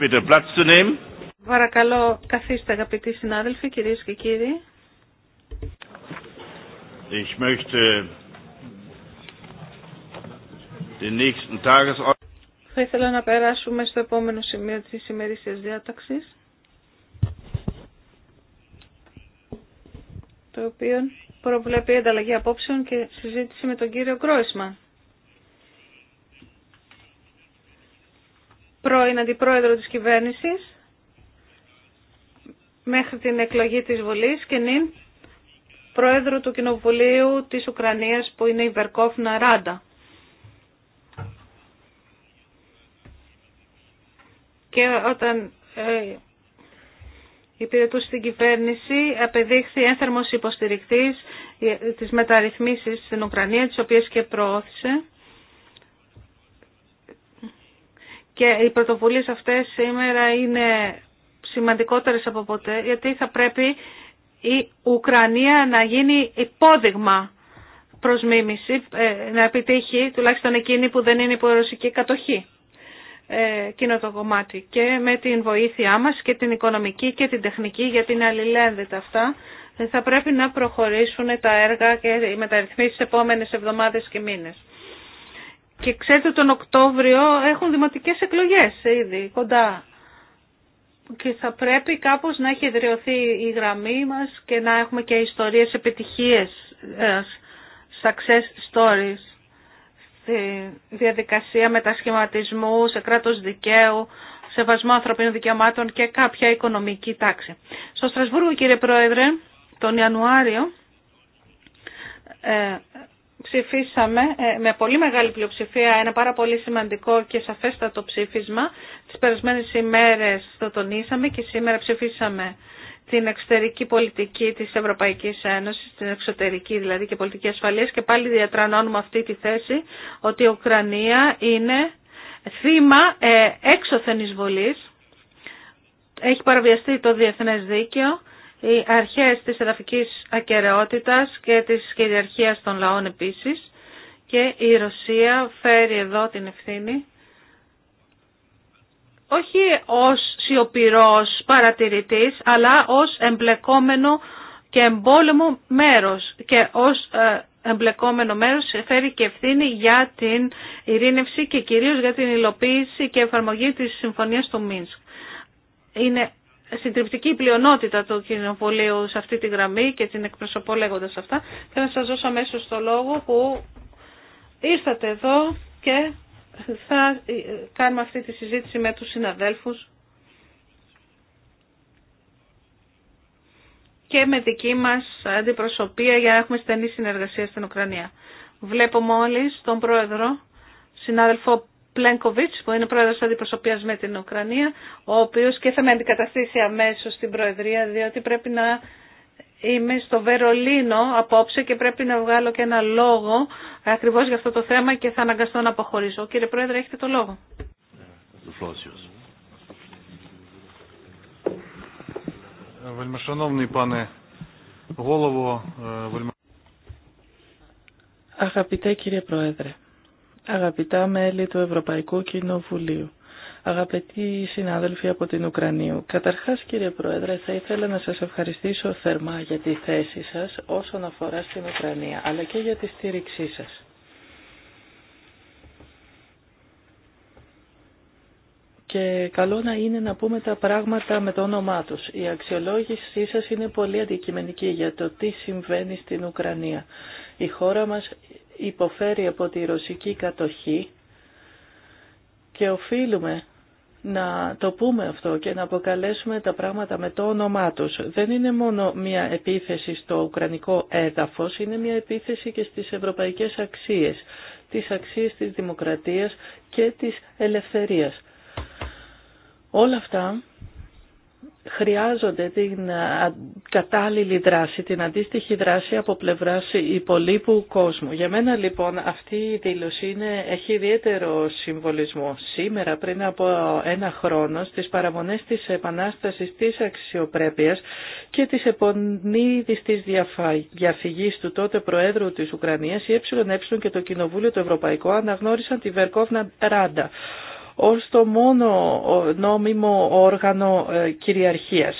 bitte Platz zu nehmen. Παρακαλώ, καθίστε αγαπητοί συνάδελφοι, κυρίες και κύριοι. Ich möchte den nächsten Θα ήθελα να περάσουμε στο επόμενο σημείο της ημερήσιας διάταξης. Το οποίο προβλέπει ανταλλαγή απόψεων και συζήτηση με τον κύριο Κρόισμαν. πρώην αντιπρόεδρο της κυβέρνησης μέχρι την εκλογή της Βουλής και νυν πρόεδρο του Κοινοβουλίου της Ουκρανίας που είναι η Βερκόφνα Ράντα. Και όταν ε, υπηρετούσε την κυβέρνηση απεδείχθη ένθερμος υποστηρικτής ε, της μεταρρυθμίσεις στην Ουκρανία, τις οποίες και προώθησε. Και οι πρωτοβουλίες αυτές σήμερα είναι σημαντικότερες από ποτέ, γιατί θα πρέπει η Ουκρανία να γίνει υπόδειγμα προς μίμηση, ε, να επιτύχει τουλάχιστον εκείνη που δεν είναι υπορωσική κατοχή ε, εκείνο το κομμάτι και με την βοήθειά μας και την οικονομική και την τεχνική γιατί είναι αλληλένδετα αυτά ε, θα πρέπει να προχωρήσουν τα έργα και οι μεταρρυθμίσεις επόμενες εβδομάδες και μήνες. Και ξέρετε τον Οκτώβριο έχουν δημοτικές εκλογές ήδη κοντά. Και θα πρέπει κάπως να έχει ιδρυωθεί η γραμμή μας και να έχουμε και ιστορίες επιτυχίες, ε, success stories, στη διαδικασία μετασχηματισμού σε κράτος δικαίου, σεβασμό ανθρωπίνων δικαιωμάτων και κάποια οικονομική τάξη. Στο Στρασβούργο, κύριε Πρόεδρε, τον Ιανουάριο, ε, ψηφίσαμε ε, με πολύ μεγάλη πλειοψηφία ένα πάρα πολύ σημαντικό και σαφέστατο ψήφισμα. Τις περασμένες ημέρες το τονίσαμε και σήμερα ψηφίσαμε την εξωτερική πολιτική της Ευρωπαϊκής Ένωσης, την εξωτερική δηλαδή και πολιτική ασφαλείας και πάλι διατρανώνουμε αυτή τη θέση ότι η Ουκρανία είναι θύμα ε, έξωθεν εισβολής, έχει παραβιαστεί το διεθνές δίκαιο οι αρχές της εδαφικής ακεραιότητας και της κυριαρχίας των λαών επίσης και η Ρωσία φέρει εδώ την ευθύνη όχι ως σιωπηρός παρατηρητής αλλά ως εμπλεκόμενο και εμπόλεμο μέρος και ως ε, εμπλεκόμενο μέρος φέρει και ευθύνη για την ειρήνευση και κυρίως για την υλοποίηση και εφαρμογή της Συμφωνίας του Μίνσκ. Είναι συντριπτική πλειονότητα του κοινοβουλίου σε αυτή τη γραμμή και την εκπροσωπώ λέγοντας αυτά. Θέλω να σας δώσω αμέσω το λόγο που ήρθατε εδώ και θα κάνουμε αυτή τη συζήτηση με τους συναδέλφους και με δική μας αντιπροσωπεία για να έχουμε στενή συνεργασία στην Ουκρανία. Βλέπω μόλις τον πρόεδρο, συνάδελφο Πλένκοβιτς που είναι πρόεδρος αντιπροσωπεία με την Ουκρανία, ο οποίο και θα με αντικαταστήσει αμέσω στην Προεδρία διότι πρέπει να είμαι στο Βερολίνο απόψε και πρέπει να βγάλω και ένα λόγο ακριβώ για αυτό το θέμα και θα αναγκαστώ να αποχωρήσω. Κύριε Πρόεδρε, έχετε το λόγο. Αγαπητέ κύριε Πρόεδρε, Αγαπητά μέλη του Ευρωπαϊκού Κοινοβουλίου, αγαπητοί συνάδελφοι από την Ουκρανία, καταρχάς κύριε Πρόεδρε θα ήθελα να σας ευχαριστήσω θερμά για τη θέση σας όσον αφορά στην Ουκρανία, αλλά και για τη στήριξή σας. και καλό να είναι να πούμε τα πράγματα με το όνομά τους. Η αξιολόγησή σας είναι πολύ αντικειμενική για το τι συμβαίνει στην Ουκρανία. Η χώρα μας υποφέρει από τη ρωσική κατοχή και οφείλουμε να το πούμε αυτό και να αποκαλέσουμε τα πράγματα με το όνομά τους. Δεν είναι μόνο μια επίθεση στο ουκρανικό έδαφος, είναι μια επίθεση και στις ευρωπαϊκές αξίες, τις αξίες της δημοκρατίας και της ελευθερίας. Όλα αυτά χρειάζονται την κατάλληλη δράση, την αντίστοιχη δράση από πλευράς υπολείπου κόσμου. Για μένα λοιπόν αυτή η δήλωση είναι, έχει ιδιαίτερο συμβολισμό. Σήμερα πριν από ένα χρόνο στις παραμονές της επανάστασης της αξιοπρέπειας και της επονίδης της διαφυγής του τότε Προέδρου της Ουκρανίας, η ΕΕ και το Κοινοβούλιο το Ευρωπαϊκό αναγνώρισαν τη Βερκόβνα Ράντα ως το μόνο ε, νόμιμο όργανο ε, κυριαρχίας.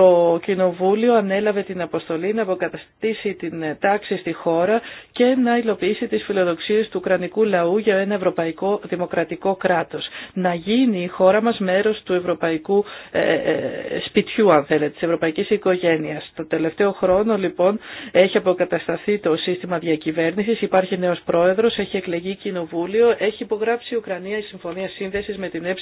Το Κοινοβούλιο ανέλαβε την αποστολή να αποκαταστήσει την τάξη στη χώρα και να υλοποιήσει τις φιλοδοξίες του ουκρανικού λαού για ένα ευρωπαϊκό δημοκρατικό κράτος. Να γίνει η χώρα μας μέρος του ευρωπαϊκού ε, ε, σπιτιού, αν θέλετε, της ευρωπαϊκής οικογένειας. Το τελευταίο χρόνο, λοιπόν, έχει αποκατασταθεί το σύστημα διακυβέρνησης, υπάρχει νέος πρόεδρος, έχει εκλεγεί κοινοβούλιο, έχει υπογράψει η Ουκρανία η Συμφωνία Σύνδεσης με την ΕΕ.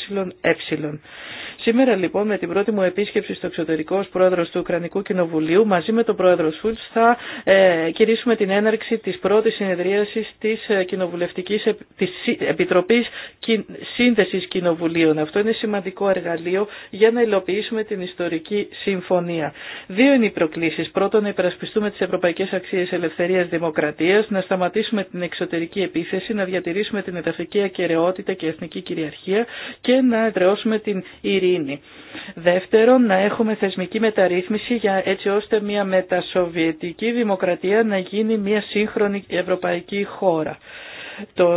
Σήμερα λοιπόν με την πρώτη μου επίσκεψη στο εξωτερικό ως πρόεδρος του Ουκρανικού Κοινοβουλίου μαζί με τον πρόεδρο Σούλτς θα ε, κηρύσουμε την έναρξη της πρώτης συνεδρίασης της, ε, κοινοβουλευτικής, της Επιτροπής Σύνδεσης Κοινοβουλίων. Αυτό είναι σημαντικό εργαλείο για να υλοποιήσουμε την ιστορική συμφωνία. Δύο είναι οι προκλήσεις. Πρώτον να υπερασπιστούμε τις ευρωπαϊκές αξίες ελευθερίας δημοκρατίας, να σταματήσουμε την εξωτερική επίθεση, να διατηρήσουμε την εδαφική ακαιρεότητα και εθνική κυριαρχία και να εδραιώσουμε την Δεύτερον, να έχουμε θεσμική μεταρρύθμιση για, έτσι ώστε μια μετασοβιετική δημοκρατία να γίνει μια σύγχρονη ευρωπαϊκή χώρα. Το,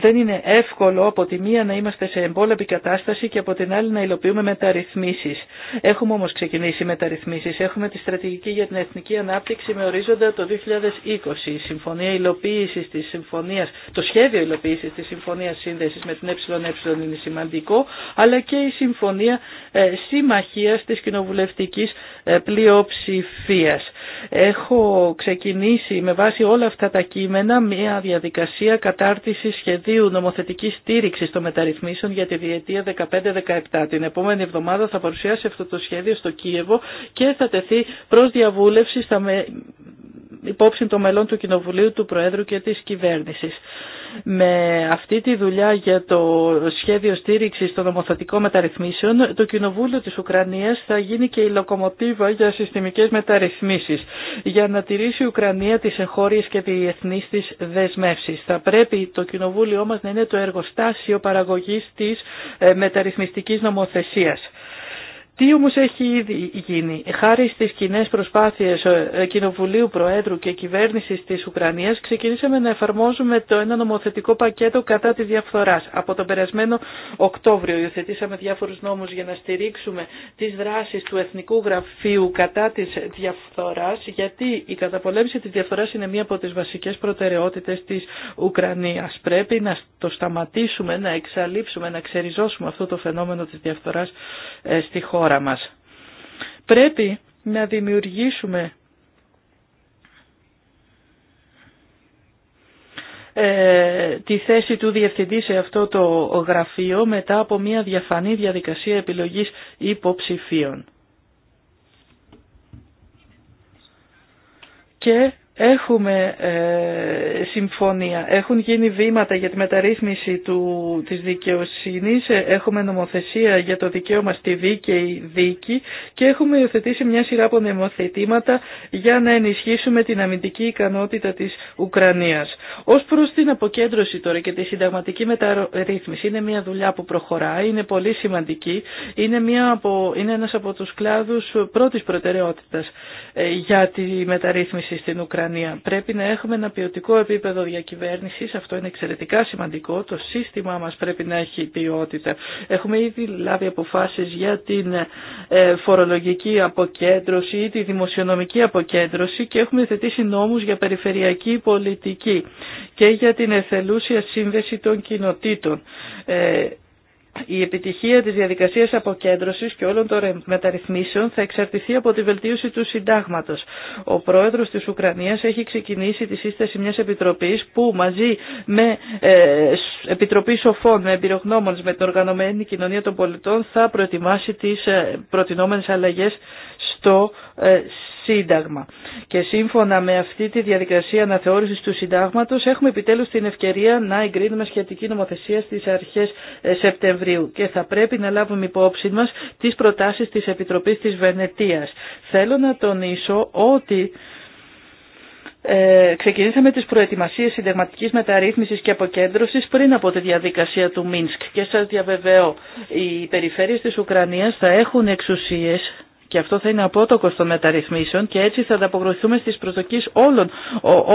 δεν είναι εύκολο από τη μία να είμαστε σε εμπόλεμη κατάσταση και από την άλλη να υλοποιούμε μεταρρυθμίσεις. Έχουμε όμως ξεκινήσει μεταρρυθμίσεις. Έχουμε τη στρατηγική για την εθνική ανάπτυξη με ορίζοντα το 2020. Η συμφωνία υλοποίησης της συμφωνίας, το σχέδιο υλοποίησης της συμφωνίας σύνδεσης με την ΕΕ είναι σημαντικό, αλλά και η συμφωνία ε, συμμαχίας της κοινοβουλευτικής ε, πλειοψηφίας. Έχω ξεκινήσει με βάση όλα αυτά τα κείμενα μια διαδικασία κατάρτιση σχεδίου νομοθετικής στήριξης των μεταρρυθμίσεων για τη διετία 15-17. Την επόμενη εβδομάδα θα παρουσιάσει αυτό το σχέδιο στο Κίεβο και θα τεθεί προς διαβούλευση στα υπόψη των μελών του Κοινοβουλίου, του Προέδρου και της Κυβέρνησης. Με αυτή τη δουλειά για το σχέδιο στήριξης των νομοθετικών μεταρρυθμίσεων, το Κοινοβούλιο της Ουκρανίας θα γίνει και η λοκομοτίβα για συστημικές μεταρρυθμίσεις, για να τηρήσει η Ουκρανία τις εγχώριες και διεθνείς της δεσμεύσεις. Θα πρέπει το Κοινοβούλιο μας να είναι το εργοστάσιο παραγωγής της ε, μεταρρυθμιστικής νομοθεσίας. Τι όμως έχει ήδη γίνει. Χάρη στις κοινέ προσπάθειες ε, ε, Κοινοβουλίου Προέδρου και Κυβέρνησης της Ουκρανίας ξεκινήσαμε να εφαρμόζουμε το ένα νομοθετικό πακέτο κατά τη διαφθοράς. Από τον περασμένο Οκτώβριο υιοθετήσαμε διάφορους νόμους για να στηρίξουμε τις δράσεις του Εθνικού Γραφείου κατά τη διαφθορά γιατί η καταπολέμηση της διαφθοράς είναι μία από τις βασικές προτεραιότητες της Ουκρανίας. Πρέπει να το σταματήσουμε, να εξαλείψουμε, να ξεριζώσουμε αυτό το φαινόμενο της διαφθοράς ε, στη χώρα μας. Πρέπει να δημιουργήσουμε ε, τη θέση του Διευθυντή σε αυτό το γραφείο μετά από μια διαφανή διαδικασία επιλογής υποψηφίων. Και Έχουμε ε, συμφωνία, έχουν γίνει βήματα για τη μεταρρύθμιση του, της δικαιοσύνης, ε, έχουμε νομοθεσία για το δικαίωμα στη δίκαιη δίκη και έχουμε υιοθετήσει μια σειρά από νομοθετήματα για να ενισχύσουμε την αμυντική ικανότητα της Ουκρανίας. Ως προς την αποκέντρωση τώρα και τη συνταγματική μεταρρύθμιση, είναι μια δουλειά που προχωράει, είναι πολύ σημαντική, είναι, μια από, είναι ένας από τους κλάδους πρώτης προτεραιότητας ε, για τη μεταρρύθμιση στην Ουκρανία Πρέπει να έχουμε ένα ποιοτικό επίπεδο διακυβέρνηση. αυτό είναι εξαιρετικά σημαντικό, το σύστημά μας πρέπει να έχει ποιότητα. Έχουμε ήδη λάβει αποφάσεις για την ε, φορολογική αποκέντρωση ή τη δημοσιονομική αποκέντρωση και έχουμε θετήσει νόμου για περιφερειακή πολιτική και για την εθελούσια σύνδεση των κοινοτήτων. Ε, η επιτυχία της διαδικασίας αποκέντρωσης και όλων των μεταρρυθμίσεων θα εξαρτηθεί από τη βελτίωση του συντάγματος. Ο πρόεδρος της Ουκρανίας έχει ξεκινήσει τη σύσταση μιας επιτροπής που μαζί με ε, επιτροπή σοφών, με εμπειρογνώμων, με την οργανωμένη κοινωνία των πολιτών θα προετοιμάσει τις ε, προτινόμενες αλλαγές στο ε, Σύνταγμα. Και σύμφωνα με αυτή τη διαδικασία αναθεώρησης του Συντάγματος έχουμε επιτέλους την ευκαιρία να εγκρίνουμε σχετική νομοθεσία στις αρχές ε, Σεπτεμβρίου και θα πρέπει να λάβουμε υπόψη μας τις προτάσεις της Επιτροπής της Βενετίας. Θέλω να τονίσω ότι ε, ξεκινήσαμε τις προετοιμασίες συνταγματικής μεταρρύθμισης και αποκέντρωσης πριν από τη διαδικασία του Μίνσκ και σας διαβεβαίω οι περιφέρειες της Ουκρανίας θα έχουν εξουσίες και αυτό θα είναι απότοκο των μεταρρυθμίσεων και έτσι θα ανταποκριθούμε στις προσδοκίες όλων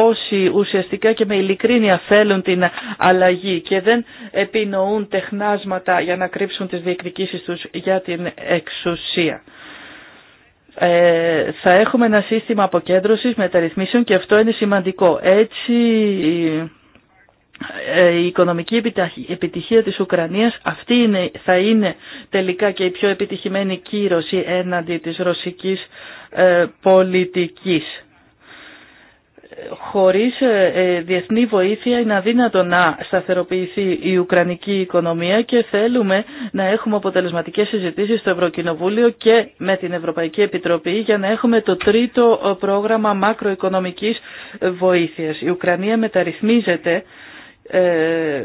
όσοι ουσιαστικά και με ειλικρίνεια θέλουν την αλλαγή και δεν επινοούν τεχνάσματα για να κρύψουν τις διεκδικήσεις τους για την εξουσία ε, θα έχουμε ένα σύστημα αποκέντρωσης μεταρρυθμίσεων και αυτό είναι σημαντικό. Έτσι ε, η οικονομική επιτυχία της Ουκρανίας αυτή είναι, θα είναι τελικά και η πιο επιτυχημένη κύρωση έναντι της ρωσικής ε, πολιτικής. Χωρίς ε, διεθνή βοήθεια είναι αδύνατο να σταθεροποιηθεί η Ουκρανική οικονομία και θέλουμε να έχουμε αποτελεσματικές συζητήσεις στο Ευρωκοινοβούλιο και με την Ευρωπαϊκή Επιτροπή για να έχουμε το τρίτο πρόγραμμα μακροοικονομικής βοήθειας. Η Ουκρανία μεταρρυθμίζεται ε,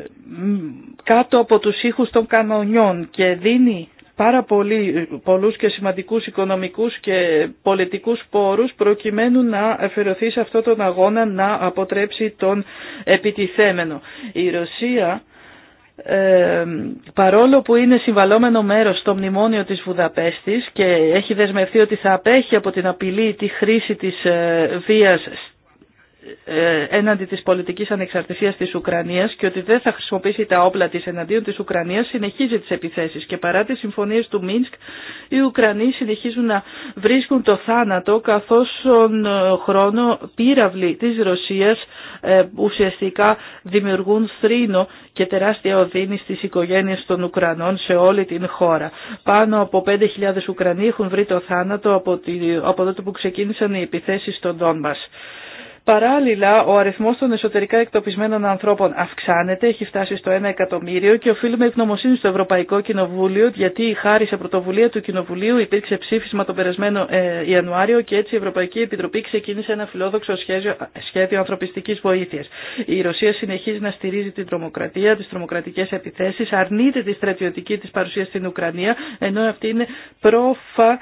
κάτω από τους ήχους των κανονιών και δίνει πάρα πολύ, πολλούς και σημαντικούς οικονομικούς και πολιτικούς πόρους προκειμένου να αφαιρεθεί σε αυτόν τον αγώνα να αποτρέψει τον επιτιθέμενο. Η Ρωσία ε, παρόλο που είναι συμβαλόμενο μέρος στο μνημόνιο της Βουδαπέστης και έχει δεσμευτεί ότι θα απέχει από την απειλή τη χρήση της ε, βίας ε, έναντι της πολιτικής ανεξαρτησίας της Ουκρανίας και ότι δεν θα χρησιμοποιήσει τα όπλα της εναντίον της Ουκρανίας συνεχίζει τις επιθέσεις και παρά τις συμφωνίες του Μίνσκ οι Ουκρανοί συνεχίζουν να βρίσκουν το θάνατο καθώς τον ε, χρόνο πύραυλοι της Ρωσίας ε, ουσιαστικά δημιουργούν θρήνο και τεράστια οδύνη στις οικογένειες των Ουκρανών σε όλη την χώρα. Πάνω από 5.000 Ουκρανοί έχουν βρει το θάνατο από, τη, από τότε που ξεκίνησαν οι επιθέσεις στον Ντόνμπας. Παράλληλα, ο αριθμό των εσωτερικά εκτοπισμένων ανθρώπων αυξάνεται, έχει φτάσει στο 1 εκατομμύριο και οφείλουμε ευγνωμοσύνη στο Ευρωπαϊκό Κοινοβούλιο, γιατί χάρη σε πρωτοβουλία του Κοινοβουλίου υπήρξε ψήφισμα τον περασμένο ε, Ιανουάριο και έτσι η Ευρωπαϊκή Επιτροπή ξεκίνησε ένα φιλόδοξο σχέδιο, σχέδιο ανθρωπιστικής βοήθειας. Η Ρωσία συνεχίζει να στηρίζει την τρομοκρατία, τι τρομοκρατικέ επιθέσει, αρνείται τη στρατιωτική τη παρουσία στην Ουκρανία, ενώ αυτή είναι πρόφα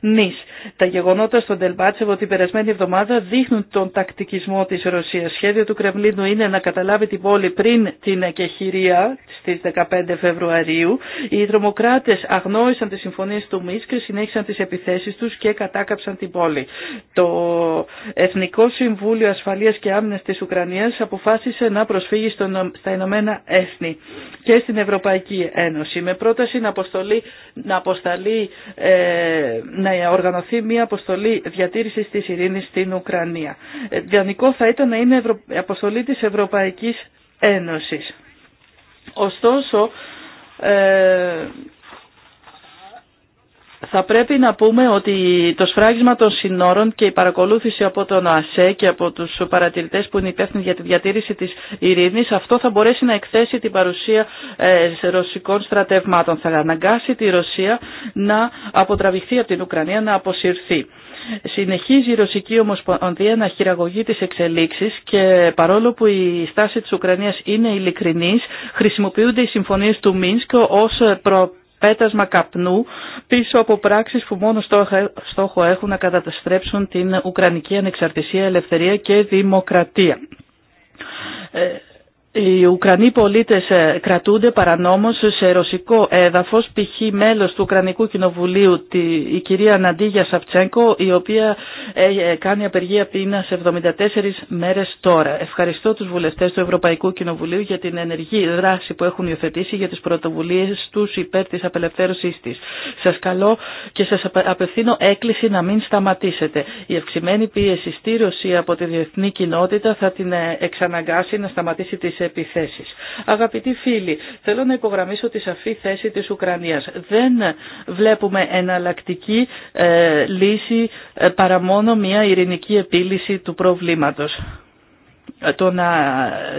Νης. Τα γεγονότα στον Τελμπάτσεβο την περασμένη εβδομάδα δείχνουν τον τακτικισμό τη Ρωσία. Σχέδιο του Κρεμλίνου είναι να καταλάβει την πόλη πριν την εκεχηρία στι 15 Φεβρουαρίου. Οι τρομοκράτε αγνώρισαν τι συμφωνίε του ΜΙΣ και συνέχισαν τι επιθέσει του και κατάκαψαν την πόλη. Το Εθνικό Συμβούλιο Ασφαλείας και Άμυνα τη Ουκρανίας αποφάσισε να προσφύγει στα Ηνωμένα Έθνη και στην Ευρωπαϊκή Ένωση με πρόταση να, αποστολή, να αποσταλεί ε, να να οργανωθεί μια αποστολή διατήρησης της ειρήνης στην Ουκρανία. Ε, διανικό θα ήταν να είναι αποστολή της Ευρωπαϊκής Ένωσης. Ωστόσο, ε, θα πρέπει να πούμε ότι το σφράγισμα των συνόρων και η παρακολούθηση από τον ΑΣΕ και από τους παρατηρητές που είναι υπεύθυνοι για τη διατήρηση της ειρήνης, αυτό θα μπορέσει να εκθέσει την παρουσία ε, ρωσικών στρατευμάτων. Θα αναγκάσει τη Ρωσία να αποτραβηχθεί από την Ουκρανία, να αποσυρθεί. Συνεχίζει η Ρωσική Ομοσπονδία να χειραγωγεί τις εξελίξεις και παρόλο που η στάση της Ουκρανίας είναι ειλικρινής, χρησιμοποιούνται οι συμφωνίες του Μίνσκ ως προ πέτασμα καπνού πίσω από πράξεις που μόνο στόχο έχουν να καταστρέψουν την Ουκρανική ανεξαρτησία, ελευθερία και δημοκρατία. Ε, οι Ουκρανοί πολίτες ε, κρατούνται παρανόμως σε ρωσικό έδαφος, π.χ. μέλος του Ουκρανικού Κοινοβουλίου, η κυρία Ναντίγια Σαυτσέγκο η οποία ε, ε, κάνει απεργία πείνα σε 74 μέρες τώρα. Ευχαριστώ τους βουλευτές του Ευρωπαϊκού Κοινοβουλίου για την ενεργή δράση που έχουν υιοθετήσει για τις πρωτοβουλίες τους υπέρ της απελευθέρωσής της. Σας καλώ και σας απευθύνω έκκληση να μην σταματήσετε. Η αυξημένη πίεση στη Ρωσία από τη διεθνή κοινότητα θα την εξαναγκάσει να σταματήσει τις επιθέσεις. Αγαπητοί φίλοι, θέλω να υπογραμμίσω τη σαφή θέση της Ουκρανίας. Δεν βλέπουμε εναλλακτική ε, λύση ε, παρά μόνο μια ειρηνική επίλυση του προβλήματος. Ε, το να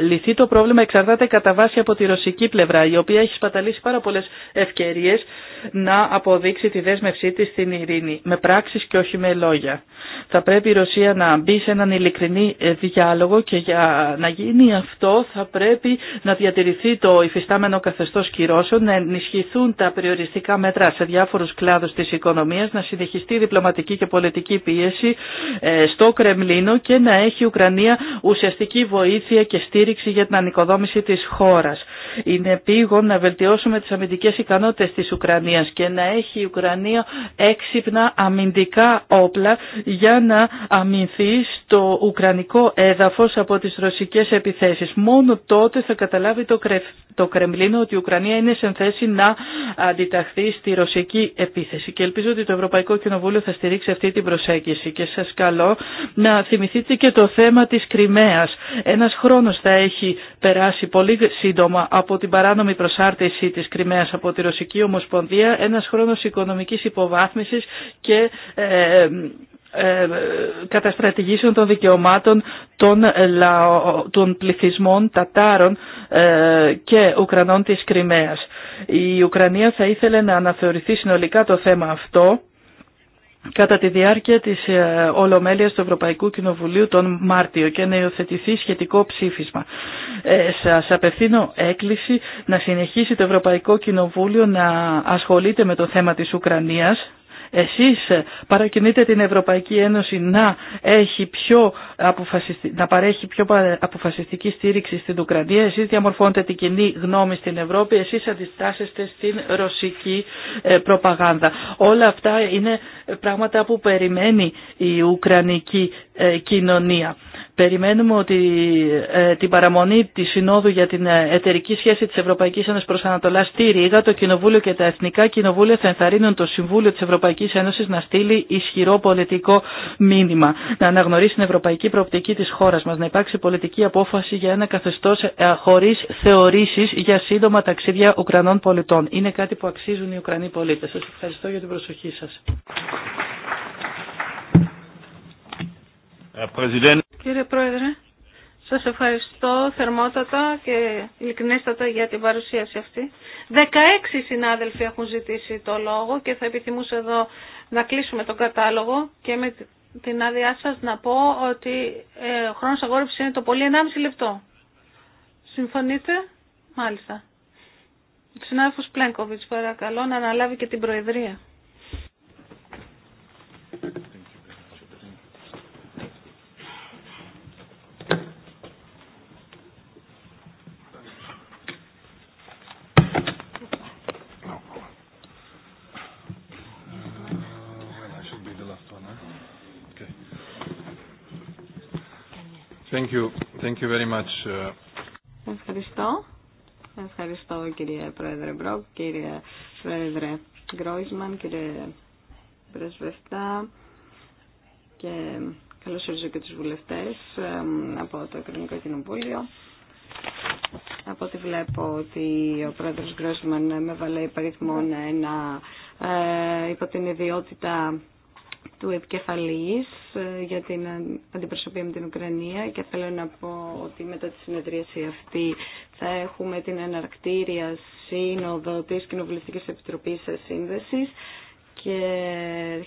λυθεί το πρόβλημα εξαρτάται κατά βάση από τη ρωσική πλευρά, η οποία έχει σπαταλήσει πάρα πολλές ευκαιρίες να αποδείξει τη δέσμευσή της στην ειρήνη, με πράξεις και όχι με λόγια. Θα πρέπει η Ρωσία να μπει σε έναν ειλικρινή ε, διάλογο και για να γίνει αυτό θα πρέπει να διατηρηθεί το υφιστάμενο καθεστώς κυρώσεων, να ενισχυθούν τα περιοριστικά μέτρα σε διάφορους κλάδους της οικονομίας, να συνεχιστεί διπλωματική και πολιτική πίεση ε, στο Κρεμλίνο και να έχει η Ουκρανία ουσιαστική βοήθεια και στήριξη για την ανοικοδόμηση της χώρας. Είναι πήγον να βελτιώσουμε τις αμυντικές ικανότητες της Ουκρανίας και να έχει η Ουκρανία έξυπνα αμυντικά όπλα για να αμυνθεί στο ουκρανικό έδαφος από τις ρωσικές επιθέσεις. Μόνο τότε θα καταλάβει το, κρε... το Κρεμλίνο ότι η Ουκρανία είναι σε θέση να αντιταχθεί στη ρωσική επίθεση. Και ελπίζω ότι το Ευρωπαϊκό Κοινοβούλιο θα στηρίξει αυτή την προσέγγιση. Και σας καλώ να θυμηθείτε και το θέμα της Κρυμαίας. Ένας χρόνος θα έχει περάσει πολύ σύντομα από την παράνομη προσάρτηση της Κρυμαίας από τη Ρωσική Ομοσπονδία, ένας χρόνος οικονομικής υποβάθμισης και ε, ε, καταστρατηγήσεων των δικαιωμάτων των, πληθυσμών Τατάρων ε, και Ουκρανών της Κρυμαίας. Η Ουκρανία θα ήθελε να αναθεωρηθεί συνολικά το θέμα αυτό κατά τη διάρκεια της ε, Ολομέλειας του Ευρωπαϊκού Κοινοβουλίου τον Μάρτιο και να υιοθετηθεί σχετικό ψήφισμα. Ε, σας απευθύνω έκκληση να συνεχίσει το Ευρωπαϊκό Κοινοβούλιο να ασχολείται με το θέμα της Ουκρανίας εσείς παρακινείτε την Ευρωπαϊκή Ένωση να, έχει πιο να παρέχει πιο αποφασιστική στήριξη στην Ουκρανία. Εσείς διαμορφώνετε την κοινή γνώμη στην Ευρώπη. Εσείς αντιστάσεστε στην ρωσική ε, προπαγάνδα. Όλα αυτά είναι πράγματα που περιμένει η Ουκρανική ε, κοινωνία. Περιμένουμε ότι ε, την παραμονή της Συνόδου για την ε, εταιρική σχέση της Ευρωπαϊκής Ένωσης προς Ανατολά στη Ρήγα, το Κοινοβούλιο και τα Εθνικά Κοινοβούλια θα ενθαρρύνουν το Συμβούλιο της Ευρωπαϊκής Ένωσης να στείλει ισχυρό πολιτικό μήνυμα, να αναγνωρίσει την ευρωπαϊκή προοπτική της χώρας μας, να υπάρξει πολιτική απόφαση για ένα καθεστώς ε, χωρίς θεωρήσεις για σύντομα ταξίδια Ουκρανών πολιτών. Είναι κάτι που αξίζουν οι Ουκρανοί πολίτες. Σας ευχαριστώ για την προσοχή σας. Ε, Κύριε Πρόεδρε, σας ευχαριστώ θερμότατα και ειλικρινέστατα για την παρουσίαση αυτή. 16 συνάδελφοι έχουν ζητήσει το λόγο και θα επιθυμούσα εδώ να κλείσουμε τον κατάλογο και με την άδειά σας να πω ότι ε, ο χρόνος αγόρευσης είναι το πολύ 1,5 λεπτό. Συμφωνείτε? Μάλιστα. Ο συνάδελφος παρακαλώ να αναλάβει και την Προεδρία. Uh, Ευχαριστώ. Ευχαριστώ κύριε Πρόεδρε Μπρόκ, κύριε Πρόεδρε Γκρόισμαν, κύριε Πρεσβευτά και καλώς ορίζω και τους βουλευτές από το Εκκληνικό Κοινοβούλιο. Από ό,τι βλέπω ότι ο πρόεδρος Γκρόσμαν με βαλέει παριθμόν ένα ε, υπό την ιδιότητα του επικεφαλής ε, για την αντιπροσωπεία με την Ουκρανία και θέλω να πω ότι μετά τη συνεδρίαση αυτή θα έχουμε την αναρκτήρια σύνοδο της Κοινοβουλευτικής Επιτροπής Σύνδεσης και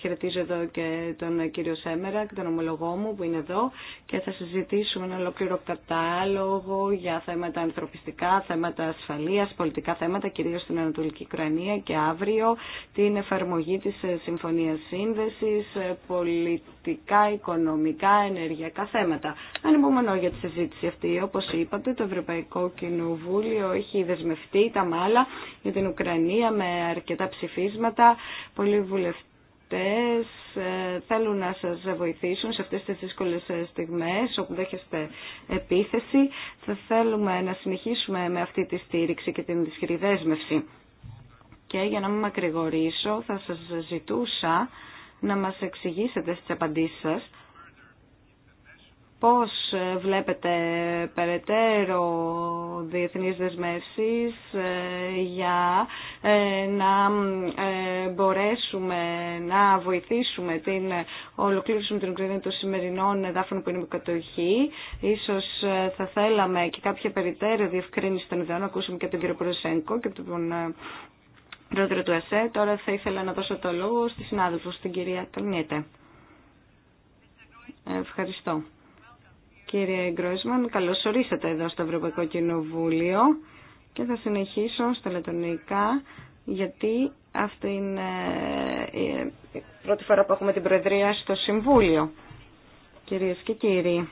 χαιρετίζω εδώ και τον κύριο Σέμερα και τον ομολογό μου που είναι εδώ και θα συζητήσουμε ένα ολόκληρο κατάλογο για θέματα ανθρωπιστικά, θέματα ασφαλείας, πολιτικά θέματα, κυρίως στην Ανατολική Ουκρανία και αύριο την εφαρμογή της Συμφωνίας Σύνδεσης, πολιτικά, οικονομικά, ενεργειακά θέματα. Ανυπομονώ για τη συζήτηση αυτή. Όπως είπατε, το Ευρωπαϊκό Κοινοβούλιο έχει δεσμευτεί τα μάλα για την Ουκρανία με αρκετά ψηφίσματα, πολλοί βουλευτές ε, θέλουν να σας βοηθήσουν σε αυτές τις δύσκολες ε, στιγμές όπου δέχεστε επίθεση. Θα θέλουμε να συνεχίσουμε με αυτή τη στήριξη και την ισχυρή δέσμευση. Και για να μην μακρηγορήσω θα σας ζητούσα να μας εξηγήσετε στις απαντήσεις σας Πώς ε, βλέπετε περαιτέρω διεθνείς δεσμεύσεις ε, για ε, να μπορέσουμε να βοηθήσουμε την ολοκλήρωση με την Ουκρανία των σημερινών εδάφων που είναι κατοχή Ίσως θα θέλαμε και κάποια περαιτέρω διευκρίνηση των ιδεών. Ακούσαμε και τον κύριο Προσέγκο και τον πρόεδρο του ΕΣΕ. Τώρα θα ήθελα να δώσω το λόγο στη συνάδελφο, στην κυρία Ευχαριστώ. Ευχαριστώ. Κύριε Γκρόσμαν, καλώς ορίσατε εδώ στο Ευρωπαϊκό Κοινοβούλιο και θα συνεχίσω στα λετωνικά γιατί αυτή είναι ε, η πρώτη φορά που έχουμε την Προεδρία στο Συμβούλιο. Κυρίες και κύριοι,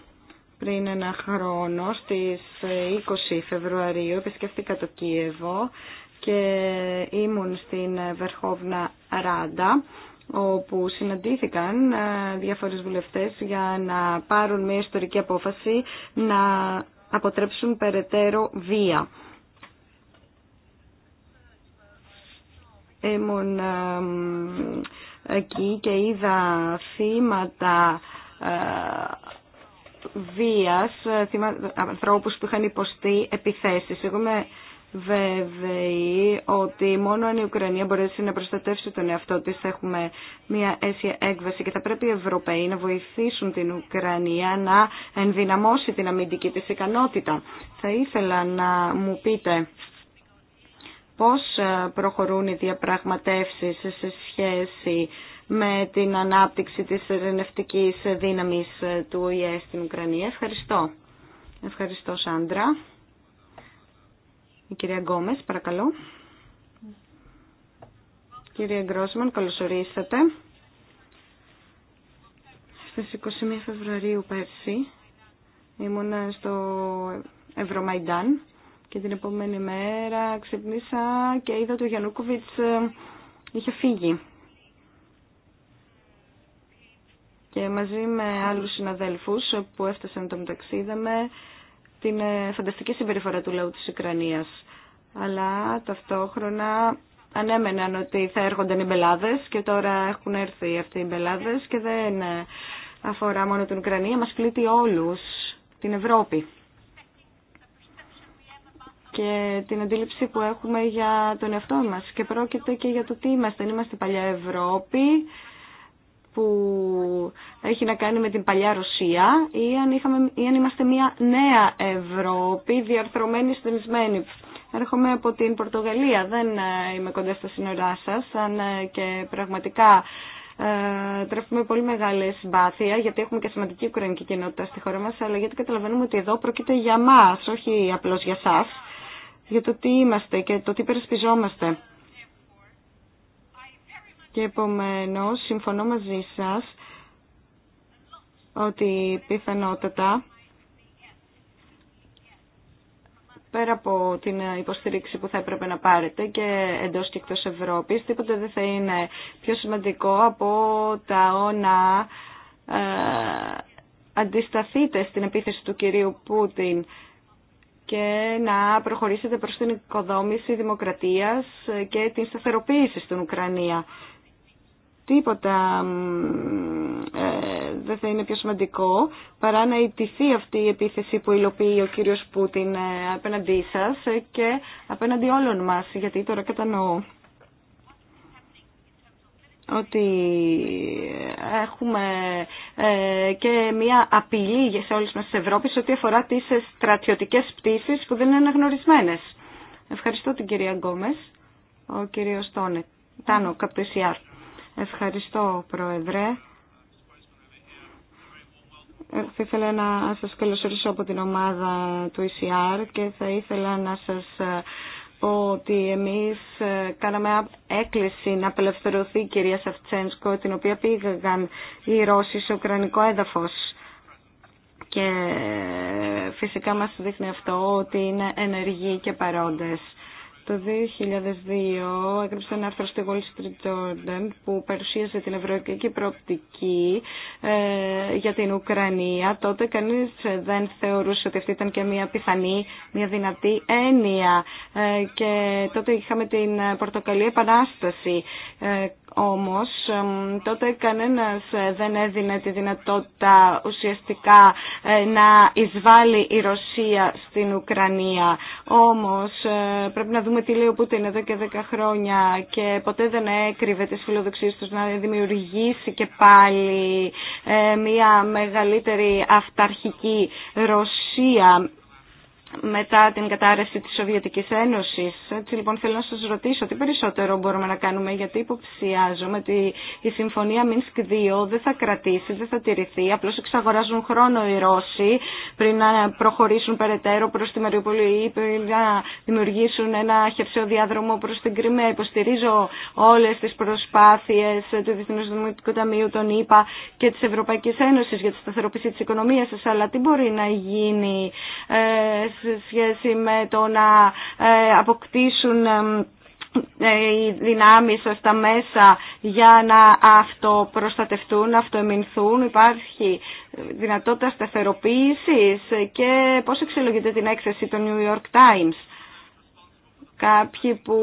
πριν ένα χρόνο στις 20 Φεβρουαρίου επισκέφτηκα το Κίεβο και ήμουν στην Βερχόβνα Ράντα όπου συναντήθηκαν ε, διάφορες βουλευτές για να πάρουν μια ιστορική απόφαση να αποτρέψουν περαιτέρω βία. Ήμουν εκεί και είδα θύματα ε, βίας, ε, ανθρώπους που είχαν υποστεί επιθέσεις. Εγώ Βέβαια ότι μόνο αν η Ουκρανία μπορέσει να προστατεύσει τον εαυτό της θα έχουμε μια αίσια έκβαση και θα πρέπει οι Ευρωπαίοι να βοηθήσουν την Ουκρανία να ενδυναμώσει την αμυντική της ικανότητα. Θα ήθελα να μου πείτε πώς ε, προχωρούν οι διαπραγματεύσεις σε σχέση με την ανάπτυξη της ερνευτικής δύναμης ε, του ΟΗΕ στην Ουκρανία. Ευχαριστώ. Ευχαριστώ Σάντρα. Η κυρία Γκόμες, παρακαλώ. Κύριε Γκρόσμαν, καλωσορίσατε. Στις 21 Φεβρουαρίου πέρσι ήμουν στο Ευρωμαϊντάν και την επόμενη μέρα ξυπνήσα και είδα ότι ο Γιαννούκοβιτς ε, είχε φύγει. Και μαζί με άλλους συναδέλφους που έφτασαν το μεταξύ είδαμε την ε, φανταστική συμπεριφορά του λαού της Ουκρανίας. Αλλά ταυτόχρονα ανέμεναν ότι θα έρχονταν οι μπελάδες και τώρα έχουν έρθει αυτοί οι μπελάδες και δεν ε, αφορά μόνο την Ουκρανία, μας κλείτει όλους την Ευρώπη και την αντίληψη που έχουμε για τον εαυτό μας και πρόκειται και για το τι είμαστε. Είμαστε παλιά Ευρώπη, που έχει να κάνει με την παλιά Ρωσία ή αν, είχαμε, ή είμαστε μια νέα Ευρώπη διαρθρωμένη, στενισμένη. Έρχομαι από την Πορτογαλία, δεν ε, είμαι κοντά στα σύνορά σα. αν ε, και πραγματικά ε, τρέφουμε πολύ μεγάλη συμπάθεια, γιατί έχουμε και σημαντική ουκρανική κοινότητα στη χώρα μας, αλλά γιατί καταλαβαίνουμε ότι εδώ πρόκειται για μας, όχι απλώς για σας, για το τι είμαστε και το τι περισπιζόμαστε. Και επομένως συμφωνώ μαζί σας ότι πιθανότατα πέρα από την υποστήριξη που θα έπρεπε να πάρετε και εντός και εκτός Ευρώπης, τίποτα δεν θα είναι πιο σημαντικό από τα όνα ε, αντισταθείτε στην επίθεση του κυρίου Πούτιν και να προχωρήσετε προς την οικοδόμηση δημοκρατίας και την σταθεροποίηση στην Ουκρανία τίποτα ε, δεν θα είναι πιο σημαντικό παρά να ιτηθεί αυτή η επίθεση που υλοποιεί ο κύριος Πούτιν ε, απέναντί σας και απέναντι όλων μας, γιατί τώρα κατανοώ ότι έχουμε ε, και μια απειλή σε όλες μας τις Ευρώπης ότι αφορά τις στρατιωτικές πτήσεις που δεν είναι αναγνωρισμένες. Ευχαριστώ την κυρία Γκόμες, ο κύριος Τόνε, Τάνο, από Ευχαριστώ, Πρόεδρε. Θα ήθελα να σας καλωσορίσω από την ομάδα του ECR και θα ήθελα να σας πω ότι εμείς κάναμε έκκληση να απελευθερωθεί η κυρία Σαφτσένσκο, την οποία πήγαν οι Ρώσοι σε ουκρανικό έδαφος. Και φυσικά μας δείχνει αυτό ότι είναι ενεργοί και παρόντες. Το 2002 έγραψε ένα άρθρο στη Wall Street Journal που παρουσίασε την ευρωπαϊκή προοπτική ε, για την Ουκρανία. Τότε κανείς δεν θεωρούσε ότι αυτή ήταν και μια πιθανή, μια δυνατή έννοια. Ε, και τότε είχαμε την πορτοκαλία Επανάσταση. Ε, όμως τότε κανένας δεν έδινε τη δυνατότητα ουσιαστικά να εισβάλλει η Ρωσία στην Ουκρανία. Όμως πρέπει να δούμε δούμε τι λέει ο Πούτιν εδώ και 10 χρόνια και ποτέ δεν έκρυβε τις φιλοδοξίες του να δημιουργήσει και πάλι ε, μια μεγαλύτερη αυταρχική Ρωσία μετά την κατάρρευση της Σοβιετικής Ένωσης. Έτσι λοιπόν θέλω να σας ρωτήσω τι περισσότερο μπορούμε να κάνουμε γιατί υποψιάζομαι ότι η Συμφωνία Μίνσκ 2 δεν θα κρατήσει, δεν θα τηρηθεί. Απλώς εξαγοράζουν χρόνο οι Ρώσοι πριν να προχωρήσουν περαιτέρω προς τη Μαριούπολη ή πριν να δημιουργήσουν ένα χερσαίο διάδρομο προς την Κρυμαία. Υποστηρίζω όλες τις προσπάθειες του Διεθνούς Δημοτικού Ταμείου, των ΗΠΑ και της Ευρωπαϊκής Ένωσης για τη σταθεροποίηση της οικονομίας σας, αλλά τι μπορεί να γίνει ε, σε σχέση με το να ε, αποκτήσουν ε, οι δυνάμεις στα μέσα για να αυτοπροστατευτούν, να αυτοεμεινθούν. Υπάρχει δυνατότητα σταθεροποίησης και πώς εξελογείται την έκθεση των New York Times Κάποιοι που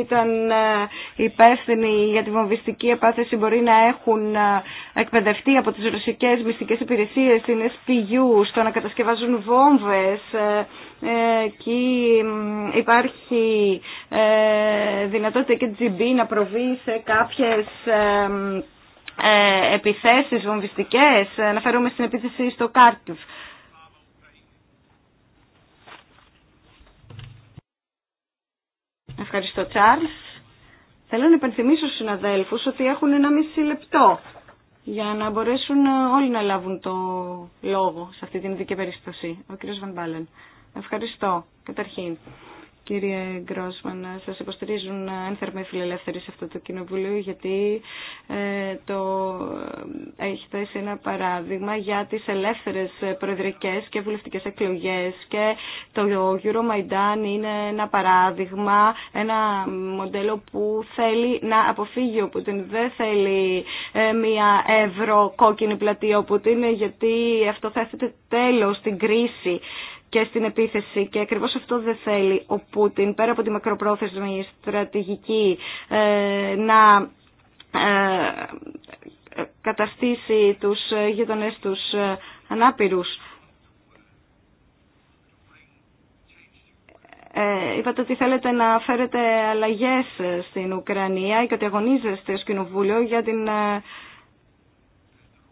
ήταν ε, υπεύθυνοι για τη βομβιστική επάθεση μπορεί να έχουν ε, εκπαιδευτεί από τις ρωσικές μυστικές υπηρεσίες, στην SPU, στο να κατασκευάζουν βόμβες. Ε, και υπάρχει δυνατότητα και GB να προβεί σε κάποιες επιθέσεις βομβιστικές. Αναφέρομαι στην επίθεση στο Κάρκιβ Ευχαριστώ, Τσάρλ. Θέλω να υπενθυμίσω στους συναδέλφους ότι έχουν ένα μισή λεπτό για να μπορέσουν όλοι να λάβουν το λόγο σε αυτή την ειδική περίσταση. Ο κύριος Βαν Ευχαριστώ. Καταρχήν, κύριε Γκρόσμαν, σας υποστηρίζουν ένθερμα οι φιλελεύθεροι σε αυτό το κοινοβουλίο γιατί ε, το ε, έχει ένα παράδειγμα για τις ελεύθερες προεδρικές και βουλευτικές εκλογές και το Euromaidan είναι ένα παράδειγμα, ένα μοντέλο που θέλει να αποφύγει ο Πούτιν. Δεν θέλει ε, μια ευρωκόκκινη πλατεία ο Πούτιν γιατί αυτό θα τέλο τέλος στην κρίση και στην επίθεση και ακριβώ αυτό δεν θέλει ο Πούτιν πέρα από τη μακροπρόθεσμη στρατηγική ε, να ε, καταστήσει τους γείτονες τους ε, ανάπηρους. είπατε ότι θέλετε να φέρετε αλλαγές στην Ουκρανία και ότι αγωνίζεστε ως Κοινοβούλιο για την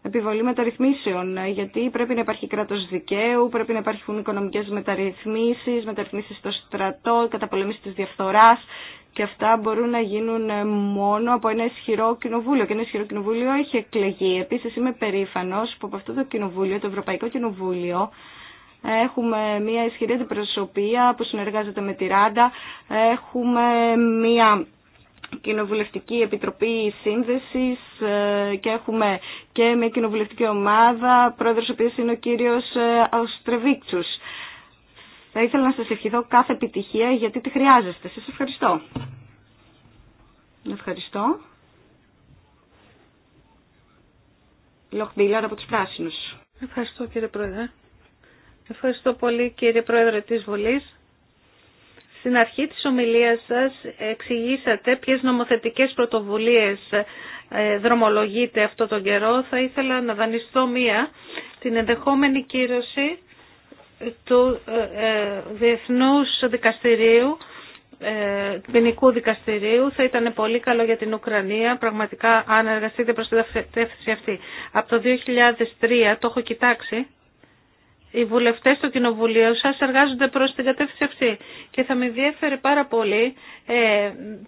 επιβολή μεταρρυθμίσεων, γιατί πρέπει να υπάρχει κράτος δικαίου, πρέπει να υπάρχουν οικονομικές μεταρρυθμίσεις, μεταρρυθμίσεις στο στρατό, καταπολέμηση της διαφθοράς και αυτά μπορούν να γίνουν μόνο από ένα ισχυρό κοινοβούλιο και ένα ισχυρό κοινοβούλιο έχει εκλεγεί. Επίσης είμαι περήφανος που από αυτό το κοινοβούλιο, το Ευρωπαϊκό Κοινοβούλιο, Έχουμε μια ισχυρή αντιπροσωπεία που συνεργάζεται με τη Ράντα. Έχουμε μια Κοινοβουλευτική Επιτροπή Σύνδεσης ε, και έχουμε και μια κοινοβουλευτική ομάδα, πρόεδρος ο οποίος είναι ο κύριος ε, Αουστρεβίξους. Θα ήθελα να σας ευχηθώ κάθε επιτυχία γιατί τη χρειάζεστε. Σας ευχαριστώ. Ευχαριστώ. Λοχμπίλαρ από τους Πράσινους. Ευχαριστώ κύριε Πρόεδρε. Ευχαριστώ πολύ κύριε Πρόεδρε της Βολής. Στην αρχή της ομιλίας σας εξηγήσατε ποιες νομοθετικές πρωτοβουλίες ε, δρομολογείται αυτό τον καιρό. Θα ήθελα να δανειστώ μία την ενδεχόμενη κύρωση του ε, ε, Διεθνούς Δικαστηρίου ποινικού δικαστηρίου θα ήταν πολύ καλό για την Ουκρανία πραγματικά αν εργαστείτε προς τη αυτή. Από το 2003 το έχω κοιτάξει οι βουλευτές του Κοινοβουλίου σας εργάζονται προς την κατεύθυνση αυτή και θα με ενδιαφέρει πάρα πολύ ε,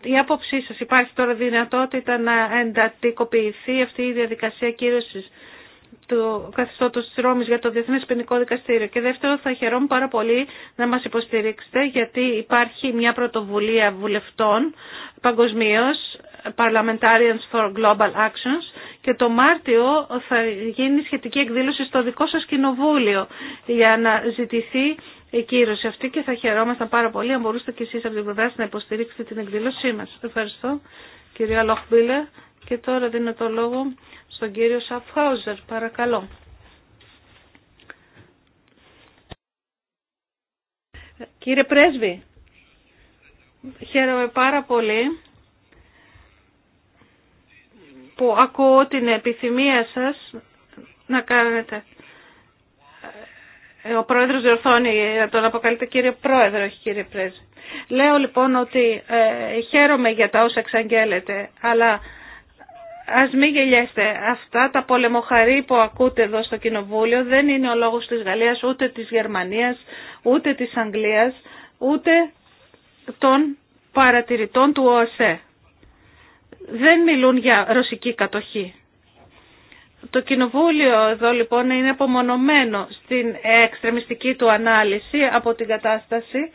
η άποψή σας. Υπάρχει τώρα δυνατότητα να εντατικοποιηθεί αυτή η διαδικασία κύρωσης του καθεστώτο τη Ρώμη για το Διεθνές Ποινικό Δικαστήριο. Και δεύτερο, θα χαιρόμουν πάρα πολύ να μας υποστηρίξετε, γιατί υπάρχει μια πρωτοβουλία βουλευτών παγκοσμίω, Parliamentarians for Global Actions, και το Μάρτιο θα γίνει σχετική εκδήλωση στο δικό σα κοινοβούλιο για να ζητηθεί η κύρωση αυτή και θα χαιρόμασταν πάρα πολύ αν μπορούσατε και εσείς από την πλευρά να υποστηρίξετε την εκδήλωσή μας. Ευχαριστώ κυρία Λοχμπίλε και τώρα δίνω το λόγο στον κύριο Σαφχάουζερ, παρακαλώ. Κύριε Πρέσβη, χαίρομαι πάρα πολύ που ακούω την επιθυμία σας να κάνετε. Ε, ο πρόεδρος διορθώνει, τον αποκαλείται κύριε πρόεδρο, όχι κύριε πρέσβη. Λέω λοιπόν ότι ε, χαίρομαι για τα όσα εξαγγέλλεται, αλλά Ας μην γελιέστε. Αυτά τα πολεμοχαρή που ακούτε εδώ στο Κοινοβούλιο δεν είναι ο λόγος της Γαλλίας, ούτε της Γερμανίας, ούτε της Αγγλίας, ούτε των παρατηρητών του ΟΣΕ. Δεν μιλούν για ρωσική κατοχή. Το κοινοβούλιο εδώ λοιπόν είναι απομονωμένο στην εξτρεμιστική του ανάλυση από την κατάσταση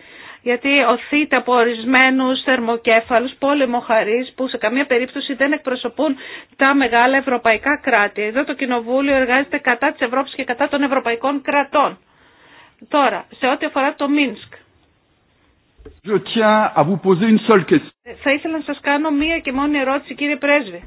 γιατί οθείται από ορισμένου θερμοκέφαλους πόλεμοχαρείς που σε καμία περίπτωση δεν εκπροσωπούν τα μεγάλα ευρωπαϊκά κράτη. Εδώ το Κοινοβούλιο εργάζεται κατά της Ευρώπη και κατά των ευρωπαϊκών κρατών. Τώρα, σε ό,τι αφορά το Μίνσκ. Θα ήθελα να σας κάνω μία και μόνη ερώτηση κύριε Πρέσβη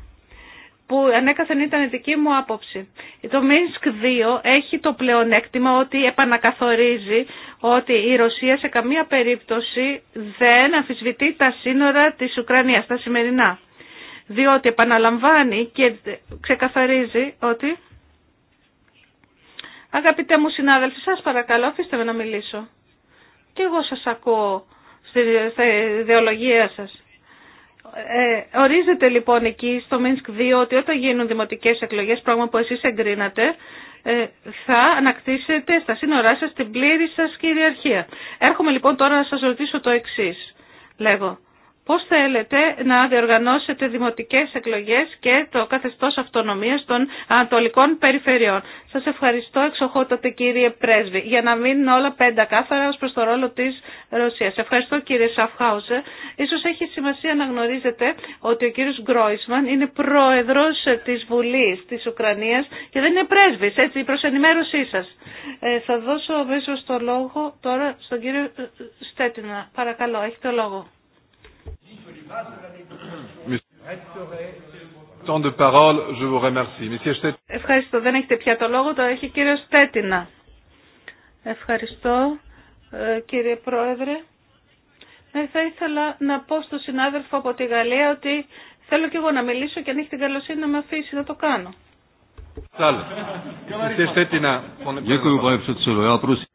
που ανέκαθεν ήταν δική μου άποψη. Το Μίνσκ 2 έχει το πλεονέκτημα ότι επανακαθορίζει ότι η Ρωσία σε καμία περίπτωση δεν αμφισβητεί τα σύνορα της Ουκρανίας, τα σημερινά. Διότι επαναλαμβάνει και ξεκαθαρίζει ότι... Αγαπητέ μου συνάδελφοι, σας παρακαλώ, αφήστε με να μιλήσω. Και εγώ σας ακούω στη ιδεολογία σας. Ε, ορίζεται λοιπόν εκεί στο Μίνσκ 2 ότι όταν γίνουν δημοτικές εκλογές, πράγμα που εσείς εγκρίνατε, ε, θα ανακτήσετε στα σύνορά σας την πλήρη σας κυριαρχία. Έρχομαι λοιπόν τώρα να σας ρωτήσω το εξής. Λέγω, πώς θέλετε να διοργανώσετε δημοτικές εκλογές και το καθεστώς αυτονομίας των ανατολικών περιφερειών. Σας ευχαριστώ εξοχότατε κύριε Πρέσβη για να μείνουν όλα πέντα κάθαρα ως προς το ρόλο της Ρωσίας. Ευχαριστώ κύριε Σαφχάουζε. Ίσως έχει σημασία να γνωρίζετε ότι ο κύριος Γκρόισμαν είναι πρόεδρος της Βουλής της Ουκρανίας και δεν είναι πρέσβης, έτσι, προς ενημέρωσή σας. Ε, θα δώσω αμέσως το λόγο τώρα στον κύριο Στέτινα. Παρακαλώ, έχετε λόγο. Ευχαριστώ. Δεν έχετε πια το λόγο, το έχει κύριο Στέτινα. Ευχαριστώ ε, κύριε Πρόεδρε. Ναι, θα ήθελα να πω στον συνάδελφο από τη Γαλλία ότι θέλω και εγώ να μιλήσω και αν έχει την καλοσύνη να με αφήσει να το κάνω. Ε,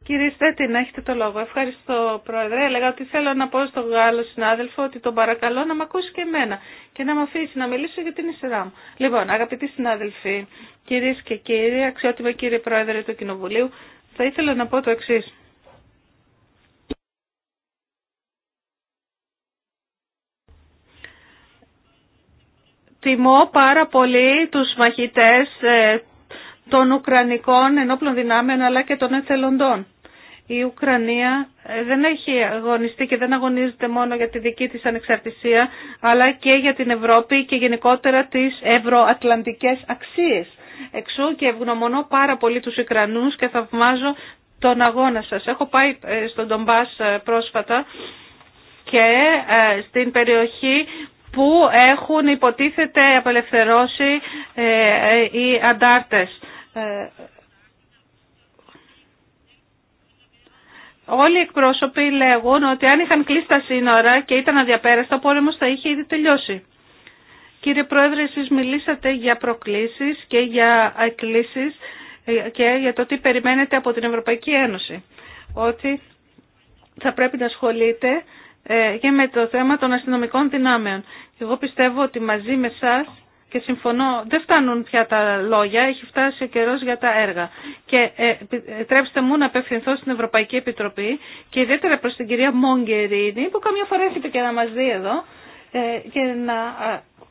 κύριε Στέτινα, έχετε το λόγο. Ευχαριστώ, Πρόεδρε. Έλεγα ότι θέλω να πω στον Γάλλο συνάδελφο ότι τον παρακαλώ να με ακούσει και εμένα και να με αφήσει να μιλήσω για την σειρά μου. Λοιπόν, αγαπητοί συνάδελφοι, κυρίε και κύριοι, αξιότιμο κύριε Πρόεδρε του Κοινοβουλίου, θα ήθελα να πω το εξή. Τιμώ πάρα πολύ τους μαχητές ε, των Ουκρανικών ενόπλων δυνάμεων αλλά και των εθελοντών. Η Ουκρανία ε, δεν έχει αγωνιστεί και δεν αγωνίζεται μόνο για τη δική της ανεξαρτησία αλλά και για την Ευρώπη και γενικότερα τις ευρωατλαντικές αξίες. Εξού και ευγνωμονώ πάρα πολύ τους Ουκρανούς και θαυμάζω τον αγώνα σας. Έχω πάει ε, στον Ντομπάς πρόσφατα και στην περιοχή που έχουν υποτίθεται απελευθερώσει ε, ε, οι αντάρτες. Ε, όλοι οι εκπρόσωποι λέγουν ότι αν είχαν κλείσει τα σύνορα και ήταν αδιαπέραστα, ο πόλεμος θα είχε ήδη τελειώσει. Κύριε Πρόεδρε, εσείς μιλήσατε για προκλήσεις και για εκκλήσεις και για το τι περιμένετε από την Ευρωπαϊκή Ένωση. Ότι θα πρέπει να ασχολείται ε, και με το θέμα των αστυνομικών δυνάμεων. Εγώ πιστεύω ότι μαζί με εσά και συμφωνώ, δεν φτάνουν πια τα λόγια, έχει φτάσει ο καιρός για τα έργα. Και επιτρέψτε ε, μου να απευθυνθώ στην Ευρωπαϊκή Επιτροπή και ιδιαίτερα προς την κυρία Μόγκερίνη που καμιά φορά έρχεται και να μας δει εδώ ε, και να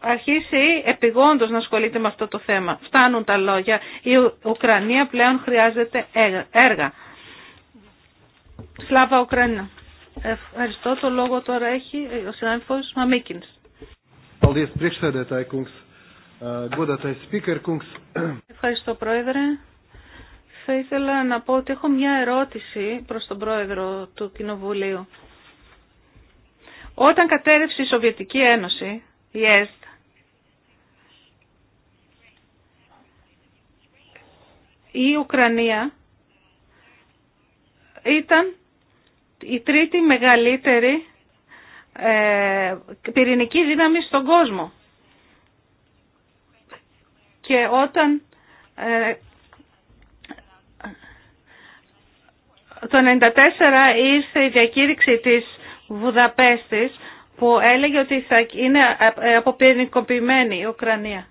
αρχίσει επιγόντως να ασχολείται με αυτό το θέμα. Φτάνουν τα λόγια. Η Ουκρανία πλέον χρειάζεται έργα. Σλάβα Ουκρανία. Ευχαριστώ. Το λόγο τώρα έχει ε, ο συνάδελφος Μαμίκινς. Ε, Ευχαριστώ Πρόεδρε. Θα ήθελα να πω ότι έχω μια ερώτηση προς τον Πρόεδρο του Κοινοβουλίου. Όταν κατέρευσε η Σοβιετική Ένωση, η ΕΣΤ, η Ουκρανία ήταν η τρίτη μεγαλύτερη ε, πυρηνική δύναμη στον κόσμο. Και όταν ε, το 1994 ήρθε η διακήρυξη της Βουδαπέστης που έλεγε ότι θα είναι ε, αποπυρηνικοποιημένη η Ουκρανία.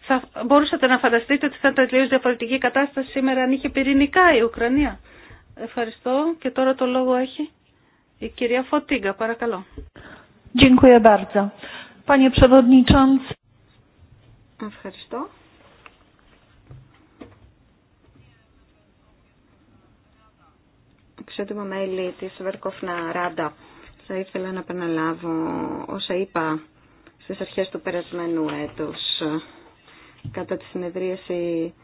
Θα μπορούσατε να φανταστείτε ότι θα ήταν τελείως διαφορετική κατάσταση σήμερα αν είχε πυρηνικά η Ουκρανία. Ευχαριστώ και τώρα το λόγο έχει η κυρία Φωτίγκα, παρακαλώ. Ευχαριστώ. Εξαιτήμα μέλη της Βερκόφνα Ράντα. Θα ήθελα να επαναλάβω όσα είπα στις αρχές του περασμένου έτους κατά τη συνεδρίαση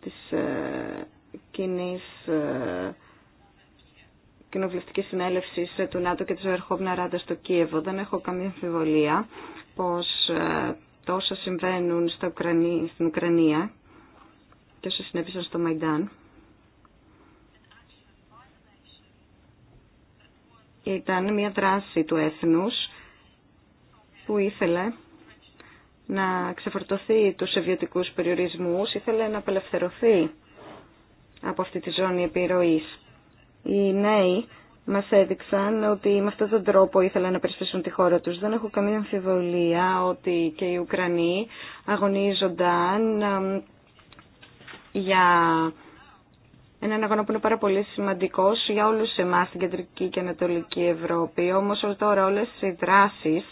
της ε, κοινής ε, Κοινοβουλευτική Συνέλευση του ΝΑΤΟ και τη Βερχόπνα Ράντα στο Κίεβο. Δεν έχω καμία αμφιβολία πως ε, τόσα συμβαίνουν στην Ουκρανία και όσα συνέβησαν στο Μαϊντάν ήταν μια δράση του έθνους που ήθελε να ξεφορτωθεί τους σοβιετικούς περιορισμούς, ήθελε να απελευθερωθεί από αυτή τη ζώνη επιρροής οι νέοι μα έδειξαν ότι με αυτόν τον τρόπο ήθελαν να περισπίσουν τη χώρα τους. Δεν έχω καμία αμφιβολία ότι και οι Ουκρανοί αγωνίζονταν για έναν αγώνα που είναι πάρα πολύ σημαντικό για όλους εμά στην Κεντρική και Ανατολική Ευρώπη. Όμως τώρα όλε οι δράσεις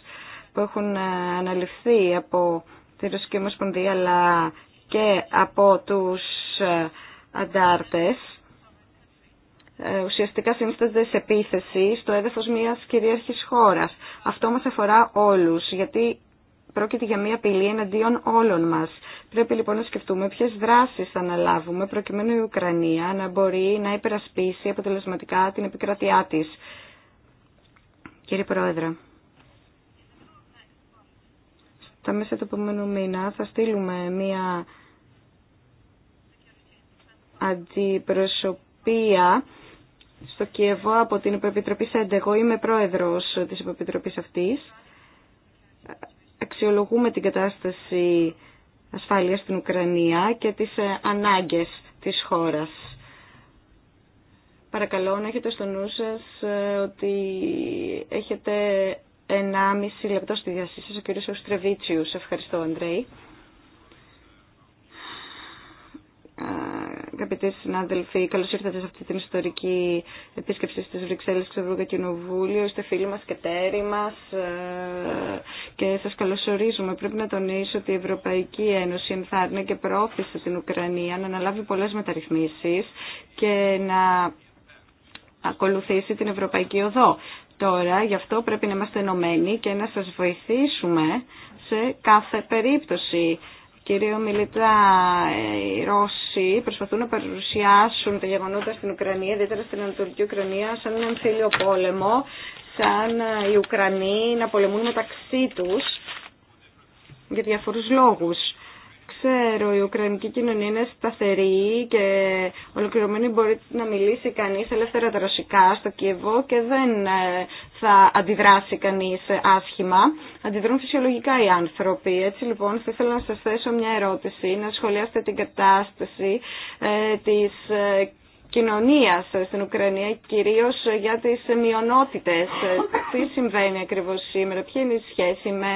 που έχουν ε, αναλυφθεί από τη Ρωσική Ομοσπονδία αλλά και από τους ε, αντάρτες ε, ουσιαστικά συνίσταται σε επίθεση στο έδαφος μιας κυρίαρχης χώρας. Αυτό μας αφορά όλους, γιατί πρόκειται για μια απειλή εναντίον όλων μας. Πρέπει λοιπόν να σκεφτούμε ποιες δράσεις θα αναλάβουμε προκειμένου η Ουκρανία να μπορεί να υπερασπίσει αποτελεσματικά την επικρατειά της. Κύριε Πρόεδρε, στα μέσα του επόμενου μήνα θα στείλουμε μια αντιπροσωπεία στο Κιεβό από την Επιτροπή Σέντε. Εγώ είμαι πρόεδρος της Επιτροπής αυτής. Αξιολογούμε την κατάσταση ασφάλειας στην Ουκρανία και τις ε, ανάγκες της χώρας. Παρακαλώ να έχετε στο νου σας ε, ότι έχετε 1,5 λεπτό στη διάστησή σας ο κύριος Σε Ευχαριστώ, Αντρέη Αγαπητοί συνάδελφοι, καλώ ήρθατε σε αυτή την ιστορική επίσκεψη στι Βρυξέλλε του Ευρωπαϊκού Κοινοβούλιο. Είστε φίλοι μα και τέροι μα ε, και σα καλωσορίζουμε. Πρέπει να τονίσω ότι η Ευρωπαϊκή Ένωση ενθάρρυνε και προώθησε την Ουκρανία να αναλάβει πολλέ μεταρρυθμίσει και να ακολουθήσει την Ευρωπαϊκή Οδό. Τώρα, γι' αυτό πρέπει να είμαστε ενωμένοι και να σας βοηθήσουμε σε κάθε περίπτωση. Κύριε Μιλίτα, ε, οι Ρώσοι προσπαθούν να παρουσιάσουν τα γεγονότα στην Ουκρανία, ιδιαίτερα στην Ανατολική Ουκρανία, σαν έναν εμφύλιο πόλεμο, σαν ε, οι Ουκρανοί να πολεμούν μεταξύ τους για διαφορούς λόγους ξέρω, η Ουκρανική κοινωνία είναι σταθερή και ολοκληρωμένη μπορεί να μιλήσει κανείς ελεύθερα τα στο Κίεβο και δεν ε, θα αντιδράσει κανείς άσχημα. Αντιδρούν φυσιολογικά οι άνθρωποι. Έτσι λοιπόν θα ήθελα να σας θέσω μια ερώτηση, να σχολιάσετε την κατάσταση ε, της ε, Κοινωνία στην Ουκρανία, κυρίως για τις μειονότητες. Τι συμβαίνει ακριβώς σήμερα, ποια είναι η σχέση με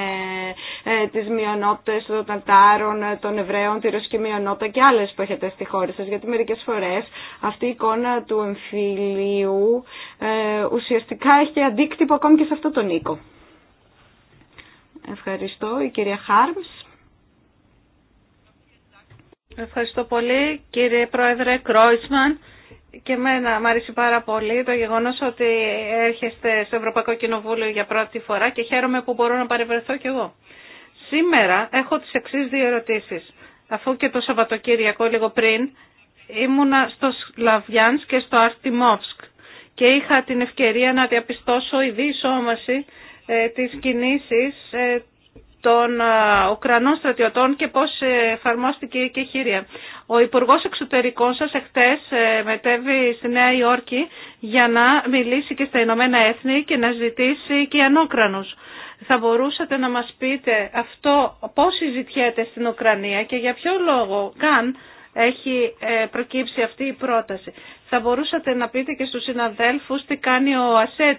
ε, τις μειονότητες των Τατάρων, των Εβραίων, τη Ρωσική μειονότητα και άλλες που έχετε στη χώρα σας, γιατί μερικές φορές αυτή η εικόνα του εμφυλίου ε, ουσιαστικά έχει αντίκτυπο ακόμη και σε αυτό τον οίκο. Ευχαριστώ. Η κυρία Χάρμς. Ευχαριστώ πολύ κύριε Πρόεδρε Κρόισμαν και εμένα μου αρέσει πάρα πολύ το γεγονός ότι έρχεστε στο Ευρωπαϊκό Κοινοβούλιο για πρώτη φορά και χαίρομαι που μπορώ να παρευρεθώ κι εγώ. Σήμερα έχω τις εξή δύο ερωτήσεις. Αφού και το Σαββατοκύριακο λίγο πριν ήμουνα στο Σλαβιάν και στο Αρτιμόφσκ και είχα την ευκαιρία να διαπιστώσω η διεισόμαση ε, της κινήσης ε, των Ουκρανών στρατιωτών και πώς εφαρμόστηκε και χείρια. Ο Υπουργός Εξωτερικών σας εχθές ε, μετέβη στη Νέα Υόρκη για να μιλήσει και στα Ηνωμένα Έθνη και να ζητήσει και ανόκρανους. Θα μπορούσατε να μας πείτε αυτό πώς συζητιέται στην Ουκρανία και για ποιο λόγο καν έχει ε, προκύψει αυτή η πρόταση. Θα μπορούσατε να πείτε και στους συναδέλφους τι κάνει ο ΑΣΕ,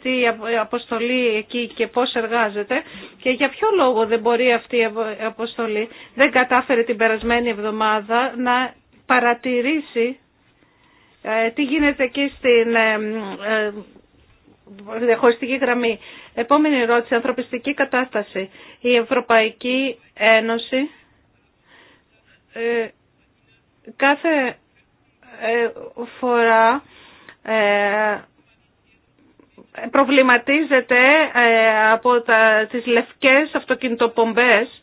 η αποστολή εκεί και πώς εργάζεται και για ποιο λόγο δεν μπορεί αυτή η αποστολή, δεν κατάφερε την περασμένη εβδομάδα να παρατηρήσει ε, τι γίνεται εκεί στην ε, διαχωριστική γραμμή. Επόμενη ερώτηση, ανθρωπιστική κατάσταση. Η Ευρωπαϊκή Ένωση κάθε ε, φορά ε, προβληματίζεται ε, από τα, τις λευκές αυτοκινητοπομπές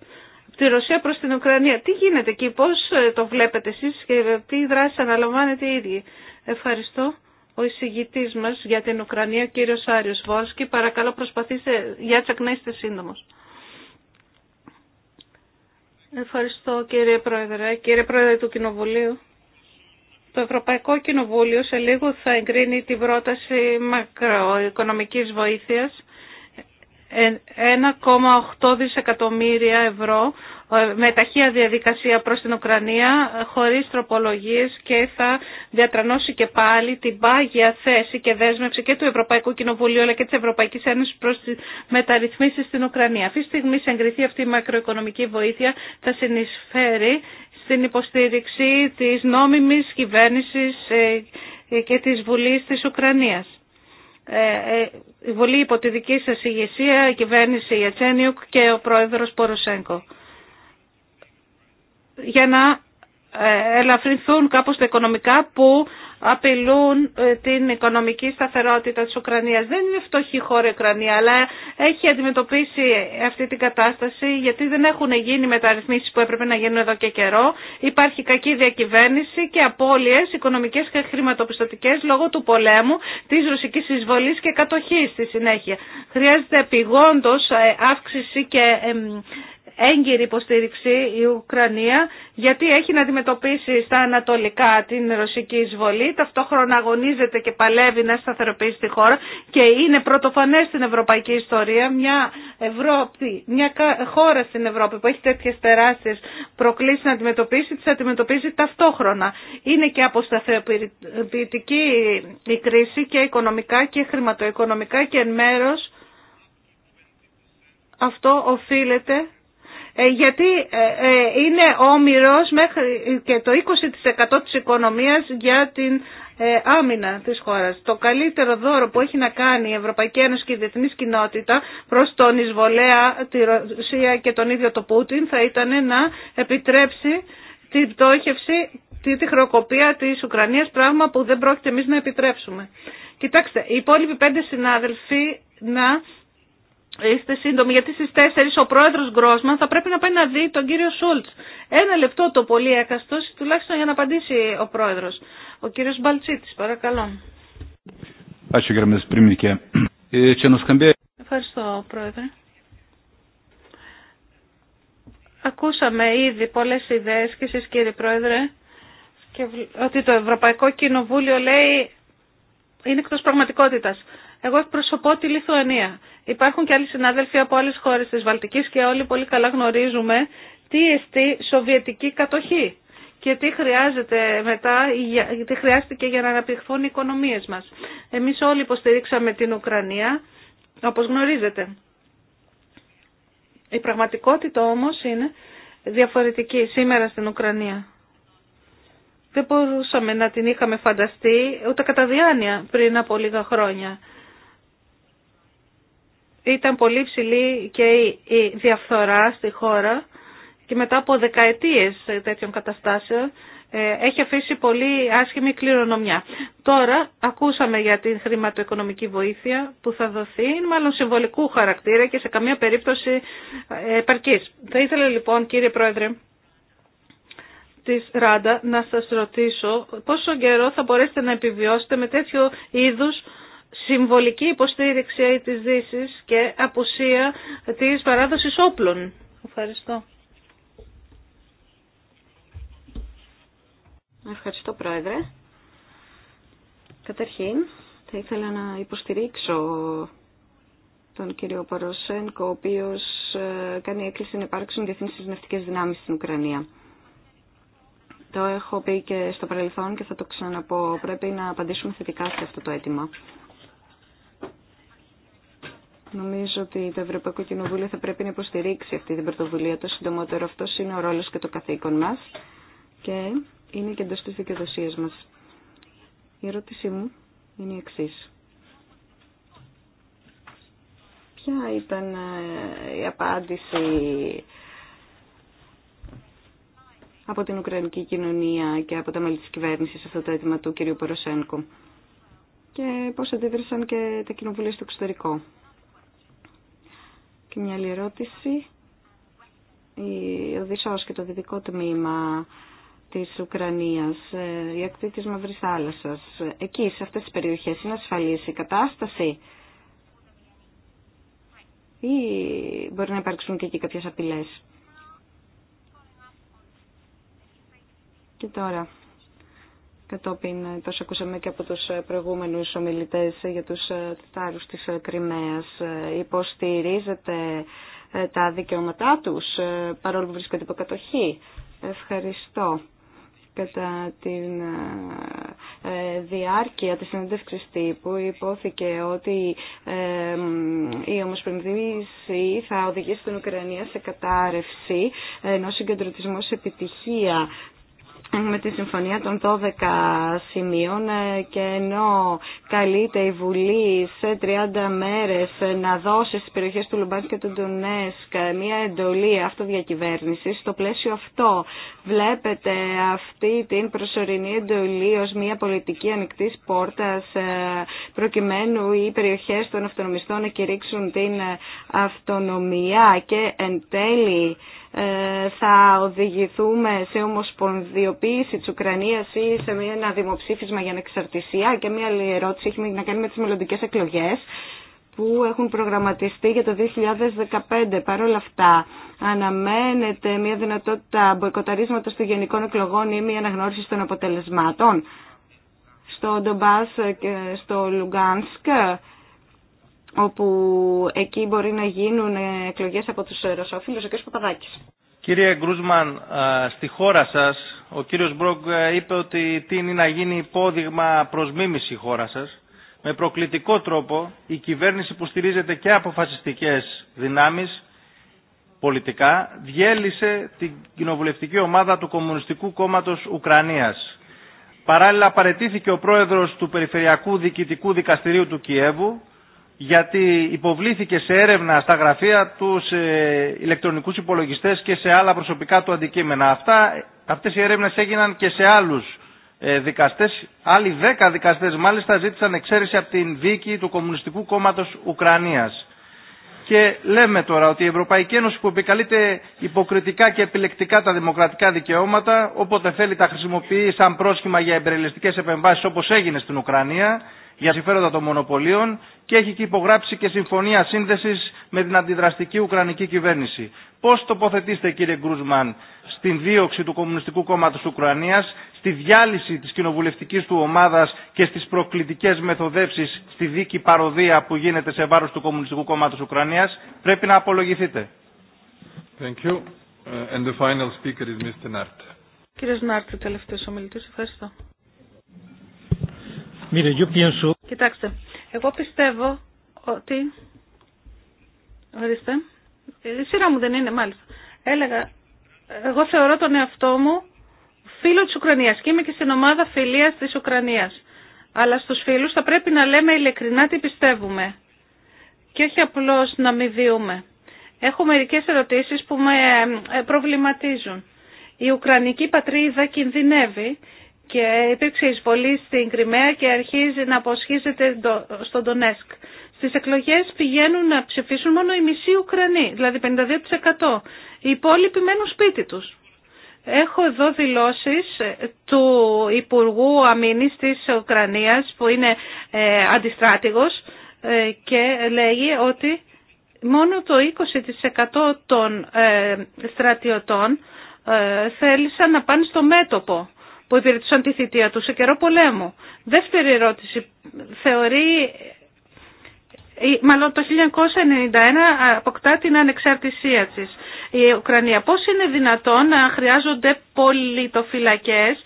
από τη Ρωσία προς την Ουκρανία. Τι γίνεται εκεί, πώς το βλέπετε εσείς και τι δράσεις αναλαμβάνετε οι ίδιοι. Ευχαριστώ. Ο εισηγητή μα για την Ουκρανία, κύριος Άριος Βόσκη. Παρακαλώ προσπαθήστε, τσακ να είστε σύντομος. Ευχαριστώ κύριε Πρόεδρε, κύριε Πρόεδρε του Κοινοβουλίου. Το Ευρωπαϊκό Κοινοβούλιο σε λίγο θα εγκρίνει την πρόταση μακροοικονομικής βοήθειας 1,8 δισεκατομμύρια ευρώ ε, με ταχεία διαδικασία προς την Ουκρανία χωρίς τροπολογίες και θα διατρανώσει και πάλι την πάγια θέση και δέσμευση και του Ευρωπαϊκού Κοινοβουλίου αλλά και της Ευρωπαϊκής Ένωσης προς τις μεταρρυθμίσεις στην Ουκρανία. Αυτή τη στιγμή σε εγκριθεί αυτή η μακροοικονομική βοήθεια θα συνεισφέρει στην υποστήριξη της νόμιμης κυβέρνησης ε, και της Βουλής της Ουκρανίας. Ε, ε, η Βουλή υπό τη δική σας ηγεσία, η κυβέρνηση Ιατσένιουκ και ο πρόεδρος Ποροσέγκο. Για να ε, ελαφρυνθούν κάπως τα οικονομικά που απειλούν ε, την οικονομική σταθερότητα της Ουκρανίας. Δεν είναι φτωχή χώρα η Ουκρανία, αλλά έχει αντιμετωπίσει αυτή την κατάσταση γιατί δεν έχουν γίνει μεταρρυθμίσεις που έπρεπε να γίνουν εδώ και καιρό. Υπάρχει κακή διακυβέρνηση και απώλειες οικονομικές και χρηματοπιστωτικές λόγω του πολέμου, της ρωσικής εισβολής και κατοχής στη συνέχεια. Χρειάζεται επιγόντως ε, αύξηση και έγκυρη υποστήριξη η Ουκρανία γιατί έχει να αντιμετωπίσει στα ανατολικά την ρωσική εισβολή, ταυτόχρονα αγωνίζεται και παλεύει να σταθεροποιήσει τη χώρα και είναι πρωτοφανέ στην ευρωπαϊκή ιστορία μια, Ευρώπη, μια χώρα στην Ευρώπη που έχει τέτοιε τεράστιε προκλήσεις να αντιμετωπίσει, τι αντιμετωπίζει ταυτόχρονα. Είναι και αποσταθεροποιητική η κρίση και οικονομικά και χρηματοοικονομικά και εν μέρος αυτό οφείλεται ε, γιατί ε, ε, είναι όμοιρος μέχρι και το 20% της οικονομίας για την άμυνα της χώρας. Το καλύτερο δώρο που έχει να κάνει η Ευρωπαϊκή Ένωση και η διεθνή κοινότητα προς τον εισβολέα, τη Ρωσία και τον ίδιο το Πούτιν θα ήταν να επιτρέψει την πτώχευση τη χροκοπία της Ουκρανίας, πράγμα που δεν πρόκειται εμείς να επιτρέψουμε. Κοιτάξτε, οι υπόλοιποι πέντε συνάδελφοι να Είστε σύντομοι, γιατί στι 4 ο πρόεδρο Γκρόσμαν θα πρέπει να πάει να δει τον κύριο Σούλτ. Ένα λεπτό το πολύ έκαστος, τουλάχιστον για να απαντήσει ο πρόεδρο. Ο κύριο Μπαλτσίτης, παρακαλώ. Ευχαριστώ, πρόεδρε. Ακούσαμε ήδη πολλέ ιδέε και εσεί, κύριε πρόεδρε και ότι το Ευρωπαϊκό Κοινοβούλιο λέει είναι εκτό πραγματικότητα. Εγώ εκπροσωπώ τη Λιθουανία Υπάρχουν και άλλοι συνάδελφοι από άλλες χώρες της Βαλτικής και όλοι πολύ καλά γνωρίζουμε τι εστί σοβιετική κατοχή και τι χρειάζεται μετά, τι χρειάστηκε για να αναπτυχθούν οι οικονομίες μας. Εμείς όλοι υποστηρίξαμε την Ουκρανία, όπως γνωρίζετε. Η πραγματικότητα όμως είναι διαφορετική σήμερα στην Ουκρανία. Δεν μπορούσαμε να την είχαμε φανταστεί ούτε κατά διάνοια πριν από λίγα χρόνια ήταν πολύ ψηλή και η διαφθορά στη χώρα και μετά από δεκαετίες ε, τέτοιων καταστάσεων ε, έχει αφήσει πολύ άσχημη κληρονομιά. Τώρα ακούσαμε για την χρηματοοικονομική βοήθεια που θα δοθεί, μάλλον συμβολικού χαρακτήρα και σε καμία περίπτωση ε, επαρκής. Θα ήθελα λοιπόν κύριε Πρόεδρε της Ράντα να σας ρωτήσω πόσο καιρό θα μπορέσετε να επιβιώσετε με τέτοιο είδους συμβολική υποστήριξη της Δύσης και απουσία της παράδοσης όπλων. Ευχαριστώ. Ευχαριστώ Πρόεδρε. Καταρχήν θα ήθελα να υποστηρίξω τον κύριο Παροσένκο, ο οποίος ε, κάνει έκκληση να υπάρξουν διεθνείς συνευτικές δυνάμεις στην Ουκρανία. Το έχω πει και στο παρελθόν και θα το ξαναπώ. Πρέπει να απαντήσουμε θετικά σε αυτό το αίτημα. Νομίζω ότι το Ευρωπαϊκό Κοινοβούλιο θα πρέπει να υποστηρίξει αυτή την πρωτοβουλία. Το συντομότερο αυτό είναι ο ρόλο και το καθήκον μα και είναι και εντό τη δικαιοδοσία μα. Η ερώτησή μου είναι η εξή. Ποια ήταν ε, η απάντηση από την Ουκρανική κοινωνία και από τα μέλη της κυβέρνησης σε αυτό το αίτημα του κ. Ποροσένκου και πώς αντίδρασαν και τα κοινοβούλια στο εξωτερικό. Και μια άλλη ερώτηση. Ο Δησός και το δυτικό τμήμα της Ουκρανίας, ε, η ακτή της Μαύρης Θάλασσας, εκεί σε αυτές τις περιοχές είναι ασφαλής η κατάσταση ή μπορεί να υπάρξουν και εκεί κάποιες απειλές. Και τώρα, κατόπιν τόσο ακούσαμε και από τους προηγούμενους ομιλητές για τους ε, τάρους της ε, Κρυμαίας. Ε, Υποστηρίζεται τα δικαιώματά τους παρόλο που βρίσκονται υποκατοχή. Ευχαριστώ κατά τη διάρκεια της συνέντευξης τύπου υπόθηκε ότι η Ομοσπονδίση θα οδηγήσει την Ουκρανία σε κατάρρευση ενώ συγκεντρωτισμός επιτυχία με τη συμφωνία των 12 σημείων ε, και ενώ καλείται η Βουλή σε 30 μέρες να δώσει στις περιοχές του Λουμπάκ και του Ντονέσκ μια εντολή αυτοδιακυβέρνησης, στο πλαίσιο αυτό βλέπετε αυτή την προσωρινή εντολή ως μια πολιτική ανοιχτή πόρτας ε, προκειμένου οι περιοχές των αυτονομιστών να κηρύξουν την ε, αυτονομία και εν τέλει ε, θα οδηγηθούμε σε ομοσπονδιοποίηση της Ουκρανίας ή σε ένα δημοψήφισμα για ανεξαρτησία και μια άλλη ερώτηση έχει να κάνει με τις μελλοντικέ εκλογές που έχουν προγραμματιστεί για το 2015. Παρ' όλα αυτά, αναμένεται μια δυνατότητα μποϊκοταρίσματος των γενικών εκλογών ή μια αναγνώριση των αποτελεσμάτων στο Ντομπάς και στο Λουγκάνσκ όπου εκεί μπορεί να γίνουν εκλογές από τους ρωσόφιλους, ο κ. Παπαδάκης. Κύριε Γκρούσμαν, στη χώρα σας ο κ. Μπρόγκ ε, είπε ότι τίνει να γίνει υπόδειγμα προς μίμηση η χώρα σας. Με προκλητικό τρόπο η κυβέρνηση που στηρίζεται και από φασιστικές δυνάμεις πολιτικά διέλυσε την κοινοβουλευτική ομάδα του Κομμουνιστικού Κόμματος Ουκρανίας. Παράλληλα παρετήθηκε ο πρόεδρος του Περιφερειακού Διοικητικού Δικαστηρίου του Κιέβου γιατί υποβλήθηκε σε έρευνα στα γραφεία του σε ηλεκτρονικούς υπολογιστές και σε άλλα προσωπικά του αντικείμενα. Αυτά, αυτές οι έρευνες έγιναν και σε άλλους ε, δικαστές. Άλλοι δέκα δικαστές μάλιστα ζήτησαν εξαίρεση από την δίκη του Κομμουνιστικού Κόμματος Ουκρανίας. Και λέμε τώρα ότι η Ευρωπαϊκή Ένωση που επικαλείται υποκριτικά και επιλεκτικά τα δημοκρατικά δικαιώματα, όποτε θέλει τα χρησιμοποιεί σαν πρόσχημα για εμπεριληστικές επεμβάσεις όπως έγινε στην Ουκρανία, για συμφέροντα των μονοπωλίων και έχει και υπογράψει και συμφωνία σύνδεση με την αντιδραστική Ουκρανική κυβέρνηση. Πώ τοποθετήσετε, κύριε Γκρούσμαν, στην δίωξη του Κομμουνιστικού Κόμματο Ουκρανία, στη διάλυση τη κοινοβουλευτική του ομάδα και στι προκλητικέ μεθοδεύσει στη δίκη παροδία που γίνεται σε βάρο του Κομμουνιστικού Κόμματο Ουκρανία, πρέπει να απολογηθείτε. Thank you. Uh, and the final speaker is Mr. Nart. Νάρτ, Ευχαριστώ. Κοιτάξτε, εγώ πιστεύω ότι... Ορίστε. Ε, η σειρά μου δεν είναι μάλιστα. Έλεγα, εγώ θεωρώ τον εαυτό μου φίλο της Ουκρανίας και είμαι και στην ομάδα φιλίας της Ουκρανίας. Αλλά στους φίλους θα πρέπει να λέμε ειλικρινά τι πιστεύουμε και όχι απλώς να μην διούμε. Έχω μερικές ερωτήσεις που με ε, προβληματίζουν. Η Ουκρανική πατρίδα κινδυνεύει και υπήρξε εισβολή στην Κρυμαία και αρχίζει να αποσχίζεται στο Ντονέσκ. Στις εκλογές πηγαίνουν να ψηφίσουν μόνο οι μισοί Ουκρανοί, δηλαδή 52%. Οι υπόλοιποι μένουν σπίτι τους. Έχω εδώ δηλώσεις ε, του Υπουργού Αμήνης της Ουκρανίας που είναι ε, αντιστράτηγος ε, και λέγει ότι μόνο το 20% των στρατιωτών θέλησαν να πάνε στο μέτωπο που υπηρετούσαν τη θητεία του σε καιρό πολέμου. Δεύτερη ερώτηση. Θεωρεί, μάλλον το 1991 αποκτά την ανεξαρτησία της η Ουκρανία. Πώς είναι δυνατόν να χρειάζονται πολιτοφυλακές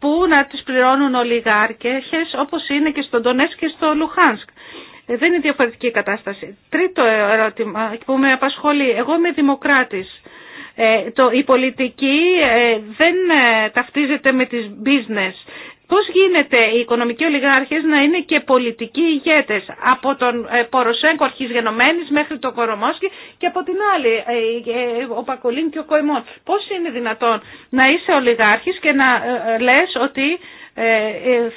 που να τις πληρώνουν ολιγάρκες όπως είναι και στο Ντονέσκ και στο Λουχάνσκ. Ε, δεν είναι διαφορετική η κατάσταση. Τρίτο ερώτημα που με απασχολεί. Εγώ είμαι δημοκράτης. Ε, το, η πολιτική ε, δεν ε, ταυτίζεται με τις business. Πώς γίνεται οι οικονομικοί ολιγάρχες να είναι και πολιτικοί ηγέτες από τον Ποροσέγκο αρχής γενομένης μέχρι τον Κορομόσκι και από την άλλη ο Πακολίν και ο Κοημόν. Πώς είναι δυνατόν να είσαι ολιγάρχης και να λες ότι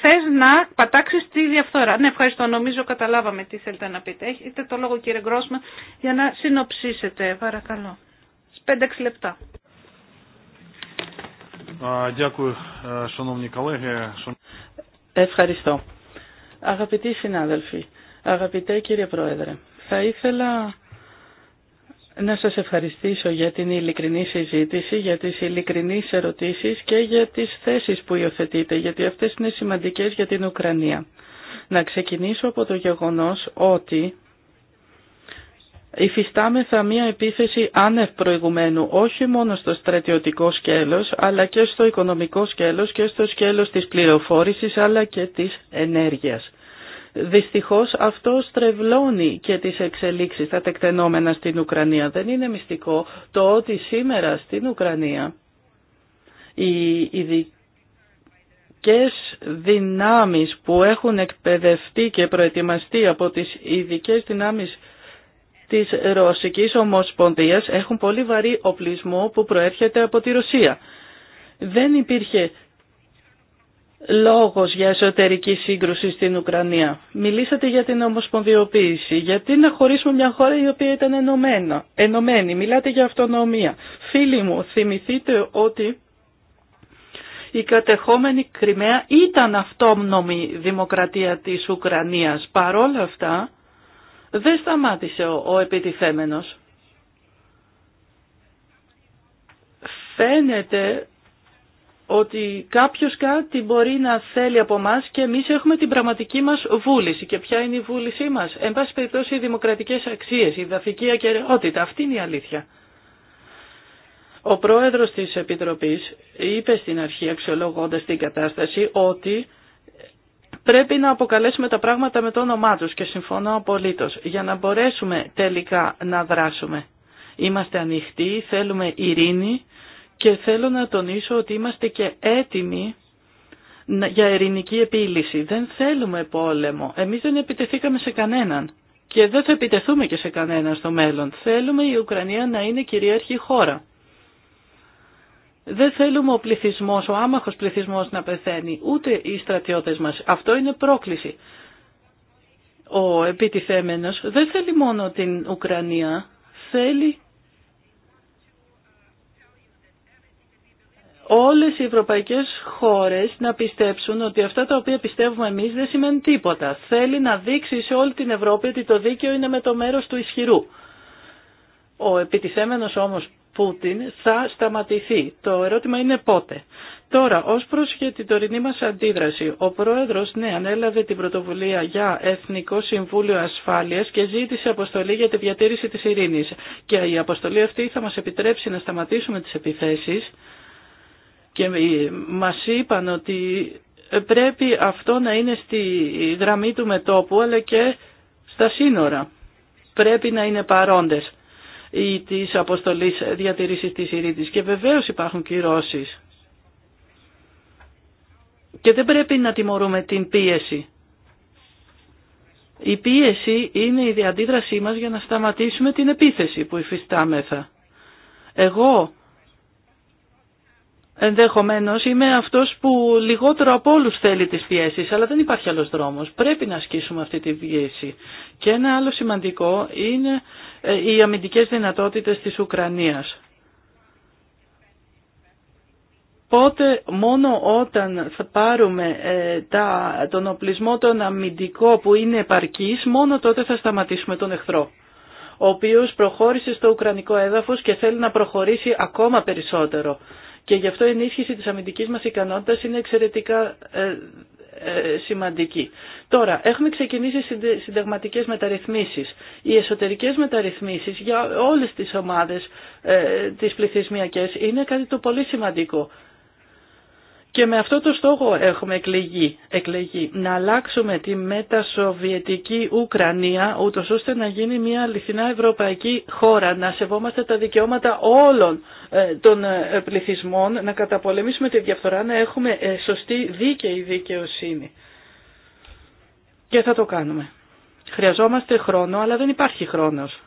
θες να πατάξεις τη διαφθορά. Ναι, ευχαριστώ. Νομίζω καταλάβαμε τι θέλετε να πείτε. Έχετε το λόγο κύριε Γκρόσμα για να συνοψίσετε. Παρακαλώ. 5-6 λεπτά. Ε, Ευχαριστώ. Αγαπητοί συνάδελφοι, αγαπητέ κύριε Πρόεδρε, θα ήθελα να σας ευχαριστήσω για την ειλικρινή συζήτηση, για τις ειλικρινείς ερωτήσεις και για τις θέσεις που υιοθετείτε, γιατί αυτές είναι σημαντικές για την Ουκρανία. Να ξεκινήσω από το γεγονός ότι υφιστάμεθα μία επίθεση άνευ προηγουμένου όχι μόνο στο στρατιωτικό σκέλος αλλά και στο οικονομικό σκέλος και στο σκέλος της πληροφόρησης αλλά και της ενέργειας. Δυστυχώς αυτό στρεβλώνει και τις εξελίξεις τα τεκτενόμενα στην Ουκρανία. Δεν είναι μυστικό το ότι σήμερα στην Ουκρανία οι ειδικέ δυνάμεις που έχουν εκπαιδευτεί και προετοιμαστεί από τις ειδικέ δυνάμεις της Ρωσικής Ομοσπονδίας έχουν πολύ βαρύ οπλισμό που προέρχεται από τη Ρωσία. Δεν υπήρχε λόγος για εσωτερική σύγκρουση στην Ουκρανία. Μιλήσατε για την ομοσπονδιοποίηση. Γιατί να χωρίσουμε μια χώρα η οποία ήταν ενωμένα, ενωμένη. Μιλάτε για αυτονομία. Φίλοι μου, θυμηθείτε ότι η κατεχόμενη Κρυμαία ήταν αυτόνομη δημοκρατία της Ουκρανίας. Παρόλα αυτά, δεν σταμάτησε ο, ο επιτιθέμενος. Φαίνεται ότι κάποιος κάτι μπορεί να θέλει από μας και εμείς έχουμε την πραγματική μας βούληση. Και ποια είναι η βούλησή μας. Εν πάση περιπτώσει οι δημοκρατικές αξίες, η δαφική ακεραιότητα. Αυτή είναι η αλήθεια. Ο πρόεδρος της Επιτροπής είπε στην αρχή αξιολογώντας την κατάσταση ότι πρέπει να αποκαλέσουμε τα πράγματα με το όνομά τους και συμφωνώ απολύτως για να μπορέσουμε τελικά να δράσουμε. Είμαστε ανοιχτοί, θέλουμε ειρήνη και θέλω να τονίσω ότι είμαστε και έτοιμοι για ειρηνική επίλυση. Δεν θέλουμε πόλεμο. Εμείς δεν επιτεθήκαμε σε κανέναν. Και δεν θα επιτεθούμε και σε κανέναν στο μέλλον. Θέλουμε η Ουκρανία να είναι κυρίαρχη χώρα. Δεν θέλουμε ο πληθυσμός, ο άμαχος πληθυσμός να πεθαίνει, ούτε οι στρατιώτες μας. Αυτό είναι πρόκληση. Ο επιτιθέμενος δεν θέλει μόνο την Ουκρανία, θέλει όλες οι ευρωπαϊκές χώρες να πιστέψουν ότι αυτά τα οποία πιστεύουμε εμείς δεν σημαίνουν τίποτα. Θέλει να δείξει σε όλη την Ευρώπη ότι το δίκαιο είναι με το μέρος του ισχυρού. Ο επιτιθέμενος όμως Πούτιν θα σταματηθεί. Το ερώτημα είναι πότε. Τώρα, ω προ και την τωρινή μα αντίδραση, ο Πρόεδρο, ναι, ανέλαβε την πρωτοβουλία για Εθνικό Συμβούλιο Ασφάλεια και ζήτησε αποστολή για τη διατήρηση τη ειρήνη. Και η αποστολή αυτή θα μα επιτρέψει να σταματήσουμε τι επιθέσει και μα είπαν ότι πρέπει αυτό να είναι στη γραμμή του μετόπου αλλά και στα σύνορα. Πρέπει να είναι παρόντες ή της αποστολής διατηρήσης της ειρήνης. Και βεβαίως υπάρχουν κυρώσει. Και δεν πρέπει να τιμωρούμε την πίεση. Η πίεση είναι η διαντίδρασή μας για να σταματήσουμε την επίθεση που υφιστάμεθα. Εγώ ενδεχομένως είμαι αυτός που λιγότερο από όλους θέλει τις πιέσεις, αλλά δεν υπάρχει άλλος δρόμος. Πρέπει να ασκήσουμε αυτή τη πίεση. Και ένα άλλο σημαντικό είναι ε, οι αμυντικές δυνατότητες της Ουκρανίας. Πότε μόνο όταν θα πάρουμε ε, τα, τον οπλισμό τον αμυντικό που είναι επαρκής, μόνο τότε θα σταματήσουμε τον εχθρό ο οποίος προχώρησε στο ουκρανικό έδαφος και θέλει να προχωρήσει ακόμα περισσότερο και γι' αυτό η ενίσχυση της αμυντικής μας ικανότητας είναι εξαιρετικά ε, ε, σημαντική. Τώρα, έχουμε ξεκινήσει συνταγματικές μεταρρυθμίσεις. Οι εσωτερικές μεταρρυθμίσεις για όλες τις ομάδες ε, τις είναι κάτι το πολύ σημαντικό. Και με αυτό το στόχο έχουμε εκλεγεί, εκλεγεί να αλλάξουμε τη μετασοβιετική Ουκρανία, ούτως ώστε να γίνει μια αληθινά ευρωπαϊκή χώρα, να σεβόμαστε τα δικαιώματα όλων ε, των ε, πληθυσμών, να καταπολεμήσουμε τη διαφθορά, να έχουμε ε, σωστή δίκαιη δικαιοσύνη. Και θα το κάνουμε. Χρειαζόμαστε χρόνο, αλλά δεν υπάρχει χρόνος.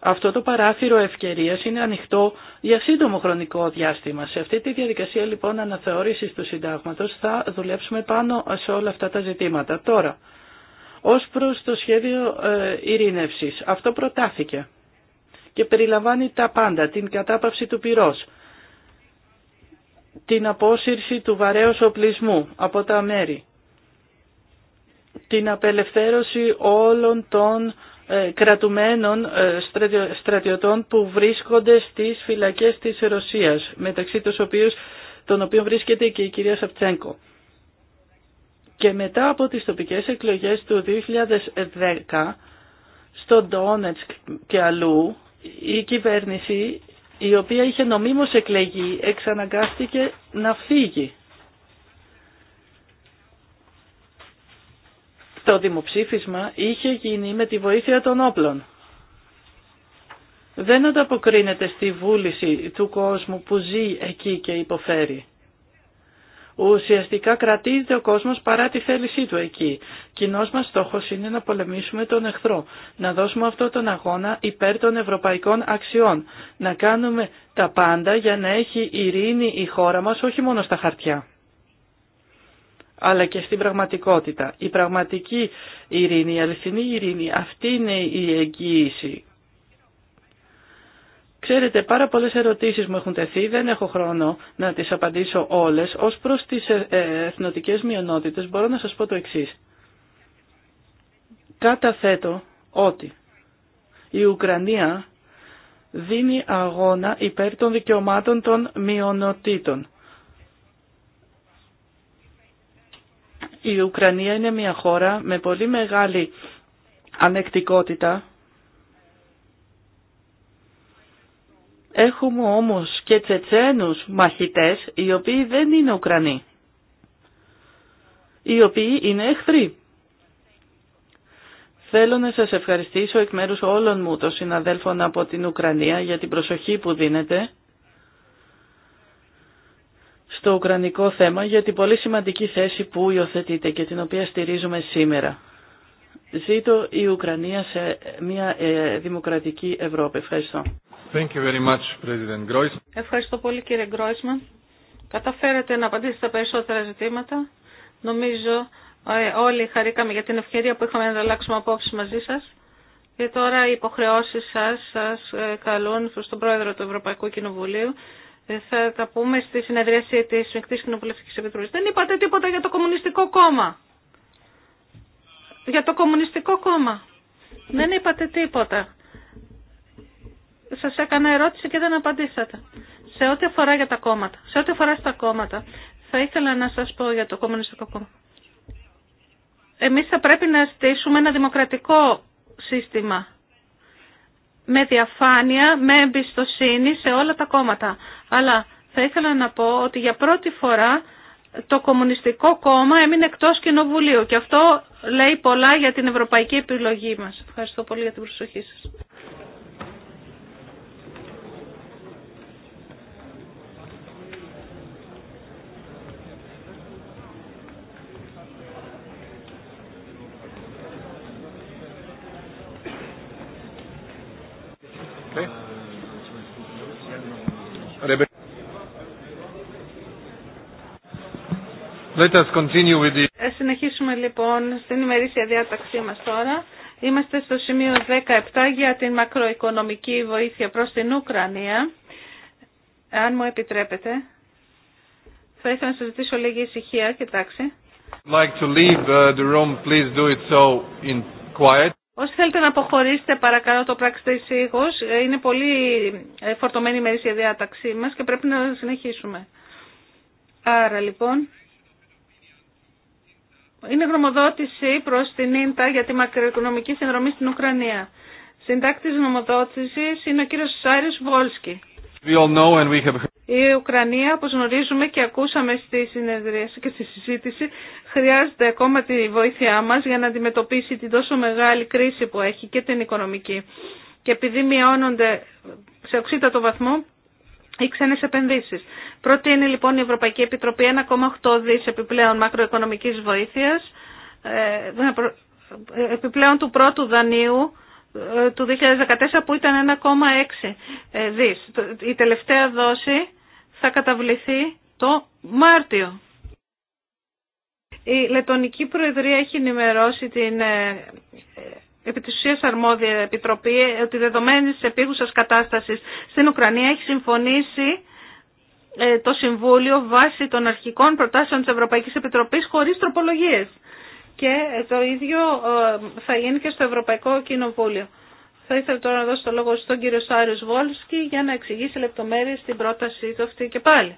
Αυτό το παράθυρο ευκαιρίας είναι ανοιχτό για σύντομο χρονικό διάστημα. Σε αυτή τη διαδικασία λοιπόν αναθεώρησης του συντάγματος θα δουλέψουμε πάνω σε όλα αυτά τα ζητήματα. Τώρα, ως προς το σχέδιο ειρήνευσης, αυτό προτάθηκε και περιλαμβάνει τα πάντα, την κατάπαυση του πυρός, την απόσυρση του βαρέως οπλισμού από τα μέρη, την απελευθέρωση όλων των ε, κρατουμένων ε, στρατιωτών που βρίσκονται στις φυλακές της Ρωσίας, μεταξύ των οποίων, των οποίων βρίσκεται και η κυρία Σαπτσέγκο. Και μετά από τις τοπικές εκλογές του 2010, στο Ντόνετσκ και αλλού, η κυβέρνηση η οποία είχε νομίμως εκλεγεί εξαναγκάστηκε να φύγει. Το δημοψήφισμα είχε γίνει με τη βοήθεια των όπλων. Δεν ανταποκρίνεται στη βούληση του κόσμου που ζει εκεί και υποφέρει. Ουσιαστικά κρατείται ο κόσμος παρά τη θέλησή του εκεί. Κοινός μας στόχος είναι να πολεμήσουμε τον εχθρό, να δώσουμε αυτό τον αγώνα υπέρ των ευρωπαϊκών αξιών, να κάνουμε τα πάντα για να έχει ειρήνη η χώρα μας όχι μόνο στα χαρτιά αλλά και στην πραγματικότητα. Η πραγματική ειρήνη, η αληθινή ειρήνη, αυτή είναι η εγγύηση Ξέρετε, πάρα πολλές ερωτήσεις μου έχουν τεθεί, δεν έχω χρόνο να τις απαντήσω όλες. Ως προς τις ε, ε, εθνοτικές μειονότητες μπορώ να σας πω το εξής. Καταθέτω ότι η Ουκρανία δίνει αγώνα υπέρ των δικαιωμάτων των μειονοτήτων. Η Ουκρανία είναι μια χώρα με πολύ μεγάλη ανεκτικότητα Έχουμε όμως και τσετσένους μαχητές οι οποίοι δεν είναι Ουκρανοί, οι οποίοι είναι εχθροί. Θέλω να σας ευχαριστήσω εκ μέρους όλων μου των συναδέλφων από την Ουκρανία για την προσοχή που δίνετε στο ουκρανικό θέμα για την πολύ σημαντική θέση που υιοθετείτε και την οποία στηρίζουμε σήμερα. Ζήτω η Ουκρανία σε μια ε, δημοκρατική Ευρώπη. Ευχαριστώ. Thank you very much, President Ευχαριστώ πολύ κύριε Γκρόισμαν. Καταφέρατε να απαντήσετε τα περισσότερα ζητήματα. Νομίζω ε, όλοι χαρήκαμε για την ευκαιρία που είχαμε να αλλάξουμε απόψεις μαζί σας. Και τώρα οι υποχρεώσεις σας σας ε, καλούν στον Πρόεδρο του Ευρωπαϊκού Κοινοβουλίου. Ε, θα τα πούμε στη συνεδρίαση της Μικτής Κοινοβουλευτικής Επιτροπής. Δεν είπατε τίποτα για το Κομμουνιστικό Κόμμα. Για το Κομμουνιστικό Κόμμα. Δεν είπατε τίποτα σας έκανα ερώτηση και δεν απαντήσατε. Σε ό,τι αφορά για τα κόμματα, σε ό,τι αφορά στα κόμματα, θα ήθελα να σας πω για το Κομμουνιστικό Κόμμα. Εμείς θα πρέπει να στήσουμε ένα δημοκρατικό σύστημα με διαφάνεια, με εμπιστοσύνη σε όλα τα κόμματα. Αλλά θα ήθελα να πω ότι για πρώτη φορά το Κομμουνιστικό Κόμμα έμεινε εκτός Κοινοβουλίου και αυτό λέει πολλά για την ευρωπαϊκή επιλογή μας. Ευχαριστώ πολύ για την προσοχή σας. Let us continue with the... Ε, συνεχίσουμε λοιπόν στην ημερήσια διάταξή μας τώρα. Είμαστε στο σημείο 17 για την μακροοικονομική βοήθεια προς την Ουκρανία. Αν μου επιτρέπετε, θα ήθελα να σας ζητήσω λίγη ησυχία, κοιτάξτε. Like to leave uh, the room, please do it so in quiet. Όσοι θέλετε να αποχωρήσετε, παρακαλώ το πράξτε εισήγως. Είναι πολύ φορτωμένη η ημερήσια διάταξή μας και πρέπει να συνεχίσουμε. Άρα λοιπόν, είναι γνωμοδότηση προ την ΙΝΤΑ για τη μακροοικονομική συνδρομή στην Ουκρανία. Συντάκτη γνωμοδότησης είναι ο κύριο Σάριο Βόλσκι. Η Ουκρανία, όπω γνωρίζουμε και ακούσαμε στη συνεδρία και στη συζήτηση, χρειάζεται ακόμα τη βοήθειά μα για να αντιμετωπίσει την τόσο μεγάλη κρίση που έχει και την οικονομική. Και επειδή μειώνονται σε οξύτατο βαθμό οι ξένε επενδύσει. Προτείνει λοιπόν η Ευρωπαϊκή Επιτροπή 1,8 δις επιπλέον μακροοικονομικής βοήθειας, ε, ε, ε, επιπλέον του πρώτου δανείου του 2014 που ήταν 1,6 δις. Η τελευταία δόση θα καταβληθεί το Μάρτιο. Η Λετωνική Προεδρία έχει ενημερώσει την επί της αρμόδια επιτροπή ότι δεδομένης της επίγουσας κατάστασης στην Ουκρανία έχει συμφωνήσει ε, το Συμβούλιο βάσει των αρχικών προτάσεων της Ευρωπαϊκής Επιτροπής χωρίς τροπολογίες. Και το ίδιο ε, θα γίνει και στο Ευρωπαϊκό Κοινοβούλιο. Θα ήθελα τώρα να δώσω το λόγο στον κύριο Σάριος Βόλσκι για να εξηγήσει λεπτομέρειες την πρότασή του αυτή και πάλι.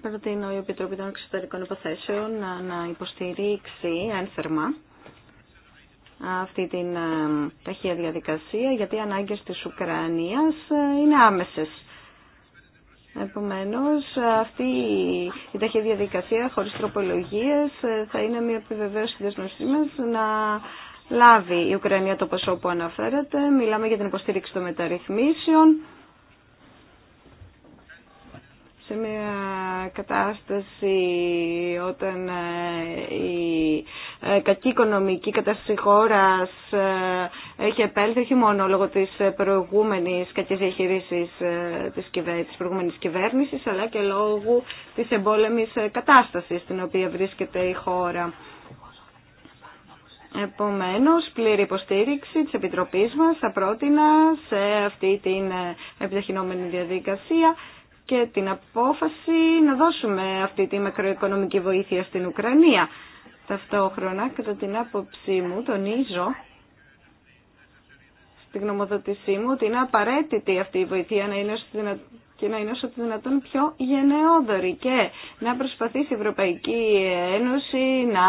Προτείνω uh, η Επιτροπή των Εξωτερικών Υποθέσεων να, να υποστηρίξει ένθερμα αυτή την ε, ταχεία διαδικασία γιατί οι ανάγκες της Ουκρανίας ε, είναι άμεσες. Επομένως, αυτή η ταχεία διαδικασία χωρίς τροπολογίες ε, θα είναι μια επιβεβαίωση δεσμευσή μας να λάβει η Ουκρανία το ποσό που αναφέρεται. Μιλάμε για την υποστήριξη των μεταρρυθμίσεων σε μια κατάσταση όταν ε, η ε, κακή οικονομική κατάσταση χώρας ε, έχει επέλθει όχι μόνο λόγω της προηγούμενης κακής διαχείρισης της, της προηγούμενης κυβέρνησης αλλά και λόγω της εμπόλεμης κατάστασης στην οποία βρίσκεται η χώρα. Επομένως, πλήρη υποστήριξη της Επιτροπής μας θα πρότεινα σε αυτή την επιταχυνόμενη διαδικασία και την απόφαση να δώσουμε αυτή τη μακροοικονομική βοήθεια στην Ουκρανία. Ταυτόχρονα, κατά την άποψή μου, τονίζω στην γνωμοδότησή μου ότι είναι απαραίτητη αυτή η βοήθεια να είναι όσο και να είναι όσο το δυνατόν πιο γενναιόδορη και να προσπαθήσει η Ευρωπαϊκή Ένωση να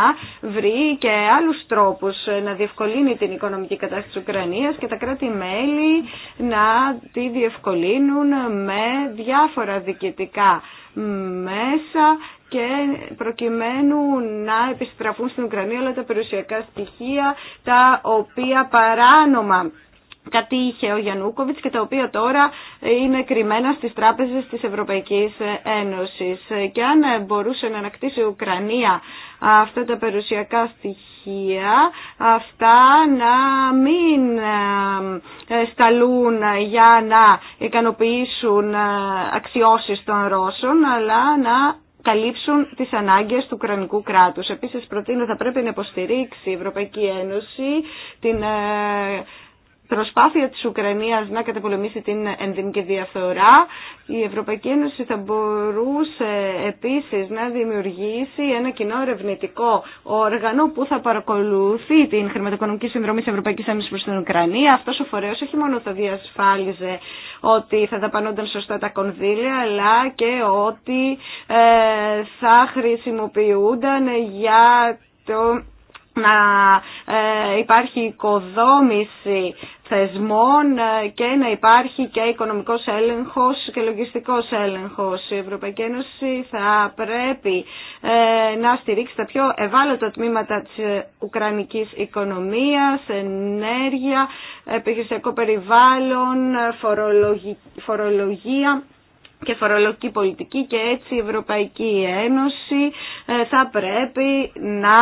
βρει και άλλους τρόπους να διευκολύνει την οικονομική κατάσταση της Ουκρανίας και τα κράτη-μέλη να τη διευκολύνουν με διάφορα διοικητικά μέσα και προκειμένου να επιστραφούν στην Ουκρανία όλα τα περιουσιακά στοιχεία τα οποία παράνομα κατήχε ο Γιαννούκοβιτς και τα οποία τώρα είναι κρυμμένα στις τράπεζες της Ευρωπαϊκής Ένωσης. Και αν μπορούσε να ανακτήσει η Ουκρανία αυτά τα περιουσιακά στοιχεία, αυτά να μην ε, σταλούν για να ικανοποιήσουν ε, αξιώσεις των Ρώσων, αλλά να καλύψουν τις ανάγκες του κρανικού κράτους. Επίσης προτείνω θα πρέπει να υποστηρίξει η Ευρωπαϊκή Ένωση την ε, προσπάθεια της Ουκρανίας να καταπολεμήσει την ενδυμική διαφθορά, η Ευρωπαϊκή Ένωση θα μπορούσε επίσης να δημιουργήσει ένα κοινό ερευνητικό όργανο που θα παρακολουθεί την χρηματοοικονομική συνδρομή της Ευρωπαϊκής Ένωσης προς την Ουκρανία. Αυτός ο φορέος όχι μόνο θα διασφάλιζε ότι θα δαπανόνταν σωστά τα κονδύλια, αλλά και ότι ε, θα χρησιμοποιούνταν για το να ε, υπάρχει οικοδόμηση θεσμών ε, και να υπάρχει και οικονομικός έλεγχος και λογιστικός έλεγχος. Η Ευρωπαϊκή Ένωση θα πρέπει ε, να στηρίξει τα πιο ευάλωτα τμήματα της ουκρανικής οικονομίας, ενέργεια, επιχειρησιακό περιβάλλον, φορολογία και φορολογική πολιτική και έτσι η Ευρωπαϊκή Ένωση θα πρέπει να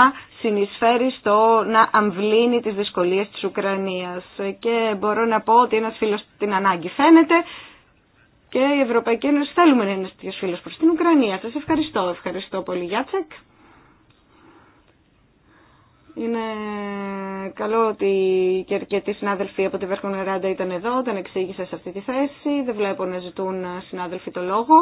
συνεισφέρει στο να αμβλύνει τις δυσκολίες της Ουκρανίας. Και μπορώ να πω ότι ένας φίλος την ανάγκη φαίνεται και η Ευρωπαϊκή Ένωση θέλουμε να είναι ένας φίλος προς την Ουκρανία. Σας ευχαριστώ. Ευχαριστώ πολύ Γιάτσεκ. Είναι καλό ότι και αρκετοί συνάδελφοι από τη Βέρχον Ράντα ήταν εδώ, όταν εξήγησα σε αυτή τη θέση. Δεν βλέπω να ζητούν συνάδελφοι το λόγο.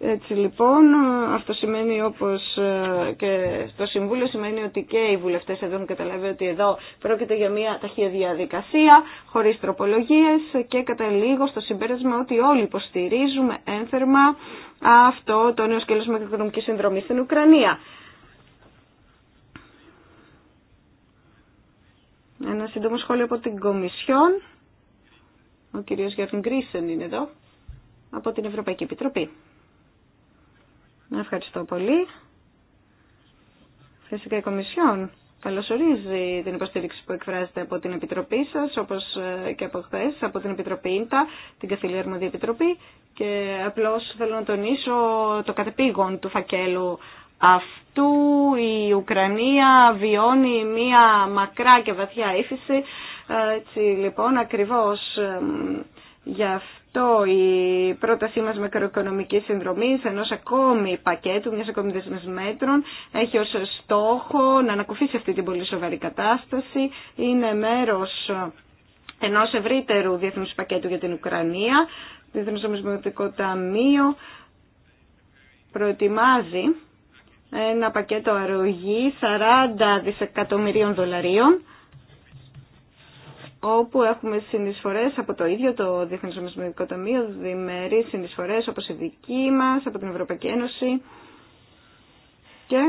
Έτσι λοιπόν, αυτό σημαίνει όπως ε, και στο Συμβούλιο σημαίνει ότι και οι βουλευτές εδώ έχουν καταλάβει ότι εδώ πρόκειται για μια ταχεία διαδικασία, χωρίς τροπολογίες και καταλήγω στο συμπέρασμα ότι όλοι υποστηρίζουμε ένθερμα αυτό το νέο σκέλος οικονομική συνδρομή στην Ουκρανία. Ένα σύντομο σχόλιο από την Κομισιόν. Ο κ. Γιάννη Γκρίσεν είναι εδώ, από την Ευρωπαϊκή Επιτροπή. Ευχαριστώ πολύ. Φυσικά η Κομισιόν καλωσορίζει την υποστήριξη που εκφράζεται από την Επιτροπή σας, όπως ε, και από χθε, από την Επιτροπή ΙΝΤΑ, την Καθήλια Αρμοδία Επιτροπή και απλώς θέλω να τονίσω το κατεπήγον του φακέλου αυτού. Η Ουκρανία βιώνει μία μακρά και βαθιά ύφηση. Ε, έτσι λοιπόν ακριβώς ε, Γι' αυτό η πρότασή μας μικροοικονομικής συνδρομής ενός ακόμη πακέτου, μιας ακόμη δεσμής μέτρων, έχει ως στόχο να ανακουφίσει αυτή την πολύ σοβαρή κατάσταση. Είναι μέρος ενός ευρύτερου διεθνούς πακέτου για την Ουκρανία. Το Διεθνές Νομισματικό Ταμείο προετοιμάζει ένα πακέτο αρρωγή 40 δισεκατομμυρίων δολαρίων όπου έχουμε συνεισφορές από το ίδιο το Διεθνές Νομισματικό Ταμείο, διμερείς συνεισφορές όπως η δική μας, από την Ευρωπαϊκή Ένωση και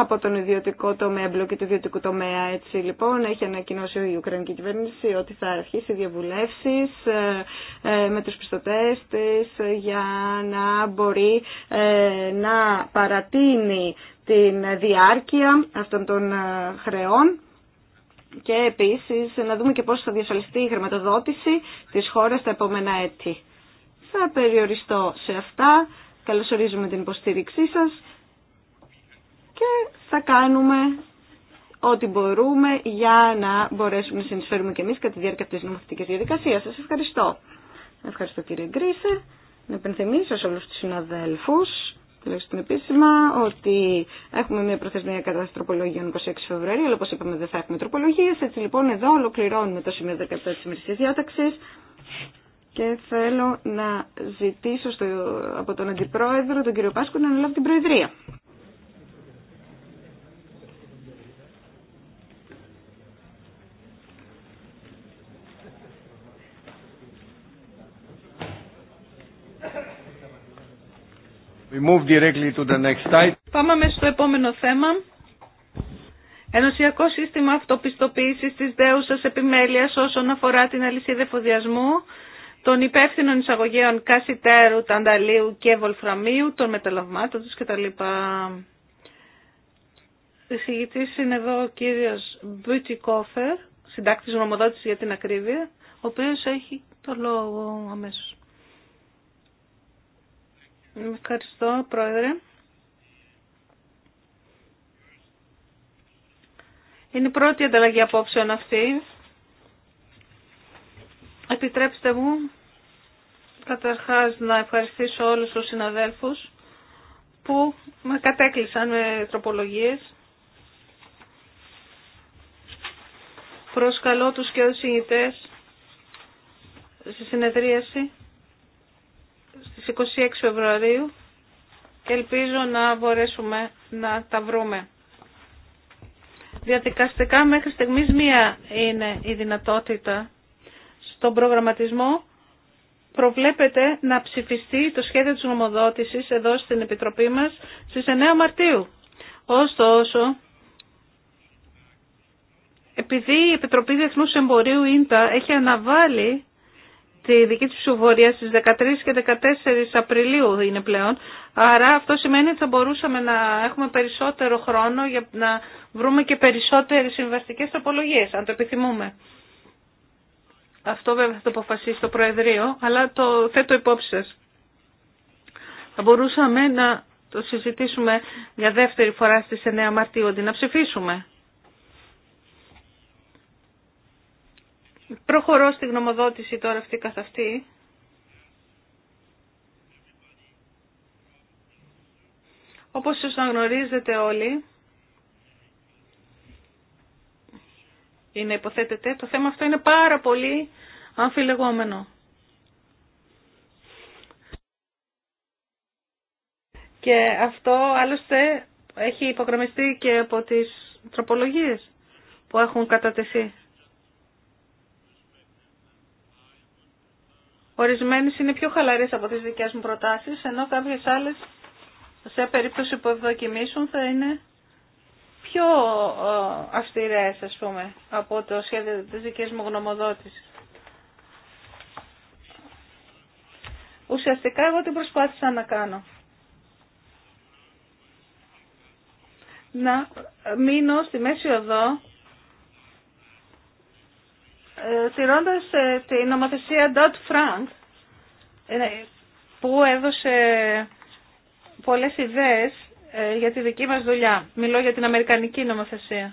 από τον ιδιωτικό τομέα, μπλοκή του ιδιωτικού τομέα. Έτσι λοιπόν έχει ανακοινώσει η Ουκρανική κυβέρνηση ότι θα αρχίσει διαβουλεύσεις ε, ε, με τους πιστωτές της ε, για να μπορεί να παρατείνει την διάρκεια αυτών των χρεών και επίσης να δούμε και πώς θα διασφαλιστεί η χρηματοδότηση της χώρας τα επόμενα έτη. Θα περιοριστώ σε αυτά, καλωσορίζουμε την υποστήριξή σας και θα κάνουμε ό,τι μπορούμε για να μπορέσουμε να συνεισφέρουμε και εμείς κατά τη διάρκεια της νομοθετικής διαδικασίας. Σας ευχαριστώ. Ευχαριστώ κύριε Γκρίσε. Να επενθυμίσω σε όλους τους συναδέλφους τουλάχιστον επίσημα, ότι έχουμε μια προθεσμία κατά τροπολογίων 26 Φεβρουαρίου, αλλά όπω είπαμε δεν θα έχουμε τροπολογίε. Έτσι λοιπόν εδώ ολοκληρώνουμε το σημείο 17 τη ημερησία διάταξη και θέλω να ζητήσω στο, από τον Αντιπρόεδρο, τον κύριο Πάσκο, να αναλάβει την Προεδρία. Πάμε μέσα στο επόμενο θέμα. Ενωσιακό σύστημα αυτοπιστοποίησης της δέουσας επιμέλειας όσον αφορά την αλυσίδα εφοδιασμού των υπεύθυνων εισαγωγέων Κασιτέρου, Τανταλίου και Βολφραμίου, των μεταλλαγμάτων τους κτλ. Εισηγητής είναι εδώ ο κύριος Κόφερ, συντάκτης γνωμοδότης για την ακρίβεια, ο οποίος έχει το λόγο αμέσως. Ευχαριστώ, Πρόεδρε. Είναι η πρώτη ανταλλαγή απόψεων αυτή. Επιτρέψτε μου καταρχάς να ευχαριστήσω όλους τους συναδέλφους που με κατέκλυσαν με τροπολογίες. Προσκαλώ τους και τους στη συνεδρίαση στις 26 Φεβρουαρίου και ελπίζω να μπορέσουμε να τα βρούμε. Διαδικαστικά μέχρι στιγμής μία είναι η δυνατότητα στον προγραμματισμό προβλέπεται να ψηφιστεί το σχέδιο της νομοδότησης εδώ στην Επιτροπή μας στις 9 Μαρτίου. Ωστόσο, επειδή η Επιτροπή Διεθνούς Εμπορίου ΙΝΤΑ έχει αναβάλει τη δική της ψηφοφορία στις 13 και 14 Απριλίου είναι πλέον. Άρα αυτό σημαίνει ότι θα μπορούσαμε να έχουμε περισσότερο χρόνο για να βρούμε και περισσότερες συμβαστικές απολογίες, αν το επιθυμούμε. Αυτό βέβαια θα το αποφασίσει το Προεδρείο, αλλά το θέτω υπόψη σας. Θα μπορούσαμε να το συζητήσουμε για δεύτερη φορά στις 9 Μαρτίου, να ψηφίσουμε. Προχωρώ στη γνωμοδότηση τώρα αυτή καθ' αυτή. Όπως σας γνωρίζετε όλοι, είναι υποθέτεται, το θέμα αυτό είναι πάρα πολύ αμφιλεγόμενο. Και αυτό άλλωστε έχει υπογραμμιστεί και από τις τροπολογίες που έχουν κατατεθεί. Ορισμένε είναι πιο χαλαρέ από τις δικέ μου προτάσει. ενώ κάποιες άλλε σε περίπτωση που ευδοκιμήσουν θα είναι πιο ε, αυστηρές, α πούμε, από το σχέδιο της δική μου γνωμοδότησης. Ουσιαστικά εγώ τι προσπάθησα να κάνω. Να μείνω στη μέση οδό ε, τηρώντας ε, την νομοθεσία Dodd-Frank ε, που έδωσε πολλές ιδέες για τη δική μας δουλειά. Μιλώ για την Αμερικανική νομοθεσία.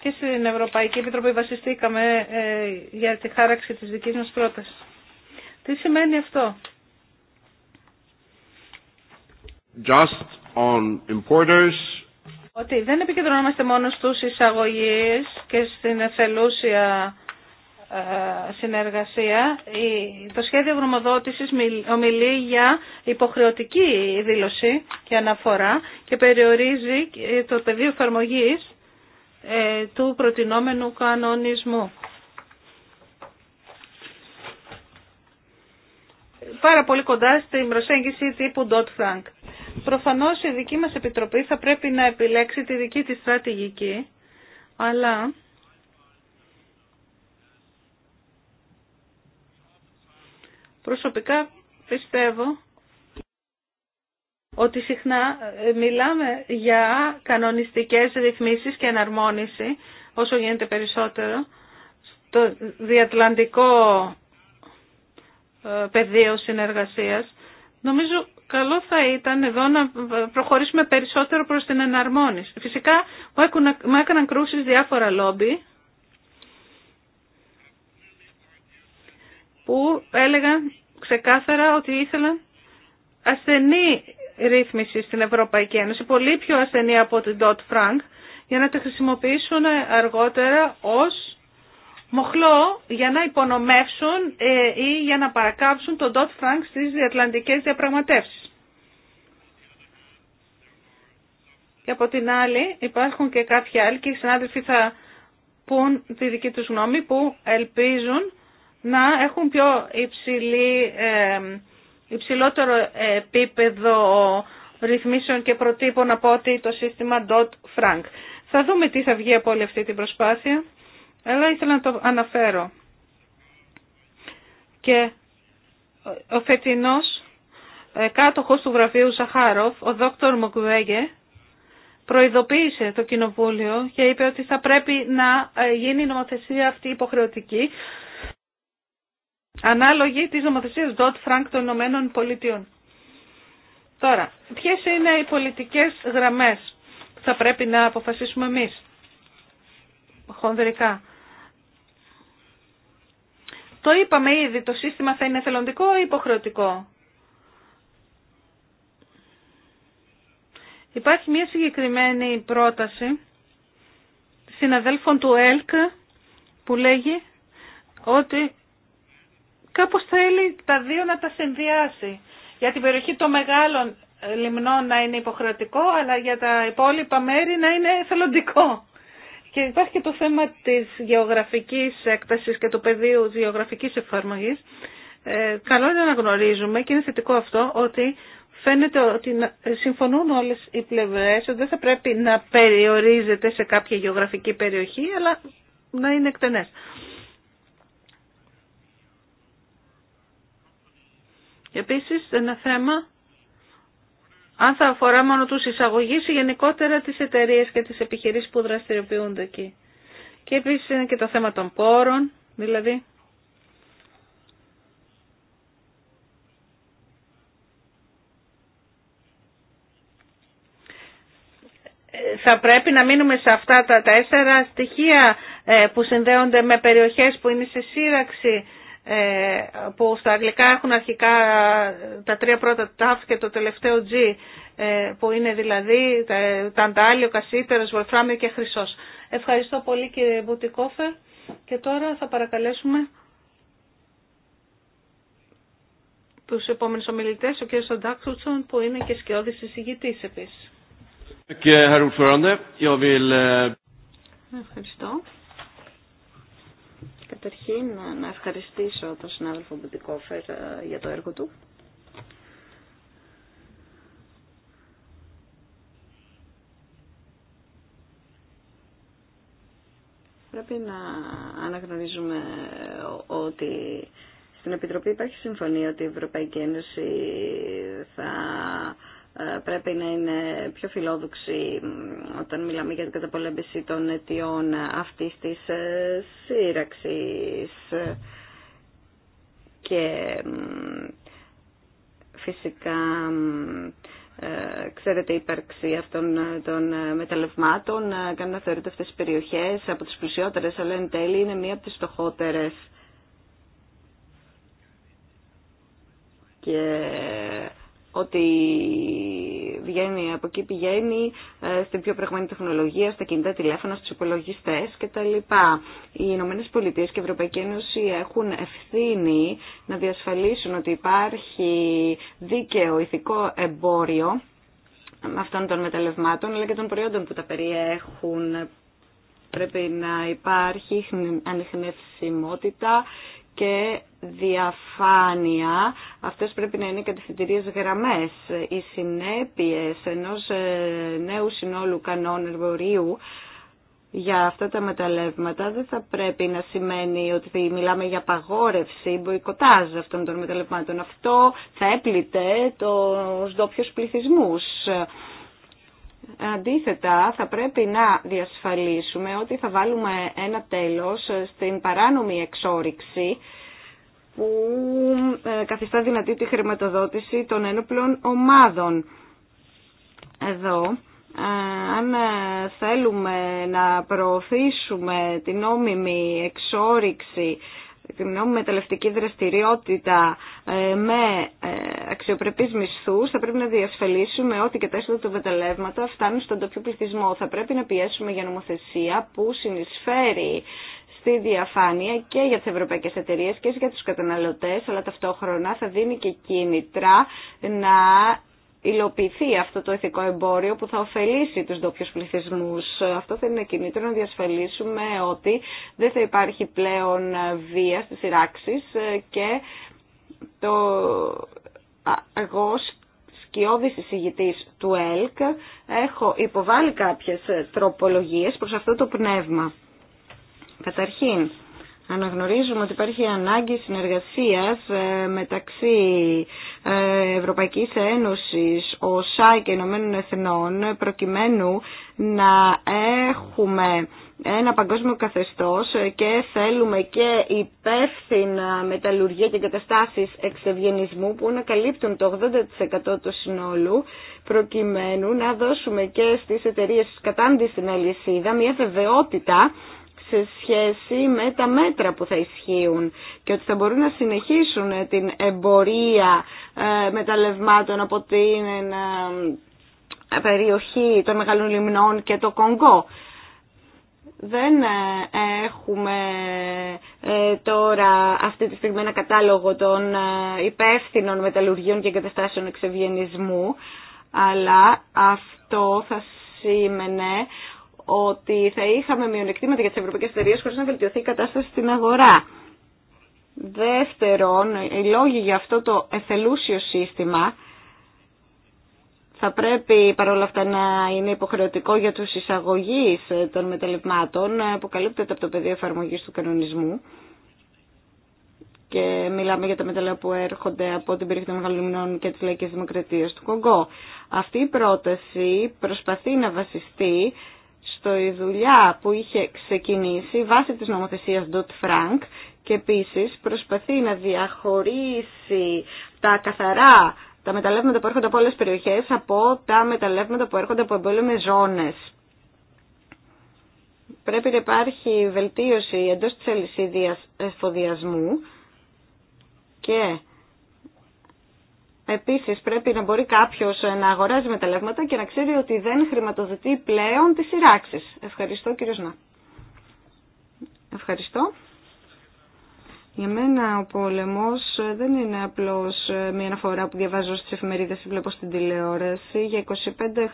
Και στην Ευρωπαϊκή Επιτροπή βασιστήκαμε για τη χάραξη της δικής μας πρότασης. Τι σημαίνει αυτό. Just on importers. Ότι δεν επικεντρωνόμαστε μόνο στους εισαγωγείς και στην εθελούσια συνεργασία. Το σχέδιο γνωμοδότησης ομιλεί για υποχρεωτική δήλωση και αναφορά και περιορίζει το πεδίο εφαρμογή ε, του προτινόμενου κανονισμού. Πάρα πολύ κοντά στην προσέγγιση τύπου Dot Frank. Προφανώς η δική μας επιτροπή θα πρέπει να επιλέξει τη δική της στρατηγική, αλλά Προσωπικά πιστεύω ότι συχνά ε, μιλάμε για κανονιστικές ρυθμίσεις και εναρμόνιση όσο γίνεται περισσότερο στο διατλαντικό ε, πεδίο συνεργασίας. Νομίζω καλό θα ήταν εδώ να ε, προχωρήσουμε περισσότερο προς την εναρμόνιση. Φυσικά μου έκαναν κρούσεις διάφορα λόμπι που έλεγαν ξεκάθαρα ότι ήθελαν ασθενή ρύθμιση στην Ευρωπαϊκή Ένωση, πολύ πιο ασθενή από την Dot Frank, για να τη χρησιμοποιήσουν αργότερα ως μοχλό για να υπονομεύσουν ε, ή για να παρακάψουν τον Dot Frank στις διατλαντικές διαπραγματεύσεις. Και από την άλλη υπάρχουν και κάποιοι άλλοι και οι συνάδελφοι θα πούν τη δική τους γνώμη που ελπίζουν να έχουν πιο ε, υψηλότερο επίπεδο ρυθμίσεων και προτύπων από ότι το συστημα dot Dodd-Frank. Θα δούμε τι θα βγει από όλη αυτή την προσπάθεια, αλλά ήθελα να το αναφέρω. Και ο φετινός ε, κάτοχος του γραφείου Σαχάροφ, ο δόκτωρ Μοκουέγε, προειδοποίησε το Κοινοβούλιο και είπε ότι θα πρέπει να ε, γίνει η νομοθεσία αυτή υποχρεωτική ανάλογη της νομοθεσίας Dodd Frank των Ηνωμένων Πολιτειών. Τώρα, ποιες είναι οι πολιτικές γραμμές που θα πρέπει να αποφασίσουμε εμείς, χονδρικά. Το είπαμε ήδη, το σύστημα θα είναι θελοντικό ή υποχρεωτικό. Υπάρχει μια συγκεκριμένη πρόταση συναδέλφων του ΕΛΚ που λέγει ότι κάπως θέλει τα δύο να τα συνδυάσει. Για την περιοχή των μεγάλων ε, λιμνών να είναι υποχρεωτικό, αλλά για τα υπόλοιπα μέρη να είναι θελοντικό. Και υπάρχει και το θέμα της γεωγραφικής έκτασης και του πεδίου της γεωγραφικής εφαρμογής. Ε, καλό είναι να γνωρίζουμε και είναι θετικό αυτό ότι φαίνεται ότι ε, συμφωνούν όλες οι πλευρές ότι δεν θα πρέπει να περιορίζεται σε κάποια γεωγραφική περιοχή αλλά να είναι εκτενές. Επίσης, ένα θέμα, αν θα αφορά μόνο τους εισαγωγείς ή γενικότερα τις εταιρείες και τις επιχειρήσεις που δραστηριοποιούνται εκεί. Και επίσης είναι και το θέμα των πόρων, δηλαδή θα πρέπει να μείνουμε σε αυτά τα τέσσερα στοιχεία ε, που συνδέονται με περιοχές που είναι σε σύραξη ε, που στα αγγλικά έχουν αρχικά τα τρία πρώτα ταφ και το τελευταίο G ε, που είναι δηλαδή ταντάλιο, κασίτερος, βολφράμιο και χρυσός. Ευχαριστώ πολύ κύριε Μπουτικόφερ και τώρα θα παρακαλέσουμε τους επόμενους ομιλητές, ο κ. Αντάξουτσον που είναι και σκιώδης εισηγητής επίσης. Ε, Ευχαριστώ. Καταρχήν να ευχαριστήσω τον συνάδελφο Μπουτικόφερ ε, για το έργο του. Πρέπει να αναγνωρίζουμε ε, ότι στην Επιτροπή υπάρχει συμφωνία ότι η Ευρωπαϊκή Ένωση θα πρέπει να είναι πιο φιλόδοξοι όταν μιλάμε για την καταπολέμηση των αιτιών αυτής της ε, σύραξης και φυσικά ε, ξέρετε η ύπαρξη αυτών των μεταλλευμάτων ε, κάνει να θεωρείται αυτές τις περιοχές από τις πλουσιότερες αλλά εν τέλει είναι μία από τις φτωχότερες και ότι βγαίνει από εκεί πηγαίνει ε, στην πιο πραγματική τεχνολογία, στα κινητά τηλέφωνα, στους υπολογιστές κτλ. Οι Ηνωμένε Πολιτείε και η Ευρωπαϊκή Ένωση έχουν ευθύνη να διασφαλίσουν ότι υπάρχει δίκαιο ηθικό εμπόριο αυτών των μεταλλευμάτων αλλά και των προϊόντων που τα περιέχουν πρέπει να υπάρχει ανιχνευσιμότητα και διαφάνεια. Αυτές πρέπει να είναι κατευθυντηρίες γραμμές. Οι συνέπειες ενός ε, νέου συνόλου κανόν εργορίου για αυτά τα μεταλλεύματα δεν θα πρέπει να σημαίνει ότι μιλάμε για παγόρευση, μποϊκοτάζ αυτών των μεταλλευμάτων. Αυτό θα έπλητε τους ντόπιου πληθυσμούς. Αντίθετα, θα πρέπει να διασφαλίσουμε ότι θα βάλουμε ένα τέλος στην παράνομη εξόριξη που ε, καθιστά δυνατή τη χρηματοδότηση των ένοπλων ομάδων. Εδώ, ε, αν ε, θέλουμε να προωθήσουμε την νόμιμη εξόριξη την μεταλλευτική δραστηριότητα ε, με ε, αξιοπρεπείς μισθούς θα πρέπει να διασφαλίσουμε ότι και τα έσοδα του μεταλλεύματα φτάνουν στον τοπιο πληθυσμό. Θα πρέπει να πιέσουμε για νομοθεσία που συνεισφέρει στη διαφάνεια και για τις ευρωπαϊκές εταιρείες και για τους καταναλωτές, αλλά ταυτόχρονα θα δίνει και κίνητρα να υλοποιηθεί αυτό το ηθικό εμπόριο που θα ωφελήσει τους ντόπιου πληθυσμού. Αυτό θα είναι κινήτρο να διασφαλίσουμε ότι δεν θα υπάρχει πλέον βία στις σειράξεις και το εγώ σκιώδης εισηγητής του ΕΛΚ έχω υποβάλει κάποιες τροπολογίες προς αυτό το πνεύμα. Καταρχήν, Αναγνωρίζουμε ότι υπάρχει ανάγκη συνεργασίας ε, μεταξύ ε, Ευρωπαϊκής Ένωσης, ΟΣΑ και Ηνωμένων Εθνών προκειμένου να έχουμε ένα παγκόσμιο καθεστώς και θέλουμε και υπεύθυνα μεταλλουργία και καταστάσεις εξευγενισμού που να καλύπτουν το 80% του συνόλου προκειμένου να δώσουμε και στις εταιρείες κατάντη στην αλυσίδα μια βεβαιότητα σε σχέση με τα μέτρα που θα ισχύουν και ότι θα μπορούν να συνεχίσουν την εμπορία ε, μεταλλευμάτων από την ε, ε, περιοχή των Μεγαλών Λιμνών και το Κονγκό. Δεν έχουμε τώρα αυτή τη στιγμή ένα κατάλογο των υπεύθυνων μεταλλουργίων και εγκαταστάσεων εξευγενισμού, αλλά αυτό θα σήμαινε ότι θα είχαμε μειονεκτήματα για τι ευρωπαϊκέ εταιρείε χωρί να βελτιωθεί η κατάσταση στην αγορά. Δεύτερον, οι λόγοι για αυτό το εθελούσιο σύστημα θα πρέπει παρόλα αυτά να είναι υποχρεωτικό για του εισαγωγεί των μεταλλευμάτων που καλύπτεται από το πεδίο εφαρμογή του κανονισμού και μιλάμε για τα μεταλλεία που έρχονται από την περιοχή των Γαλλιμνών και τη Λαϊκή Δημοκρατία του Κογκό. Αυτή η πρόταση προσπαθεί να βασιστεί στο η δουλειά που είχε ξεκινήσει βάσει της νομοθεσιας Dot Dodd-Frank και επίσης προσπαθεί να διαχωρίσει τα καθαρά τα μεταλλεύματα που έρχονται από όλες περιοχές από τα μεταλλεύματα που έρχονται από εμπόλεμες ζώνες. Πρέπει να υπάρχει βελτίωση εντός της αλυσίδιας εφοδιασμού και Επίσης πρέπει να μπορεί κάποιο να αγοράζει μεταλλεύματα και να ξέρει ότι δεν χρηματοδοτεί πλέον τι σειράξει. Ευχαριστώ κύριο Να. Ευχαριστώ. Για μένα ο πολεμός δεν είναι απλώς μια αναφορά που διαβάζω στις εφημερίδες ή βλέπω στην τηλεόραση. Για 25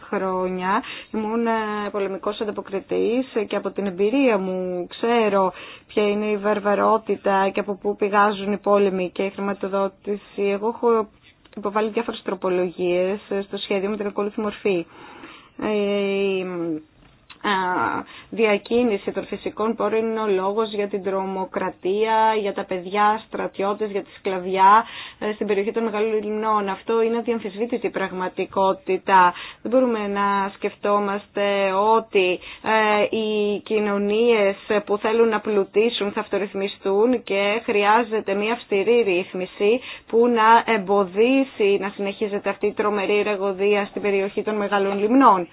χρόνια ήμουν πολεμικός ανταποκριτής και από την εμπειρία μου ξέρω ποια είναι η βαρβαρότητα και από πού πηγάζουν οι πόλεμοι και η χρηματοδότηση. Εγώ έχω υποβάλει διάφορες τροπολογίες ε, στο σχέδιο με την ακόλουθη μορφή. Ε, διακίνηση των φυσικών πόρων είναι ο λόγος για την τρομοκρατία, για τα παιδιά στρατιώτες, για τη σκλαβιά ε, στην περιοχή των Μεγάλων Λιμνών. Αυτό είναι αδιαμφισβήτητη πραγματικότητα. Δεν μπορούμε να σκεφτόμαστε ότι ε, οι κοινωνίες που θέλουν να πλουτίσουν θα αυτορυθμιστούν και χρειάζεται μια αυστηρή ρύθμιση που να εμποδίσει να συνεχίζεται αυτή η τρομερή ρεγοδία στην περιοχή των Μεγάλων Λιμνών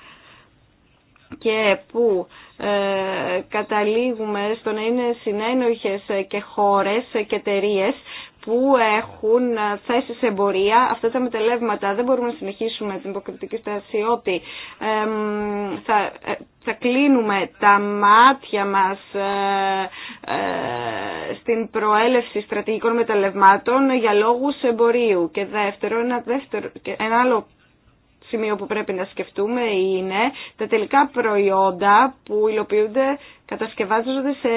και που ε, καταλήγουμε στο να είναι συνένοχες και χώρες και εταιρείε που έχουν ε, θέσει σε εμπορία αυτά τα μεταλλεύματα. Δεν μπορούμε να συνεχίσουμε την υποκριτική στάση ότι θα, ε, θα κλείνουμε τα μάτια μας στην προέλευση στρατηγικών μεταλλευμάτων για λόγους εμπορίου. Και δεύτερο, ένα, δεύτερο, ένα άλλο σημείο που πρέπει να σκεφτούμε είναι τα τελικά προϊόντα που υλοποιούνται κατασκευάζονται σε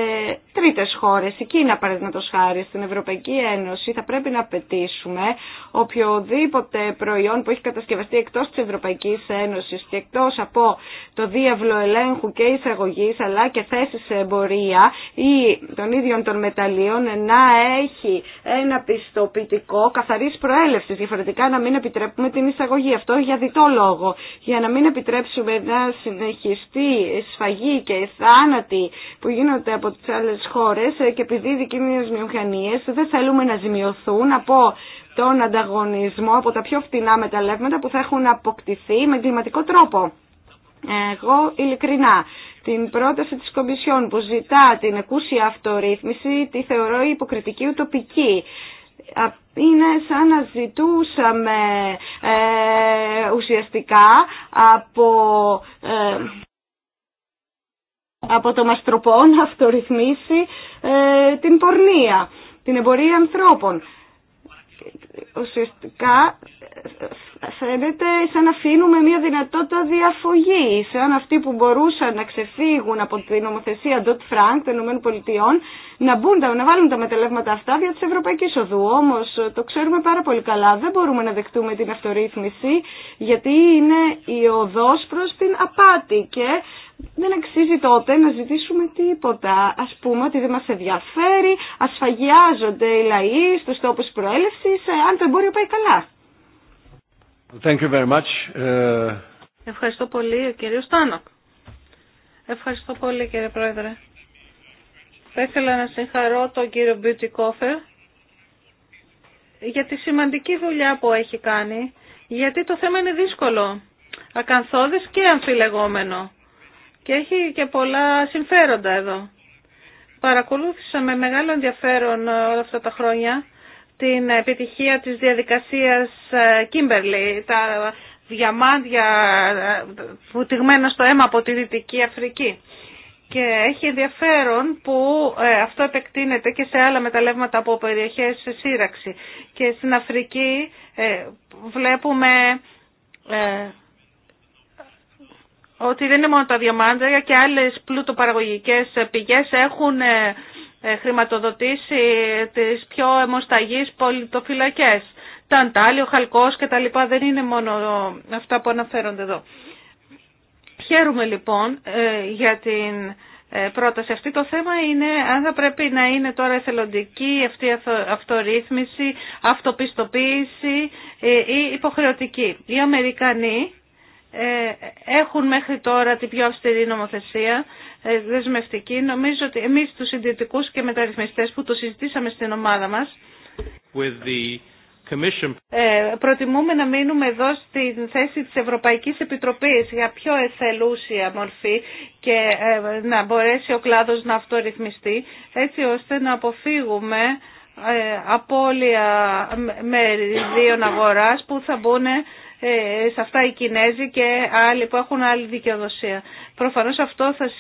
τρίτες χώρες. Η Κίνα, παραδείγματο χάρη, στην Ευρωπαϊκή Ένωση θα πρέπει να απαιτήσουμε οποιοδήποτε προϊόν που έχει κατασκευαστεί εκτός της Ευρωπαϊκής Ένωσης και εκτός από το διάβλο ελέγχου και εισαγωγή, αλλά και θέση σε εμπορία ή των ίδιων των μεταλλίων να έχει ένα πιστοποιητικό καθαρή προέλευση. Διαφορετικά να μην επιτρέπουμε την εισαγωγή. Αυτό για διτό λόγο. Για να μην επιτρέψουμε να συνεχιστεί σφαγή και θάνατη που γίνονται από τις άλλες χώρες ε, και επειδή οι δικοί μας μηχανίες δεν θέλουμε να ζημιωθούν από τον ανταγωνισμό, από τα πιο φτηνά μεταλλεύματα που θα έχουν αποκτηθεί με εγκληματικό τρόπο. Εγώ ειλικρινά την πρόταση της Κομισιόν που ζητά την εκούσια αυτορύθμιση τη θεωρώ υποκριτική ουτοπική. Είναι σαν να ζητούσαμε ε, ουσιαστικά από... Ε, από το μαστροπό να αυτορυθμίσει ε, την πορνεία, την εμπορία ανθρώπων. Ουσιαστικά φαίνεται σαν να αφήνουμε μια δυνατότητα διαφωγή, σαν αυτοί που μπορούσαν να ξεφύγουν από την νομοθεσία Dot Frank των ΗΠΑ να, μπουν, να βάλουν τα μεταλλεύματα αυτά δια της Ευρωπαϊκής Οδού. Όμως το ξέρουμε πάρα πολύ καλά, δεν μπορούμε να δεχτούμε την αυτορύθμιση γιατί είναι η οδός προς την απάτη και δεν αξίζει τότε να ζητήσουμε τίποτα. α πούμε ότι δεν μα ενδιαφέρει, ασφαγιάζονται οι λαοί στους τόπους προέλευση, ε, αν το εμπόριο πάει καλά. Thank you very much. Ε, Ευχαριστώ πολύ, ο Στάνοκ. Ευχαριστώ πολύ, κύριε Πρόεδρε. Θα ήθελα να συγχαρώ τον κύριο Μπιούτι Κόφερ για τη σημαντική δουλειά που έχει κάνει, γιατί το θέμα είναι δύσκολο, ακαθόδης και αμφιλεγόμενο και έχει και πολλά συμφέροντα εδώ. Παρακολούθησα με μεγάλο ενδιαφέρον όλα αυτά τα χρόνια την επιτυχία της διαδικασίας Κίμπερλι, τα διαμάντια ε, βουτυγμένα στο αίμα από τη Δυτική Αφρική. Και έχει ενδιαφέρον που ε, αυτό επεκτείνεται και σε άλλα μεταλλεύματα από περιοχές σε σύραξη. Και στην Αφρική ε, βλέπουμε ότι δεν είναι μόνο τα διαμάντρια και άλλες πλούτοπαραγωγικές πηγές έχουν ε, ε, χρηματοδοτήσει τις πιο αιμοσταγείς πολιτοφυλακές. Ταντάλιο, χαλκός και τα λοιπά δεν είναι μόνο αυτά που αναφέρονται εδώ. Χαίρομαι λοιπόν ε, για την πρόταση αυτή. Το θέμα είναι αν θα πρέπει να είναι τώρα εθελοντική, αυτή η αυτορύθμιση, αυτοπιστοποίηση ή υποχρεωτική. Οι Αμερικανοί ε, έχουν μέχρι τώρα την πιο αυστηρή νομοθεσία ε, δεσμευτική. Νομίζω ότι εμείς τους συντηρητικούς και μεταρρυθμιστές που το συζητήσαμε στην ομάδα μας ε, προτιμούμε να μείνουμε εδώ στην θέση της Ευρωπαϊκής Επιτροπής για πιο εθελούσια μορφή και να μπορέσει ο κλάδος να αυτορυθμιστεί έτσι ώστε να αποφύγουμε απώλεια μερίδιων αγοράς που θα μπουν ε, σε αυτά οι Κινέζοι και άλλοι που έχουν άλλη δικαιοδοσία. Προφανώς αυτό θα,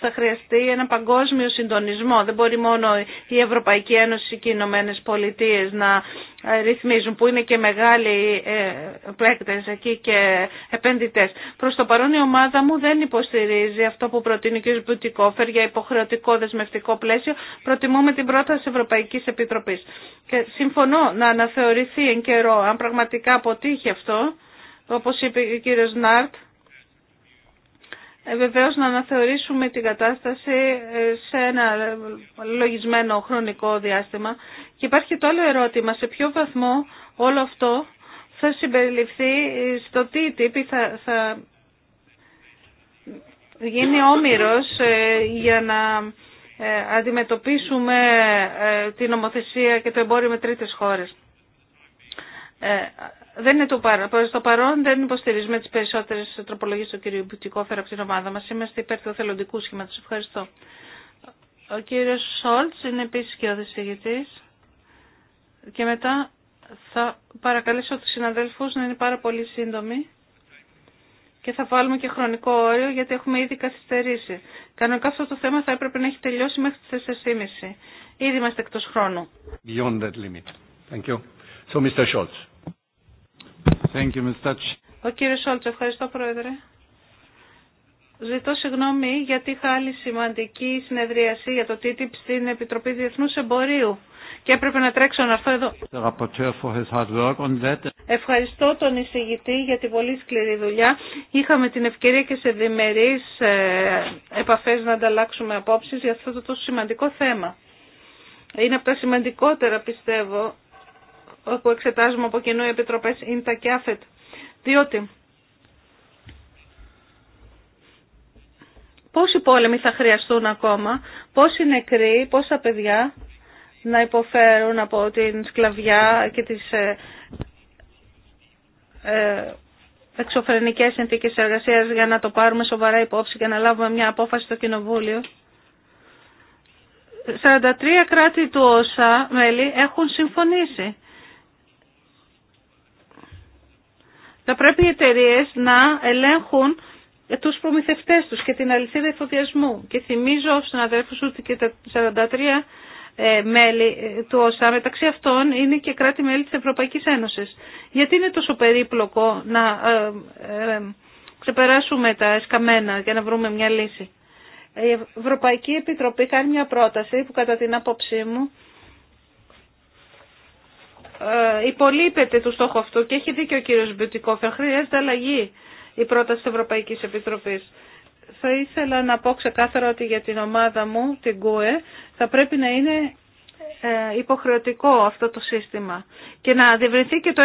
θα χρειαστεί ένα παγκόσμιο συντονισμό. Δεν μπορεί μόνο η Ευρωπαϊκή Ένωση και οι Ηνωμένε Πολιτείε να ε, ρυθμίζουν, που είναι και μεγάλοι ε, πλέκτες εκεί και επενδυτές. Προς το παρόν η ομάδα μου δεν υποστηρίζει αυτό που προτείνει ο κ. Μπουτικόφερ για υποχρεωτικό δεσμευτικό πλαίσιο. Προτιμούμε την πρόταση Ευρωπαϊκής Επιτροπής. Και συμφωνώ να αναθεωρηθεί εν καιρό, αν πραγματικά αποτύχει αυτό, όπως είπε ο κ Νάρτ, ε, Βεβαίω να αναθεωρήσουμε την κατάσταση ε, σε ένα ε, λογισμένο χρονικό διάστημα. Και υπάρχει το άλλο ερώτημα, σε ποιο βαθμό όλο αυτό θα συμπεριληφθεί στο τι τύπη θα, θα γίνει όμοιρος για να αντιμετωπίσουμε την νομοθεσία και το εμπόριο με τρίτες χώρες. Ε, δεν είναι το παρόν, στο παρόν δεν υποστηρίζουμε τις περισσότερες τροπολογίε του κ. Μπουτικόφερα από την ομάδα μα. Είμαστε υπέρ του θελοντικού σχήματο. Ευχαριστώ. Ο κύριο Σόλτ είναι επίση και ο Και μετά θα παρακαλέσω του συναδέλφους να είναι πάρα πολύ σύντομοι. Και θα βάλουμε και χρονικό όριο γιατί έχουμε ήδη καθυστερήσει. Κανονικά αυτό το θέμα θα έπρεπε να έχει τελειώσει μέχρι τις 4.30. Ήδη είμαστε εκτό χρόνου. Beyond that limit. Thank you. So, Mr. Thank you, Mr. Ο κύριος Σόλτς, ευχαριστώ Πρόεδρε. Ζητώ συγγνώμη γιατί είχα άλλη σημαντική συνεδρίαση για το TTIP στην Επιτροπή Διεθνούς Εμπορίου και έπρεπε να τρέξω να έρθω εδώ. Ευχαριστώ τον εισηγητή για την πολύ σκληρή δουλειά. Είχαμε την ευκαιρία και σε διμερείς ε, επαφές να ανταλλάξουμε απόψεις για αυτό το τόσο σημαντικό θέμα. Είναι από τα σημαντικότερα πιστεύω που εξετάζουμε από κοινού οι επιτροπές ΙΝΤΑ και ΑΦΕΤ. Διότι πόσοι πόλεμοι θα χρειαστούν ακόμα, πόσοι νεκροί, πόσα παιδιά να υποφέρουν από την σκλαβιά και τις ε, ε, εξωφρενικές συνθήκες εργασίας για να το πάρουμε σοβαρά υπόψη και να λάβουμε μια απόφαση στο Κοινοβούλιο. 43 κράτη του ΩΣΑ μέλη έχουν συμφωνήσει Θα πρέπει οι εταιρείε να ελέγχουν τους προμηθευτές τους και την αλυσίδα εφοδιασμού. Και θυμίζω στους αδέρφους ότι και τα 43 ε, μέλη ε, του ΩΣΑ, μεταξύ αυτών είναι και κράτη-μέλη της Ευρωπαϊκής Ένωσης. Γιατί είναι τόσο περίπλοκο να ε, ξεπεράσουμε τα εσκαμένα για να βρούμε μια λύση. Η Ευρωπαϊκή Επιτροπή κάνει μια πρόταση που κατά την άποψή μου ε, υπολείπεται του στόχου αυτού και έχει δίκιο ο κύριος Μπιουτικόφερ, χρειάζεται αλλαγή η πρόταση της Ευρωπαϊκής Επιτροπής. Θα ήθελα να πω ξεκάθαρα ότι για την ομάδα μου, την ΚΟΕ, θα πρέπει να είναι ε, υποχρεωτικό αυτό το σύστημα και να διευρυνθεί και το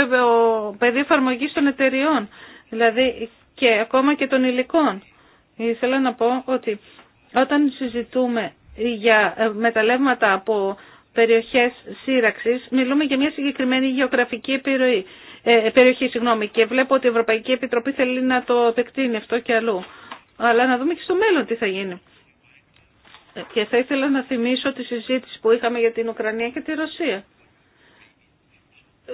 πεδίο εφαρμογή των εταιριών, δηλαδή και ακόμα και των υλικών. Ήθελα να πω ότι όταν συζητούμε για ε, μεταλλεύματα από περιοχές σύραξης, μιλούμε για μια συγκεκριμένη γεωγραφική επιρροή, ε, περιοχή συγγνώμη, και βλέπω ότι η Ευρωπαϊκή Επιτροπή θέλει να το επεκτείνει αυτό και αλλού. Αλλά να δούμε και στο μέλλον τι θα γίνει. Και θα ήθελα να θυμίσω τη συζήτηση που είχαμε για την Ουκρανία και τη Ρωσία.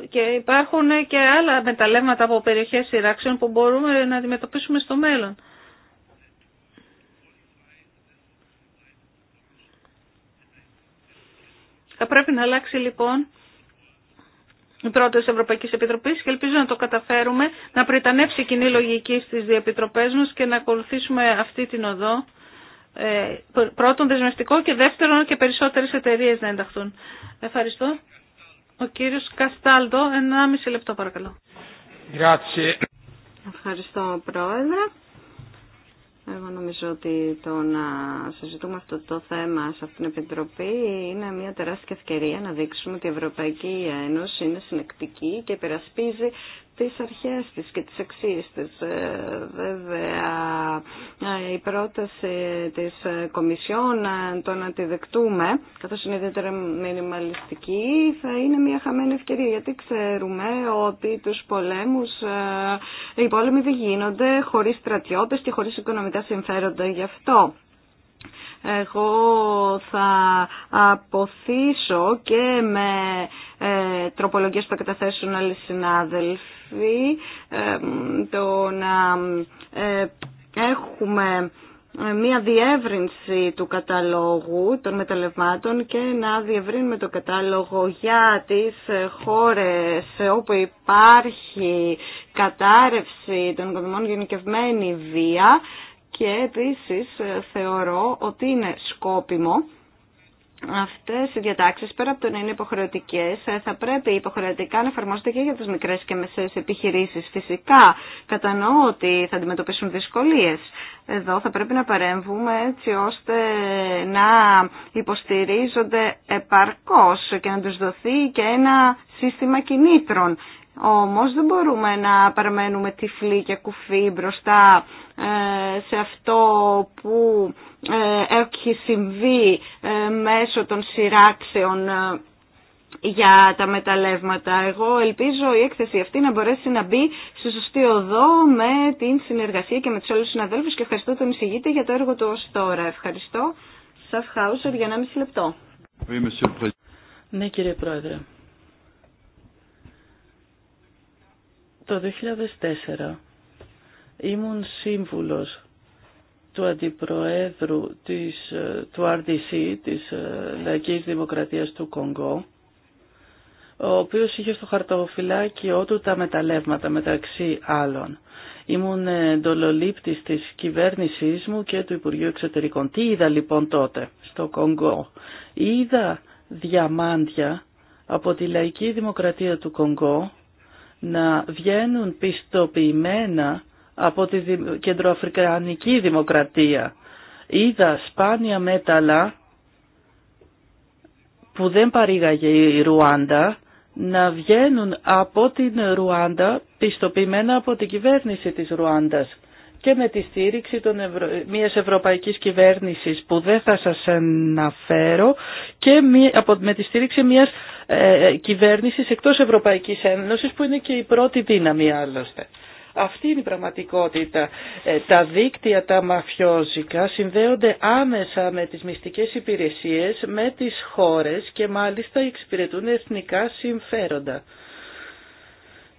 Και υπάρχουν και άλλα μεταλλεύματα από περιοχές σειράξεων που μπορούμε να αντιμετωπίσουμε στο μέλλον. Θα πρέπει να αλλάξει λοιπόν η πρώτη Ευρωπαϊκή Επιτροπή και ελπίζω να το καταφέρουμε να πριτανεύσει η κοινή λογική στι διεπιτροπέ μα και να ακολουθήσουμε αυτή την οδό. Ε, πρώτον, δεσμευτικό και δεύτερον και περισσότερε εταιρείε να ενταχθούν. Ευχαριστώ. Ο κύριο Καστάλτο, μισή λεπτό παρακαλώ. Ευχαριστώ, Πρόεδρε. Εγώ νομίζω ότι το να συζητούμε αυτό το θέμα σε αυτήν την Επιτροπή είναι μια τεράστια ευκαιρία να δείξουμε ότι η Ευρωπαϊκή Ένωση είναι συνεκτική και υπερασπίζει τις αρχές της και τις αξίες της. Ε, βέβαια, ε, η πρόταση της Κομισιόν, ε, το να τη δεκτούμε, καθώς είναι ιδιαίτερα μινιμαλιστική, θα είναι μια χαμένη ευκαιρία, γιατί ξέρουμε ότι τους πολέμους, οι πόλεμοι δεν γίνονται χωρίς στρατιώτες και χωρίς οικονομικά συμφέροντα γι' αυτό εγώ θα αποθήσω και με ε, τροπολογίες που καταθέσουν άλλοι συνάδελφοι, ε, το να ε, έχουμε ε, μία διεύρυνση του καταλόγου των μεταλλευμάτων και να διευρύνουμε το κατάλογο για τις χώρες όπου υπάρχει κατάρρευση των οικοδομών γενικευμένη βία και επίσης θεωρώ ότι είναι σκόπιμο Αυτές οι διατάξεις πέρα από το να είναι υποχρεωτικές ε, θα πρέπει υποχρεωτικά να εφαρμόζονται και για τις μικρές και μεσαίες επιχειρήσεις. Φυσικά κατανοώ ότι θα αντιμετωπίσουν δυσκολίες. Εδώ θα πρέπει να παρέμβουμε έτσι ώστε να υποστηρίζονται επαρκώς και να τους δοθεί και ένα σύστημα κινήτρων. Όμως δεν μπορούμε να παραμένουμε τυφλοί και κουφοί μπροστά ε, σε αυτό που ε, έχει συμβεί ε, μέσω των σειράξεων για τα μεταλλεύματα. Εγώ ελπίζω η έκθεση αυτή να μπορέσει να μπει στη σωστή οδό με την συνεργασία και με τους όλους συναδέλφους και ευχαριστώ τον εισηγήτη για το έργο του ως τώρα. Ευχαριστώ. Σας Χάουσερ για 1,5 λεπτό. Ναι κύριε Πρόεδρε. Το 2004 Ήμουν σύμβουλος του Αντιπροέδρου της, ε, του RDC, της ε, Λαϊκής Δημοκρατίας του Κονγκό, ο οποίος είχε στο χαρτοφυλάκιό του τα μεταλλεύματα μεταξύ άλλων. Ήμουν εντολολήπτης της κυβέρνησής μου και του Υπουργείου Εξωτερικών. Τι είδα λοιπόν τότε στο Κονγκό. Είδα διαμάντια από τη λαϊκή δημοκρατία του Κονγκό να βγαίνουν πιστοποιημένα από την κεντροαφρικανική δημοκρατία. Είδα σπάνια μέταλλα που δεν παρήγαγε η Ρουάντα να βγαίνουν από την Ρουάντα πιστοποιημένα από την κυβέρνηση της Ρουάντας και με τη στήριξη των Ευρω... μιας ευρωπαϊκής κυβέρνησης που δεν θα σας αναφέρω και με τη στήριξη μιας ε, ε, κυβέρνησης εκτός Ευρωπαϊκής Ένωσης που είναι και η πρώτη δύναμη άλλωστε. Αυτή είναι η πραγματικότητα. Ε, τα δίκτυα τα μαφιόζικα συνδέονται άμεσα με τις μυστικές υπηρεσίες, με τις χώρες και μάλιστα εξυπηρετούν εθνικά συμφέροντα.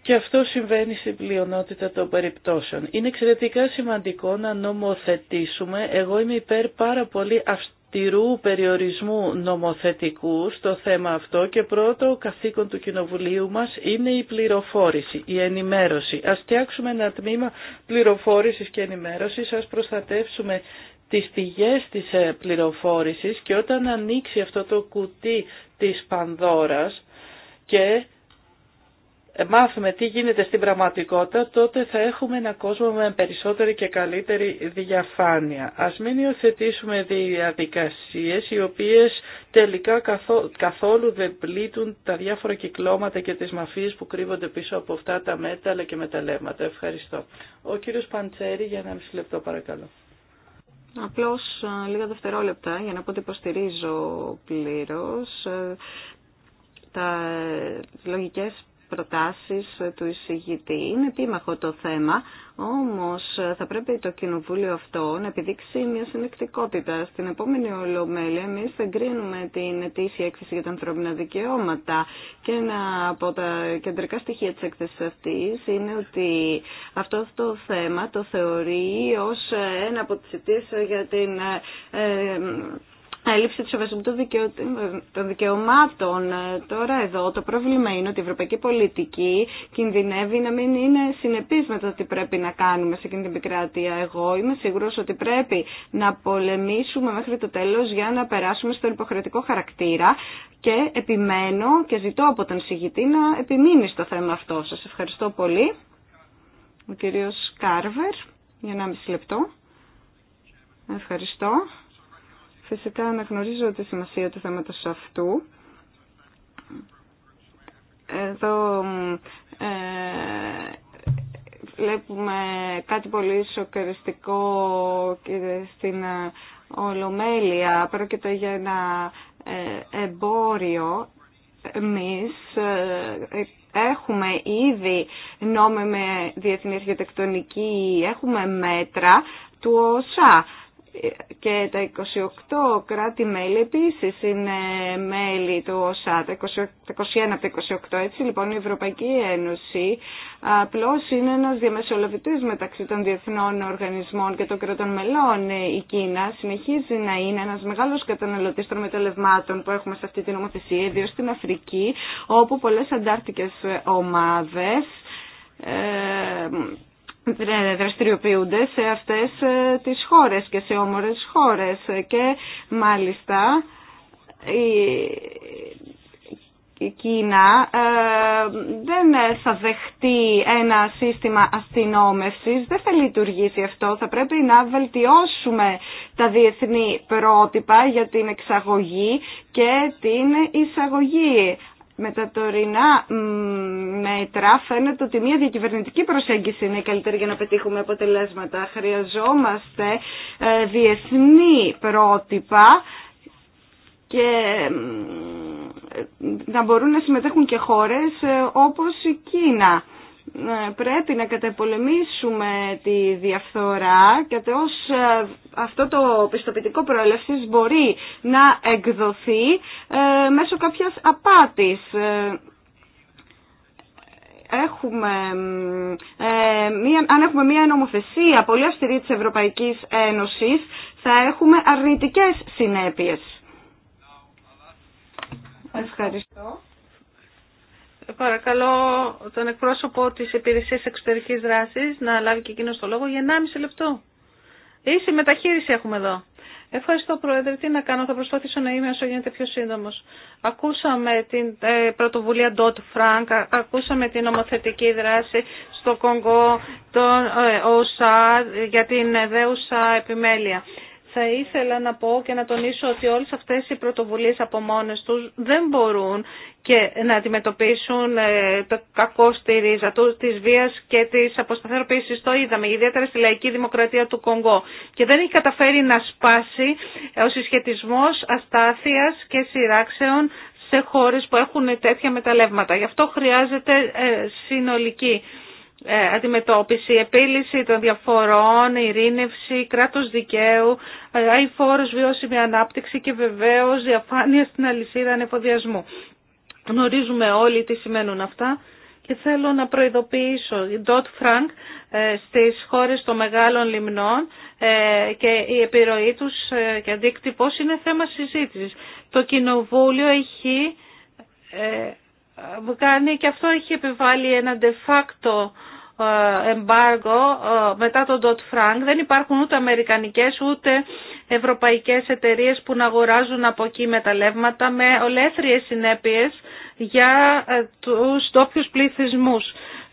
Και αυτό συμβαίνει στην πλειονότητα των περιπτώσεων. Είναι εξαιρετικά σημαντικό να νομοθετήσουμε. Εγώ είμαι υπέρ πάρα πολύ αυστηρή τηρού περιορισμού νομοθετικού στο θέμα αυτό και πρώτο καθήκον του Κοινοβουλίου μας είναι η πληροφόρηση, η ενημέρωση. Ας φτιάξουμε ένα τμήμα πληροφόρησης και ενημέρωσης, ας προστατεύσουμε τις πηγές της ε, πληροφόρησης και όταν ανοίξει αυτό το κουτί της Πανδώρας και μάθουμε τι γίνεται στην πραγματικότητα, τότε θα έχουμε ένα κόσμο με περισσότερη και καλύτερη διαφάνεια. Ας μην υιοθετήσουμε διαδικασίες οι οποίες τελικά καθόλου δεν πλήττουν τα διάφορα κυκλώματα και τις μαφίες που κρύβονται πίσω από αυτά τα μέταλλα και μεταλλεύματα. Ευχαριστώ. Ο κύριος Παντσέρη για ένα μισή λεπτό παρακαλώ. Απλώς λίγα δευτερόλεπτα για να πω ότι υποστηρίζω πλήρως ε, τα λογικές προτάσεις του εισηγητή. Είναι επίμαχο το θέμα, όμως θα πρέπει το κοινοβούλιο αυτό να επιδείξει μια συνεκτικότητα. Στην επόμενη ολομέλη εμείς θα εγκρίνουμε την ετήσια έκθεση για τα ανθρώπινα δικαιώματα και ένα από τα κεντρικά στοιχεία της έκθεσης αυτής είναι ότι αυτό το θέμα το θεωρεί ως ένα από τις αιτήσεις για την ε, έλλειψη του σεβασμού των δικαιωμάτων. Ε, τώρα εδώ το πρόβλημα είναι ότι η ευρωπαϊκή πολιτική κινδυνεύει να μην είναι συνεπή με το τι πρέπει να κάνουμε σε εκείνη την επικράτεια. Εγώ είμαι σίγουρο ότι πρέπει να πολεμήσουμε μέχρι το τέλο για να περάσουμε στον υποχρεωτικό χαρακτήρα και επιμένω και ζητώ από τον συγητή να επιμείνει στο θέμα αυτό. σα. ευχαριστώ πολύ. Ο κύριος Κάρβερ, για μισή λεπτό. Ευχαριστώ. Φυσικά αναγνωρίζω τη σημασία του θέματος αυτού. Εδώ ε, βλέπουμε κάτι πολύ σοκαριστικό στην ε, Ολομέλεια. Πρόκειται για ένα ε, εμπόριο. Εμείς ε, έχουμε ήδη νόμιμη διεθνή αρχιτεκτονική, έχουμε μέτρα του ΩΣΑ και τα 28 κράτη-μέλη επίσης είναι μέλη του ΟΣΑ, τα 21 από τα 28. Έτσι λοιπόν η Ευρωπαϊκή Ένωση απλώς είναι ένας διαμεσολαβητής μεταξύ των διεθνών οργανισμών και των κρατών μελών. Η Κίνα συνεχίζει να είναι ένας μεγάλος καταναλωτής των μεταλλευμάτων που έχουμε σε αυτή την νομοθεσία, ιδίως στην Αφρική, όπου πολλές αντάρτικες ομάδες ε, ε, δραστηριοποιούνται σε αυτές ε, τις χώρες και σε όμορες χώρες και μάλιστα η Κίνα ε, δεν θα δεχτεί ένα σύστημα αστυνόμευσης, δεν θα λειτουργήσει αυτό. Θα πρέπει να βελτιώσουμε τα διεθνή πρότυπα για την εξαγωγή και την εισαγωγή με τα τωρινά μέτρα φαίνεται ότι μια διακυβερνητική προσέγγιση είναι καλύτερη για να πετύχουμε αποτελέσματα. Χρειαζόμαστε ε, διεθνή πρότυπα και να μπορούν να συμμετέχουν και χώρες ε, όπως η Κίνα. Ε, πρέπει να καταπολεμήσουμε τη διαφθορά και ως ε, αυτό το πιστοποιητικό προέλευσης μπορεί να εκδοθεί ε, μέσω κάποιας απάτης. Έχουμε, μία, αν έχουμε μία νομοθεσία πολύ αυστηρή της Ευρωπαϊκής Ένωσης, θα έχουμε αρνητικές συνέπειες. Ευχαριστώ. Παρακαλώ τον εκπρόσωπο της Υπηρεσίας Εξωτερικής Δράσης να λάβει και εκείνο το λόγο για 1,5 λεπτό. Ίση μεταχείριση έχουμε εδώ. Ευχαριστώ Πρόεδρε. Τι να κάνω, θα προσπαθήσω να είμαι όσο γίνεται πιο σύντομο. Ακούσαμε την ε, πρωτοβουλία Ντότ Frank, ακούσαμε την νομοθετική δράση στο Κονγκό, τον ε, ΟΣΑ για την δέουσα επιμέλεια θα ήθελα να πω και να τονίσω ότι όλες αυτές οι πρωτοβουλίες από μόνες τους δεν μπορούν και να αντιμετωπίσουν ε, το κακό στη ρίζα του, της βίας και της αποσταθεροποίησης. Το είδαμε, ιδιαίτερα στη λαϊκή δημοκρατία του Κονγκό. Και δεν έχει καταφέρει να σπάσει ε, ο συσχετισμός αστάθειας και σειράξεων σε χώρες που έχουν τέτοια μεταλλεύματα. Γι' αυτό χρειάζεται ε, συνολική ε, αντιμετώπιση, επίλυση των διαφορών, ειρήνευση, κράτος δικαίου, αηφόρος, ε, βιώσιμη ανάπτυξη και βεβαίως διαφάνεια στην αλυσίδα ανεφοδιασμού. Γνωρίζουμε όλοι τι σημαίνουν αυτά και θέλω να προειδοποιήσω η Dot Frank ε, στις χώρες των μεγάλων λιμνών και η επιρροή τους και αντίκτυπος είναι θέμα συζήτησης. Το Κοινοβούλιο έχει κάνει και αυτό έχει επιβάλει ένα de facto ε, εμπάργο ε, μετά τον Dot Frank δεν υπάρχουν ούτε αμερικανικές ούτε ευρωπαϊκές εταιρείες που να αγοράζουν από εκεί μεταλλεύματα με ολέθριες συνέπειες για ε, τους τόπιους πληθυσμούς.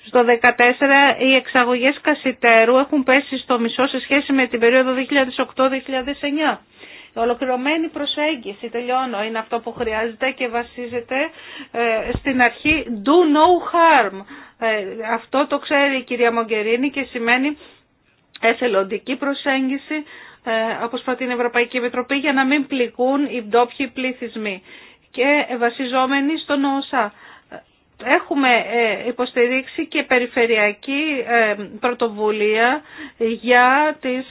Στο 2014 οι εξαγωγές κασιτέρου έχουν πέσει στο μισό σε σχέση με την περίοδο 2008-2009. Ολοκληρωμένη προσέγγιση, τελειώνω, είναι αυτό που χρειάζεται και βασίζεται στην αρχή do no harm. Ε, αυτό το ξέρει η κυρία Μογκερίνη και σημαίνει εθελοντική προσέγγιση ε, όπως την Ευρωπαϊκή Επιτροπή για να μην πληγούν οι ντόπιοι πληθυσμοί και βασιζόμενοι στον ΩΣΑ. Έχουμε ε, υποστηρίξει και περιφερειακή πρωτοβουλία για τις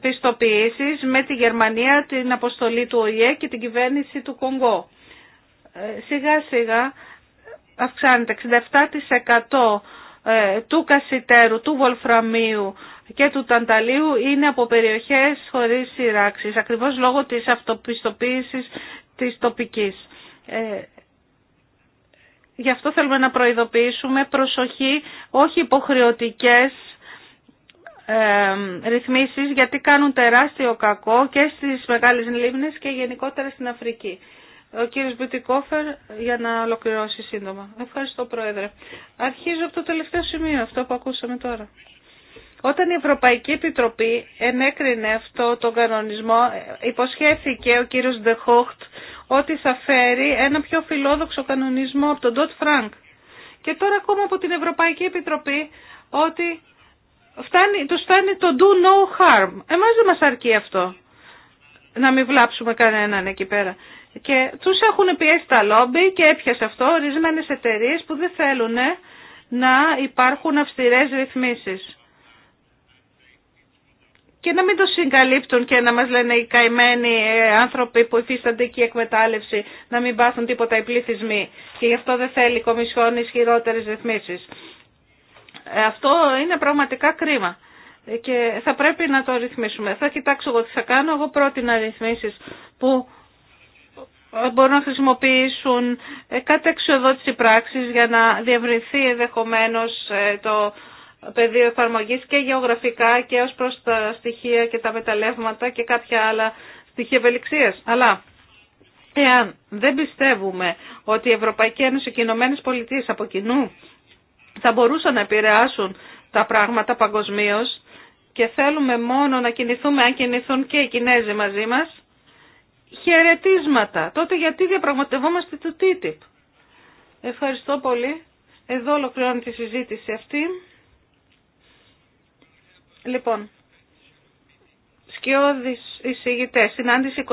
πιστοποιήσεις με τη Γερμανία, την αποστολή του ΟΗΕ και την κυβέρνηση του Κονγκό. Σιγά σιγά αυξάνεται 67% ε, του κασιτέρου, του βολφραμίου και του τανταλίου είναι από περιοχές χωρίς σειράξεις, ακριβώς λόγω της αυτοπιστοποίησης της τοπικής. Ε, γι' αυτό θέλουμε να προειδοποιήσουμε προσοχή, όχι υποχρεωτικές ε, ρυθμίσεις γιατί κάνουν τεράστιο κακό και στις μεγάλες λίμνες και γενικότερα στην Αφρική. Ο κύριος Μπουτικόφερ για να ολοκληρώσει σύντομα. Ευχαριστώ Πρόεδρε. Αρχίζω από το τελευταίο σημείο, αυτό που ακούσαμε τώρα. Όταν η Ευρωπαϊκή Επιτροπή ενέκρινε αυτό τον κανονισμό, υποσχέθηκε ο κύριος Ντεχόχτ ότι θα φέρει ένα πιο φιλόδοξο κανονισμό από τον Ντότ Φρανκ. Και τώρα ακόμα από την Ευρωπαϊκή Επιτροπή ότι φτάνει, τους φτάνει το do no harm. Εμάς δεν μας αρκεί αυτό να μην βλάψουμε κανέναν εκεί πέρα. Και τους έχουν πιέσει τα λόμπι και έπιασε αυτό ορισμένες εταιρείε που δεν θέλουν να υπάρχουν αυστηρές ρυθμίσεις. Και να μην το συγκαλύπτουν και να μας λένε οι καημένοι ε, άνθρωποι που υφίστανται εκεί εκμετάλλευση να μην πάθουν τίποτα οι πληθυσμοί. Και γι' αυτό δεν θέλει η Κομισιόν ισχυρότερες ρυθμίσεις. Ε, αυτό είναι πραγματικά κρίμα ε, και θα πρέπει να το ρυθμίσουμε. Θα κοιτάξω εγώ τι θα κάνω. Εγώ πρότεινα ρυθμίσεις που μπορούν να χρησιμοποιήσουν ε, κάτι αξιοδότηση πράξης για να διευρυνθεί ενδεχομένω ε, το πεδίο εφαρμογή και γεωγραφικά και ως προς τα στοιχεία και τα μεταλλεύματα και κάποια άλλα στοιχεία ευελιξίας. Αλλά εάν δεν πιστεύουμε ότι η Ευρωπαϊκή Ένωση και οι Ηνωμένε Πολιτείε από κοινού θα μπορούσαν να επηρεάσουν τα πράγματα παγκοσμίω και θέλουμε μόνο να κινηθούμε αν κινηθούν και οι Κινέζοι μαζί μας, χαιρετίσματα. Τότε γιατί διαπραγματευόμαστε το TTIP. Ευχαριστώ πολύ. Εδώ ολοκληρώνω τη συζήτηση αυτή. Λοιπόν, σκιώδης εισηγητές, συνάντηση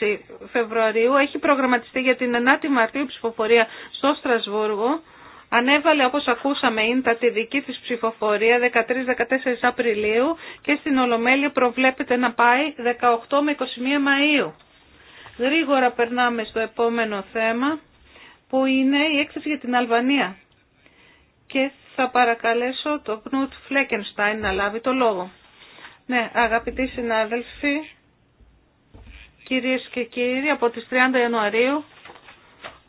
26 Φεβρουαρίου, έχει προγραμματιστεί για την 9η Μαρτίου ψηφοφορία στο Στρασβούργο. Ανέβαλε, όπως ακούσαμε, ίντα τη δική της ψηφοφορία 13-14 Απριλίου και στην Ολομέλεια προβλέπεται να πάει 18 με 21 Μαΐου. Γρήγορα περνάμε στο επόμενο θέμα που είναι η έκθεση για την Αλβανία. Και θα παρακαλέσω τον Κνούτ Φλέκενστάιν να λάβει το λόγο. Ναι, αγαπητοί συνάδελφοι, κυρίες και κύριοι, από τις 30 Ιανουαρίου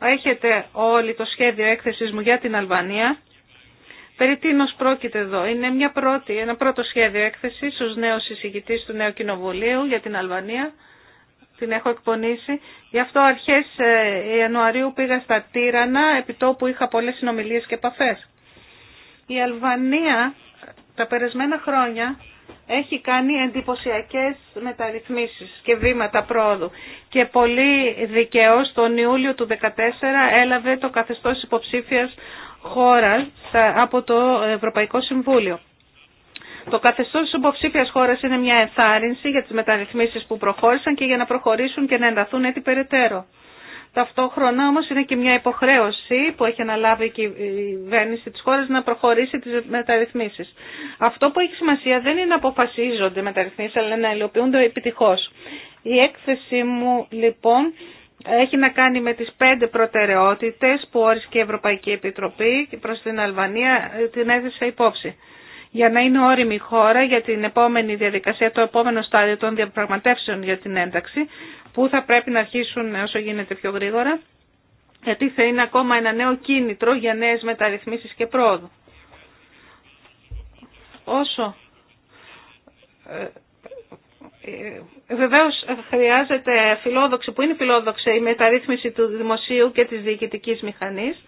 έχετε όλοι το σχέδιο έκθεσης μου για την Αλβανία. Περί τίνος πρόκειται εδώ. Είναι μια πρώτη, ένα πρώτο σχέδιο έκθεσης ως νέος εισηγητής του νέου κοινοβουλίου για την Αλβανία την έχω εκπονήσει. Γι' αυτό αρχές ε, Ιανουαρίου πήγα στα Τύρανα, επί που είχα πολλές συνομιλίες και επαφές. Η Αλβανία τα περασμένα χρόνια έχει κάνει εντυπωσιακές μεταρρυθμίσεις και βήματα πρόοδου. Και πολύ δικαίως τον Ιούλιο του 2014 έλαβε το καθεστώς υποψήφιας χώρας από το Ευρωπαϊκό Συμβούλιο. Το καθεστώ τη υποψήφια χώρα είναι μια ενθάρρυνση για τι μεταρρυθμίσει που προχώρησαν και για να προχωρήσουν και να ενταθούν έτσι περαιτέρω. Ταυτόχρονα όμω είναι και μια υποχρέωση που έχει αναλάβει η κυβέρνηση τη χώρα να προχωρήσει τι μεταρρυθμίσει. Αυτό που έχει σημασία δεν είναι να αποφασίζονται μεταρρυθμίσει, αλλά να υλοποιούνται επιτυχώ. Η έκθεση μου λοιπόν έχει να κάνει με τις πέντε προτεραιότητες που όρισε η Ευρωπαϊκή Επιτροπή προς την Αλβανία ε, την έδειξε υπόψη για να είναι όριμη η χώρα για την επόμενη διαδικασία, το επόμενο στάδιο των διαπραγματεύσεων για την ένταξη, που θα πρέπει να αρχίσουν όσο γίνεται πιο γρήγορα, γιατί θα είναι ακόμα ένα νέο κίνητρο για νέες μεταρρυθμίσεις και πρόοδο. Όσο ε, ε, Βεβαίω χρειάζεται φιλόδοξη, που είναι φιλόδοξη, η μεταρρύθμιση του δημοσίου και της διοικητικής μηχανής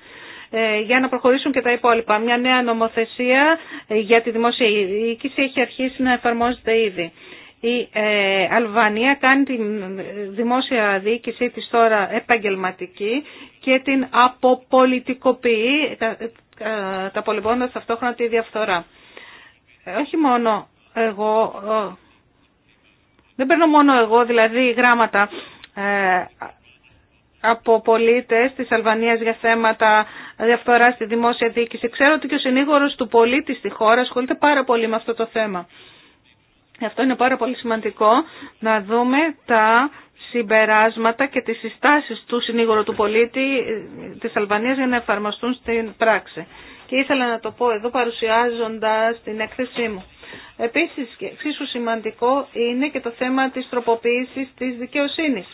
ε, για να προχωρήσουν και τα υπόλοιπα. Μια νέα νομοθεσία ε, για τη δημόσια διοίκηση έχει αρχίσει να εφαρμόζεται ήδη. Η ε, Αλβανία κάνει τη δημόσια διοίκησή της τώρα επαγγελματική και την αποπολιτικοποιεί τα τα ταυτόχρονα τη διαφθορά. Όχι μόνο εγώ, δεν παίρνω μόνο εγώ δηλαδή γράμματα από πολίτε της Αλβανία για θέματα διαφθορά στη δημόσια διοίκηση. Ξέρω ότι και ο συνήγορο του πολίτη στη χώρα ασχολείται πάρα πολύ με αυτό το θέμα. Αυτό είναι πάρα πολύ σημαντικό να δούμε τα συμπεράσματα και τις συστάσεις του συνήγορου του πολίτη ε, της Αλβανίας για να εφαρμοστούν στην πράξη. Και ήθελα να το πω εδώ παρουσιάζοντας την έκθεσή μου. Επίσης, εξίσου σημαντικό είναι και το θέμα της τροποποίησης της δικαιοσύνης.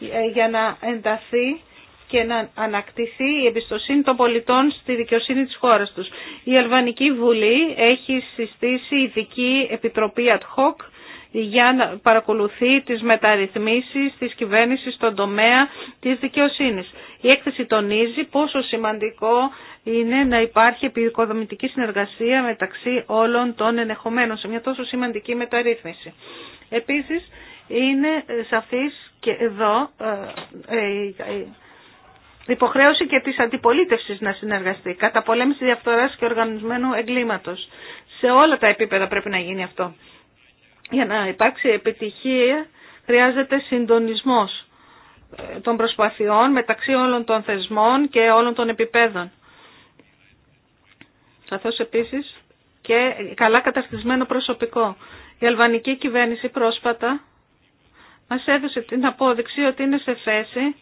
Ε, για να ενταθεί και να ανακτηθεί η εμπιστοσύνη των πολιτών στη δικαιοσύνη της χώρας τους. Η Αλβανική Βουλή έχει συστήσει ειδική επιτροπή ad hoc για να παρακολουθεί τις μεταρρυθμίσεις της κυβέρνησης στον τομέα της δικαιοσύνης. Η έκθεση τονίζει πόσο σημαντικό είναι να υπάρχει επικοδομητική συνεργασία μεταξύ όλων των ενεχομένων σε μια τόσο σημαντική μεταρρύθμιση. Επίσης, είναι σαφής και εδώ ε, ε, ε, υποχρέωση και της αντιπολίτευσης να συνεργαστεί, κατά πολέμηση διαφθοράς και οργανισμένου εγκλήματος. Σε όλα τα επίπεδα πρέπει να γίνει αυτό. Για να υπάρξει επιτυχία χρειάζεται συντονισμός των προσπαθειών μεταξύ όλων των θεσμών και όλων των επιπέδων. Καθώς επίσης και καλά καταρτισμένο προσωπικό. Η αλβανική κυβέρνηση πρόσφατα μας έδωσε την απόδειξη ότι είναι σε θέση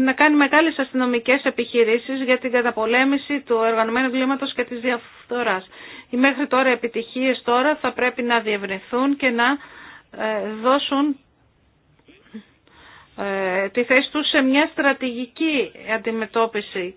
να κάνει μεγάλες αστυνομικές επιχειρήσεις για την καταπολέμηση του οργανωμένου κλίματος και της διαφθοράς. Οι μέχρι τώρα επιτυχίες τώρα θα πρέπει να διευρυνθούν και να ε, δώσουν ε, τη θέση τους σε μια στρατηγική αντιμετώπιση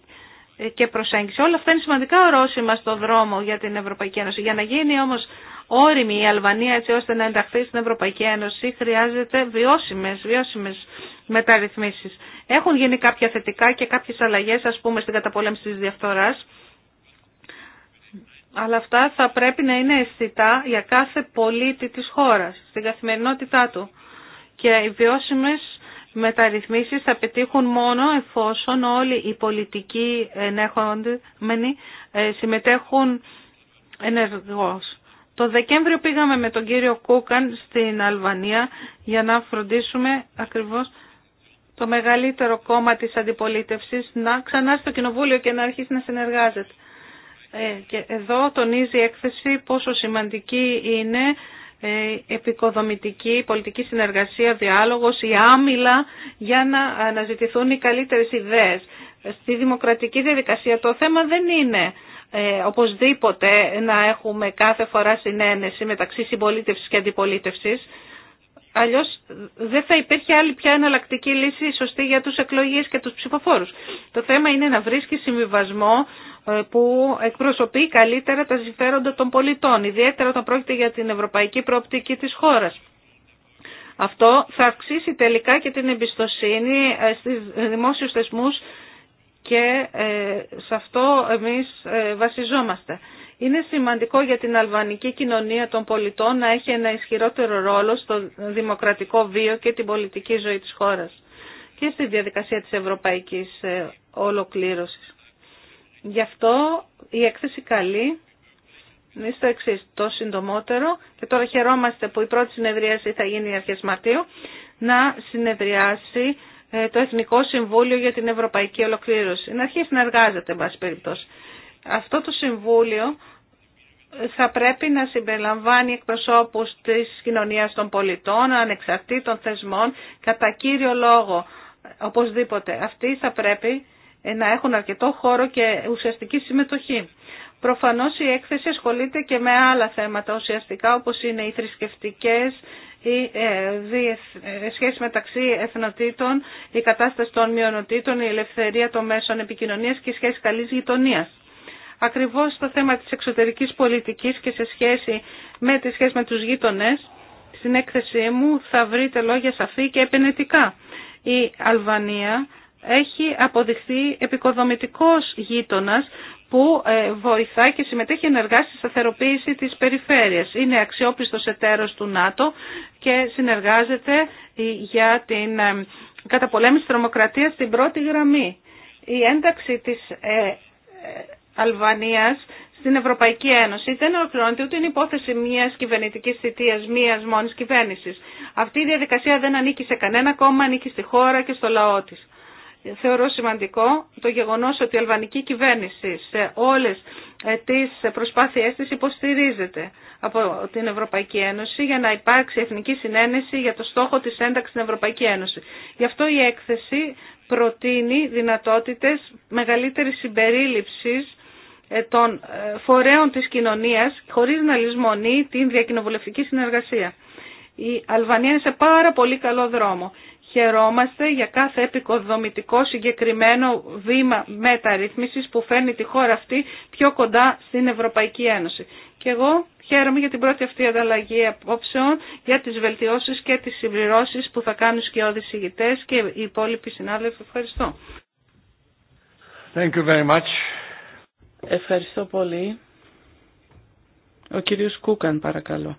και προσέγγιση. Όλα αυτά είναι σημαντικά ορόσημα στο δρόμο για την Ευρωπαϊκή Ένωση. Για να γίνει όμως όριμη η Αλβανία έτσι ώστε να ενταχθεί στην Ευρωπαϊκή Ένωση χρειάζεται βιώσιμες, βιώσιμες μεταρρυθμίσεις. Έχουν γίνει κάποια θετικά και κάποιες αλλαγές ας πούμε στην καταπολέμηση της διαφθοράς. Αλλά αυτά θα πρέπει να είναι αισθητά για κάθε πολίτη της χώρας, στην καθημερινότητά του. Και οι βιώσιμες μεταρρυθμίσεις θα πετύχουν μόνο εφόσον όλοι οι πολιτικοί ενέχονται ε, συμμετέχουν ενεργώς. Το Δεκέμβριο πήγαμε με τον κύριο Κούκαν στην Αλβανία για να φροντίσουμε ακριβώς το μεγαλύτερο κόμμα της αντιπολίτευσης να ξανά στο Κοινοβούλιο και να αρχίσει να συνεργάζεται. Ε, και εδώ τονίζει η έκθεση πόσο σημαντική είναι ε, επικοδομητική, πολιτική συνεργασία, διάλογος, η άμυλα για να αναζητηθούν οι καλύτερες ιδέες. Στη δημοκρατική διαδικασία το θέμα δεν είναι ε, οπωσδήποτε να έχουμε κάθε φορά συνένεση μεταξύ συμπολίτευσης και αντιπολίτευσης. Αλλιώς δεν θα υπήρχε άλλη πια εναλλακτική λύση σωστή για τους εκλογείς και τους ψηφοφόρους. Το θέμα είναι να βρίσκει συμβιβασμό ε, που εκπροσωπεί καλύτερα τα συμφέροντα των πολιτών, ιδιαίτερα όταν πρόκειται για την ευρωπαϊκή προοπτική της χώρας. Αυτό θα αυξήσει τελικά και την εμπιστοσύνη ε, στις δημόσιους θεσμούς και ε, σε αυτό εμείς ε, βασιζόμαστε. Είναι σημαντικό για την αλβανική κοινωνία των πολιτών να έχει ένα ισχυρότερο ρόλο στο δημοκρατικό βίο και την πολιτική ζωή της χώρας και στη διαδικασία της ευρωπαϊκής ε, ολοκλήρωσης. Γι' αυτό η έκθεση καλή είναι στο εξή, το συντομότερο, και τώρα χαιρόμαστε που η πρώτη συνεδρίαση θα γίνει αρχές Μαρτίου, να συνεδριάσει ε, το Εθνικό Συμβούλιο για την Ευρωπαϊκή Ολοκλήρωση. Να αρχίσει να εργάζεται, εν πάση Αυτό το Συμβούλιο θα πρέπει να συμπεριλαμβάνει εκπροσώπους της κοινωνίας των πολιτών, ανεξαρτήτων θεσμών, κατά κύριο λόγο, οπωσδήποτε. Αυτοί θα πρέπει ε, να έχουν αρκετό χώρο και ουσιαστική συμμετοχή. Προφανώς η έκθεση ασχολείται και με άλλα θέματα ουσιαστικά, όπως είναι οι θρησκευτικέ η ε, ε, σχέση μεταξύ εθνοτήτων, η κατάσταση των μειονοτήτων, η ελευθερία των μέσων επικοινωνίας και η σχέση καλής γειτονίας. Ακριβώς στο θέμα της εξωτερικής πολιτικής και σε σχέση με τις σχέσεις με τους γείτονες, στην έκθεσή μου θα βρείτε λόγια σαφή και επενετικά. Η Αλβανία έχει αποδειχθεί επικοδομητικός γείτονας που ε, βοηθάει και συμμετέχει ενεργά στη σταθεροποίηση της περιφέρειας. Είναι αξιόπιστος εταίρος του ΝΑΤΟ και συνεργάζεται για την ε, καταπολέμηση τρομοκρατίας στην πρώτη γραμμή. Η ένταξη της ε, Αλβανίας στην Ευρωπαϊκή Ένωση δεν ολοκληρώνεται ούτε είναι υπόθεση μιας κυβερνητικής θητείας, μιας μόνης κυβέρνηση. Αυτή η διαδικασία δεν ανήκει σε κανένα κόμμα, ανήκει στη χώρα και στο λαό της θεωρώ σημαντικό το γεγονός ότι η αλβανική κυβέρνηση σε όλες ε, τις προσπάθειές της υποστηρίζεται από την Ευρωπαϊκή Ένωση για να υπάρξει εθνική συνένεση για το στόχο της ένταξης στην Ευρωπαϊκή Ένωση. Γι' αυτό η έκθεση προτείνει δυνατότητες μεγαλύτερης συμπερίληψης ε, των ε, φορέων της κοινωνίας χωρίς να λησμονεί την διακοινοβουλευτική συνεργασία. Η Αλβανία είναι σε πάρα πολύ καλό δρόμο χαιρόμαστε για κάθε επικοδομητικό συγκεκριμένο βήμα μεταρρύθμισης που φέρνει τη χώρα αυτή πιο κοντά στην Ευρωπαϊκή Ένωση. Και εγώ χαίρομαι για την πρώτη αυτή ανταλλαγή απόψεων για τις βελτιώσεις και τις συμπληρώσεις που θα κάνουν και οι και οι υπόλοιποι συνάδελφοι. Ευχαριστώ. Thank you very much. Ευχαριστώ πολύ. Ο κύριος Κούκαν παρακαλώ.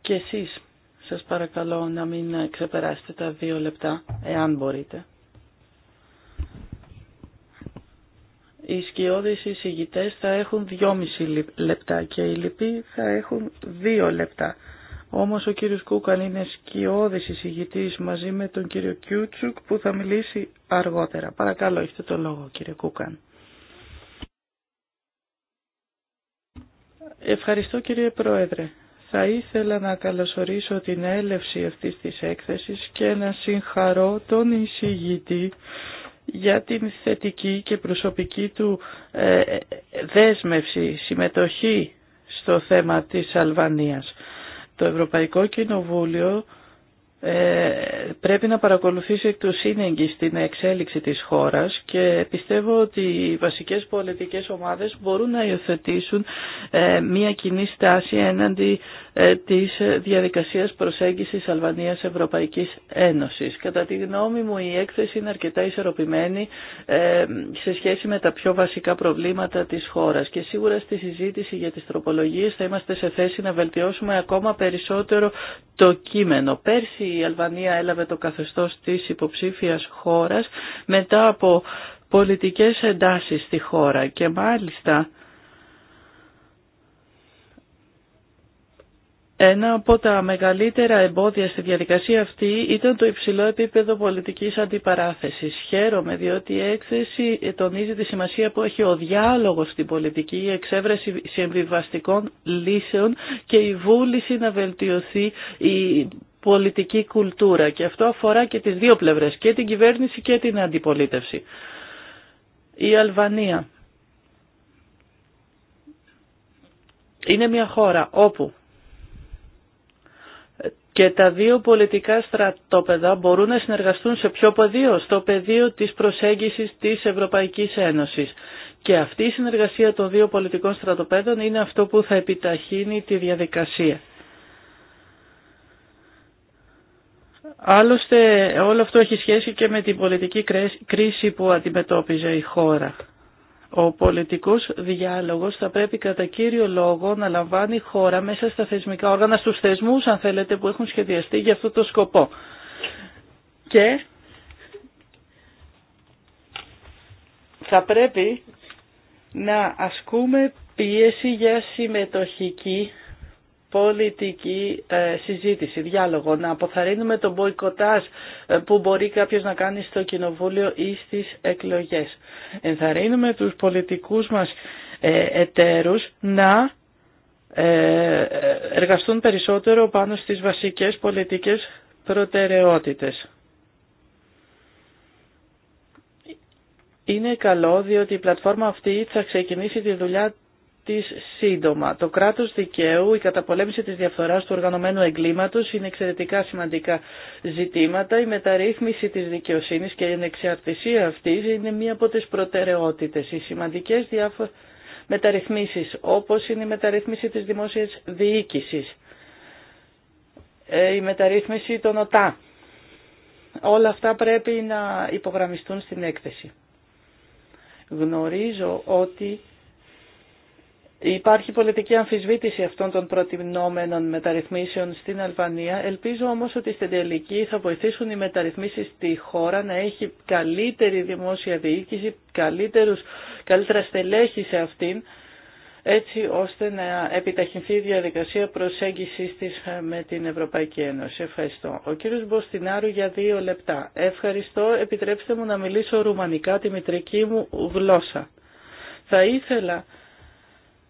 Και εσείς. Σας παρακαλώ να μην ξεπεράσετε τα δύο λεπτά, εάν μπορείτε. Οι σκιώδεις εισηγητές θα έχουν δυόμιση λεπτά και οι λοιποί θα έχουν δύο λεπτά. Όμως ο κύριος Κούκαν είναι σκιώδης εισηγητής μαζί με τον κύριο Κιούτσουκ που θα μιλήσει αργότερα. Παρακαλώ, έχετε το λόγο κύριε Κούκαν. Ευχαριστώ κύριε Πρόεδρε. Θα ήθελα να καλωσορίσω την έλευση αυτής της έκθεσης και να συγχαρώ τον εισηγητή για την θετική και προσωπική του ε, δέσμευση, συμμετοχή στο θέμα της Αλβανίας. Το Ευρωπαϊκό Κοινοβούλιο ε, πρέπει να παρακολουθήσει εκ του σύνεγγυ στην εξέλιξη της χώρας και πιστεύω ότι οι βασικές πολιτικές ομάδες μπορούν να υιοθετήσουν ε, μια κοινή στάση έναντι ε, της διαδικασίας προσέγγισης Αλβανίας Ευρωπαϊκής Ένωσης. Κατά τη γνώμη μου η έκθεση είναι αρκετά ισορροπημένη σε σχέση με τα πιο βασικά προβλήματα της χώρας και σίγουρα στη συζήτηση για τις τροπολογίες θα είμαστε σε θέση να βελτιώσουμε ακόμα περισσότερο το κείμενο η Αλβανία έλαβε το καθεστώς της υποψήφιας χώρας μετά από πολιτικές εντάσεις στη χώρα και μάλιστα Ένα από τα μεγαλύτερα εμπόδια στη διαδικασία αυτή ήταν το υψηλό επίπεδο πολιτικής αντιπαράθεσης. Χαίρομαι διότι η έκθεση τονίζει τη σημασία που έχει ο διάλογος στην πολιτική, η εξέβρεση συμβιβαστικών λύσεων και η βούληση να βελτιωθεί η πολιτική κουλτούρα και αυτό αφορά και τις δύο πλευρές, και την κυβέρνηση και την αντιπολίτευση. Η Αλβανία είναι μια χώρα όπου και τα δύο πολιτικά στρατόπεδα μπορούν να συνεργαστούν σε ποιο πεδίο, στο πεδίο της προσέγγισης της Ευρωπαϊκής Ένωσης. Και αυτή η συνεργασία των δύο πολιτικών στρατοπέδων είναι αυτό που θα επιταχύνει τη διαδικασία. Άλλωστε όλο αυτό έχει σχέση και με την πολιτική κρίση που αντιμετώπιζε η χώρα. Ο πολιτικός διάλογος θα πρέπει κατά κύριο λόγο να λαμβάνει χώρα μέσα στα θεσμικά όργανα, στους θεσμούς αν θέλετε που έχουν σχεδιαστεί για αυτό το σκοπό. Και θα πρέπει να ασκούμε πίεση για συμμετοχική πολιτική ε, συζήτηση, διάλογο, να αποθαρρύνουμε τον μποϊκοτάζ ε, που μπορεί κάποιος να κάνει στο κοινοβούλιο ή στις εκλογές. Ενθαρρύνουμε τους πολιτικούς μας ε, εταίρους να εργαστούν περισσότερο πάνω στις βασικές πολιτικές προτεραιότητες. Είναι καλό διότι η πλατφόρμα αυτή θα ξεκινήσει τη δουλειά της σύντομα. Το κράτος δικαίου, η καταπολέμηση της διαφθοράς του οργανωμένου εγκλήματος είναι εξαιρετικά σημαντικά ζητήματα. Η μεταρρύθμιση της δικαιοσύνης και η ανεξαρτησία αυτής είναι μία από τις προτεραιότητες. Οι σημαντικές διάφο... μεταρρυθμίσεις, όπως είναι η μεταρρύθμιση της δημόσιας διοίκησης, ε, η μεταρρύθμιση των ΟΤΑ. Όλα αυτά πρέπει να υπογραμμιστούν στην έκθεση. Γνωρίζω ότι Υπάρχει πολιτική αμφισβήτηση αυτών των προτινόμενων μεταρρυθμίσεων στην Αλβανία. Ελπίζω όμως ότι στην τελική θα βοηθήσουν οι μεταρρυθμίσεις στη χώρα να έχει καλύτερη δημόσια διοίκηση, καλύτερους, καλύτερα στελέχη σε αυτήν, έτσι ώστε να επιταχυνθεί η διαδικασία προσέγγισης της ε, με την Ευρωπαϊκή Ένωση. Ευχαριστώ. Ο κύριος Μποστινάρου για δύο λεπτά. Ευχαριστώ. Επιτρέψτε μου να μιλήσω ρουμανικά τη μητρική μου γλώσσα. Θα ήθελα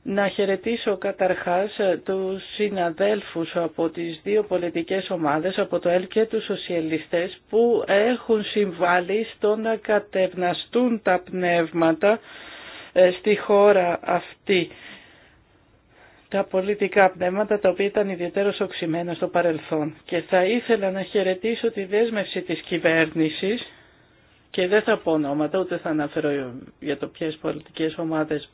να χαιρετήσω καταρχάς τους συναδέλφους από τις δύο πολιτικές ομάδες, από το ΕΛ και τους σοσιαλιστές, που έχουν συμβάλει στο να κατευναστούν τα πνεύματα ε, στη χώρα αυτή. Τα πολιτικά πνεύματα τα οποία ήταν ιδιαίτερα οξυμένα στο παρελθόν. Και θα ήθελα να χαιρετήσω τη δέσμευση της κυβέρνησης και δεν θα πω ονόματα, ούτε θα αναφέρω για το ποιες πολιτικές ομάδες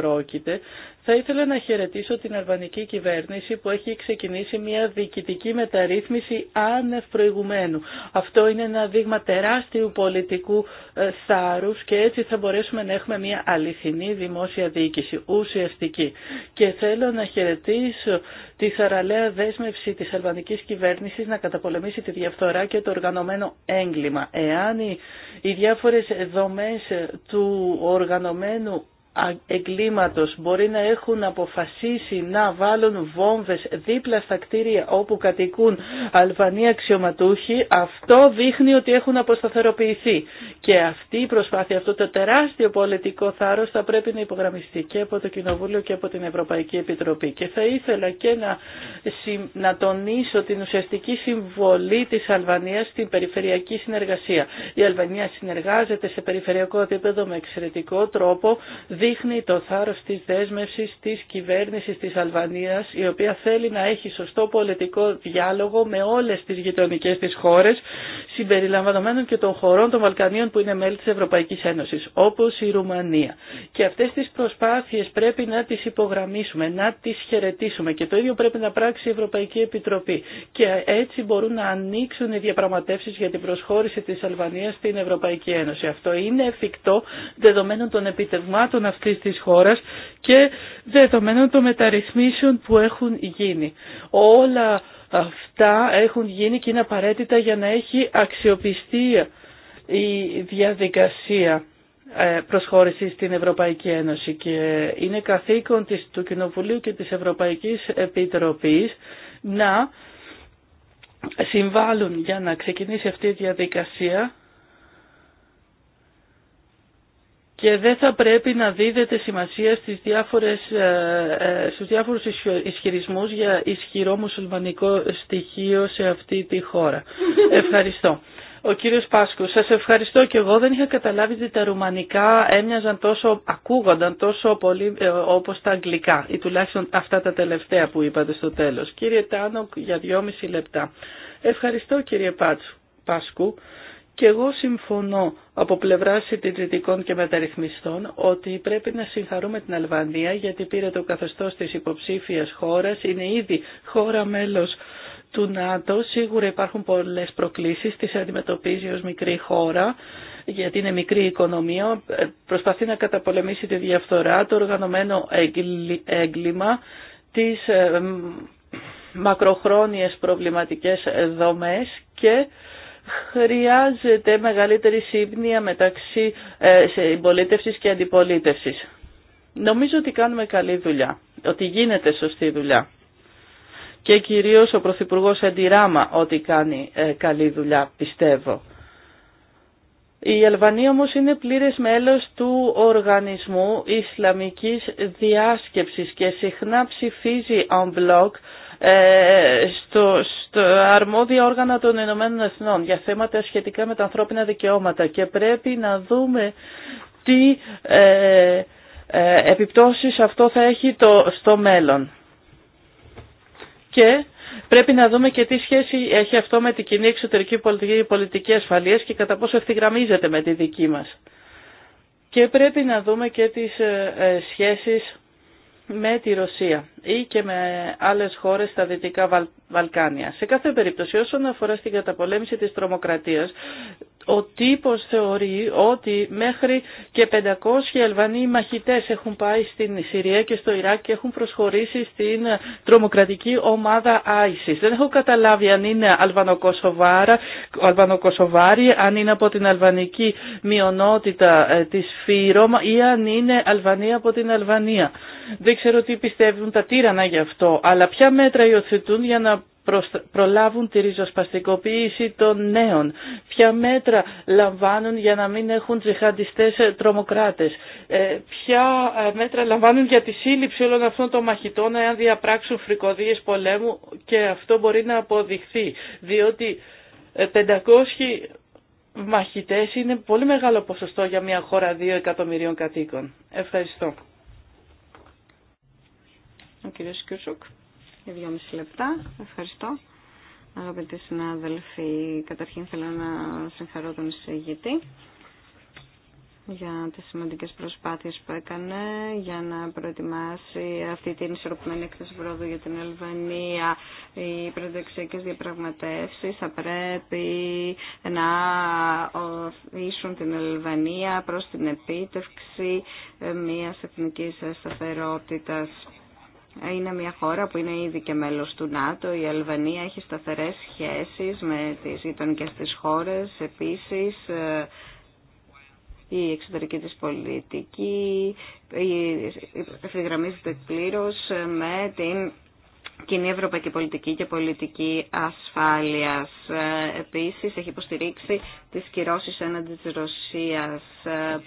πρόκειται, θα ήθελα να χαιρετήσω την αλβανική κυβέρνηση που έχει ξεκινήσει μια διοικητική μεταρρύθμιση άνευ προηγουμένου. Αυτό είναι ένα δείγμα τεράστιου πολιτικού ε, θάρρου και έτσι θα μπορέσουμε να έχουμε μια αληθινή δημόσια διοίκηση, ουσιαστική. Και θέλω να χαιρετήσω τη θαραλέα δέσμευση της αλβανικής κυβέρνησης να καταπολεμήσει τη διαφθορά και το οργανωμένο έγκλημα. Εάν οι διάφορες δομές του οργανωμένου εγκλήματος μπορεί να έχουν αποφασίσει να βάλουν βόμβες δίπλα στα κτίρια όπου κατοικούν Αλβανοί αξιωματούχοι, αυτό δείχνει ότι έχουν αποσταθεροποιηθεί. Και αυτή η προσπάθεια, αυτό το τεράστιο πολιτικό θάρρος θα πρέπει να υπογραμμιστεί και από το Κοινοβούλιο και από την Ευρωπαϊκή Επιτροπή. Και θα ήθελα και να, να τονίσω την ουσιαστική συμβολή της Αλβανίας στην περιφερειακή συνεργασία. Η Αλβανία συνεργάζεται σε περιφερειακό επίπεδο με εξαιρετικό τρόπο, δείχνει το θάρρος της δέσμευσης της κυβέρνησης της Αλβανίας, η οποία θέλει να έχει σωστό πολιτικό διάλογο με όλες τις γειτονικέ της χώρες, συμπεριλαμβανομένων και των χωρών των Βαλκανίων που είναι μέλη της Ευρωπαϊκής Ένωσης, όπως η Ρουμανία. Και αυτές τις προσπάθειες πρέπει να τις υπογραμμίσουμε, να τις χαιρετήσουμε και το ίδιο πρέπει να πράξει η Ευρωπαϊκή Επιτροπή. Και έτσι μπορούν να ανοίξουν οι διαπραγματεύσεις για την προσχώρηση της Αλβανίας στην Ευρωπαϊκή Ένωση. Αυτό είναι εφικτό δεδομένων των επιτευγμάτων της χώρας και δεδομένων των μεταρρυθμίσεων που έχουν γίνει. Όλα αυτά έχουν γίνει και είναι απαραίτητα για να έχει αξιοπιστία η διαδικασία ε, προσχώρησης στην Ευρωπαϊκή Ένωση και είναι καθήκον της, του Κοινοβουλίου και της Ευρωπαϊκής Επιτροπής να συμβάλλουν για να ξεκινήσει αυτή η διαδικασία και δεν θα πρέπει να δίδεται σημασία στις διάφορες, ε, ε, στους διάφορους ισχυρισμούς για ισχυρό μουσουλμανικό στοιχείο σε αυτή τη χώρα. Ευχαριστώ. Ο κύριος Πάσκου, σας ευχαριστώ και εγώ δεν είχα καταλάβει ότι τα ρουμανικά έμοιαζαν τόσο, ακούγονταν τόσο πολύ ε, όπως τα αγγλικά ή τουλάχιστον αυτά τα τελευταία που είπατε στο τέλος. Κύριε Τάνοκ για δυόμιση λεπτά. Ευχαριστώ κύριε Πάσκου. Και εγώ συμφωνώ από πλευρά συντηρητικών και μεταρρυθμιστών ότι πρέπει να συγχαρούμε την Αλβανία γιατί πήρε το καθεστώς της υποψήφιας χώρας, είναι ήδη χώρα μέλος του ΝΑΤΟ. Σίγουρα υπάρχουν πολλές προκλήσεις, τις αντιμετωπίζει ως μικρή χώρα γιατί είναι μικρή οικονομία, προσπαθεί να καταπολεμήσει τη διαφθορά, το οργανωμένο έγκλημα, τις ε, μακροχρόνιες προβληματικές δομές και χρειάζεται μεγαλύτερη σύμπνοια μεταξύ ε, και αντιπολίτευσης. Νομίζω ότι κάνουμε καλή δουλειά, ότι γίνεται σωστή δουλειά. Και κυρίως ο Πρωθυπουργός αντιράμα ότι κάνει ε, καλή δουλειά, πιστεύω. Η Αλβανία όμως είναι πλήρες μέλος του οργανισμού Ισλαμικής Διάσκεψης και συχνά ψηφίζει en bloc ε, στο, στο αρμόδια όργανα των Ηνωμένων Εθνών για θέματα σχετικά με τα ανθρώπινα δικαιώματα και πρέπει να δούμε τι ε, ε, επιπτώσεις αυτό θα έχει το, στο μέλλον. Και πρέπει να δούμε και τι σχέση έχει αυτό με την κοινή εξωτερική πολιτική, πολιτική ασφαλείας και κατά πόσο ευθυγραμμίζεται με τη δική μας. Και πρέπει να δούμε και τις ε, ε σχέσεις με τη Ρωσία ή και με άλλες χώρες στα Δυτικά Βαλκάνια. Σε κάθε περίπτωση, όσον αφορά στην καταπολέμηση της τρομοκρατίας, ο τύπος θεωρεί ότι μέχρι και 500 Αλβανοί μαχητές έχουν πάει στην Συρία και στο Ιράκ και έχουν προσχωρήσει στην τρομοκρατική ομάδα ISIS. Δεν έχω καταλάβει αν είναι Αλβανοκοσοβάρι, αν είναι από την αλβανική μειονότητα ε, της Φύρωμα ή αν είναι Αλβανία από την Αλβανία. Δεν ξέρω τι πιστεύουν τα γι' αλλά ποια μέτρα υιοθετούν για να προλάβουν τη ριζοσπαστικοποίηση των νέων. Ποια μέτρα λαμβάνουν για να μην έχουν τζιχαντιστές ε, τρομοκράτες. Ε, ποια ε, μέτρα λαμβάνουν για τη σύλληψη όλων αυτών των μαχητών εάν διαπράξουν φρικοδίες πολέμου και αυτό μπορεί να αποδειχθεί. Διότι 500 μαχητές είναι πολύ μεγάλο ποσοστό για μια χώρα 2 εκατομμυρίων κατοίκων. Ευχαριστώ. Ο κύριος Κιούσουκ, για μισή λεπτά. Ευχαριστώ. Αγαπητοί συνάδελφοι, καταρχήν θέλω να συγχαρώ τον εισηγητή για τις σημαντικές προσπάθειες που έκανε για να προετοιμάσει αυτή την ισορροπημένη έκθεση πρόοδου για την Αλβανία. Οι προεδρεξιακές διαπραγματεύσεις θα πρέπει να οφείσουν την Αλβανία προς την επίτευξη μια εθνικής σταθερότητα είναι μια χώρα που είναι ήδη και μέλος του ΝΑΤΟ. Η Αλβανία έχει σταθερές σχέσεις με τις γειτονικές της χώρες. Επίσης, η εξωτερική της πολιτική ευθυγραμμίζεται πλήρως με την κοινή ευρωπαϊκή πολιτική και πολιτική ασφάλειας. Επίσης, έχει υποστηρίξει τις κυρώσεις έναντι της Ρωσίας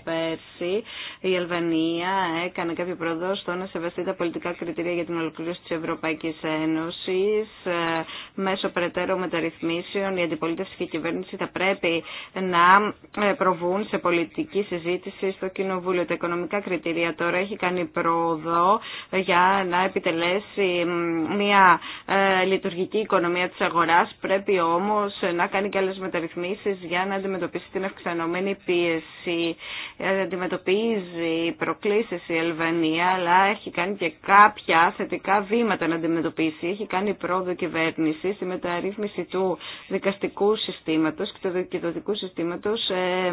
πέρσι. Η Αλβανία έκανε κάποιο πρόοδο στο να σεβαστεί τα πολιτικά κριτήρια για την ολοκλήρωση της Ευρωπαϊκής Ένωσης. Μέσω περαιτέρω μεταρρυθμίσεων, η αντιπολίτευση και η κυβέρνηση θα πρέπει να προβούν σε πολιτική συζήτηση στο Κοινοβούλιο. Τα οικονομικά κριτήρια τώρα έχει κάνει πρόοδο για να επιτελέσει μια ε, λειτουργική οικονομία της αγοράς, πρέπει όμως να κάνει και άλλες μεταρρυθμίσεις για να αντιμετωπίσει την αυξανόμενη πίεση. Ε, αντιμετωπίζει προκλήσεις η Ελβανία, αλλά έχει κάνει και κάποια θετικά βήματα να αντιμετωπίσει. Έχει κάνει πρόοδο κυβέρνηση στη μεταρρύθμιση του δικαστικού συστήματος και του δικαιοδοτικού συστήματος ε,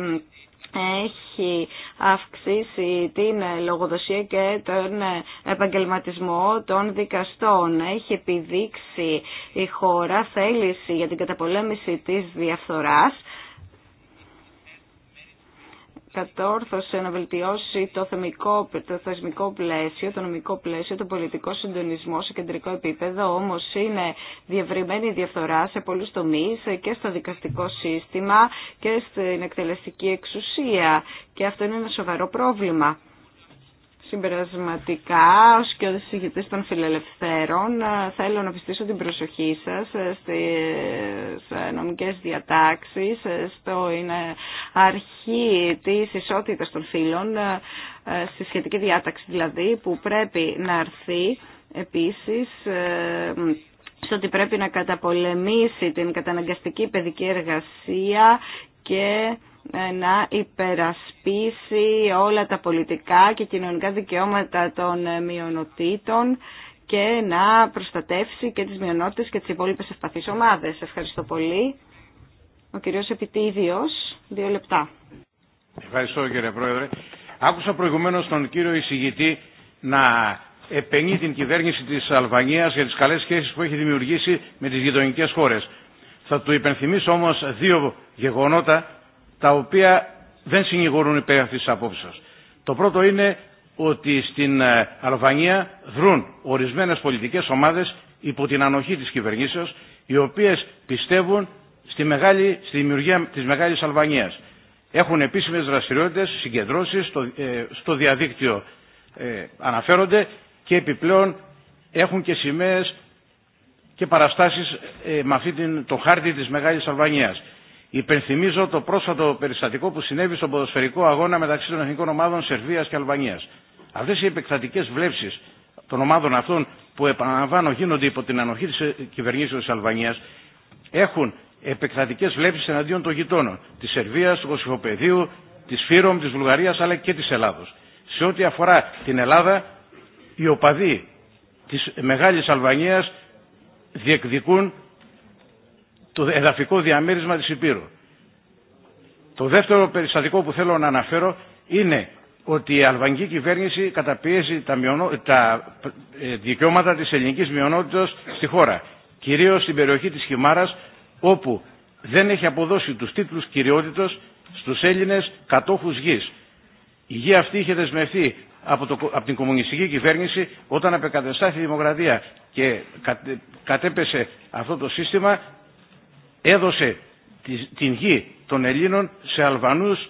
έχει αυξήσει την λογοδοσία και τον επαγγελματισμό των δικαστών. Έχει επιδείξει η χώρα θέληση για την καταπολέμηση της διαφθοράς κατόρθωσε να βελτιώσει το θεσμικό, το θεσμικό πλαίσιο, το νομικό πλαίσιο, το πολιτικό συντονισμό σε κεντρικό επίπεδο, όμως είναι διευρυμένη η διαφθορά σε πολλούς τομείς και στο δικαστικό σύστημα και στην εκτελεστική εξουσία και αυτό είναι ένα σοβαρό πρόβλημα. Συμπερασματικά, ως και ο συζητητή των φιλελευθέρων, ε, θέλω να πιστήσω την προσοχή σας ε, στι ε, νομικές διατάξεις, στο είναι αρχή τη ισότητα των φύλων, στη σχετική διάταξη δηλαδή, που πρέπει να αρθεί επίσης στο ότι πρέπει να καταπολεμήσει την καταναγκαστική παιδική εργασία και να υπερασπίσει όλα τα πολιτικά και κοινωνικά δικαιώματα των μειονοτήτων και να προστατεύσει και τις μειονότητες και τις υπόλοιπες ευπαθείς ομάδες. Ευχαριστώ πολύ. Ο κύριος Επιτίδιος, δύο λεπτά. Ευχαριστώ κύριε Πρόεδρε. Άκουσα προηγουμένως τον κύριο εισηγητή να επενεί την κυβέρνηση της Αλβανίας για τις καλές σχέσεις που έχει δημιουργήσει με τις γειτονικές χώρες. Θα του υπενθυμίσω όμως δύο γεγονότα τα οποία δεν συνηγορούν υπέρ αυτής της απόψεως. Το πρώτο είναι ότι στην ε, Αλβανία δρούν ορισμένες πολιτικές ομάδες υπό την ανοχή της κυβερνήσεως, οι οποίες πιστεύουν στη, μεγάλη, στη δημιουργία της Μεγάλης Αλβανίας. Έχουν επίσημες δραστηριότητες, συγκεντρώσεις, στο, ε, στο διαδίκτυο ε, αναφέρονται και επιπλέον έχουν και σημαίες και παραστάσεις με αυτή το χάρτη της Μεγάλης Αλβανίας. Υπενθυμίζω το πρόσφατο περιστατικό που συνέβη στον ποδοσφαιρικό αγώνα μεταξύ των εθνικών ομάδων Σερβία και Αλβανία. Αυτέ οι επεκτατικέ βλέψει των ομάδων αυτών που επαναλαμβάνω γίνονται υπό την ανοχή τη ε, κυβερνήσεω τη Αλβανία έχουν επεκτατικέ βλέψει εναντίον των γειτόνων τη Σερβία, του Κωσυφοπεδίου, τη Φύρομ, τη Βουλγαρία αλλά και τη Ελλάδο. Σε ό,τι αφορά την Ελλάδα, οι οπαδοί τη Μεγάλη Αλβανία διεκδικούν το εδαφικό διαμέρισμα της Υπήρου. Το δεύτερο περιστατικό που θέλω να αναφέρω είναι ότι η αλβανική κυβέρνηση καταπιέζει τα, τα ε, δικαιώματα της ελληνικής μειονότητας στη χώρα, κυρίως στην περιοχή της Χιμάρας, όπου δεν έχει αποδώσει τους τίτλους κυριότητος στους Έλληνες κατόχους γης. Η γη αυτή είχε δεσμευθεί από, το, από την κομμουνιστική κυβέρνηση όταν απεκατεστάθηκε η δημοκρατία και κατέπεσε αυτό το σύστημα έδωσε την γη των Ελλήνων σε Αλβανούς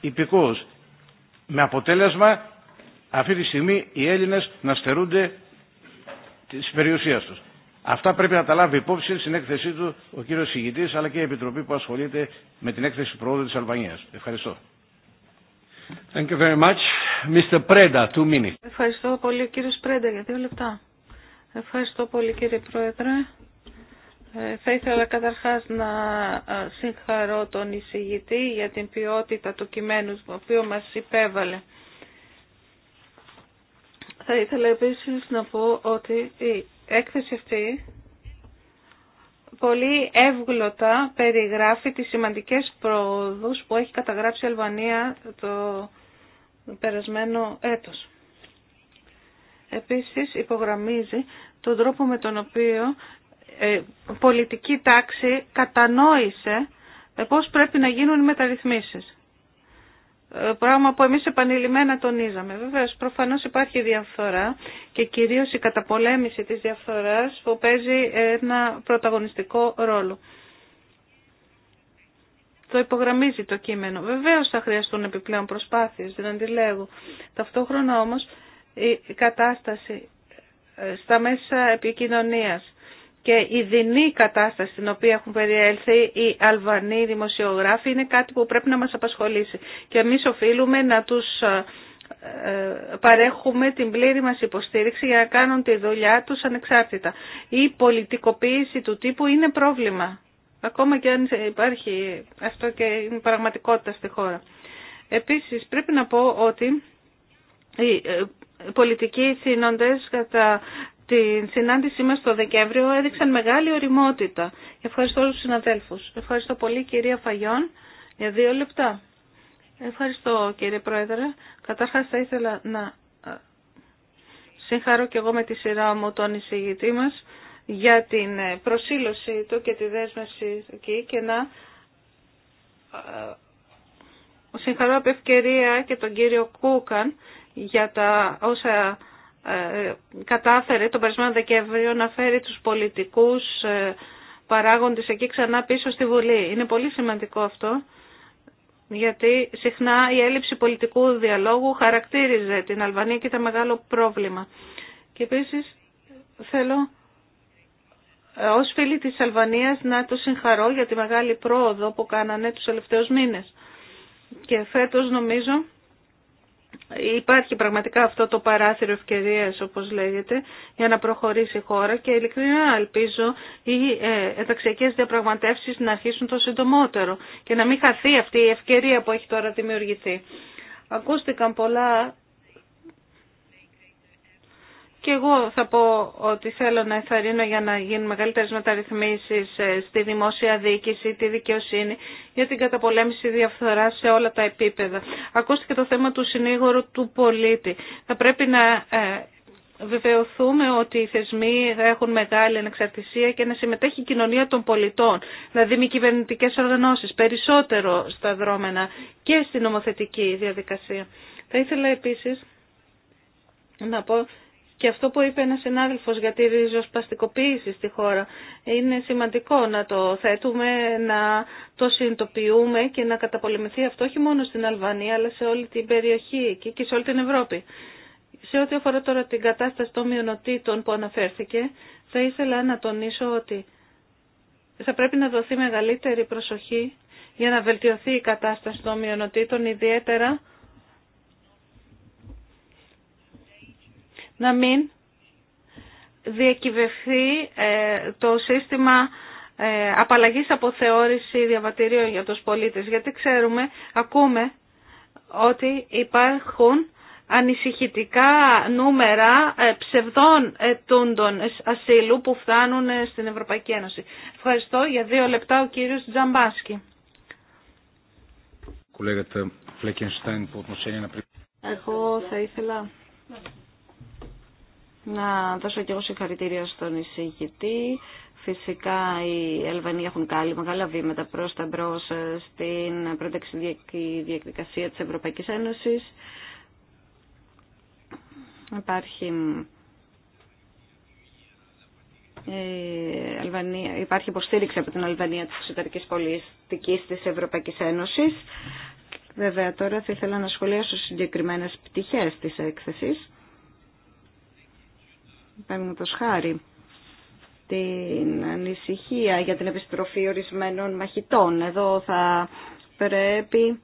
υπηκόους. Με αποτέλεσμα αυτή τη στιγμή οι Έλληνες να στερούνται της περιουσίας τους. Αυτά πρέπει να τα λάβει υπόψη στην έκθεσή του ο κύριος Συγητής αλλά και η Επιτροπή που ασχολείται με την έκθεση προόδου της Αλβανίας. Ευχαριστώ. Thank you very much. Mr. Preda, two minutes. Ευχαριστώ πολύ Κύριε Πρέντα για δύο λεπτά. Ευχαριστώ πολύ κύριε Πρόεδρε. Ε, θα ήθελα καταρχάς να ε, συγχαρώ τον εισηγητή για την ποιότητα του κειμένου το οποίο μας υπέβαλε. Θα ήθελα επίσης να πω ότι η έκθεση αυτή πολύ εύγλωτα περιγράφει τις σημαντικές πρόοδους που έχει καταγράψει η Αλβανία το περασμένο έτος. Επίσης υπογραμμίζει τον τρόπο με τον οποίο ε, πολιτική τάξη κατανόησε ε, πώς πρέπει να γίνουν οι μεταρρυθμίσεις. Ε, πράγμα που εμείς επανειλημμένα τονίζαμε. Βεβαίως, προφανώς υπάρχει διαφθορά και κυρίως η καταπολέμηση της διαφθοράς που παίζει ένα πρωταγωνιστικό ρόλο. Το υπογραμμίζει το κείμενο. Βεβαίως θα χρειαστούν επιπλέον προσπάθειες, δεν αντιλέγω. Ταυτόχρονα όμως η κατάσταση στα μέσα επικοινωνίας και η δινή κατάσταση στην οποία έχουν περιέλθει οι Αλβανοί δημοσιογράφοι είναι κάτι που πρέπει να μας απασχολήσει. Και εμείς οφείλουμε να τους ε, ε, παρέχουμε την πλήρη μας υποστήριξη για να κάνουν τη δουλειά τους ανεξάρτητα. Η πολιτικοποίηση του τύπου είναι πρόβλημα. Ακόμα και αν υπάρχει αυτό και είναι πραγματικότητα στη χώρα. Επίσης πρέπει να πω ότι οι ε, πολιτικοί θύνοντες κατά στην συνάντησή μας το Δεκέμβριο έδειξαν μεγάλη οριμότητα. Ευχαριστώ όλους τους συναδέλφους. Ευχαριστώ πολύ κυρία Φαγιόν για δύο λεπτά. Ευχαριστώ κύριε Πρόεδρε. Καταρχάς θα ήθελα να ε, συγχαρώ και εγώ με τη σειρά μου τον εισηγητή μας για την ε, προσήλωση του και τη δέσμευση εκεί και να ε, συγχαρώ από ευκαιρία και τον κύριο Κούκαν για τα όσα ε, κατάφερε τον περασμένο Δεκέμβριο να φέρει τους πολιτικούς ε, παράγοντες εκεί ξανά πίσω στη Βουλή. Είναι πολύ σημαντικό αυτό, γιατί συχνά η έλλειψη πολιτικού διαλόγου χαρακτήριζε την Αλβανία και ήταν μεγάλο πρόβλημα. Και επίσης θέλω ε, ως φίλη της Αλβανίας να το συγχαρώ για τη μεγάλη πρόοδο που κάνανε τους τελευταίους μήνες. Και φέτος νομίζω Υπάρχει πραγματικά αυτό το παράθυρο ευκαιρία, όπως λέγεται, για να προχωρήσει η χώρα και ειλικρινά ελπίζω οι ε, ενταξιακέ διαπραγματεύσεις να αρχίσουν το συντομότερο και να μην χαθεί αυτή η ευκαιρία που έχει τώρα δημιουργηθεί. Ακούστηκαν πολλά και εγώ θα πω ότι θέλω να εθαρρύνω για να γίνουν μεγαλύτερε μεταρρυθμίσει ε, στη δημόσια διοίκηση, τη δικαιοσύνη, για την καταπολέμηση διαφθορά σε όλα τα επίπεδα. Ακούστηκε το θέμα του συνήγορου του πολίτη. Θα πρέπει να ε, βεβαιωθούμε ότι οι θεσμοί έχουν μεγάλη ανεξαρτησία και να συμμετέχει η κοινωνία των πολιτών, δηλαδή με κυβερνητικέ οργανώσει, περισσότερο στα δρόμενα και στην νομοθετική διαδικασία. Θα ήθελα επίση να πω και αυτό που είπε ένας συνάδελφος για τη ριζοσπαστικοποίηση στη χώρα είναι σημαντικό να το θέτουμε, να το συνειδητοποιούμε και να καταπολεμηθεί αυτό όχι μόνο στην Αλβανία αλλά σε όλη την περιοχή και σε όλη την Ευρώπη. Σε ό,τι αφορά τώρα την κατάσταση των μειονοτήτων που αναφέρθηκε, θα ήθελα να τονίσω ότι θα πρέπει να δοθεί μεγαλύτερη προσοχή για να βελτιωθεί η κατάσταση των μειονοτήτων, ιδιαίτερα να μην διακυβευθεί ε, το σύστημα ε, απαλλαγής θεώρηση διαβατηρίων για τους πολίτες. Γιατί ξέρουμε, ακούμε ότι υπάρχουν ανησυχητικά νούμερα ε, ψευδών ετούντων ασύλου που φτάνουν στην Ευρωπαϊκή Ένωση. Ευχαριστώ. Για δύο λεπτά ο κύριος Τζαμπάσκι. Εγώ θα ήθελα να δώσω και εγώ συγχαρητήρια στον εισηγητή. Φυσικά οι Ελβανοί έχουν κάνει μεγάλα βήματα προς τα μπρος ε, στην πρωτεξιδιακή διεκδικασία της Ευρωπαϊκής Ένωσης. Υπάρχει η ε, Αλβανία, υπάρχει υποστήριξη από την Αλβανία της εξωτερική πολιτικής της Ευρωπαϊκής Ένωσης. Βέβαια τώρα θα ήθελα να σχολιάσω συγκεκριμένες πτυχές της έκθεσης παραδείγματο χάρη, την ανησυχία για την επιστροφή ορισμένων μαχητών. Εδώ θα πρέπει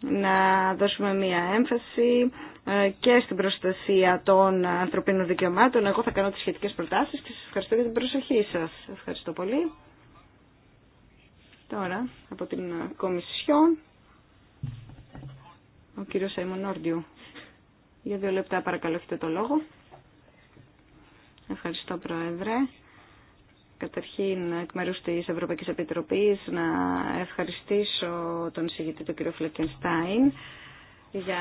να δώσουμε μία έμφαση ε, και στην προστασία των ανθρωπίνων δικαιωμάτων. Εγώ θα κάνω τις σχετικές προτάσεις και σας ευχαριστώ για την προσοχή σας. Ευχαριστώ πολύ. Τώρα, από την Κομισιόν, ο κύριος Σαϊμον Όρντιου. Για δύο λεπτά παρακαλώ έχετε το λόγο. Ευχαριστώ, Πρόεδρε. Καταρχήν, εκ μέρου τη Ευρωπαϊκή Επιτροπή, να ευχαριστήσω τον συγητή του κ. Φλεκενστάιν για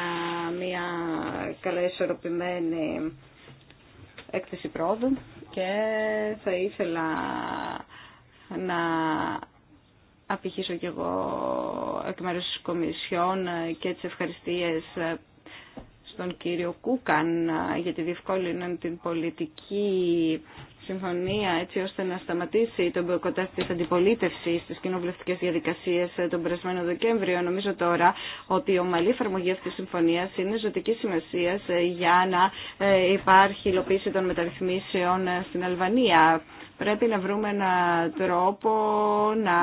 μια καλά ισορροπημένη έκθεση πρόοδου και θα ήθελα να απηχήσω κι εγώ εκ μέρους της Κομισιόν και τις ευχαριστίες τον κύριο Κούκαν γιατί διευκόλυναν την πολιτική συμφωνία έτσι ώστε να σταματήσει τον μποϊκοτάζ της αντιπολίτευσης στις κοινοβουλευτικές διαδικασίες ε, τον περασμένο Δεκέμβριο. Νομίζω τώρα ότι η ομαλή εφαρμογή αυτής της συμφωνίας είναι ζωτική σημασία ε, για να ε, υπάρχει υλοποίηση των μεταρρυθμίσεων στην Αλβανία. Πρέπει να βρούμε έναν τρόπο να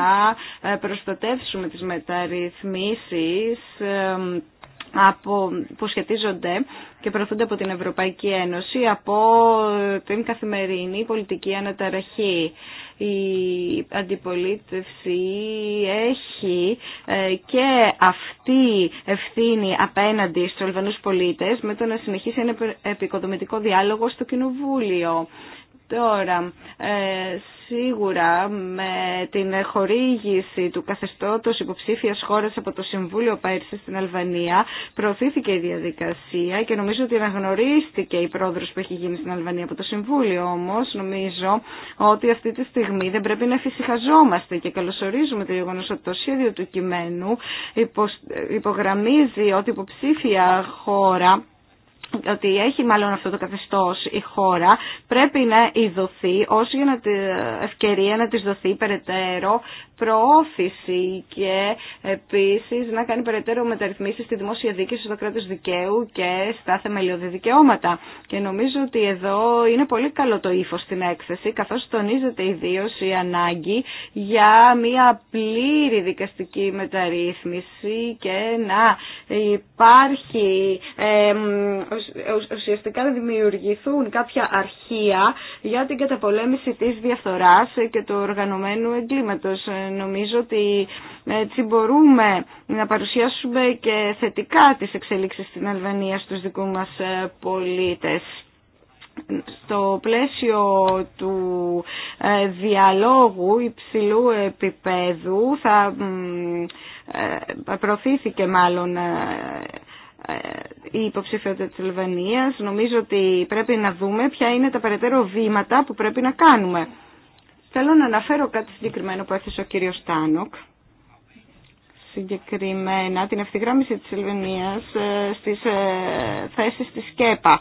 προστατεύσουμε τις μεταρρυθμίσεις από, που σχετίζονται και προωθούνται από την Ευρωπαϊκή Ένωση από την καθημερινή πολιτική αναταραχή. Η αντιπολίτευση έχει ε, και αυτή ευθύνη απέναντι στους Αλβανούς πολίτες με το να συνεχίσει ένα επικοδομητικό διάλογο στο Κοινοβούλιο. Τώρα, ε, σίγουρα με την χορήγηση του καθεστώτος υποψήφιας χώρας από το Συμβούλιο Πέρσι στην Αλβανία προωθήθηκε η διαδικασία και νομίζω ότι αναγνωρίστηκε η πρόδρος που έχει γίνει στην Αλβανία από το Συμβούλιο όμως νομίζω ότι αυτή τη στιγμή δεν πρέπει να εφησυχαζόμαστε και καλωσορίζουμε το γεγονό ότι το σχέδιο του κειμένου υπογραμμίζει ότι υποψήφια χώρα ότι έχει μάλλον αυτό το καθεστώς η χώρα, πρέπει να ειδωθεί ως για να ευκαιρία να της δοθεί περαιτέρω προώθηση και επίσης να κάνει περαιτέρω μεταρρυθμίσεις στη δημόσια δίκη στο κράτος δικαίου και στα θεμελιώδη δικαιώματα. Και νομίζω ότι εδώ είναι πολύ καλό το ύφο στην έκθεση, καθώς τονίζεται ιδίω η ανάγκη για μια πλήρη δικαστική μεταρρύθμιση και να υπάρχει ουσιαστικά να δημιουργηθούν κάποια αρχεία για την καταπολέμηση της διαφθοράς και του οργανωμένου εγκλήματος. Νομίζω ότι έτσι μπορούμε να παρουσιάσουμε και θετικά τις εξελίξεις στην Αλβανία στους δικούς μας ε, πολίτες στο πλαίσιο του ε, διαλόγου υψηλού επίπεδου θα ε, προωθήθηκε μάλλον ε, η υποψηφιότητα της Λιβανίας. Νομίζω ότι πρέπει να δούμε ποια είναι τα περαιτέρω βήματα που πρέπει να κάνουμε. Θέλω να αναφέρω κάτι συγκεκριμένο που έθεσε ο κύριος Τάνοκ. Συγκεκριμένα την ευθυγράμμιση της Λιβανίας ε, στις ε, θέσεις της ΚΕΠΑ.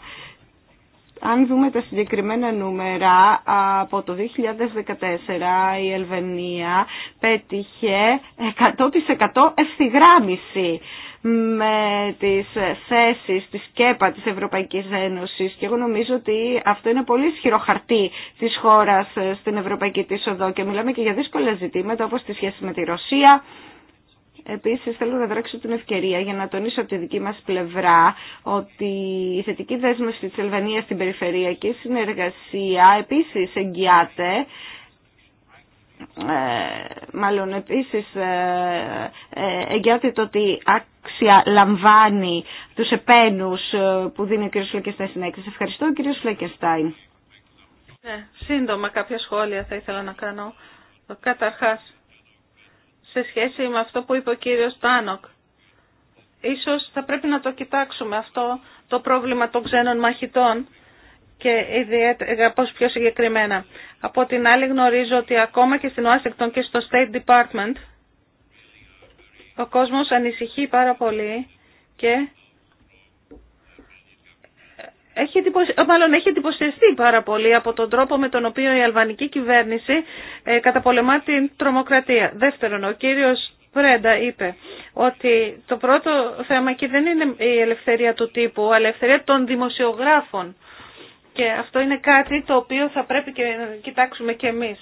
Αν δούμε τα συγκεκριμένα νούμερα, από το 2014 η Ελβενία πέτυχε 100% ευθυγράμμιση με τις θέσεις της ΚΕΠΑ της Ευρωπαϊκής Ένωσης και εγώ νομίζω ότι αυτό είναι πολύ ισχυρό χαρτί της χώρας στην Ευρωπαϊκή της και μιλάμε και για δύσκολα ζητήματα όπως τη σχέση με τη Ρωσία. Επίσης θέλω να δράξω την ευκαιρία για να τονίσω από τη δική μας πλευρά ότι η θετική δέσμευση της Ελβανίας στην περιφερειακή συνεργασία επίσης εγγυάται ε, μάλλον επίσης ε, ε, εγγυάται το ότι άξια λαμβάνει τους επένους που δίνει ο κ. Φλεκεστάιν στην έκθεση. Ευχαριστώ κ. Φλεκεστάιν. Ναι, σύντομα κάποια σχόλια θα ήθελα να κάνω. Καταρχάς, σε σχέση με αυτό που είπε ο κύριος Τάνοκ, ίσως θα πρέπει να το κοιτάξουμε αυτό το πρόβλημα των ξένων μαχητών και ιδιαίτερα ε, πώς πιο συγκεκριμένα. Από την άλλη γνωρίζω ότι ακόμα και στην Ουάσιγκτον και στο State Department ο κόσμος ανησυχεί πάρα πολύ και έχει ε, μάλλον έχει εντυπωσιαστεί πάρα πολύ από τον τρόπο με τον οποίο η αλβανική κυβέρνηση ε, καταπολεμά την τρομοκρατία. Δεύτερον, ο κύριος Βρέντα είπε ότι το πρώτο θέμα εκεί δεν είναι η ελευθερία του τύπου, αλλά η ελευθερία των δημοσιογράφων και αυτό είναι κάτι το οποίο θα πρέπει και να κοιτάξουμε και εμείς.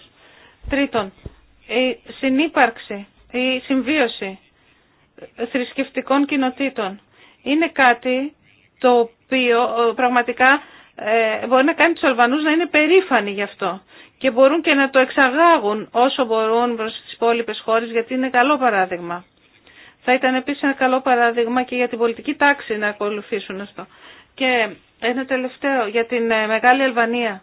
Τρίτον, η συνύπαρξη, η συμβίωση θρησκευτικών κοινοτήτων είναι κάτι το οποίο ε, πραγματικά ε, μπορεί να κάνει τους Αλβανούς να είναι περήφανοι γι' αυτό και μπορούν και να το εξαγάγουν όσο μπορούν προς τις υπόλοιπε χώρες γιατί είναι καλό παράδειγμα. Θα ήταν επίσης ένα καλό παράδειγμα και για την πολιτική τάξη να ακολουθήσουν αυτό. Και ένα τελευταίο για την ε, Μεγάλη Αλβανία.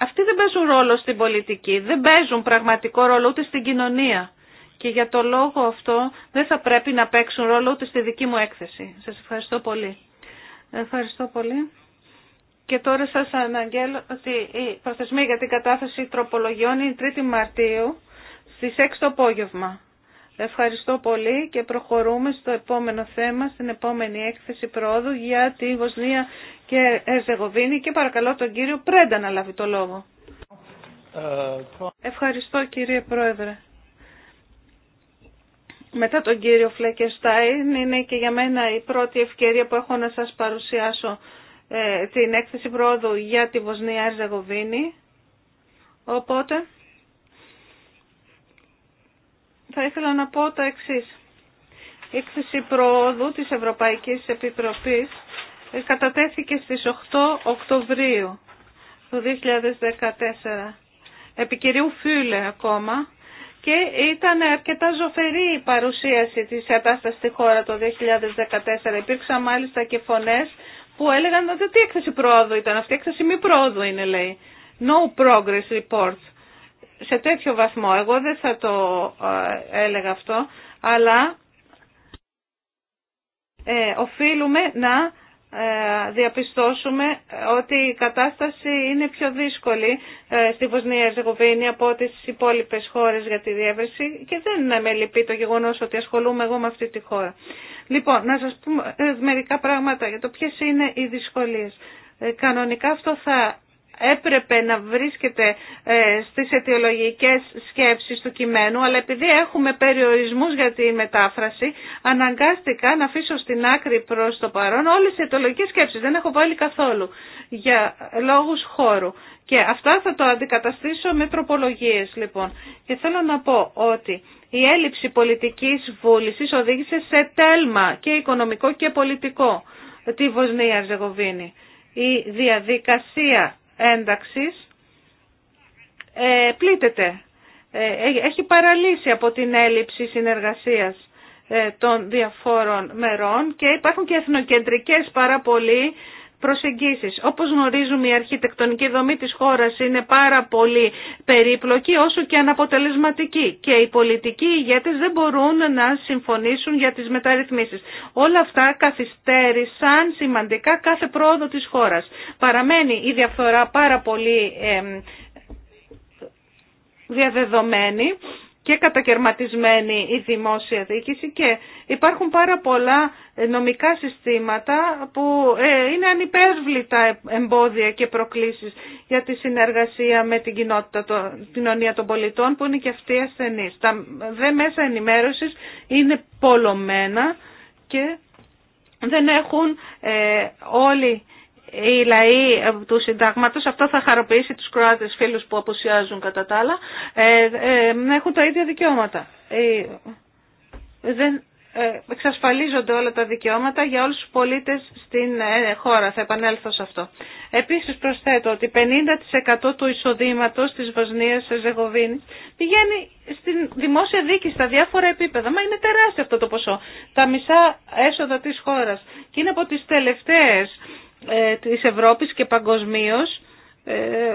Αυτοί δεν παίζουν ρόλο στην πολιτική, δεν παίζουν πραγματικό ρόλο ούτε στην κοινωνία. Και για το λόγο αυτό δεν θα πρέπει να παίξουν ρόλο ούτε στη δική μου έκθεση. Σας ευχαριστώ πολύ. Ευχαριστώ πολύ. Και τώρα σας αναγγέλω ότι η προθεσμία για την κατάθεση τροπολογιών είναι 3η Μαρτίου στις 6 το απόγευμα. Ευχαριστώ πολύ και προχωρούμε στο επόμενο θέμα, στην επόμενη έκθεση πρόοδου για τη Βοσνία και Ερζεγοβίνη και παρακαλώ τον κύριο Πρέντα να λάβει το λόγο. Ευχαριστώ κύριε Πρόεδρε. Μετά τον κύριο Φλέκεστάιν είναι και για μένα η πρώτη ευκαιρία που έχω να σας παρουσιάσω ε, την έκθεση πρόοδου για τη Βοσνία Ερζεγοβίνη. Οπότε θα ήθελα να πω το εξή. Η έκθεση προόδου της Ευρωπαϊκής Επιτροπής ε, κατατέθηκε στις 8 Οκτωβρίου του 2014 επί κυρίου ακόμα και ήταν αρκετά ζωφερή η παρουσίαση της κατάστασης στη χώρα το 2014. Υπήρξαν μάλιστα και φωνές που έλεγαν ότι τι έκθεση πρόοδου ήταν αυτή, έκθεση μη πρόοδου είναι λέει. No progress reports σε τέτοιο βαθμό. Εγώ δεν θα το ε, έλεγα αυτό, αλλά ε, οφείλουμε να ε, διαπιστώσουμε ότι η κατάσταση είναι πιο δύσκολη στη Βοσνία ζεγοβινη από τις υπόλοιπες χώρες για τη διεύρυνση και δεν με λυπεί το γεγονός ότι ασχολούμαι εγώ με αυτή τη χώρα. Λοιπόν, να σας πούμε μερικά πράγματα για το ποιες είναι οι δυσκολίες. Κανονικά αυτό θα έπρεπε να βρίσκεται ε, στις αιτιολογικές σκέψεις του κειμένου, αλλά επειδή έχουμε περιορισμούς για τη μετάφραση, αναγκάστηκα να αφήσω στην άκρη προς το παρόν όλες τις αιτιολογικές σκέψεις. Δεν έχω βάλει καθόλου για λόγους χώρου. Και αυτά θα το αντικαταστήσω με τροπολογίες λοιπόν. Και θέλω να πω ότι η έλλειψη πολιτικής βούλησης οδήγησε σε τέλμα και οικονομικό και πολιτικό τη Βοσνία Ζεγοβίνη. Η διαδικασία ένταξης ε, πλήττεται. Ε, έχει παραλύσει από την έλλειψη συνεργασίας ε, των διαφόρων μερών και υπάρχουν και εθνοκεντρικές πάρα πολλοί προσεγγίσεις. Όπως γνωρίζουμε η αρχιτεκτονική δομή της χώρας είναι πάρα πολύ περίπλοκη όσο και αναποτελεσματική και οι πολιτικοί ηγέτες δεν μπορούν να συμφωνήσουν για τις μεταρρυθμίσεις. Όλα αυτά καθυστέρησαν σημαντικά κάθε πρόοδο της χώρας. Παραμένει η διαφθορά πάρα πολύ διαδεδομένη και κατακαιρματισμένη η δημόσια διοίκηση και υπάρχουν πάρα πολλά νομικά συστήματα που ε, είναι ανυπέρβλητα ε, εμπόδια και προκλήσεις για τη συνεργασία με την κοινότητα, την κοινωνία των πολιτών που είναι και αυτοί ασθενείς. Τα δε μέσα ενημέρωσης είναι πολλωμένα και δεν έχουν ε, όλοι οι λαοί του συντάγματος, αυτό θα χαροποιήσει τους Κροάτες φίλους που αποσιάζουν κατά τα άλλα, ε, ε, έχουν τα ίδια δικαιώματα. Ε, δεν εξασφαλίζονται όλα τα δικαιώματα για όλους τους πολίτες στην χώρα. Θα επανέλθω σε αυτό. Επίσης προσθέτω ότι 50% του εισοδήματος της Βοσνίας σε Ζεγοβίνη πηγαίνει στην δημόσια δίκη στα διάφορα επίπεδα. Μα είναι τεράστιο αυτό το ποσό. Τα μισά έσοδα της χώρας. Και είναι από τις τελευταίες ε, της Ευρώπης και παγκοσμίως ε,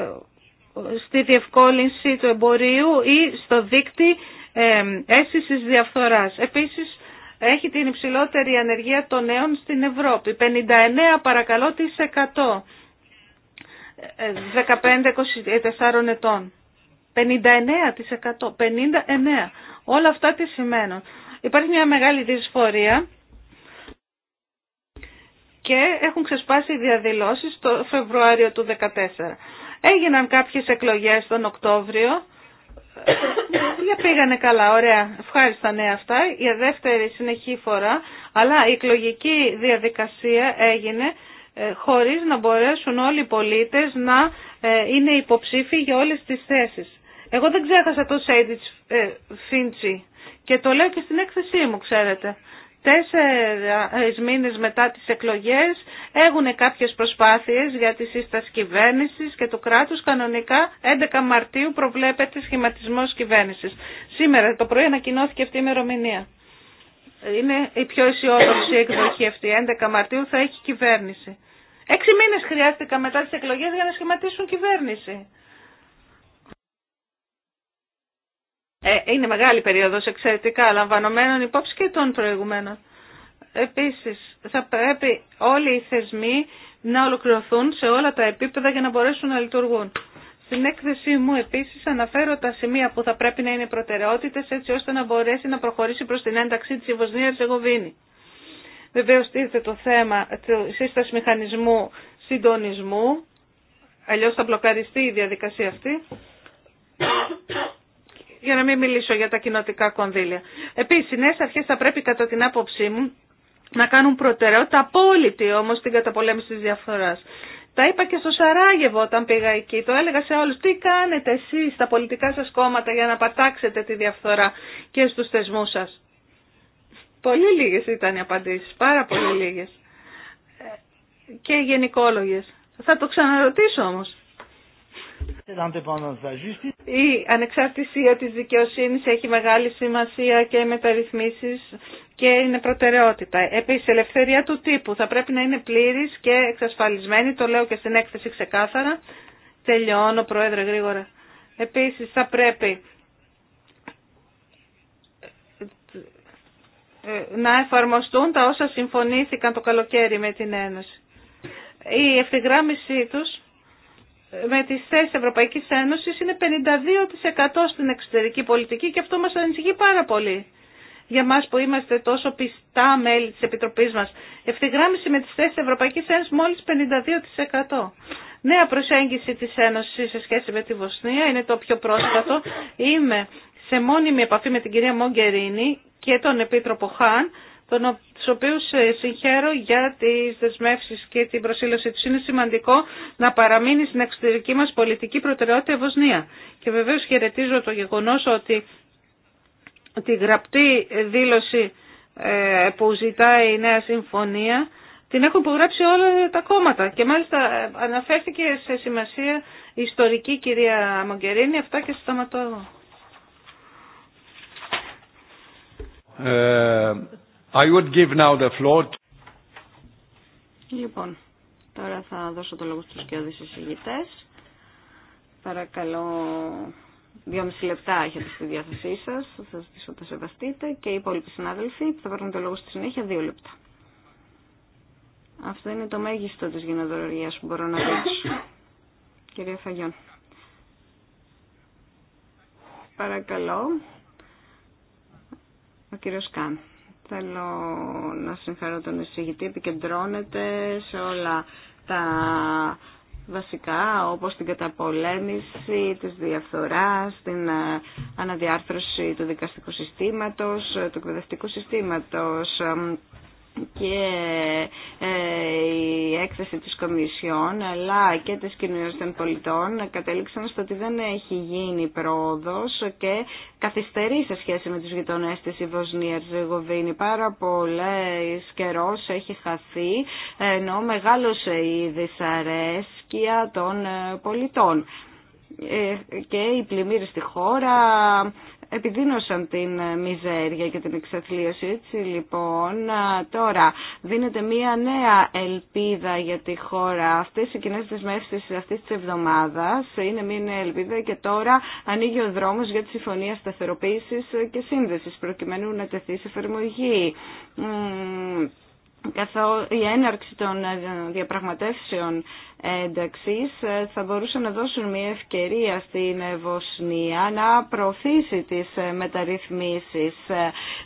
στη διευκόλυνση του εμπορίου ή στο δίκτυ ε, αίσθησης διαφθοράς. Επίσης, έχει την υψηλότερη ανεργία των νέων στην Ευρώπη, 59 παρακαλώ της 100, 15-24 ετών. 59%, 59. Όλα αυτά τι σημαίνουν. Υπάρχει μια μεγάλη δυσφορία και έχουν ξεσπάσει οι το Φεβρουάριο του 2014. Έγιναν κάποιες εκλογές τον Οκτώβριο. Δεν πήγανε καλά, ωραία, ευχάριστα ναι αυτά, για δεύτερη συνεχή φορά, αλλά η εκλογική διαδικασία έγινε ε, χωρίς να μπορέσουν όλοι οι πολίτες να ε, είναι υποψήφοι για όλες τις θέσεις. Εγώ δεν ξέχασα το Σέιντιτς ε, Φίντσι και το λέω και στην έκθεσή μου, ξέρετε. Τέσσερις μήνες μετά τις εκλογές έχουν κάποιες προσπάθειες για τη σύσταση κυβέρνησης και του κράτους. Κανονικά 11 Μαρτίου προβλέπεται σχηματισμός κυβέρνησης. Σήμερα το πρωί ανακοινώθηκε αυτή η ημερομηνία. Είναι η πιο αισιόδοξη εκδοχή αυτή. 11 Μαρτίου θα έχει κυβέρνηση. Έξι μήνες χρειάστηκαν μετά τις εκλογές για να σχηματίσουν κυβέρνηση. Ε, είναι μεγάλη περίοδος εξαιρετικά λαμβανομένων υπόψη και των προηγουμένων. Επίσης, θα πρέπει όλοι οι θεσμοί να ολοκληρωθούν σε όλα τα επίπεδα για να μπορέσουν να λειτουργούν. Στην έκθεσή μου επίσης αναφέρω τα σημεία που θα πρέπει να είναι προτεραιότητες έτσι ώστε να μπορέσει να προχωρήσει προς την ένταξή της η Βοσνία Ερζεγοβίνη. Βεβαίως τίθεται το θέμα τη σύσταση μηχανισμού συντονισμού, αλλιώ θα μπλοκαριστεί η διαδικασία αυτή για να μην μιλήσω για τα κοινοτικά κονδύλια. Επίσης, οι νέες αρχές θα πρέπει κατά την άποψή μου να κάνουν προτεραιότητα απόλυτη όμως την καταπολέμηση της διαφθοράς. Τα είπα και στο Σαράγεβο όταν πήγα εκεί. Το έλεγα σε όλους. Τι κάνετε εσείς στα πολιτικά σας κόμματα για να πατάξετε τη διαφθορά και στους θεσμούς σας. Πολύ λίγες ήταν οι απαντήσεις. Πάρα πολύ λίγες. Ε, και γενικόλογες. Θα το ξαναρωτήσω όμως. Η ανεξαρτησία της δικαιοσύνης έχει μεγάλη σημασία και οι μεταρρυθμίσεις και είναι προτεραιότητα. Επίσης, η ελευθερία του τύπου θα πρέπει να είναι πλήρης και εξασφαλισμένη, το λέω και στην έκθεση ξεκάθαρα. Τελειώνω, Πρόεδρε, γρήγορα. Επίσης, θα πρέπει να εφαρμοστούν τα όσα συμφωνήθηκαν το καλοκαίρι με την Ένωση. Η ευθυγράμμισή τους με τις θέσεις Ευρωπαϊκής Ένωση είναι 52% στην εξωτερική πολιτική και αυτό μας ανησυχεί πάρα πολύ. Για εμά που είμαστε τόσο πιστά μέλη της Επιτροπής μας, ευθυγράμμιση με τις θέσεις Ευρωπαϊκής Ένωση μόλις 52%. Νέα προσέγγιση της Ένωση σε σχέση με τη Βοσνία είναι το πιο πρόσφατο. Είμαι σε μόνιμη επαφή με την κυρία Μογκερίνη και τον Επίτροπο Χάν του οποίου ε, συγχαίρω για τι δεσμεύσει και την προσήλωσή του, Είναι σημαντικό να παραμείνει στην εξωτερική μας πολιτική προτεραιότητα η Βοσνία. Και βεβαίως χαιρετίζω το γεγονός ότι τη γραπτή δήλωση ε, που ζητάει η νέα συμφωνία την έχουν υπογράψει όλα τα κόμματα και μάλιστα ε, αναφέρθηκε σε σημασία ιστορική κυρία Μογκερίνη. Αυτά και σταματώ I would give now the floor to... Λοιπόν, τώρα θα δώσω το λόγο στους και εισηγητές. Παρακαλώ, Παρακαλώ δυόμιση λεπτά έχετε στη διάθεσή σα. θα σας ζητήσω το σεβαστείτε και οι υπόλοιποι συνάδελφοι που θα παίρνουν το λόγο στη συνέχεια δύο λεπτά. Αυτό είναι το μέγιστο τη γενοδόρια που μπορώ να δείξω. Κυρία Φαγιόν. Παρακαλώ. Ο κύριο Κάν. Θέλω να συγχαρώ τον εισηγητή, επικεντρώνεται σε όλα τα βασικά όπως την καταπολέμηση της διαφθοράς, την ε, αναδιάρθρωση του δικαστικού συστήματος, ε, του εκπαιδευτικού συστήματος. Ε, και ε, η έκθεση της Κομισιόν αλλά και της κοινωνίας των πολιτών κατέληξαν στο ότι δεν έχει γίνει πρόοδος και καθυστερεί σε σχέση με τους γειτονές της η Βοσνία Ριζεγοβίνη. Πάρα πολύ καιρός έχει χαθεί ενώ μεγάλωσε η δυσαρέσκεια των ε, πολιτών ε, και οι πλημμύρες στη χώρα επιδίνωσαν την ε, μιζέρια και την εξαθλίωση. Έτσι λοιπόν τώρα δίνεται μία νέα ελπίδα για τη χώρα Αυτές Οι κοινέ δεσμεύσει αυτή τη εβδομάδα είναι μία νέα ελπίδα και τώρα ανοίγει ο δρόμο για τη συμφωνία σταθεροποίησης και σύνδεσης προκειμένου να τεθεί σε εφαρμογή καθώς η έναρξη των ε, διαπραγματεύσεων ένταξη ε, θα μπορούσε να δώσουν μια ευκαιρία στην ε, Βοσνία να προωθήσει τις μεταρρυθμίσει.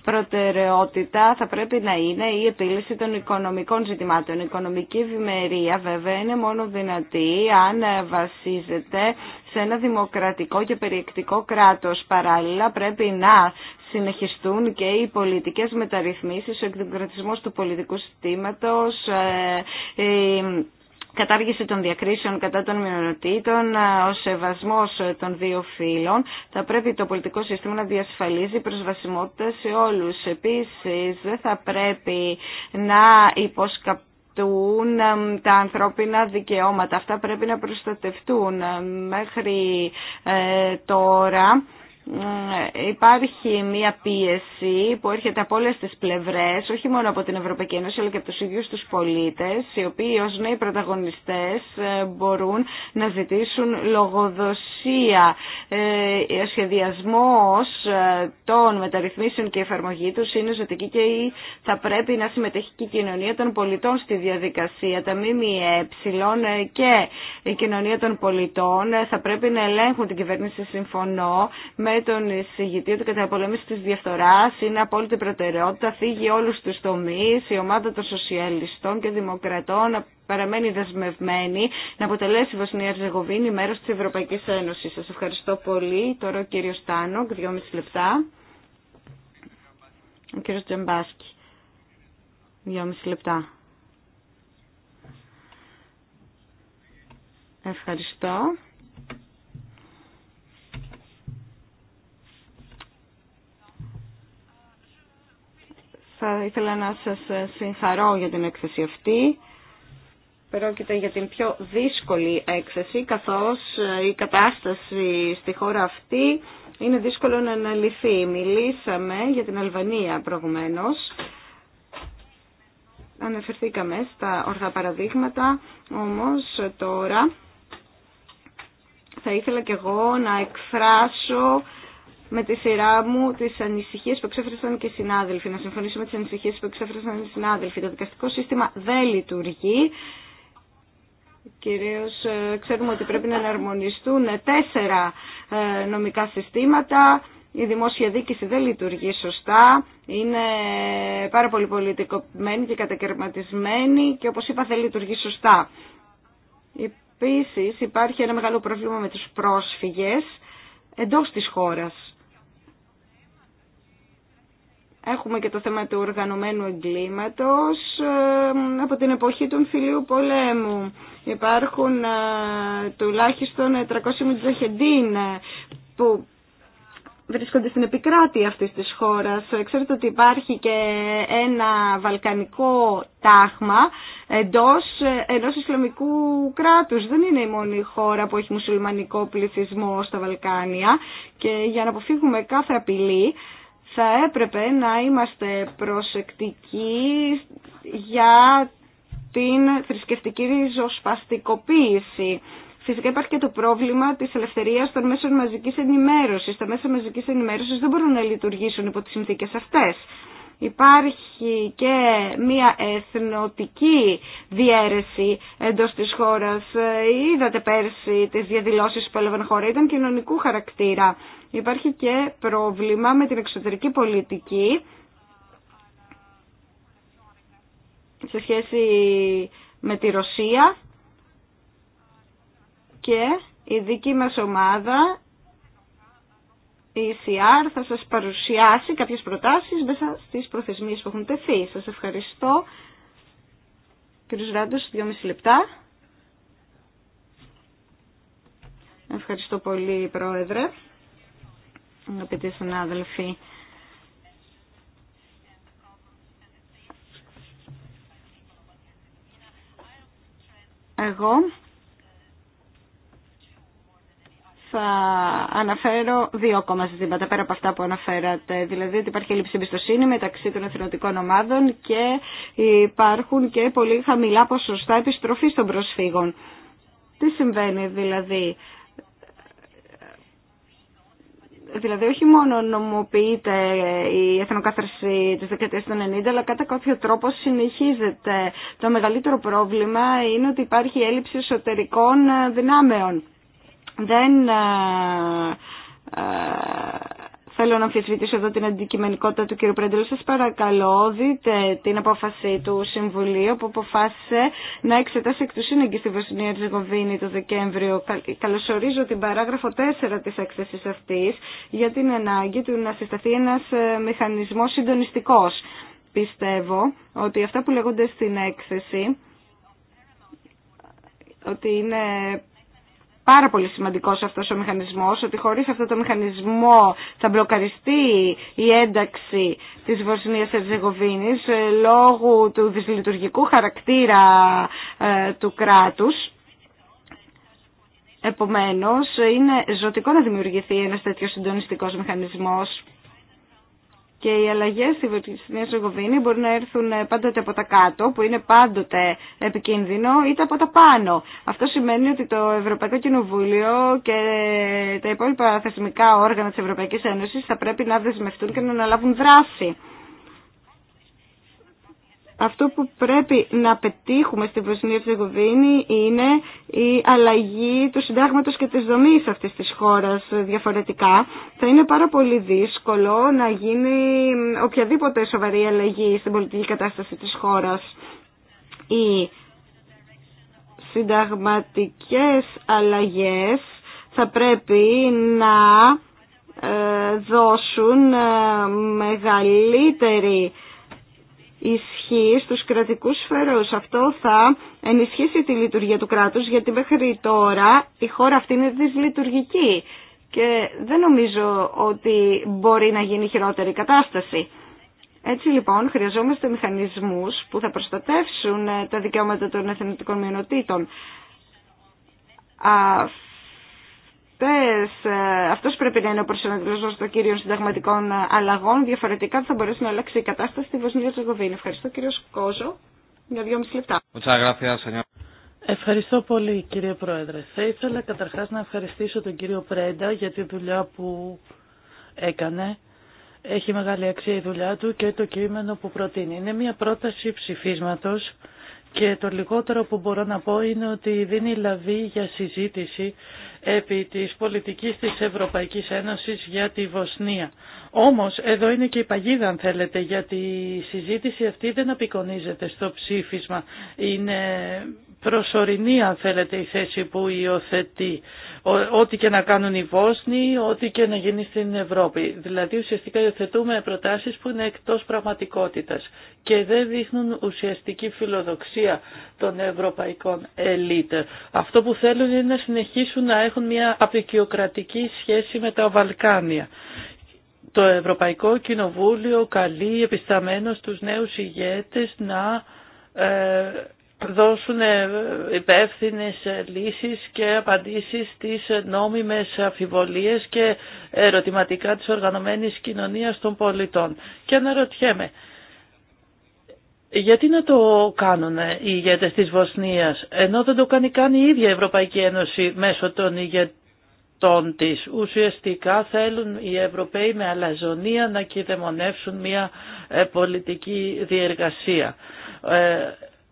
Προτεραιότητα θα πρέπει να είναι η επίλυση των οικονομικών ζητημάτων. Η οικονομική ευημερία βέβαια είναι μόνο δυνατή αν βασίζεται σε ένα δημοκρατικό και περιεκτικό κράτος. Παράλληλα πρέπει να συνεχιστούν και οι πολιτικές μεταρρυθμίσεις, ο εκδημοκρατισμός του πολιτικού συστήματος, ε, η κατάργηση των διακρίσεων κατά των μειονοτήτων, ε, ο σεβασμός των δύο φύλων. Θα πρέπει το πολιτικό σύστημα να διασφαλίζει προσβασιμότητα σε όλους. Επίσης, δεν θα πρέπει να υποσκαπτούν ε, τα ανθρώπινα δικαιώματα. Αυτά πρέπει να προστατευτούν. Μέχρι τώρα υπάρχει μία πίεση που έρχεται από όλε τις πλευρές, όχι μόνο από την Ευρωπαϊκή Ένωση, αλλά και από τους ίδιους τους πολίτες, οι οποίοι ως νέοι πρωταγωνιστές ε, μπορούν να ζητήσουν λογοδοσία, ε, ο σχεδιασμός ε, των μεταρρυθμίσεων και εφαρμογή τους είναι ζωτική και θα πρέπει να συμμετέχει και η κοινωνία των πολιτών στη διαδικασία. Τα ΜΜΕ και η κοινωνία των πολιτών θα πρέπει να ελέγχουν την κυβέρνηση, συμφωνώ, τον εισηγητή του κατά καταπολέμηση της διαφθοράς είναι απόλυτη προτεραιότητα, φύγει όλους τους τομείς, η ομάδα των σοσιαλιστών και δημοκρατών παραμένει δεσμευμένη να αποτελέσει η Βοσνία μέρος της Ευρωπαϊκής Ένωσης. Σας ευχαριστώ πολύ. Τώρα ο κύριος Τάνοκ, δυόμιση λεπτά. Ο κύριος Τζεμπάσκι, δυόμιση λεπτά. Ευχαριστώ. Θα ήθελα να σας ε, συγχαρώ για την έκθεση αυτή. Πρόκειται για την πιο δύσκολη έκθεση, καθώς ε, η κατάσταση στη χώρα αυτή είναι δύσκολο να αναλυθεί. Μιλήσαμε για την Αλβανία προηγουμένως. Αναφερθήκαμε στα ορθά παραδείγματα, όμως ε, τώρα θα ήθελα και εγώ να εκφράσω με τη σειρά μου τι ανησυχίε που εξέφρασαν και οι συνάδελφοι. Να συμφωνήσω με τι ανησυχίε που εξέφρασαν οι συνάδελφοι. Το δικαστικό σύστημα δεν λειτουργεί. Κυρίως ε, ξέρουμε ότι πρέπει να εναρμονιστούν τέσσερα ε, νομικά συστήματα. Η δημόσια δίκηση δεν λειτουργεί σωστά, είναι πάρα πολύ πολιτικοποιημένη και κατακαιρματισμένη και όπως είπα δεν λειτουργεί σωστά. Επίσης υπάρχει ένα μεγάλο πρόβλημα με τους πρόσφυγες εντός της χώρας. Έχουμε και το θέμα του οργανωμένου εγκλήματος ε, από την εποχή του φιλίου πολέμου. Υπάρχουν ε, τουλάχιστον 300 μιτζαχεντίν ε, που βρίσκονται στην επικράτεια αυτής της χώρας. Ξέρετε ότι υπάρχει και ένα βαλκανικό τάχμα εντός ενός Ισλαμικού κράτους. Δεν είναι η μόνη χώρα που έχει μουσουλμανικό πληθυσμό στα Βαλκάνια και για να αποφύγουμε κάθε απειλή θα έπρεπε να είμαστε προσεκτικοί για την θρησκευτική ριζοσπαστικοποίηση. Φυσικά υπάρχει και το πρόβλημα τη ελευθερία των μέσων μαζική ενημέρωση. Τα μέσα μαζική ενημέρωση δεν μπορούν να λειτουργήσουν υπό τι συνθήκε αυτέ. Υπάρχει και μια εθνοτική διαίρεση εντός της χώρας. Είδατε πέρσι τις διαδηλώσεις που έλαβαν χώρα, ήταν κοινωνικού χαρακτήρα. Υπάρχει και πρόβλημα με την εξωτερική πολιτική σε σχέση με τη Ρωσία και η δική μας ομάδα, η ECR, θα σας παρουσιάσει κάποιες προτάσεις μέσα στις προθεσμίες που έχουν τεθεί. Σας ευχαριστώ. Κύριος Ράντος, μισή λεπτά. Ευχαριστώ πολύ, Πρόεδρε αγαπητοί συνάδελφοι. Εγώ θα αναφέρω δύο ακόμα ζητήματα πέρα από αυτά που αναφέρατε. Δηλαδή ότι υπάρχει έλλειψη εμπιστοσύνη μεταξύ των εθνωτικών ομάδων και υπάρχουν και πολύ χαμηλά ποσοστά επιστροφής των προσφύγων. Τι συμβαίνει δηλαδή Δηλαδή όχι μόνο νομοποιείται η εθνοκάθαρση της δεκαετίας των 90, αλλά κατά κάποιο τρόπο συνεχίζεται. Το μεγαλύτερο πρόβλημα είναι ότι υπάρχει έλλειψη εσωτερικών δυνάμεων. Δεν ε, ε, Θέλω να αμφισβητήσω εδώ την αντικειμενικότητα του κ. Πρέντελου. Σα παρακαλώ, δείτε την απόφαση του Συμβουλίου που αποφάσισε να εξετάσει εκ του σύνεγγυ στη Βοσνία Ριζεγοβίνη το Δεκέμβριο. Καλωσορίζω την παράγραφο 4 τη έκθεση αυτή για την ανάγκη του να συσταθεί ένα ε, μηχανισμό συντονιστικό. Πιστεύω ότι αυτά που λέγονται στην έκθεση ότι είναι πάρα πολύ σημαντικός αυτός ο μηχανισμός, ότι χωρίς αυτό το μηχανισμό θα μπλοκαριστεί η ένταξη της Βοσνίας Ερζεγοβίνης ε, λόγω του δυσλειτουργικού χαρακτήρα ε, του κράτους. Επομένως, είναι ζωτικό να δημιουργηθεί ένας τέτοιος συντονιστικός μηχανισμός και οι αλλαγέ στη Βοσνία Ζεγοβίνη μπορεί να έρθουν πάντοτε από τα κάτω, που είναι πάντοτε επικίνδυνο, είτε από τα πάνω. Αυτό σημαίνει ότι το Ευρωπαϊκό Κοινοβούλιο και τα υπόλοιπα θεσμικά όργανα τη Ευρωπαϊκή Ένωση θα πρέπει να δεσμευτούν και να αναλάβουν δράση. Αυτό που πρέπει να πετύχουμε στη Βοσνία Ερζεγοβίνη είναι η αλλαγή του συντάγματος και της δομής αυτής της χώρας διαφορετικά. Θα είναι πάρα πολύ δύσκολο να γίνει οποιαδήποτε σοβαρή αλλαγή στην πολιτική κατάσταση της χώρας. Οι συνταγματικές αλλαγές θα πρέπει να ε, δώσουν ε, μεγαλύτερη Ισχύει στους κρατικούς σφαίρους. Αυτό θα ενισχύσει τη λειτουργία του κράτους γιατί μέχρι τώρα η χώρα αυτή είναι δυσλειτουργική και δεν νομίζω ότι μπορεί να γίνει χειρότερη κατάσταση. Έτσι λοιπόν χρειαζόμαστε μηχανισμούς που θα προστατεύσουν τα δικαιώματα των εθνικών μειονοτήτων ε, αυτός πρέπει να είναι ο προσανατολισμός των κύριων συνταγματικών αλλαγών. Διαφορετικά θα μπορέσει να αλλάξει η κατάσταση στη Βοσνία Τζεγοβίνη. Ευχαριστώ κύριο Κόζο για δυόμιση λεπτά. Ευχαριστώ πολύ κύριε Πρόεδρε. Θα ήθελα καταρχάς να ευχαριστήσω τον κύριο Πρέντα για τη δουλειά που έκανε. Έχει μεγάλη αξία η δουλειά του και το κείμενο που προτείνει. Είναι μια πρόταση ψηφίσματος και το λιγότερο που μπορώ να πω είναι ότι δίνει λαβή για συζήτηση επί της πολιτικής της Ευρωπαϊκής Ένωσης για τη Βοσνία. Όμως, εδώ είναι και η παγίδα αν θέλετε, γιατί η συζήτηση αυτή δεν απεικονίζεται στο ψήφισμα. Είναι προσωρινή αν θέλετε η θέση που υιοθετεί ό,τι και να κάνουν οι Βόσνοι, ό,τι και να γίνει στην Ευρώπη. Δηλαδή ουσιαστικά υιοθετούμε προτάσεις που είναι εκτός πραγματικότητας και δεν δείχνουν ουσιαστική φιλοδοξία των ευρωπαϊκών ελίτ. Αυτό που θέλουν είναι να συνεχίσουν να έχουν μια απεικιοκρατική σχέση με τα Βαλκάνια. Το Ευρωπαϊκό Κοινοβούλιο καλεί επισταμένως τους νέους ηγέτες να ε, δώσουν ε, υπεύθυνε ε, λύσεις και απαντήσεις στις νόμιμες αφιβολίες και ερωτηματικά της οργανωμένης κοινωνίας των πολιτών. Και αναρωτιέμαι, γιατί να το κάνουν οι ηγέτες της Βοσνίας, ενώ δεν το κάνει καν η ίδια η Ευρωπαϊκή Ένωση μέσω των ηγετών της. Ουσιαστικά θέλουν οι Ευρωπαίοι με αλαζονία να κυδεμονεύσουν μια ε, πολιτική διεργασία.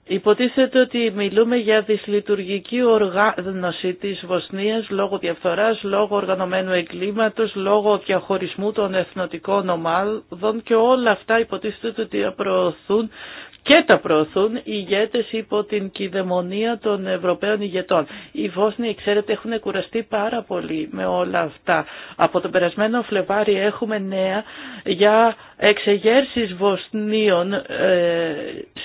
Υποτίθεται ότι μιλούμε για δυσλειτουργική οργάνωση της Βοσνίας λόγω διαφθοράς, λόγω οργανωμένου εγκλήματος, λόγω διαχωρισμού των εθνοτικών ομάδων και όλα αυτά υποτίθεται ότι προωθούν και τα προωθούν οι ηγέτες υπό την κυδαιμονία των Ευρωπαίων ηγετών. Οι Βόσνοι, ξέρετε, έχουν κουραστεί πάρα πολύ με όλα αυτά. Από τον περασμένο Φλεβάρι έχουμε νέα για εξεγέρσεις Βοσνίων ε,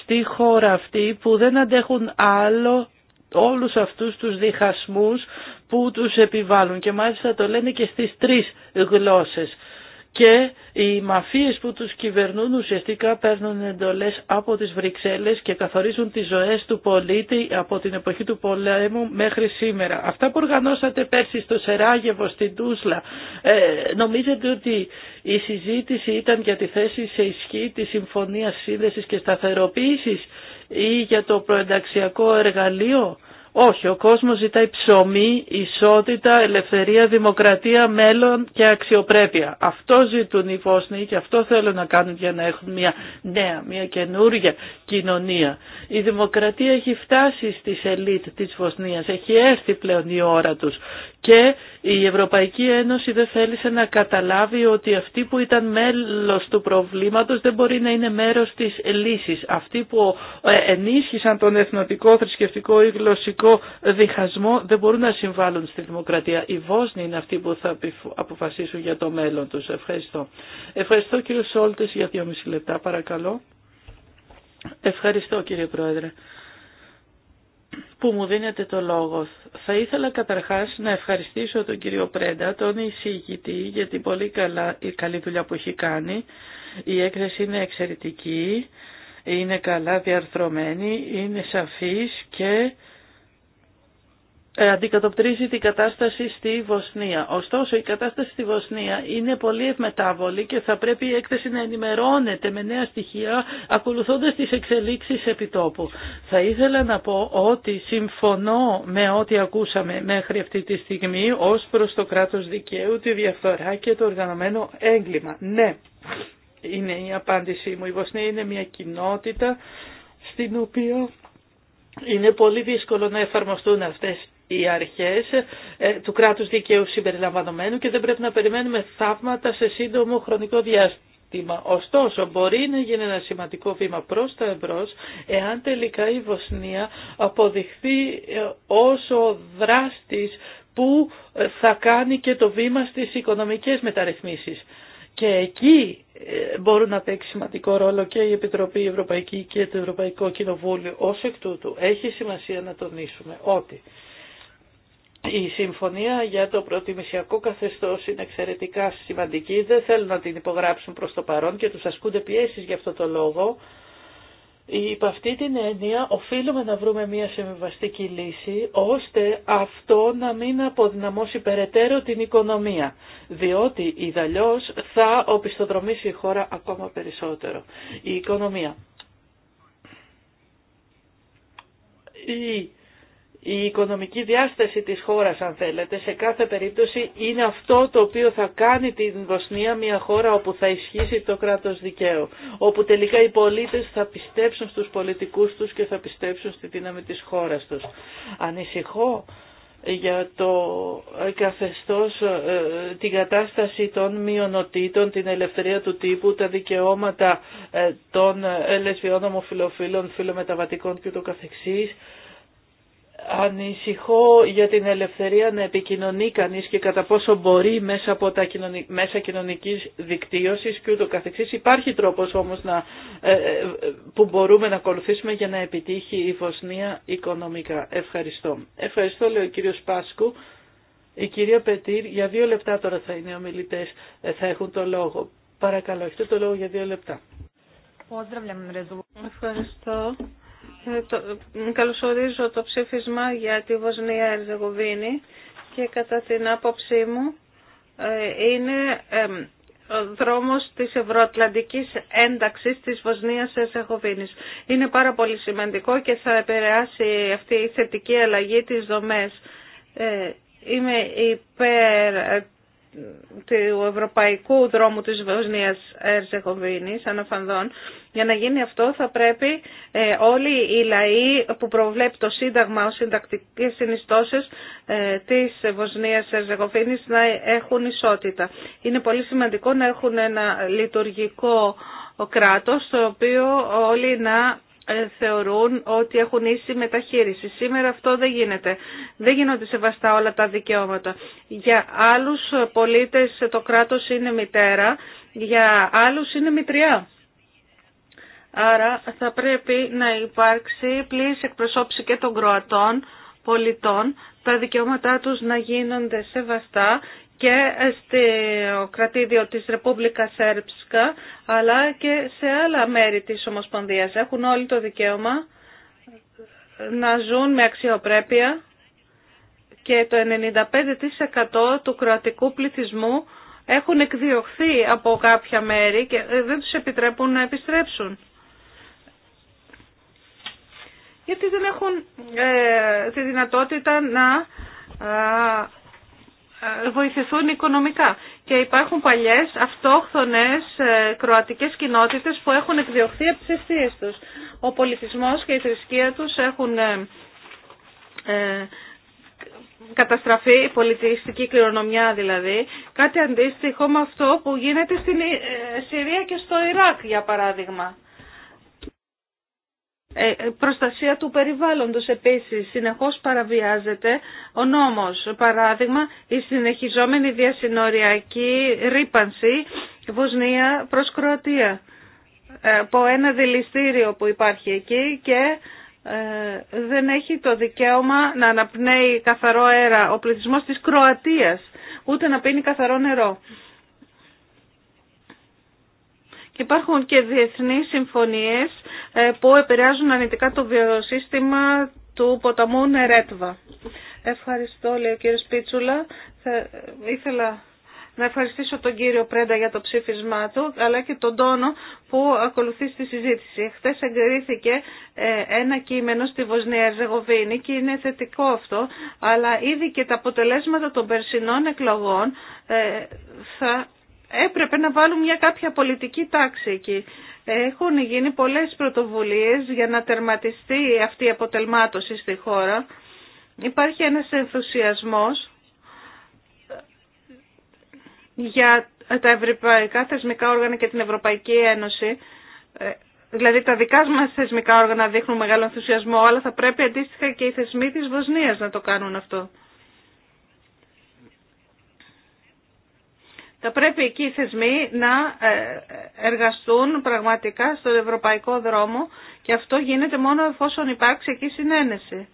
στη χώρα αυτή που δεν αντέχουν άλλο όλους αυτούς τους διχασμούς που τους επιβάλλουν και μάλιστα το λένε και στις τρεις γλώσσες και οι μαφίες που τους κυβερνούν ουσιαστικά παίρνουν εντολές από τις Βρυξέλλες και καθορίζουν τις ζωές του πολίτη από την εποχή του πολέμου μέχρι σήμερα. Αυτά που οργανώσατε πέρσι στο Σεράγεβο, στην Τούσλα, ε, νομίζετε ότι η συζήτηση ήταν για τη θέση σε ισχύ της Συμφωνίας Σύνδεσης και Σταθεροποίησης ή για το προενταξιακό εργαλείο όχι, ο κόσμος ζητάει ψωμί, ισότητα, ελευθερία, δημοκρατία, μέλλον και αξιοπρέπεια. Αυτό ζητούν οι Βόσνοι και αυτό θέλουν να κάνουν για να έχουν μια νέα, μια καινούργια κοινωνία. Η δημοκρατία έχει φτάσει στις ελίτ της Βοσνίας, έχει έρθει πλέον η ώρα τους και η Ευρωπαϊκή Ένωση δεν θέλησε να καταλάβει ότι αυτοί που ήταν μέλος του προβλήματος δεν μπορεί να είναι μέρος της λύσης. Αυτοί που ε, ενίσχυσαν τον εθνοτικό, θρησκευτικό ή γλωσσικό πολιτικό διχασμό δεν μπορούν να συμβάλλουν στη δημοκρατία. Οι Βόσνοι είναι αυτοί που θα αποφασίσουν για το μέλλον τους. Ευχαριστώ. Ευχαριστώ κύριο Σόλτες για δύο μισή λεπτά παρακαλώ. Ευχαριστώ κύριε Πρόεδρε που μου δίνετε το λόγο. Θα ήθελα καταρχάς να ευχαριστήσω τον κύριο Πρέντα, τον εισηγητή, για την πολύ καλά, η καλή δουλειά που έχει κάνει. Η έκθεση είναι εξαιρετική, είναι καλά διαρθρωμένη, είναι σαφής και ε, αντικατοπτρίζει την κατάσταση στη Βοσνία. Ωστόσο, η κατάσταση στη Βοσνία είναι πολύ ευμετάβολη και θα πρέπει η έκθεση να ενημερώνεται με νέα στοιχεία ακολουθώντας τις εξελίξεις επιτόπου. Θα ήθελα να πω ότι συμφωνώ με ό,τι ακούσαμε μέχρι αυτή τη στιγμή ως προς το κράτος δικαίου, τη διαφθορά και το οργανωμένο έγκλημα. Ναι, είναι η απάντησή μου. Η Βοσνία είναι μια κοινότητα στην οποία είναι πολύ δύσκολο να εφαρμοστούν αυτές οι αρχές ε, του κράτους δικαίου συμπεριλαμβανομένου και δεν πρέπει να περιμένουμε θαύματα σε σύντομο χρονικό διάστημα. Ωστόσο, μπορεί να γίνει ένα σημαντικό βήμα προς τα εμπρός, εάν τελικά η Βοσνία αποδειχθεί ε, ως ο δράστης που ε, θα κάνει και το βήμα στις οικονομικές μεταρρυθμίσεις. Και εκεί μπορούν να παίξει σημαντικό ρόλο και η Επιτροπή Ευρωπαϊκή και το Ευρωπαϊκό Κοινοβούλιο. Ως εκ τούτου έχει σημασία να τονίσουμε ότι η συμφωνία για το προτιμησιακό καθεστώς είναι εξαιρετικά σημαντική. Δεν θέλουν να την υπογράψουν προς το παρόν και τους ασκούνται πιέσεις για αυτό το λόγο. Υπ' αυτή την έννοια οφείλουμε να βρούμε μια συμβιβαστική λύση ώστε αυτό να μην αποδυναμώσει περαιτέρω την οικονομία διότι ιδαλλιώς θα οπισθοδρομήσει η χώρα ακόμα περισσότερο. Η οικονομία. Η η οικονομική διάσταση της χώρας αν θέλετε σε κάθε περίπτωση είναι αυτό το οποίο θα κάνει την Βοσνία μια χώρα όπου θα ισχύσει το κράτος δικαίου όπου τελικά οι πολίτες θα πιστέψουν στους πολιτικούς τους και θα πιστέψουν στη δύναμη της χώρας τους. Ανησυχώ για το καθεστώς, ε, την κατάσταση των μειονοτήτων, την ελευθερία του τύπου, τα δικαιώματα ε, των ε, λεσβιών, ομοφιλοφίλων, φιλομεταβατικών και το καθεξής. Ανησυχώ για την ελευθερία να επικοινωνεί κανείς και κατά πόσο μπορεί μέσα από τα μέσα κοινωνικής δικτύωσης και ούτω καθεξής. Υπάρχει τρόπος όμως να, ε, ε, που μπορούμε να ακολουθήσουμε για να επιτύχει η Βοσνία οικονομικά. Ευχαριστώ. Ευχαριστώ λέει ο κύριος Πάσκου. Η κυρία Πετήρ για δύο λεπτά τώρα θα είναι ομιλητές, ε, θα έχουν το λόγο. Παρακαλώ, έχετε το λόγο για δύο λεπτά. Ευχαριστώ. Ε, το, καλωσορίζω το ψήφισμα για τη Βοσνία Ερζεγοβίνη και κατά την άποψή μου ε, είναι ο δρόμος της ευρωατλαντικής ένταξης της Βοσνίας Ερζεγοβίνης. Είναι πάρα πολύ σημαντικό και θα επηρεάσει αυτή η θετική αλλαγή της δομές. Ε, είμαι υπέρ του ευρωπαϊκού δρόμου της Βοσνίας Ερζεγοβίνης, αναφανδών, για να γίνει αυτό θα πρέπει ε, όλοι οι λαοί που προβλέπει το Σύνταγμα ως συντακτικές συνιστώσεις ε, της Βοσνίας Ερζεγοβίνης να έχουν ισότητα. Είναι πολύ σημαντικό να έχουν ένα λειτουργικό κράτος το οποίο όλοι να ε, θεωρούν ότι έχουν ίση μεταχείριση. Σήμερα αυτό δεν γίνεται. Δεν γίνονται σεβαστά όλα τα δικαιώματα. Για άλλους πολίτες το κράτος είναι μητέρα, για άλλους είναι μητριά. Άρα θα πρέπει να υπάρξει πλήρης εκπροσώπηση και των Κροατών πολιτών, τα δικαιώματά τους να γίνονται σεβαστά και στο κρατήδιο της Ρεπούμπλικα Σέρψκα, αλλά και σε άλλα μέρη της Ομοσπονδίας. Έχουν όλοι το δικαίωμα να ζουν με αξιοπρέπεια και το 95% του κροατικού πληθυσμού έχουν εκδιωχθεί από κάποια μέρη και δεν τους επιτρέπουν να επιστρέψουν γιατί δεν έχουν ε, τη δυνατότητα να ε, ε, βοηθηθούν οικονομικά. Και υπάρχουν παλιές αυτόχθονες κροατικές κοινότητες που έχουν εκδιωχθεί από τις τους. Ο πολιτισμός και η θρησκεία τους έχουν καταστραφεί, η πολιτιστική κληρονομιά δηλαδή. Κάτι αντίστοιχο με αυτό που γίνεται στην Συρία και στο Ιράκ για παράδειγμα. Ε, ε, προστασία του περιβάλλοντος επίσης συνεχώς παραβιάζεται ο νόμος. Παράδειγμα, η συνεχιζόμενη διασυνοριακή ρήπανση Βοσνία προς Κροατία ε, από ένα δηληστήριο που υπάρχει εκεί και δεν έχει το δικαίωμα να αναπνέει καθαρό αέρα ο πληθυσμός της Κροατίας ούτε να πίνει καθαρό νερό. Υπάρχουν και διεθνείς συμφωνίες ε, που επηρεάζουν αρνητικά το βιοσύστημα του ποταμού Νερέτβα. Ευχαριστώ, λέει ο κύριος Πίτσουλα. Ε, ήθελα να ευχαριστήσω τον κύριο Πρέντα για το ψήφισμά του, αλλά και τον τόνο που ακολουθεί στη συζήτηση. Χθε εγκρίθηκε ε, ένα κείμενο στη Βοσνία Ερζεγοβίνη και είναι θετικό αυτό, αλλά ήδη και τα αποτελέσματα των περσινών εκλογών θα έπρεπε να βάλουν μια κάποια πολιτική τάξη εκεί. Έχουν γίνει πολλές πρωτοβουλίες για να τερματιστεί αυτή η αποτελμάτωση στη χώρα. Υπάρχει ένας ενθουσιασμός για τα ευρωπαϊκά θεσμικά όργανα και την Ευρωπαϊκή Ένωση. Δηλαδή τα δικά μας θεσμικά όργανα δείχνουν μεγάλο ενθουσιασμό, αλλά θα πρέπει αντίστοιχα και οι θεσμοί της Βοσνίας να το κάνουν αυτό. Θα πρέπει εκεί οι θεσμοί να ε, εργαστούν πραγματικά στον ευρωπαϊκό δρόμο και αυτό γίνεται μόνο εφόσον υπάρξει εκεί συνένεση.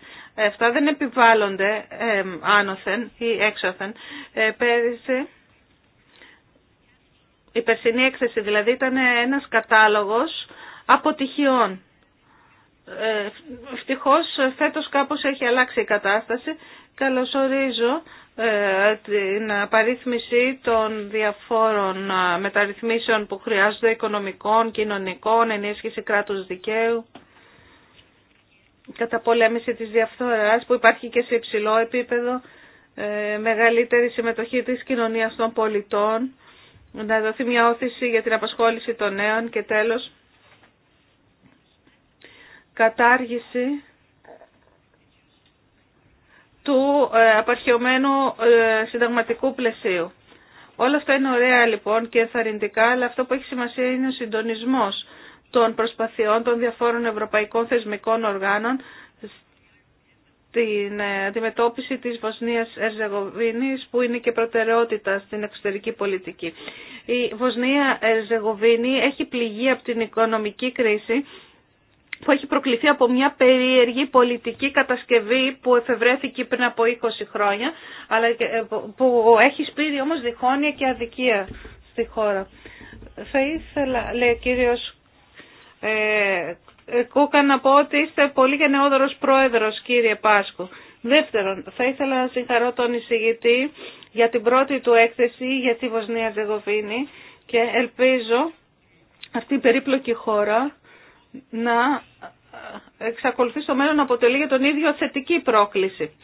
Αυτά δεν επιβάλλονται ε, άνωθεν ή έξωθεν. Ε, πέρυσι, η περσινή έκθεση δηλαδή ήταν ένας κατάλογος αποτυχιών. Ευτυχώς φέτος κάπως έχει αλλάξει η κατάσταση. Καλωσορίζω ε, την παρίθμηση των διαφόρων ε, μεταρρυθμίσεων που χρειάζονται οικονομικών, κοινωνικών, ενίσχυση κράτους δικαίου, καταπολέμηση της διαφθοράς που υπάρχει και σε υψηλό επίπεδο, ε, μεγαλύτερη συμμετοχή της κοινωνίας των πολιτών, να δοθεί μια όθηση για την απασχόληση των νέων και τέλος κατάργηση του ε, απαρχαιωμένου ε, συνταγματικού πλαισίου. Όλα αυτά είναι ωραία λοιπόν και εθαρρυντικά, αλλά αυτό που έχει σημασία είναι ο συντονισμός των προσπαθειών των διαφόρων ευρωπαϊκών θεσμικών οργάνων στην ε, αντιμετώπιση της Βοσνίας Ερζεγοβίνης που είναι και προτεραιότητα στην εξωτερική πολιτική. Η Βοσνία Ερζεγοβίνη έχει πληγεί από την οικονομική κρίση που έχει προκληθεί από μια περίεργη πολιτική κατασκευή που εφευρέθηκε πριν από 20 χρόνια, αλλά ε, που έχει σπείρει όμως διχόνοια και αδικία στη χώρα. Θα ήθελα, λέει ο κύριος ε, ε Κούκα, να πω ότι είστε πολύ γενναιόδωρος πρόεδρος, κύριε Πάσκο. Δεύτερον, θα ήθελα να συγχαρώ τον εισηγητή για την πρώτη του έκθεση για τη Βοσνία Ζεγοβίνη και ελπίζω αυτή η περίπλοκη χώρα να εξακολουθεί στο μέλλον να αποτελεί για τον ίδιο θετική πρόκληση.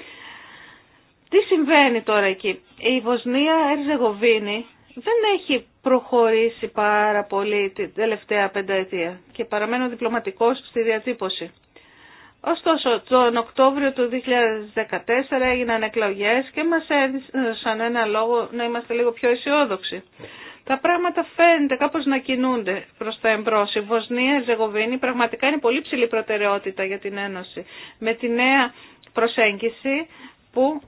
Τι συμβαίνει τώρα εκεί. Η Βοσνία Ερζεγοβίνη δεν έχει προχωρήσει πάρα πολύ την τελευταία πενταετία και παραμένω διπλωματικός στη διατύπωση. Ωστόσο, τον Οκτώβριο του 2014 έγιναν εκλογές και μας έδωσαν ένα λόγο να είμαστε λίγο πιο αισιόδοξοι τα πράγματα φαίνεται κάπως να κινούνται προ τα εμπρό. Η Βοσνία, η Ζεγοβίνη πραγματικά είναι πολύ ψηλή προτεραιότητα για την Ένωση. Με τη νέα προσέγγιση που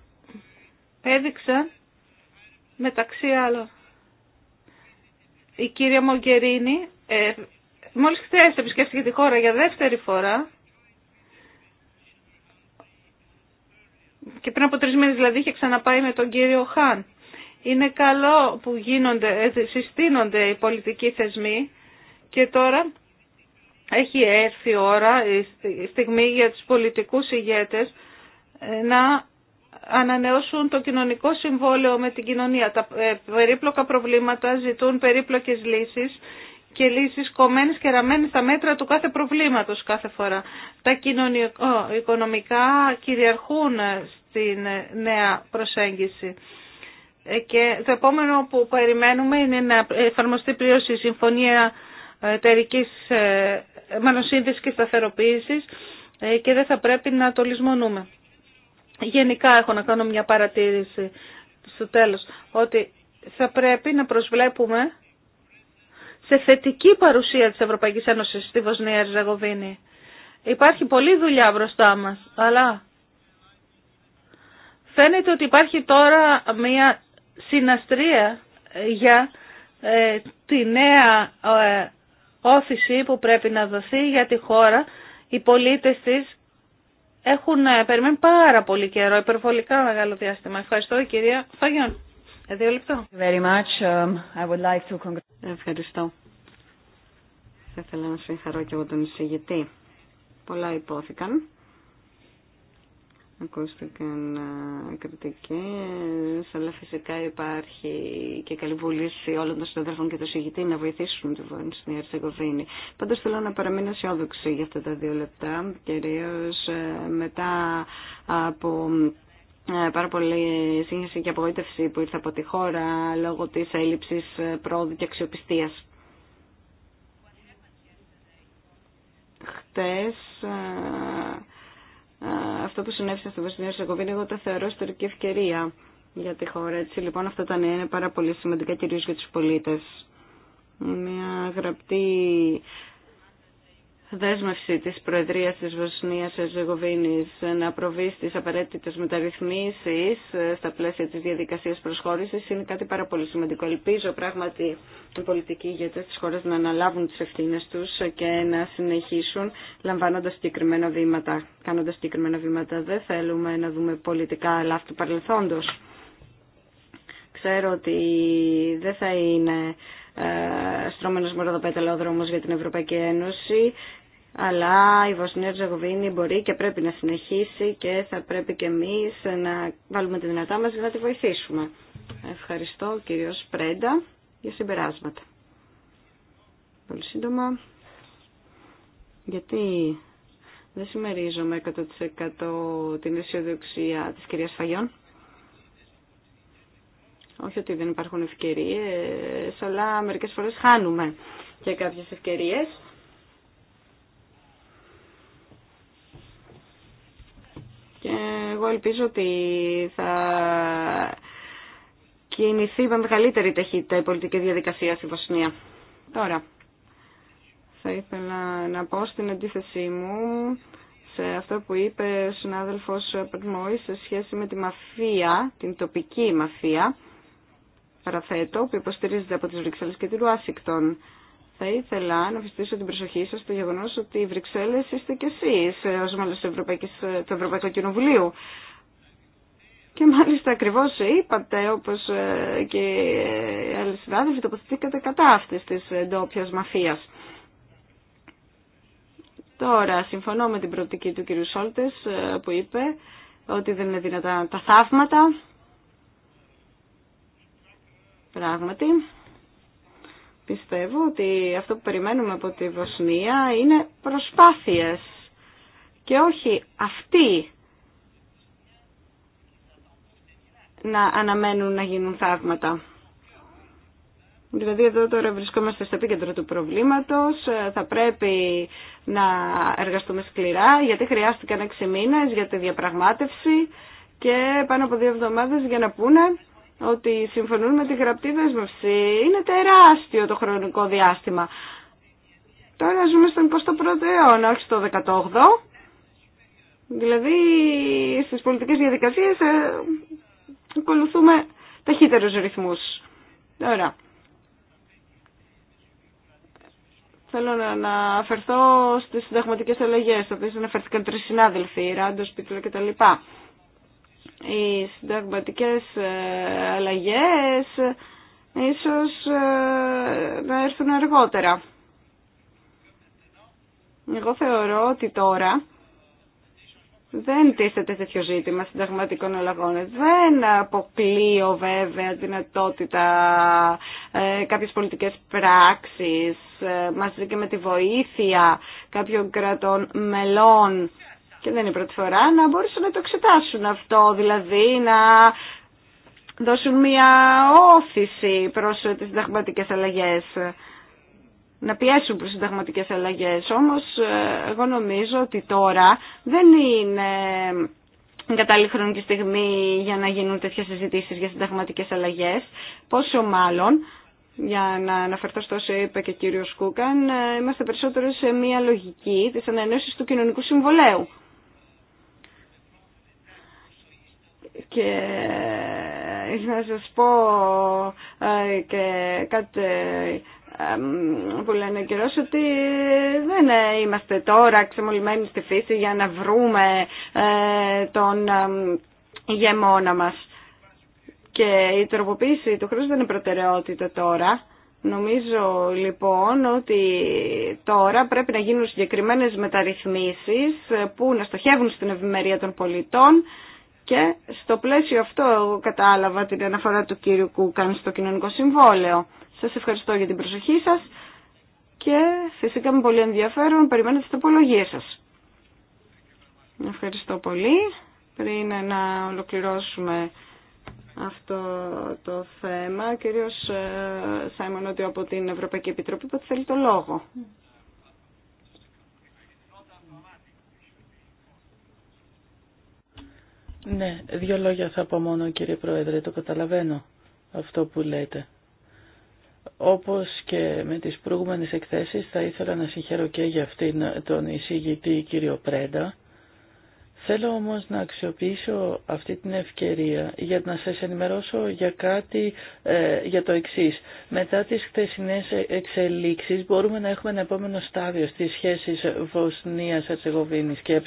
έδειξαν μεταξύ άλλων η κυρία Μογκερίνη ε, μόλις χθες επισκέφθηκε τη χώρα για δεύτερη φορά και πριν από τρεις μήνες δηλαδή είχε ξαναπάει με τον κύριο Χάν είναι καλό που γίνονται, συστήνονται οι πολιτικοί θεσμοί και τώρα έχει έρθει η ώρα, η στιγμή για τους πολιτικούς ηγέτες ε, να ανανεώσουν το κοινωνικό συμβόλαιο με την κοινωνία. Τα ε, περίπλοκα προβλήματα ζητούν περίπλοκες λύσεις και λύσεις κομμένες και ραμμένες στα μέτρα του κάθε προβλήματος κάθε φορά. Τα κοινωνικο-οικονομικά κυριαρχούν ε, στην νέα προσέγγιση. Ε, και το επόμενο που περιμένουμε είναι να εφαρμοστεί πλήρω η Συμφωνία Εταιρικής ε, Μανοσύνδεσης και Σταθεροποίησης ε, και δεν θα πρέπει να το λησμονούμε. Γενικά έχω να κάνω μια παρατήρηση στο τέλος, ότι θα πρέπει να προσβλέπουμε σε θετική παρουσία της Ευρωπαϊκής Ένωσης στη Βοσνία Ριζαγοβίνη. Υπάρχει πολλή δουλειά μπροστά μας, αλλά φαίνεται ότι υπάρχει τώρα μια συναστρία ε, για ε, τη νέα ε, όθηση που πρέπει να δοθεί για τη χώρα. Οι πολίτες της έχουν περιμένει πάρα πολύ καιρό, υπερβολικά μεγάλο διάστημα. Ευχαριστώ η κυρία Φαγιόν. Δύο λεπτό. Um, Ευχαριστώ. Θα ήθελα να συγχαρώ και εγώ τον εισηγητή. Πολλά υπόθηκαν ακούστηκαν κριτικές, αλλά φυσικά υπάρχει και καλή βούληση όλων των συναδέλφων και των συγητή να βοηθήσουν τη στην Ερσεγοβίνη. Πάντως θέλω να παραμείνω αισιόδοξη για αυτά τα δύο λεπτά, Κυρίω ε, μετά από ε, πάρα πολύ σύγχυση και απογοήτευση που ήρθε από τη χώρα λόγω της έλλειψης ε, πρόοδου και αξιοπιστίας. Χτες αυτό που συνέβησε στην Βοσνία εγώ το θεωρώ ιστορική ευκαιρία για τη χώρα. Έτσι λοιπόν αυτά τα νέα είναι πάρα πολύ σημαντικά κυρίω για του πολίτες. Μια γραπτή δέσμευση της Προεδρίας της Βοσνίας Ζεγοβίνης να προβεί στις απαραίτητες μεταρρυθμίσεις στα πλαίσια της διαδικασίας προσχώρησης είναι κάτι πάρα πολύ σημαντικό. Ελπίζω πράγματι οι πολιτικοί ηγέτες της χώρας να αναλάβουν τις ευθύνες τους και να συνεχίσουν λαμβάνοντας συγκεκριμένα βήματα, κάνοντας συγκεκριμένα βήματα. Δεν θέλουμε να δούμε πολιτικά λάθη του παρελθόντος. Ξέρω ότι δεν θα είναι ε, στρώμενος μοροδοπέταλα ο δρόμος για την Ευρωπαϊκή Ένωση αλλά η Βοσνία Τζεγοβίνη μπορεί και πρέπει να συνεχίσει και θα πρέπει και εμείς να βάλουμε τη δυνατά μας για να τη βοηθήσουμε. Ευχαριστώ κύριο Πρέντα για συμπεράσματα. Πολύ σύντομα, γιατί δεν συμμερίζομαι 100% την αισιοδοξία της κυρίας Φαγιών. Όχι ότι δεν υπάρχουν ευκαιρίες, αλλά μερικές φορές χάνουμε και κάποιες ευκαιρίες. Και εγώ ελπίζω ότι θα κινηθεί με μεγαλύτερη ταχύτητα η πολιτική διαδικασία στη Βοσνία. Τώρα, θα ήθελα να πω στην αντίθεσή μου σε αυτό που είπε ο συνάδελφος Περμόη σε σχέση με τη μαφία, την τοπική μαφία, παραθέτω, που υποστηρίζεται από τις Βρυξέλλες και τη Ρουάσικτον. Θα ήθελα να φυστήσω την προσοχή σας στο γεγονός ότι οι Βρυξέλλες είστε κι εσείς ως μέλος του, του Ευρωπαϊκού Κοινοβουλίου. Και μάλιστα ακριβώς είπατε, όπως ε, και οι άλλοι συνάδελφοι, τοποθετήκατε κατά αυτής της ντόπιας μαφίας. Τώρα, συμφωνώ με την προοπτική του κ. Σόλτες ε, που είπε ότι δεν είναι δυνατά τα θαύματα. Πράγματι. Πιστεύω ότι αυτό που περιμένουμε από τη Βοσνία είναι προσπάθειες και όχι αυτοί να αναμένουν να γίνουν θαύματα. Δηλαδή εδώ τώρα βρισκόμαστε στο επίκεντρο του προβλήματος, θα πρέπει να εργαστούμε σκληρά γιατί χρειάστηκαν 6 μήνες για τη διαπραγμάτευση και πάνω από δύο εβδομάδες για να πούνε ότι συμφωνούν με τη γραπτή δέσμευση. Είναι τεράστιο το χρονικό διάστημα. Τώρα ζούμε στον 21ο αιώνα, όχι στο 18ο. Δηλαδή στις πολιτικές διαδικασίες ε, ακολουθούμε ταχύτερου ρυθμούς. Τώρα, θέλω να αναφερθώ στις συνταγματικές αλλαγές, στις οποίες αναφερθήκαν τρεις συνάδελφοι, Ράντος, Πίτλο κτλ οι συνταγματικές ε, αλλαγές ίσως ε, να έρθουν αργότερα. Εγώ θεωρώ ότι τώρα δεν τίθεται τέτοιο ζήτημα συνταγματικών αλλαγών. Δεν αποκλείω βέβαια δυνατότητα ε, κάποιες πολιτικές πράξεις ε, μαζί και με τη βοήθεια κάποιων κρατών μελών και δεν είναι η πρώτη φορά, να μπορούσαν να το εξετάσουν αυτό, δηλαδή να δώσουν μια όθηση προς τις συνταγματικές αλλαγές να πιέσουν προς συνταγματικές αλλαγές. Όμως ε, εγώ νομίζω ότι τώρα δεν είναι κατάλληλη χρονική στιγμή για να γίνουν τέτοιε συζητήσεις για συνταγματικές αλλαγές. Πόσο μάλλον, για να αναφερθώ στο όσο είπε και ο κύριος Κούκαν, ε, είμαστε περισσότερο σε μια λογική της ανανέωσης του κοινωνικού συμβολέου. και να σας πω ε, και κάτι ε, που λένε ο ότι δεν ε, είμαστε τώρα ξεμολυμένοι στη φύση για να βρούμε τον γεμόνα μας. Και η τροποποίηση του χρόνου δεν είναι προτεραιότητα τώρα. Νομίζω λοιπόν ότι τώρα πρέπει να γίνουν συγκεκριμένες μεταρρυθμίσεις που να στοχεύουν στην ευημερία των πολιτών και στο πλαίσιο αυτό εγώ κατάλαβα την αναφορά του κύριου Κούκαν στο κοινωνικό συμβόλαιο. Σας ευχαριστώ για την προσοχή σας και φυσικά με πολύ ενδιαφέρον περιμένω τις τοπολογίες σας. Ευχαριστώ πολύ. Πριν να ολοκληρώσουμε αυτό το θέμα, κυρίως ε, Σάιμον, ότι από την Ευρωπαϊκή Επιτροπή, που θέλει το λόγο. Ναι, δύο λόγια θα πω μόνο κύριε Πρόεδρε, το καταλαβαίνω αυτό που λέτε. Όπως και με τις προηγούμενες εκθέσεις θα ήθελα να συγχαίρω και για αυτήν τον εισηγητή κύριο Πρέντα. Θέλω όμως να αξιοποιήσω αυτή την ευκαιρία για να σας ενημερώσω για κάτι ε, για το εξής. Μετά τις χθεσινές εξελίξεις μπορούμε να έχουμε ένα επόμενο στάδιο στις σχέσεις Βοσνίας, Βοσνίας-Ατσεγοβίνης και ΕΕ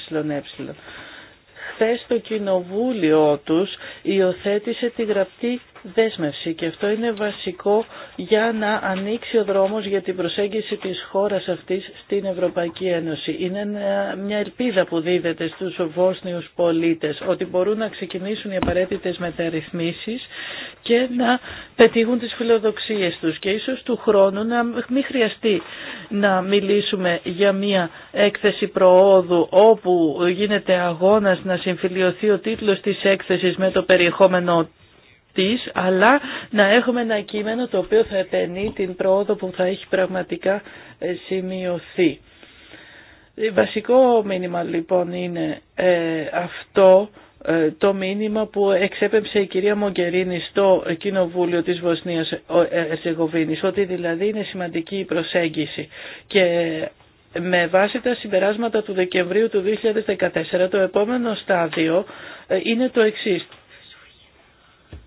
χθες το κοινοβούλιο τους υιοθέτησε τη γραπτή δέσμευση και αυτό είναι βασικό για να ανοίξει ο δρόμος για την προσέγγιση της χώρας αυτής στην Ευρωπαϊκή Ένωση. Είναι μια ελπίδα που δίδεται στους Βόσνιους πολίτες ότι μπορούν να ξεκινήσουν οι απαραίτητες μεταρρυθμίσεις και να πετύχουν τις φιλοδοξίες τους και ίσως του χρόνου να μην χρειαστεί να μιλήσουμε για μια έκθεση προόδου όπου γίνεται αγώνας να συμφιλειωθεί ο τίτλος της έκθεσης με το περιεχόμενο αλλά να έχουμε ένα κείμενο το οποίο θα επενεί την πρόοδο που θα έχει πραγματικά ε, σημειωθεί. Ε, βασικό μήνυμα λοιπόν είναι ε, αυτό το μήνυμα που εξέπεμψε η κυρία Μογκερίνη στο Κοινοβούλιο της Βοσνίας Ερσεγοβίνης, ότι δηλαδή είναι σημαντική η προσέγγιση και με βάση τα συμπεράσματα του Δεκεμβρίου του 2014 το επόμενο στάδιο είναι το εξής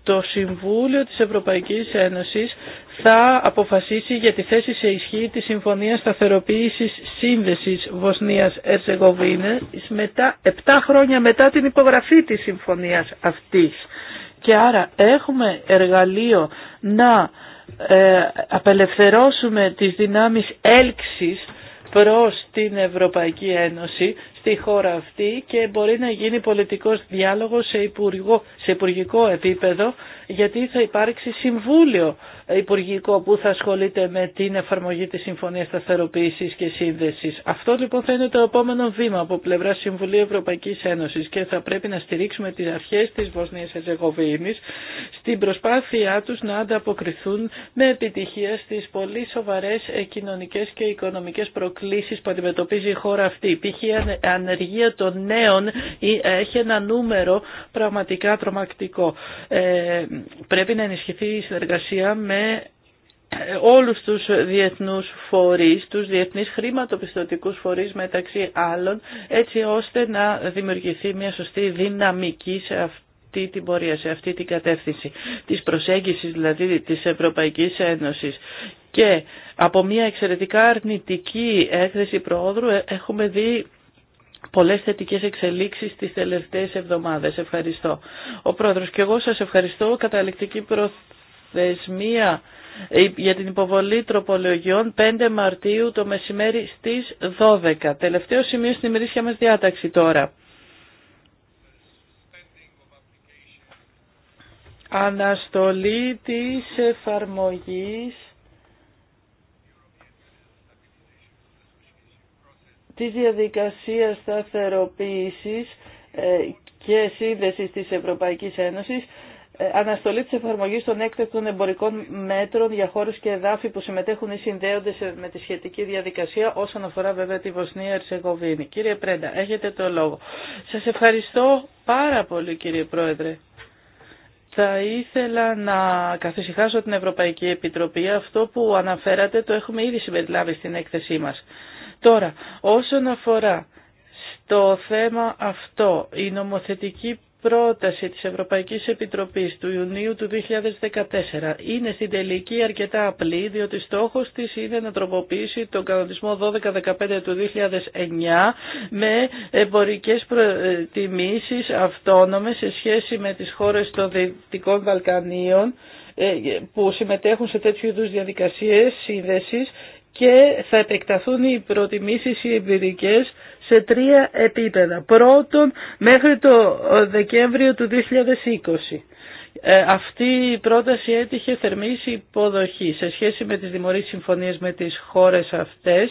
το Συμβούλιο της Ευρωπαϊκής Ένωσης θα αποφασίσει για τη θέση σε ισχύ της Συμφωνίας Σταθεροποίησης Σύνδεσης Βοσνίας Ερζεγοβίνης μετά, 7 χρόνια μετά την υπογραφή της συμφωνίας αυτής. Και άρα έχουμε εργαλείο να ε, απελευθερώσουμε τις δυνάμεις έλξης προς την Ευρωπαϊκή Ένωση στη χώρα αυτή και μπορεί να γίνει πολιτικός διάλογος σε, υπουργικό, επίπεδο γιατί θα υπάρξει συμβούλιο υπουργικό που θα ασχολείται με την εφαρμογή της Συμφωνίας σταθεροποίηση και Σύνδεσης. Αυτό λοιπόν θα είναι το επόμενο βήμα από πλευρά Συμβουλίου Ευρωπαϊκής Ένωσης και θα πρέπει να στηρίξουμε τις αρχές της Βοσνίας Ερζεγοβίνης στην προσπάθειά τους να ανταποκριθούν με επιτυχία στις πολύ σοβαρές ε, κοινωνικές και οικονομικές προκλήσεις που αντιμετωπίζει η χώρα αυτή. Π.χ ανεργία των νέων έχει ένα νούμερο πραγματικά τρομακτικό. Ε, πρέπει να ενισχυθεί η συνεργασία με ε, όλους τους διεθνούς φορείς, τους διεθνείς χρηματοπιστωτικούς φορείς μεταξύ άλλων, έτσι ώστε να δημιουργηθεί μια σωστή δυναμική σε αυτή την πορεία, σε αυτή την κατεύθυνση της προσέγγισης δηλαδή της Ευρωπαϊκής Ένωσης. Και από μια εξαιρετικά αρνητική έκθεση προόδρου ε, έχουμε δει πολλές θετικές εξελίξεις τις τελευταίες εβδομάδες. Ευχαριστώ. Ο Πρόεδρος και εγώ σας ευχαριστώ. Καταληκτική προθεσμία ε, για την υποβολή τροπολογιών 5 Μαρτίου το μεσημέρι στις 12. Τελευταίο σημείο στην ημερήσια μας διάταξη τώρα. Αναστολή της εφαρμογής τη διαδικασία σταθεροποίησης ε, και σύνδεσης της Ευρωπαϊκής Ένωσης ε, αναστολή της εφαρμογής των έκτακτων εμπορικών μέτρων για χώρε και εδάφη που συμμετέχουν ή συνδέονται με τη σχετική διαδικασία όσον αφορά βέβαια τη Βοσνία Ερσεγοβίνη. Κύριε Πρέντα, έχετε το λόγο. Σας ευχαριστώ πάρα πολύ κύριε Πρόεδρε. Θα ήθελα να καθησυχάσω την Ευρωπαϊκή Επιτροπή. Αυτό που αναφέρατε το έχουμε ήδη συμπεριλάβει στην έκθεσή μας. Τώρα, όσον αφορά στο θέμα αυτό, η νομοθετική πρόταση της Ευρωπαϊκής Επιτροπής του Ιουνίου του 2014 είναι στην τελική αρκετά απλή, διότι στόχος της είναι να τροποποιήσει τον κανονισμό 12-15 του 2009 με εμπορικές προτιμήσεις αυτόνομες σε σχέση με τις χώρες των Δυτικών Βαλκανίων ε, που συμμετέχουν σε τέτοιου είδους διαδικασίες σύνδεσης και θα επεκταθούν οι προτιμήσεις οι εμπειρικές σε τρία επίπεδα. Πρώτον, μέχρι το Δεκέμβριο του 2020. Ε, αυτή η πρόταση έτυχε θερμής υποδοχή σε σχέση με τις δημορίες συμφωνίες με τις χώρες αυτές.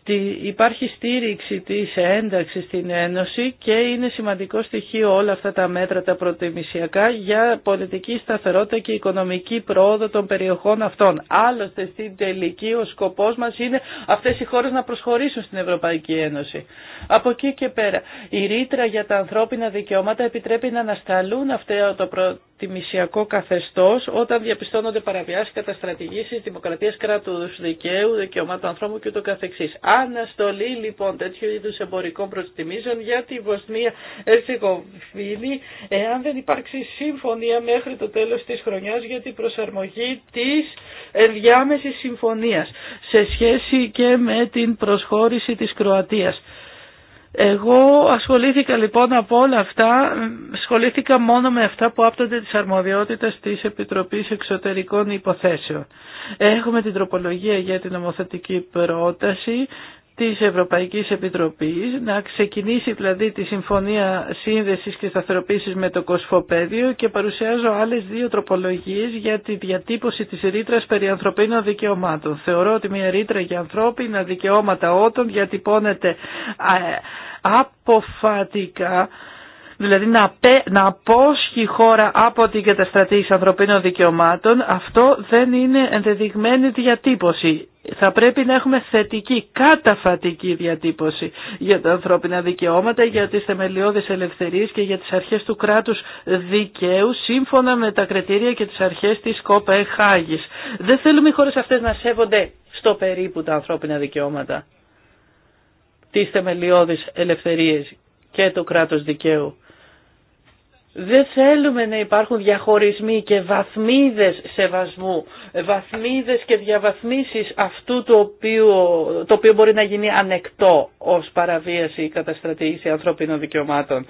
Στη, υπάρχει στήριξη της ένταξης στην Ένωση και είναι σημαντικό στοιχείο όλα αυτά τα μέτρα τα προτιμησιακά για πολιτική σταθερότητα και οικονομική πρόοδο των περιοχών αυτών. Άλλωστε στην τελική ο σκοπός μας είναι αυτές οι χώρες να προσχωρήσουν στην Ευρωπαϊκή Ένωση. Από εκεί και πέρα η ρήτρα για τα ανθρώπινα δικαιώματα επιτρέπει να ανασταλούν αυτά το προτιμησιακό προτιμησιακό καθεστώς όταν διαπιστώνονται παραβιάσεις καταστρατηγήσεις δημοκρατίας κράτους δικαίου, δικαιωμάτων ανθρώπου και ούτω καθεξής. Αναστολή λοιπόν τέτοιου είδους εμπορικών προστιμίζων για τη Βοσνία Ερσεγοβίνη εάν δεν υπάρξει συμφωνία μέχρι το τέλος της χρονιάς για την προσαρμογή της ενδιάμεση συμφωνίας σε σχέση και με την προσχώρηση της Κροατίας. Εγώ ασχολήθηκα λοιπόν από όλα αυτά, ασχολήθηκα μόνο με αυτά που άπτονται της αρμοδιότητας της Επιτροπής Εξωτερικών Υποθέσεων. Έχουμε την τροπολογία για την νομοθετική πρόταση της Ευρωπαϊκής Επιτροπής να ξεκινήσει δηλαδή τη Συμφωνία Σύνδεσης και Σταθεροποίησης με το Κοσφοπέδιο και παρουσιάζω άλλες δύο τροπολογίες για τη διατύπωση της ρήτρας περί ανθρωπίνων δικαιωμάτων. Θεωρώ ότι μια ρήτρα για ανθρώπινα δικαιώματα όταν διατυπώνεται αποφατικά δηλαδή να, να απόσχει η χώρα από την καταστρατήση ανθρωπίνων δικαιωμάτων, αυτό δεν είναι ενδεδειγμένη διατύπωση θα πρέπει να έχουμε θετική, καταφατική διατύπωση για τα ανθρώπινα δικαιώματα, για τις θεμελιώδεις ελευθερίες και για τις αρχές του κράτους δικαίου, σύμφωνα με τα κριτήρια και τις αρχές της ΚΟΠΕΧΑΓΙΣ. Δεν θέλουμε οι χώρες αυτές να σέβονται στο περίπου τα ανθρώπινα δικαιώματα, τις θεμελιώδεις ελευθερίες και το κράτος δικαίου. Δεν θέλουμε να υπάρχουν διαχωρισμοί και βαθμίδες σεβασμού, βαθμίδες και διαβαθμίσεις αυτού το οποίο, το οποίο μπορεί να γίνει ανεκτό ως παραβίαση ή καταστρατήγηση ανθρωπίνων δικαιωμάτων.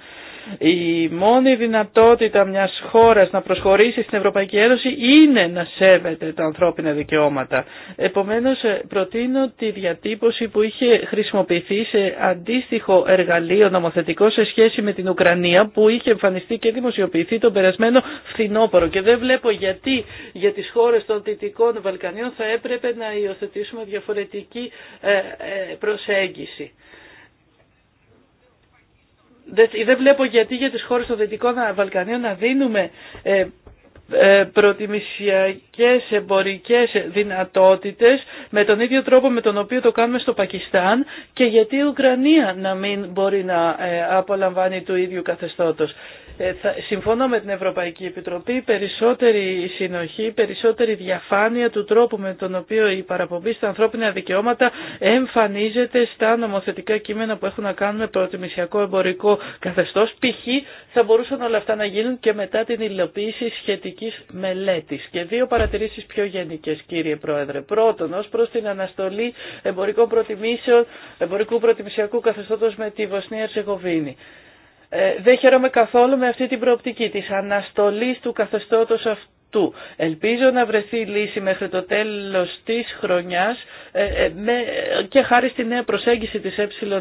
Η μόνη δυνατότητα μιας χώρας να προσχωρήσει στην Ευρωπαϊκή Ένωση είναι να σέβεται τα ανθρώπινα δικαιώματα. Επομένως ε, προτείνω τη διατύπωση που είχε χρησιμοποιηθεί σε αντίστοιχο εργαλείο νομοθετικό σε σχέση με την Ουκρανία που είχε εμφανιστεί και δημοσιοποιηθεί τον περασμένο φθινόπωρο και δεν βλέπω γιατί για τις χώρες των Δυτικών Βαλκανίων θα έπρεπε να υιοθετήσουμε διαφορετική ε, ε, προσέγγιση. Δεν βλέπω γιατί για τις χώρες των Δυτικών Βαλκανίων να δίνουμε ε, ε, προτιμησιακές εμπορικές δυνατότητες με τον ίδιο τρόπο με τον οποίο το κάνουμε στο Πακιστάν και γιατί η Ουκρανία να μην μπορεί να ε, απολαμβάνει του ίδιου καθεστώτος. Ε, συμφωνώ με την Ευρωπαϊκή Επιτροπή, περισσότερη συνοχή, περισσότερη διαφάνεια του τρόπου με τον οποίο η παραπομπή στα ανθρώπινα δικαιώματα εμφανίζεται στα νομοθετικά κείμενα που έχουν να κάνουν με προτιμησιακό εμπορικό καθεστώ. Π.χ. θα μπορούσαν όλα αυτά να γίνουν και μετά την υλοποίηση σχετική μελέτη. Και δύο παρατηρήσει πιο γενικέ, κύριε Πρόεδρε. Πρώτον, ω προ την αναστολή εμπορικών προτιμήσεων, εμπορικού προτιμησιακού καθεστώτο με τη Βοσνία ε, δεν χαίρομαι καθόλου με αυτή την προοπτική της αναστολής του καθεστώτος αυτού του. Ελπίζω να βρεθεί λύση μέχρι το τέλος της χρονιάς ε, ε, και χάρη στη νέα προσέγγιση της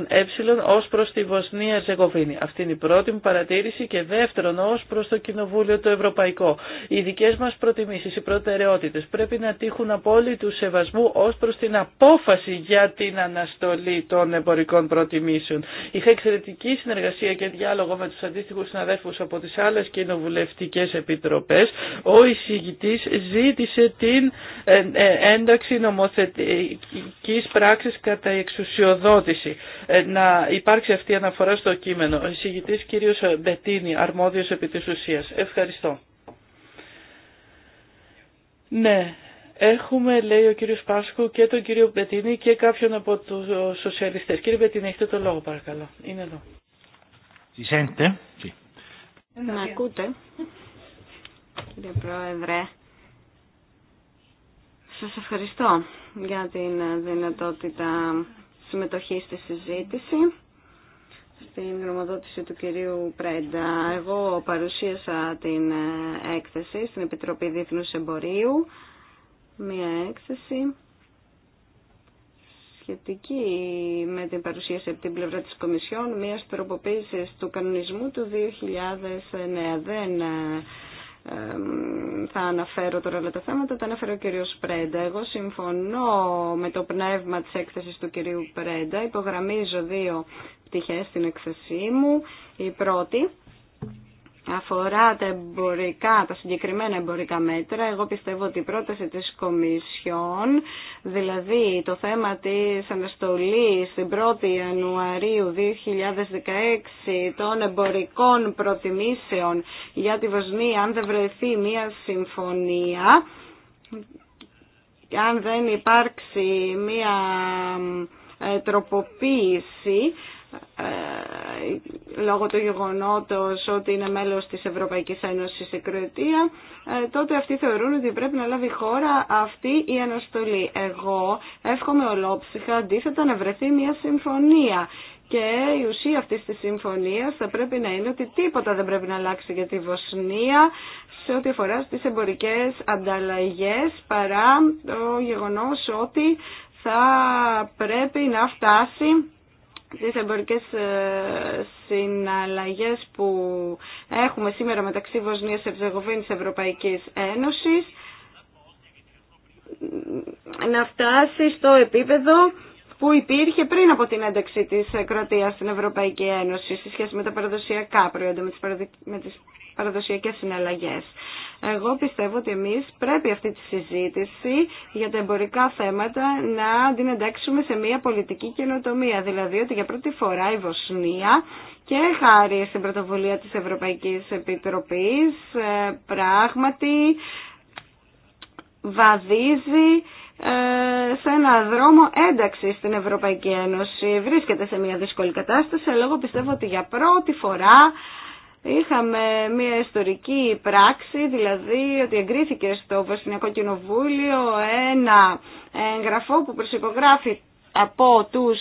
ΕΕ ως προς τη Βοσνία Ζεγοβίνη. Αυτή είναι η πρώτη μου παρατήρηση και δεύτερον ως προς το Κοινοβούλιο το Ευρωπαϊκό. Οι δικές μας προτιμήσεις, οι προτεραιότητες πρέπει να τύχουν απόλυτου σεβασμού ως προς την απόφαση για την αναστολή των εμπορικών προτιμήσεων. Είχα εξαιρετική συνεργασία και διάλογο με τους αντίστοιχους συναδέλφους από τις άλλες κοινοβουλευτικές επιτροπές. Ο εισηγητής ζήτησε την ε, ε, ένταξη νομοθετικής πράξης κατά εξουσιοδότηση. Ε, να υπάρξει αυτή η αναφορά στο κείμενο. Ο εισηγητής κύριος Μπετίνη, αρμόδιος επί της ουσίας. Ευχαριστώ. Ναι, Έχουμε, λέει ο κύριος Πάσκου, και τον κύριο Μπετίνη και κάποιον από τους σοσιαλιστές. Κύριε Μπετίνη, έχετε το λόγο παρακαλώ. Είναι εδώ. Τι Να ακούτε κύριε Πρόεδρε. Σας ευχαριστώ για την δυνατότητα συμμετοχής στη συζήτηση στην γνωμοδότηση του κυρίου Πρέντα. Εγώ παρουσίασα την έκθεση στην Επιτροπή Διεθνούς Εμπορίου, μία έκθεση σχετική με την παρουσίαση από την πλευρά της Κομισιόν, μία τροποποίησης του κανονισμού του 2009. Δεν ε, θα αναφέρω τώρα όλα τα θέματα, τα αναφέρω ο κύριος Πρέντα. Εγώ συμφωνώ με το πνεύμα της έκθεσης του κυρίου Πρέντα. Υπογραμμίζω δύο πτυχές στην έκθεσή μου. Η πρώτη αφορά τα εμπορικά, τα συγκεκριμένα εμπορικά μέτρα, εγώ πιστεύω ότι η πρόταση της Κομισιόν, δηλαδή το θέμα της αναστολής την 1η Ιανουαρίου 2016 των εμπορικών προτιμήσεων για τη Βοσνία, αν δεν βρεθεί μια συμφωνία, αν δεν υπάρξει μια ε, τροποποίηση, ε, λόγω του γεγονότος ότι είναι μέλος της Ευρωπαϊκής Ένωσης η Κροατία, ε, τότε αυτοί θεωρούν ότι πρέπει να λάβει χώρα αυτή η αναστολή. Εγώ εύχομαι ολόψυχα αντίθετα να βρεθεί μια συμφωνία και η ουσία αυτή τη συμφωνία θα πρέπει να είναι ότι τίποτα δεν πρέπει να αλλάξει για τη Βοσνία σε ό,τι αφορά στις εμπορικές ανταλλαγές παρά το γεγονός ότι θα πρέπει να φτάσει τις εμπορικές ε, συναλλαγές που έχουμε σήμερα μεταξύ Βοσνίας Ευζεγοβίνης Ευρωπαϊκής Ένωσης να φτάσει στο επίπεδο που υπήρχε πριν από την ένταξη της Κροατίας στην Ευρωπαϊκή Ένωση σε σχέση με τα παραδοσιακά προϊόντα, με τις, παραδοσιακές συναλλαγές. Εγώ πιστεύω ότι εμείς πρέπει αυτή τη συζήτηση για τα εμπορικά θέματα να την εντάξουμε σε μια πολιτική καινοτομία. Δηλαδή ότι για πρώτη φορά η Βοσνία και χάρη στην πρωτοβουλία της Ευρωπαϊκής Επιτροπής ε, πράγματι βαδίζει ε, σε ένα δρόμο ένταξη στην Ευρωπαϊκή Ένωση. Βρίσκεται σε μια δύσκολη κατάσταση, αλλά εγώ πιστεύω ότι για πρώτη φορά Είχαμε μια ιστορική πράξη, δηλαδή ότι εγκρίθηκε στο Βασιλιακό Κοινοβούλιο ένα εγγραφό που προσυπογράφει από τους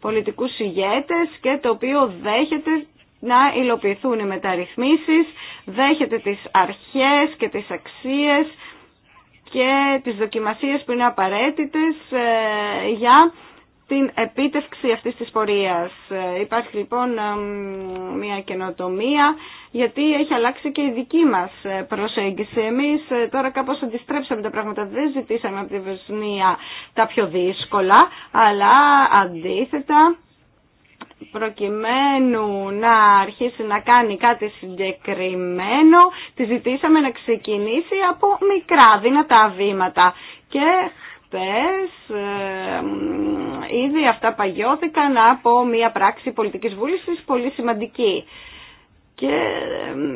πολιτικούς ηγέτες και το οποίο δέχεται να υλοποιηθούν οι μεταρρυθμίσεις, δέχεται τις αρχές και τις αξίες και τις δοκιμασίες που είναι απαραίτητες ε, για την επίτευξη αυτής της πορείας. Ε, υπάρχει λοιπόν μια καινοτομία γιατί έχει αλλάξει και η δική μας ε, προσέγγιση. Εμείς ε, τώρα κάπως αντιστρέψαμε τα πράγματα. Δεν ζητήσαμε από τη Βοσνία τα πιο δύσκολα, αλλά αντίθετα προκειμένου να αρχίσει να κάνει κάτι συγκεκριμένο, τη ζητήσαμε να ξεκινήσει από μικρά δυνατά βήματα. Και αυτές ήδη αυτά παγιώθηκαν από μια πράξη πολιτικής βούλησης πολύ σημαντική. Και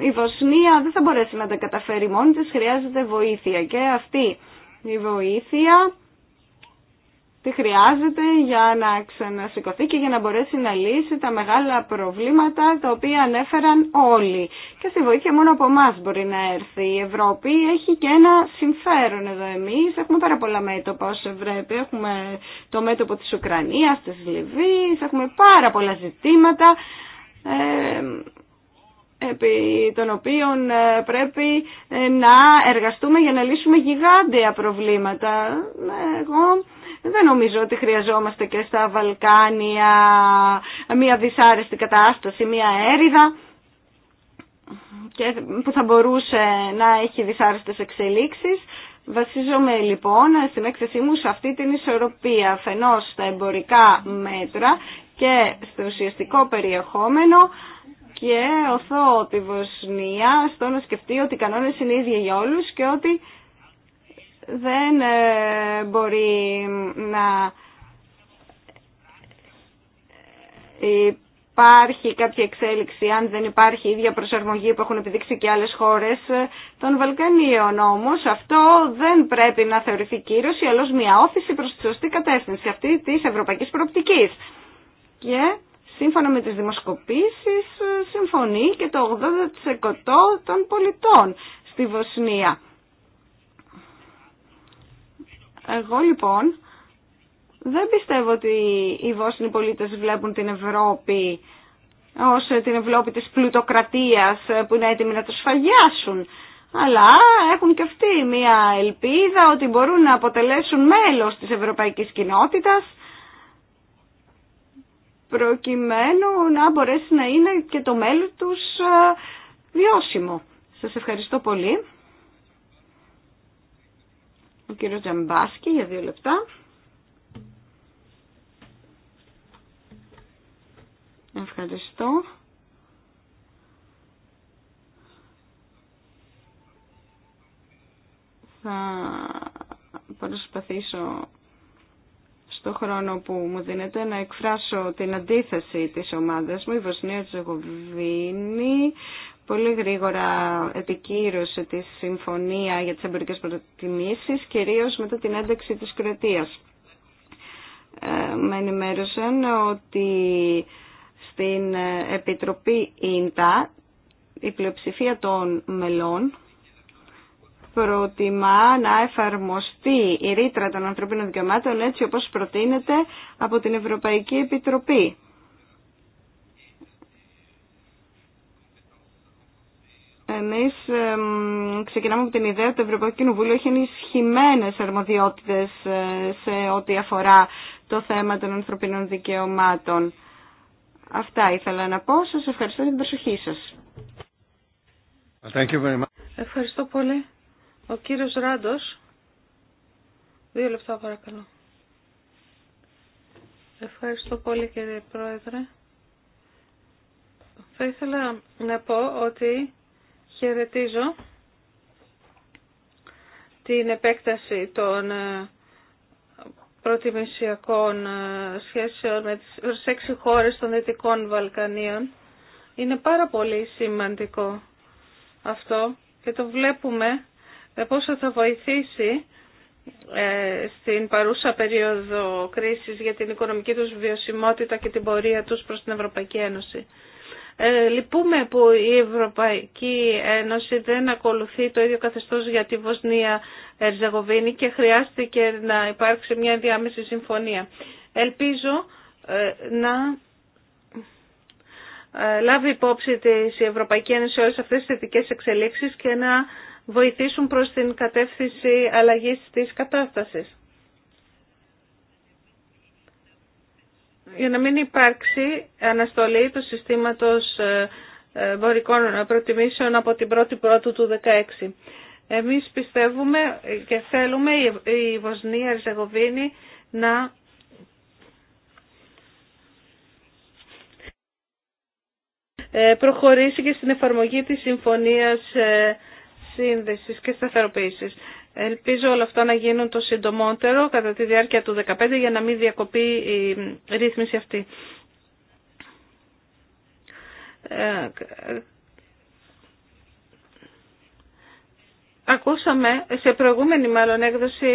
η Βοσνία δεν θα μπορέσει να τα καταφέρει μόνη της, χρειάζεται βοήθεια. Και αυτή η βοήθεια τι χρειάζεται για να ξανασηκωθεί και για να μπορέσει να λύσει τα μεγάλα προβλήματα τα οποία ανέφεραν όλοι. Και στη βοήθεια μόνο από εμά μπορεί να έρθει. Η Ευρώπη έχει και ένα συμφέρον εδώ εμείς. Έχουμε πάρα πολλά μέτωπα ω Ευρώπη. Έχουμε το μέτωπο της Ουκρανία, τη Λιβύης, έχουμε πάρα πολλά ζητήματα. Ε, επί των οποίων ε, πρέπει ε, να εργαστούμε για να λύσουμε γιγάντια προβλήματα. Εγώ δεν νομίζω ότι χρειαζόμαστε και στα Βαλκάνια μια δυσάρεστη κατάσταση, μια έρηδα και που θα μπορούσε να έχει δυσάρεστες εξελίξεις. Βασίζομαι λοιπόν στην έκθεσή μου σε αυτή την ισορροπία φενός στα εμπορικά μέτρα και στο ουσιαστικό περιεχόμενο και οθώ τη Βοσνία στο να σκεφτεί ότι οι κανόνες είναι ίδιοι για όλους και ότι δεν ε, μπορεί να υπάρχει κάποια εξέλιξη, αν δεν υπάρχει η ίδια προσαρμογή που έχουν επιδείξει και άλλες χώρες των Βαλκανίων. Όμως αυτό δεν πρέπει να θεωρηθεί κύρωση, αλλά ως μια όθηση προς τη σωστή κατεύθυνση αυτή της ευρωπαϊκής προοπτικής. Και σύμφωνα με τις δημοσκοπήσεις συμφωνεί και το 80% των πολιτών στη Βοσνία. Εγώ λοιπόν δεν πιστεύω ότι οι Βόσνοι πολίτες βλέπουν την Ευρώπη ως ε, την Ευρώπη της πλουτοκρατίας ε, που είναι έτοιμοι να τους φαγιάσουν. Αλλά έχουν και αυτοί μια ελπίδα ότι μπορούν να αποτελέσουν μέλος της ευρωπαϊκής κοινότητας προκειμένου να μπορέσει να είναι και το μέλλον τους ε, βιώσιμο. Σας ευχαριστώ πολύ. Ο κύριος Τζαμπάσκι για δύο λεπτά. Ευχαριστώ. Θα προσπαθήσω στο χρόνο που μου δίνεται να εκφράσω την αντίθεση της ομάδας μου. Η Βοσνία Τζεγοβίνη πολύ γρήγορα επικύρωσε τη συμφωνία για τις εμπορικές προτιμήσεις, κυρίως μετά την ένταξη της Κροατίας. Ε, με ενημέρωσαν ότι στην Επιτροπή ΙΝΤΑ η πλειοψηφία των μελών προτιμά να εφαρμοστεί η ρήτρα των ανθρωπίνων δικαιωμάτων έτσι όπως προτείνεται από την Ευρωπαϊκή Επιτροπή. Εμείς ξεκινάμε από την ιδέα ότι το Ευρωπαϊκό Κοινοβούλιο έχει ενισχυμένε αρμοδιότητες ε, σε ό,τι αφορά το θέμα των ανθρωπίνων δικαιωμάτων. Αυτά ήθελα να πω. Σα ευχαριστώ για την προσοχή σας. Ευχαριστώ πολύ. Ο κύριος ράντο. Δύο λεπτά παρακαλώ. Ευχαριστώ πολύ κύριε Πρόεδρε. Θα ήθελα να πω ότι Χαιρετίζω την επέκταση των ε, προτιμησιακών ε, σχέσεων με τις έξι χώρες των Δυτικών Βαλκανίων. Είναι πάρα πολύ σημαντικό αυτό και το βλέπουμε ε, πόσο θα βοηθήσει στην παρούσα περίοδο κρίσης για την οικονομική τους βιωσιμότητα και την πορεία τους προς την Ευρωπαϊκή Ένωση. Ε, λυπούμε που η Ευρωπαϊκή Ένωση δεν ακολουθεί το ίδιο καθεστώς για τη Βοσνία Ερζεγοβίνη και χρειάστηκε να υπάρξει μια διάμεση συμφωνία. Ελπίζω ε, να ε, λάβει υπόψη της η Ευρωπαϊκή Ένωση όλες αυτές τις θετικές εξελίξεις και να βοηθήσουν προς την κατεύθυνση αλλαγής της κατάστασης. για να μην υπάρξει αναστολή του συστήματος ε, ε, εμπορικών προτιμήσεων από την 1η Πρώτου του 2016. Εμείς πιστεύουμε και θέλουμε η Βοσνία Ριζεγοβίνη να ε, προχωρήσει και στην εφαρμογή της Συμφωνίας Σύνδεσης και Σταθεροποίησης. Ελπίζω όλα αυτά να γίνουν το συντομότερο κατά τη διάρκεια του 2015 για να μην διακοπεί η ρύθμιση αυτή. Ε, ακούσαμε, σε προηγούμενη μάλλον έκδοση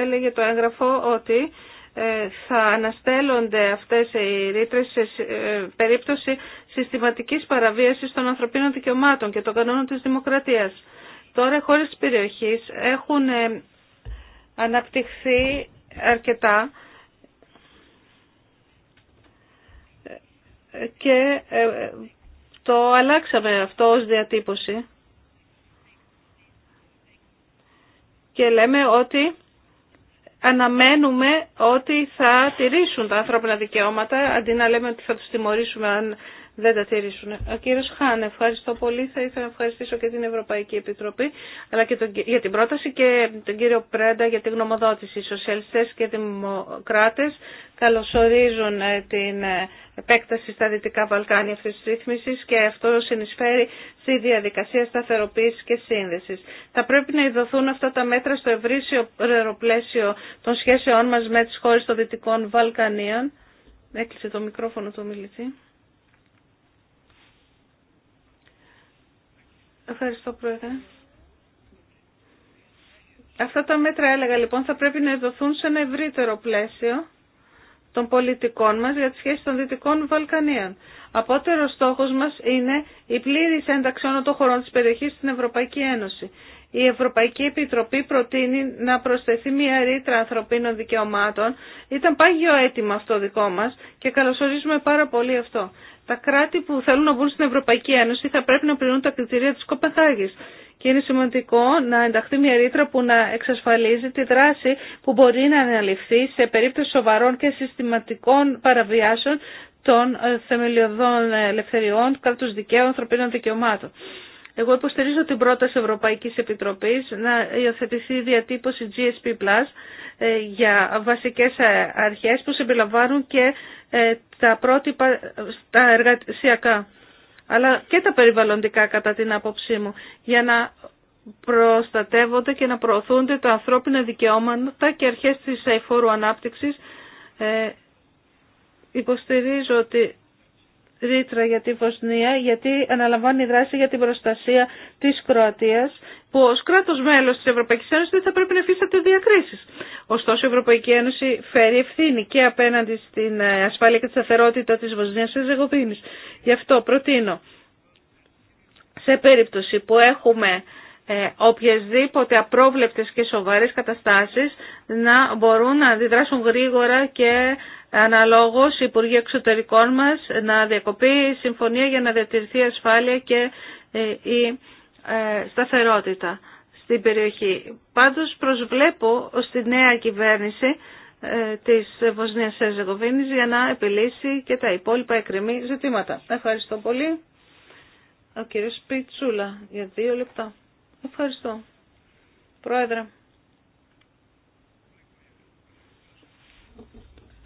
έλεγε το έγγραφο ότι ε, θα αναστέλλονται αυτές οι ρήτρες σε ε, περίπτωση συστηματικής παραβίασης των ανθρωπίνων δικαιωμάτων και των κανόνων της δημοκρατίας. Τώρα οι χώρες της περιοχής έχουν ε, αναπτυχθεί αρκετά και ε, το αλλάξαμε αυτό ως διατύπωση και λέμε ότι αναμένουμε ότι θα τηρήσουν τα ανθρώπινα δικαιώματα αντί να λέμε ότι θα τους τιμωρήσουμε αν δεν τα τηρήσουν. Ο κύριος Χάν, ευχαριστώ πολύ. Θα ήθελα να ευχαριστήσω και την Ευρωπαϊκή Επιτροπή αλλά και τον, για την πρόταση και τον κύριο Πρέντα για την γνωμοδότηση. Οι σοσιαλιστές και δημοκράτες καλωσορίζουν ε, την ε, επέκταση στα Δυτικά Βαλκάνια αυτής της Ρύθμιση και αυτό συνεισφέρει στη διαδικασία σταθεροποίησης και σύνδεσης. Θα πρέπει να ειδωθούν αυτά τα μέτρα στο ευρύσιο πλαίσιο των σχέσεών μας με τις χώρες των Δυτικών Βαλκανίων. Έκλεισε το μικρόφωνο του μιλητή. Ευχαριστώ, Πρόεδρε. Αυτά τα μέτρα, έλεγα, λοιπόν, θα πρέπει να δοθούν σε ένα ευρύτερο πλαίσιο των πολιτικών μας για τη σχέση των Δυτικών Βαλκανίων. Απότερο στόχος μας είναι η πλήρης ένταξη όλων των χωρών της περιοχής στην Ευρωπαϊκή Ένωση. Η Ευρωπαϊκή Επιτροπή προτείνει να προσθεθεί μια ρήτρα ανθρωπίνων δικαιωμάτων. Ήταν πάγιο αίτημα αυτό δικό μας και καλωσορίζουμε πάρα πολύ αυτό τα κράτη που θέλουν να μπουν στην Ευρωπαϊκή Ένωση θα πρέπει να πληρούν τα κριτήρια της Κοπεθάγης Και είναι σημαντικό να ενταχθεί μια ρήτρα που να εξασφαλίζει τη δράση που μπορεί να αναλυφθεί σε περίπτωση σοβαρών και συστηματικών παραβιάσεων των θεμελιωδών ελευθεριών, κράτους δικαίου, ανθρωπίνων δικαιωμάτων. Εγώ υποστηρίζω την πρόταση Ευρωπαϊκής Επιτροπής να υιοθετηθεί η διατύπωση GSP Plus ε, για βασικές ε, αρχές που συμπεριλαμβάνουν και ε, τα πρότυπα στα εργασιακά αλλά και τα περιβαλλοντικά κατά την άποψή μου για να προστατεύονται και να προωθούνται τα ανθρώπινα δικαιώματα και αρχές της αηφόρου ανάπτυξης υποστηρίζω ότι ρήτρα για τη Βοσνία γιατί αναλαμβάνει δράση για την προστασία της Κροατίας που ως κράτος μέλος της Ευρωπαϊκής Ένωσης δεν θα πρέπει να υφίσταται διακρίσεις. Ωστόσο η Ευρωπαϊκή Ένωση φέρει ευθύνη και απέναντι στην ε, ασφάλεια και τη σταθερότητα της Βοσνίας και Ζεγοβίνης. Γι' αυτό προτείνω σε περίπτωση που έχουμε ε, οποιασδήποτε απρόβλεπτες και σοβαρές καταστάσεις να μπορούν να αντιδράσουν γρήγορα και αναλόγως οι Υπουργοί Εξωτερικών μας να διακοπεί η συμφωνία για να διατηρηθεί η ασφάλεια και ε, η ε, σταθερότητα στην περιοχή. Πάντως προσβλέπω στη νέα κυβέρνηση ε, της Βοσνίας Σεζεγοβίνης για να επιλύσει και τα υπόλοιπα εκκρεμή ζητήματα. Ευχαριστώ πολύ. Ο κύριος Πιτσούλα για δύο λεπτά. Ευχαριστώ. Πρόεδρε.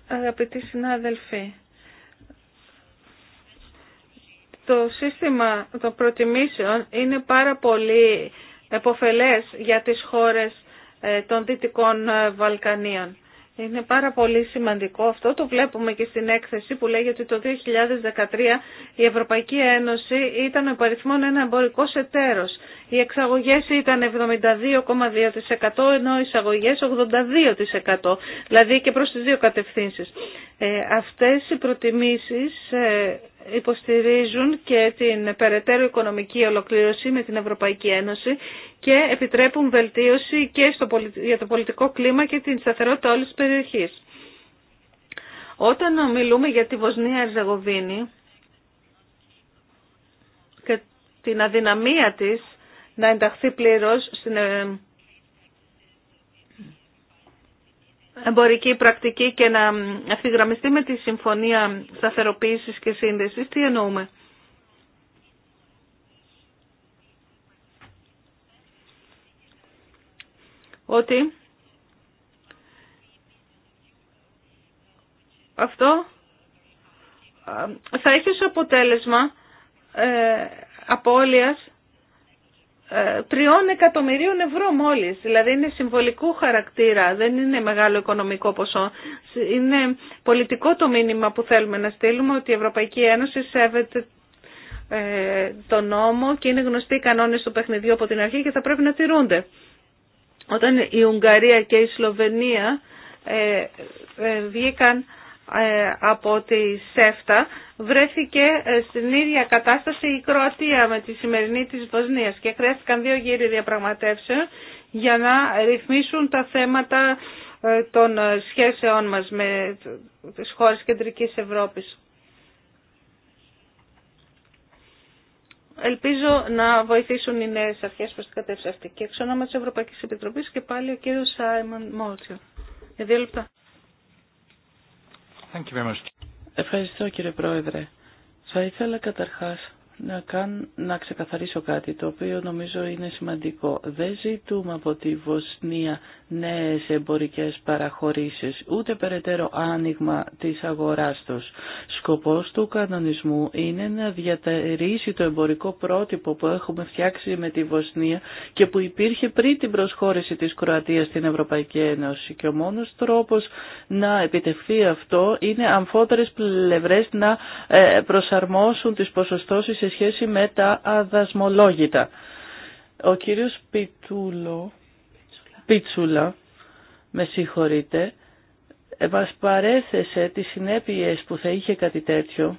Αγαπητοί συνάδελφοι, το σύστημα των προτιμήσεων είναι πάρα πολύ εποφελές για τις χώρες ε, των Δυτικών ε, Βαλκανίων. Είναι πάρα πολύ σημαντικό αυτό. Το βλέπουμε και στην έκθεση που λέγεται ότι το 2013 η Ευρωπαϊκή Ένωση ήταν ο υπαριθμόν ένα εμπορικό εταίρος οι εξαγωγές ήταν 72,2% ενώ οι εισαγωγέ 82%. Δηλαδή και προς τις δύο κατευθύνσεις. Ε, αυτές οι προτιμήσεις ε, υποστηρίζουν και την περαιτέρω οικονομική ολοκλήρωση με την Ευρωπαϊκή Ένωση και επιτρέπουν βελτίωση και στο, για το πολιτικό κλίμα και την σταθερότητα όλης της περιοχής. Όταν μιλούμε για τη Βοσνία Ερζεγοβίνη και την αδυναμία της να ενταχθεί πλήρως στην ε, εμπορική πρακτική και να ευθυγραμμιστεί με τη Συμφωνία Σταθεροποίησης και Σύνδεσης. Τι εννοούμε. Ότι αυτό ε, θα έχει ως αποτέλεσμα ε, απώλειας ε, τριών εκατομμυρίων ευρώ μόλις. Δηλαδή είναι συμβολικού χαρακτήρα, δεν είναι μεγάλο οικονομικό ποσό. Είναι πολιτικό το μήνυμα που θέλουμε να στείλουμε ότι η Ευρωπαϊκή Ένωση σέβεται ε, το νόμο και είναι γνωστοί οι κανόνες του παιχνιδιού από την αρχή και θα πρέπει να τηρούνται. Όταν η Ουγγαρία και η Σλοβενία ε, βγήκαν ε, από τη ΣΕΦΤΑ βρέθηκε ε, στην ίδια κατάσταση η Κροατία με τη σημερινή της Βοσνίας και χρειάστηκαν δύο γύροι διαπραγματεύσεων για να ρυθμίσουν τα θέματα ε, των σχέσεών μας με τις χώρες κεντρικής Ευρώπης. Ελπίζω να βοηθήσουν οι νέες αρχές προς την κατεύθυνση αυτή. Και εξ ονόματος της Ευρωπαϊκής Επιτροπής και πάλι ο κύριος Σάιμον Μόλτσιο. Για δύο λεπτά. Ευχαριστώ κύριε Πρόεδρε. Θα ήθελα καταρχάς να, καν, να ξεκαθαρίσω κάτι το οποίο νομίζω είναι σημαντικό. Δεν ζητούμε από τη Βοσνία νέες εμπορικές παραχωρήσεις, ούτε περαιτέρω άνοιγμα της αγοράς τους. Σκοπός του κανονισμού είναι να διατηρήσει το εμπορικό πρότυπο που έχουμε φτιάξει με τη Βοσνία και που υπήρχε πριν την προσχώρηση της Κροατίας στην Ευρωπαϊκή Ένωση. Και ο μόνος τρόπος να επιτευχθεί αυτό είναι αμφότερες πλευρές να ε, προσαρμόσουν τις ποσοστώσεις σε σχέση με τα αδασμολόγητα. Ο κύριος Πιτούλο, Πιτσούλα, με συγχωρείτε, ε, μας παρέθεσε τις συνέπειες που θα είχε κάτι τέτοιο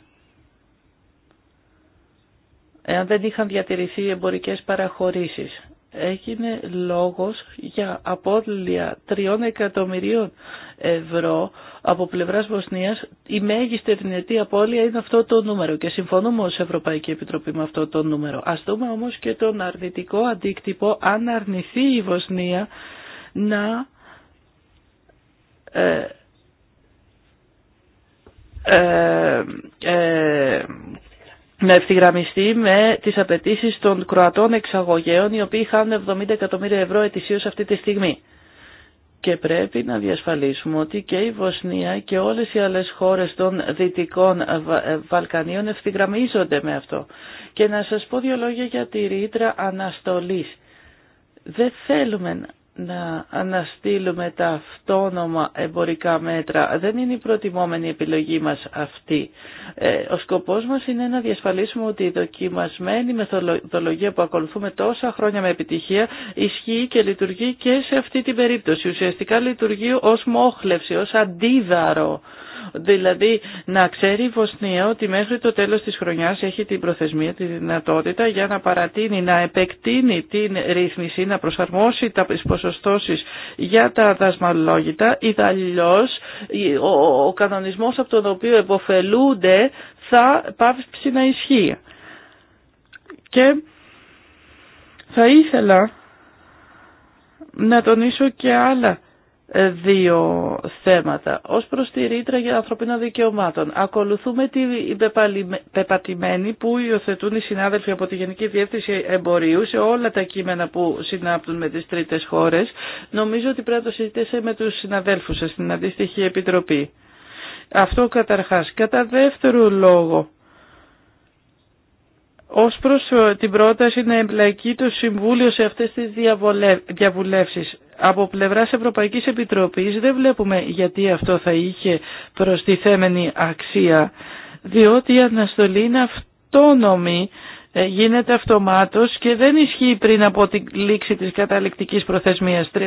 εάν δεν είχαν διατηρηθεί εμπορικές παραχωρήσεις έγινε λόγος για απώλεια τριών εκατομμυρίων ευρώ από πλευράς Βοσνίας. Η μέγιστη εθνική απώλεια είναι αυτό το νούμερο και συμφωνούμε ως Ευρωπαϊκή Επιτροπή με αυτό το νούμερο. Ας δούμε όμως και τον αρνητικό αντίκτυπο αν αρνηθεί η Βοσνία να ε, ε, ε να ευθυγραμμιστεί με τις απαιτήσει των Κροατών εξαγωγέων οι οποίοι χάνουν 70 εκατομμύρια ευρώ ετησίω αυτή τη στιγμή. Και πρέπει να διασφαλίσουμε ότι και η Βοσνία και όλες οι άλλες χώρες των Δυτικών ε, Βαλκανίων ευθυγραμμίζονται με αυτό. Και να σας πω δύο λόγια για τη ρήτρα αναστολής. Δεν θέλουμε να αναστείλουμε τα αυτόνομα εμπορικά μέτρα. Δεν είναι η προτιμόμενη επιλογή μας αυτή. Ε, ο σκοπός μας είναι να διασφαλίσουμε ότι η δοκιμασμένη μεθοδολογία που ακολουθούμε τόσα χρόνια με επιτυχία ισχύει και λειτουργεί και σε αυτή την περίπτωση. Ουσιαστικά λειτουργεί ως μόχλευση, ως αντίδαρο Δηλαδή να ξέρει η Βοσνία ότι μέχρι το τέλος της χρονιάς έχει την προθεσμία, τη δυνατότητα για να παρατείνει, να επεκτείνει την ρύθμιση, να προσαρμόσει τα ποσοστώσεις για τα δασμαλόγητα ή ο, ο κανονισμός από τον οποίο εποφελούνται θα πάψει να ισχύει. Και θα ήθελα να τονίσω και άλλα ε, δύο θέματα. Ως προς τη ρήτρα για ανθρωπίνα δικαιωμάτων. Ακολουθούμε τη πεπατημένη που υιοθετούν οι συνάδελφοι από τη Γενική Διεύθυνση Εμπορίου σε όλα τα κείμενα που συνάπτουν με τις τρίτες χώρες. Νομίζω ότι πρέπει να το συζητήσετε με τους συναδέλφους σας στην αντίστοιχη επιτροπή. Αυτό καταρχάς. Κατά δεύτερο λόγο, ως προς ε, την πρόταση να εμπλακεί το Συμβούλιο σε αυτές τις διαβουλεύσεις από πλευράς Ευρωπαϊκής Επιτροπής δεν βλέπουμε γιατί αυτό θα είχε προστιθέμενη αξία, διότι η αναστολή είναι αυτόνομη, ε, γίνεται αυτομάτως και δεν ισχύει πριν από τη λήξη της καταληκτικής προθεσμίας 31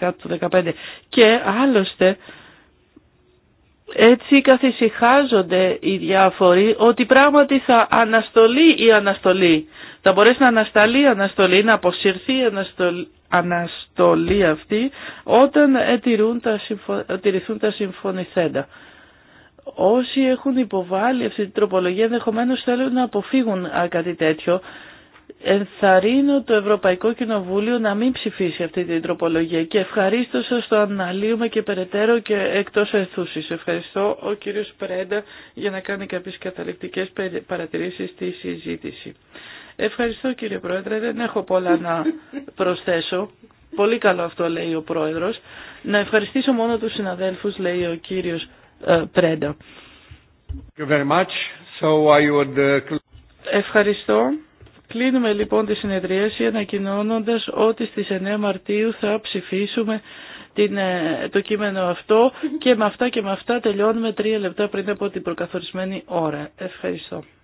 12 31-12-15 και άλλωστε έτσι καθησυχάζονται οι διάφοροι ότι πράγματι θα αναστολεί η αναστολή. Θα μπορέσει να ανασταλεί η αναστολή, να αποσυρθεί η αναστολή, αναστολή αυτή όταν τα τηρηθούν τα συμφωνηθέντα. Όσοι έχουν υποβάλει αυτή την τροπολογία ενδεχομένω θέλουν να αποφύγουν κάτι τέτοιο. Ενθαρρύνω το Ευρωπαϊκό Κοινοβούλιο να μην ψηφίσει αυτή την τροπολογία και ευχαρίστω σα το αναλύουμε και περαιτέρω και εκτό αιθούση. Ευχαριστώ ο κύριος Πρέντα για να κάνει κάποιε καταληκτικέ παρατηρήσει στη συζήτηση. Ευχαριστώ κύριε Πρόεδρε, δεν έχω πολλά να προσθέσω. Πολύ καλό αυτό λέει ο Πρόεδρος. Να ευχαριστήσω μόνο τους συναδέλφους λέει ο κύριος Πρέντα. Ευχαριστώ. Κλείνουμε λοιπόν τη συνεδρίαση ανακοινώνοντας ότι στις 9 Μαρτίου θα ψηφίσουμε την, ε, το κείμενο αυτό και με αυτά και με αυτά τελειώνουμε τρία λεπτά πριν από την προκαθορισμένη ώρα. Ευχαριστώ.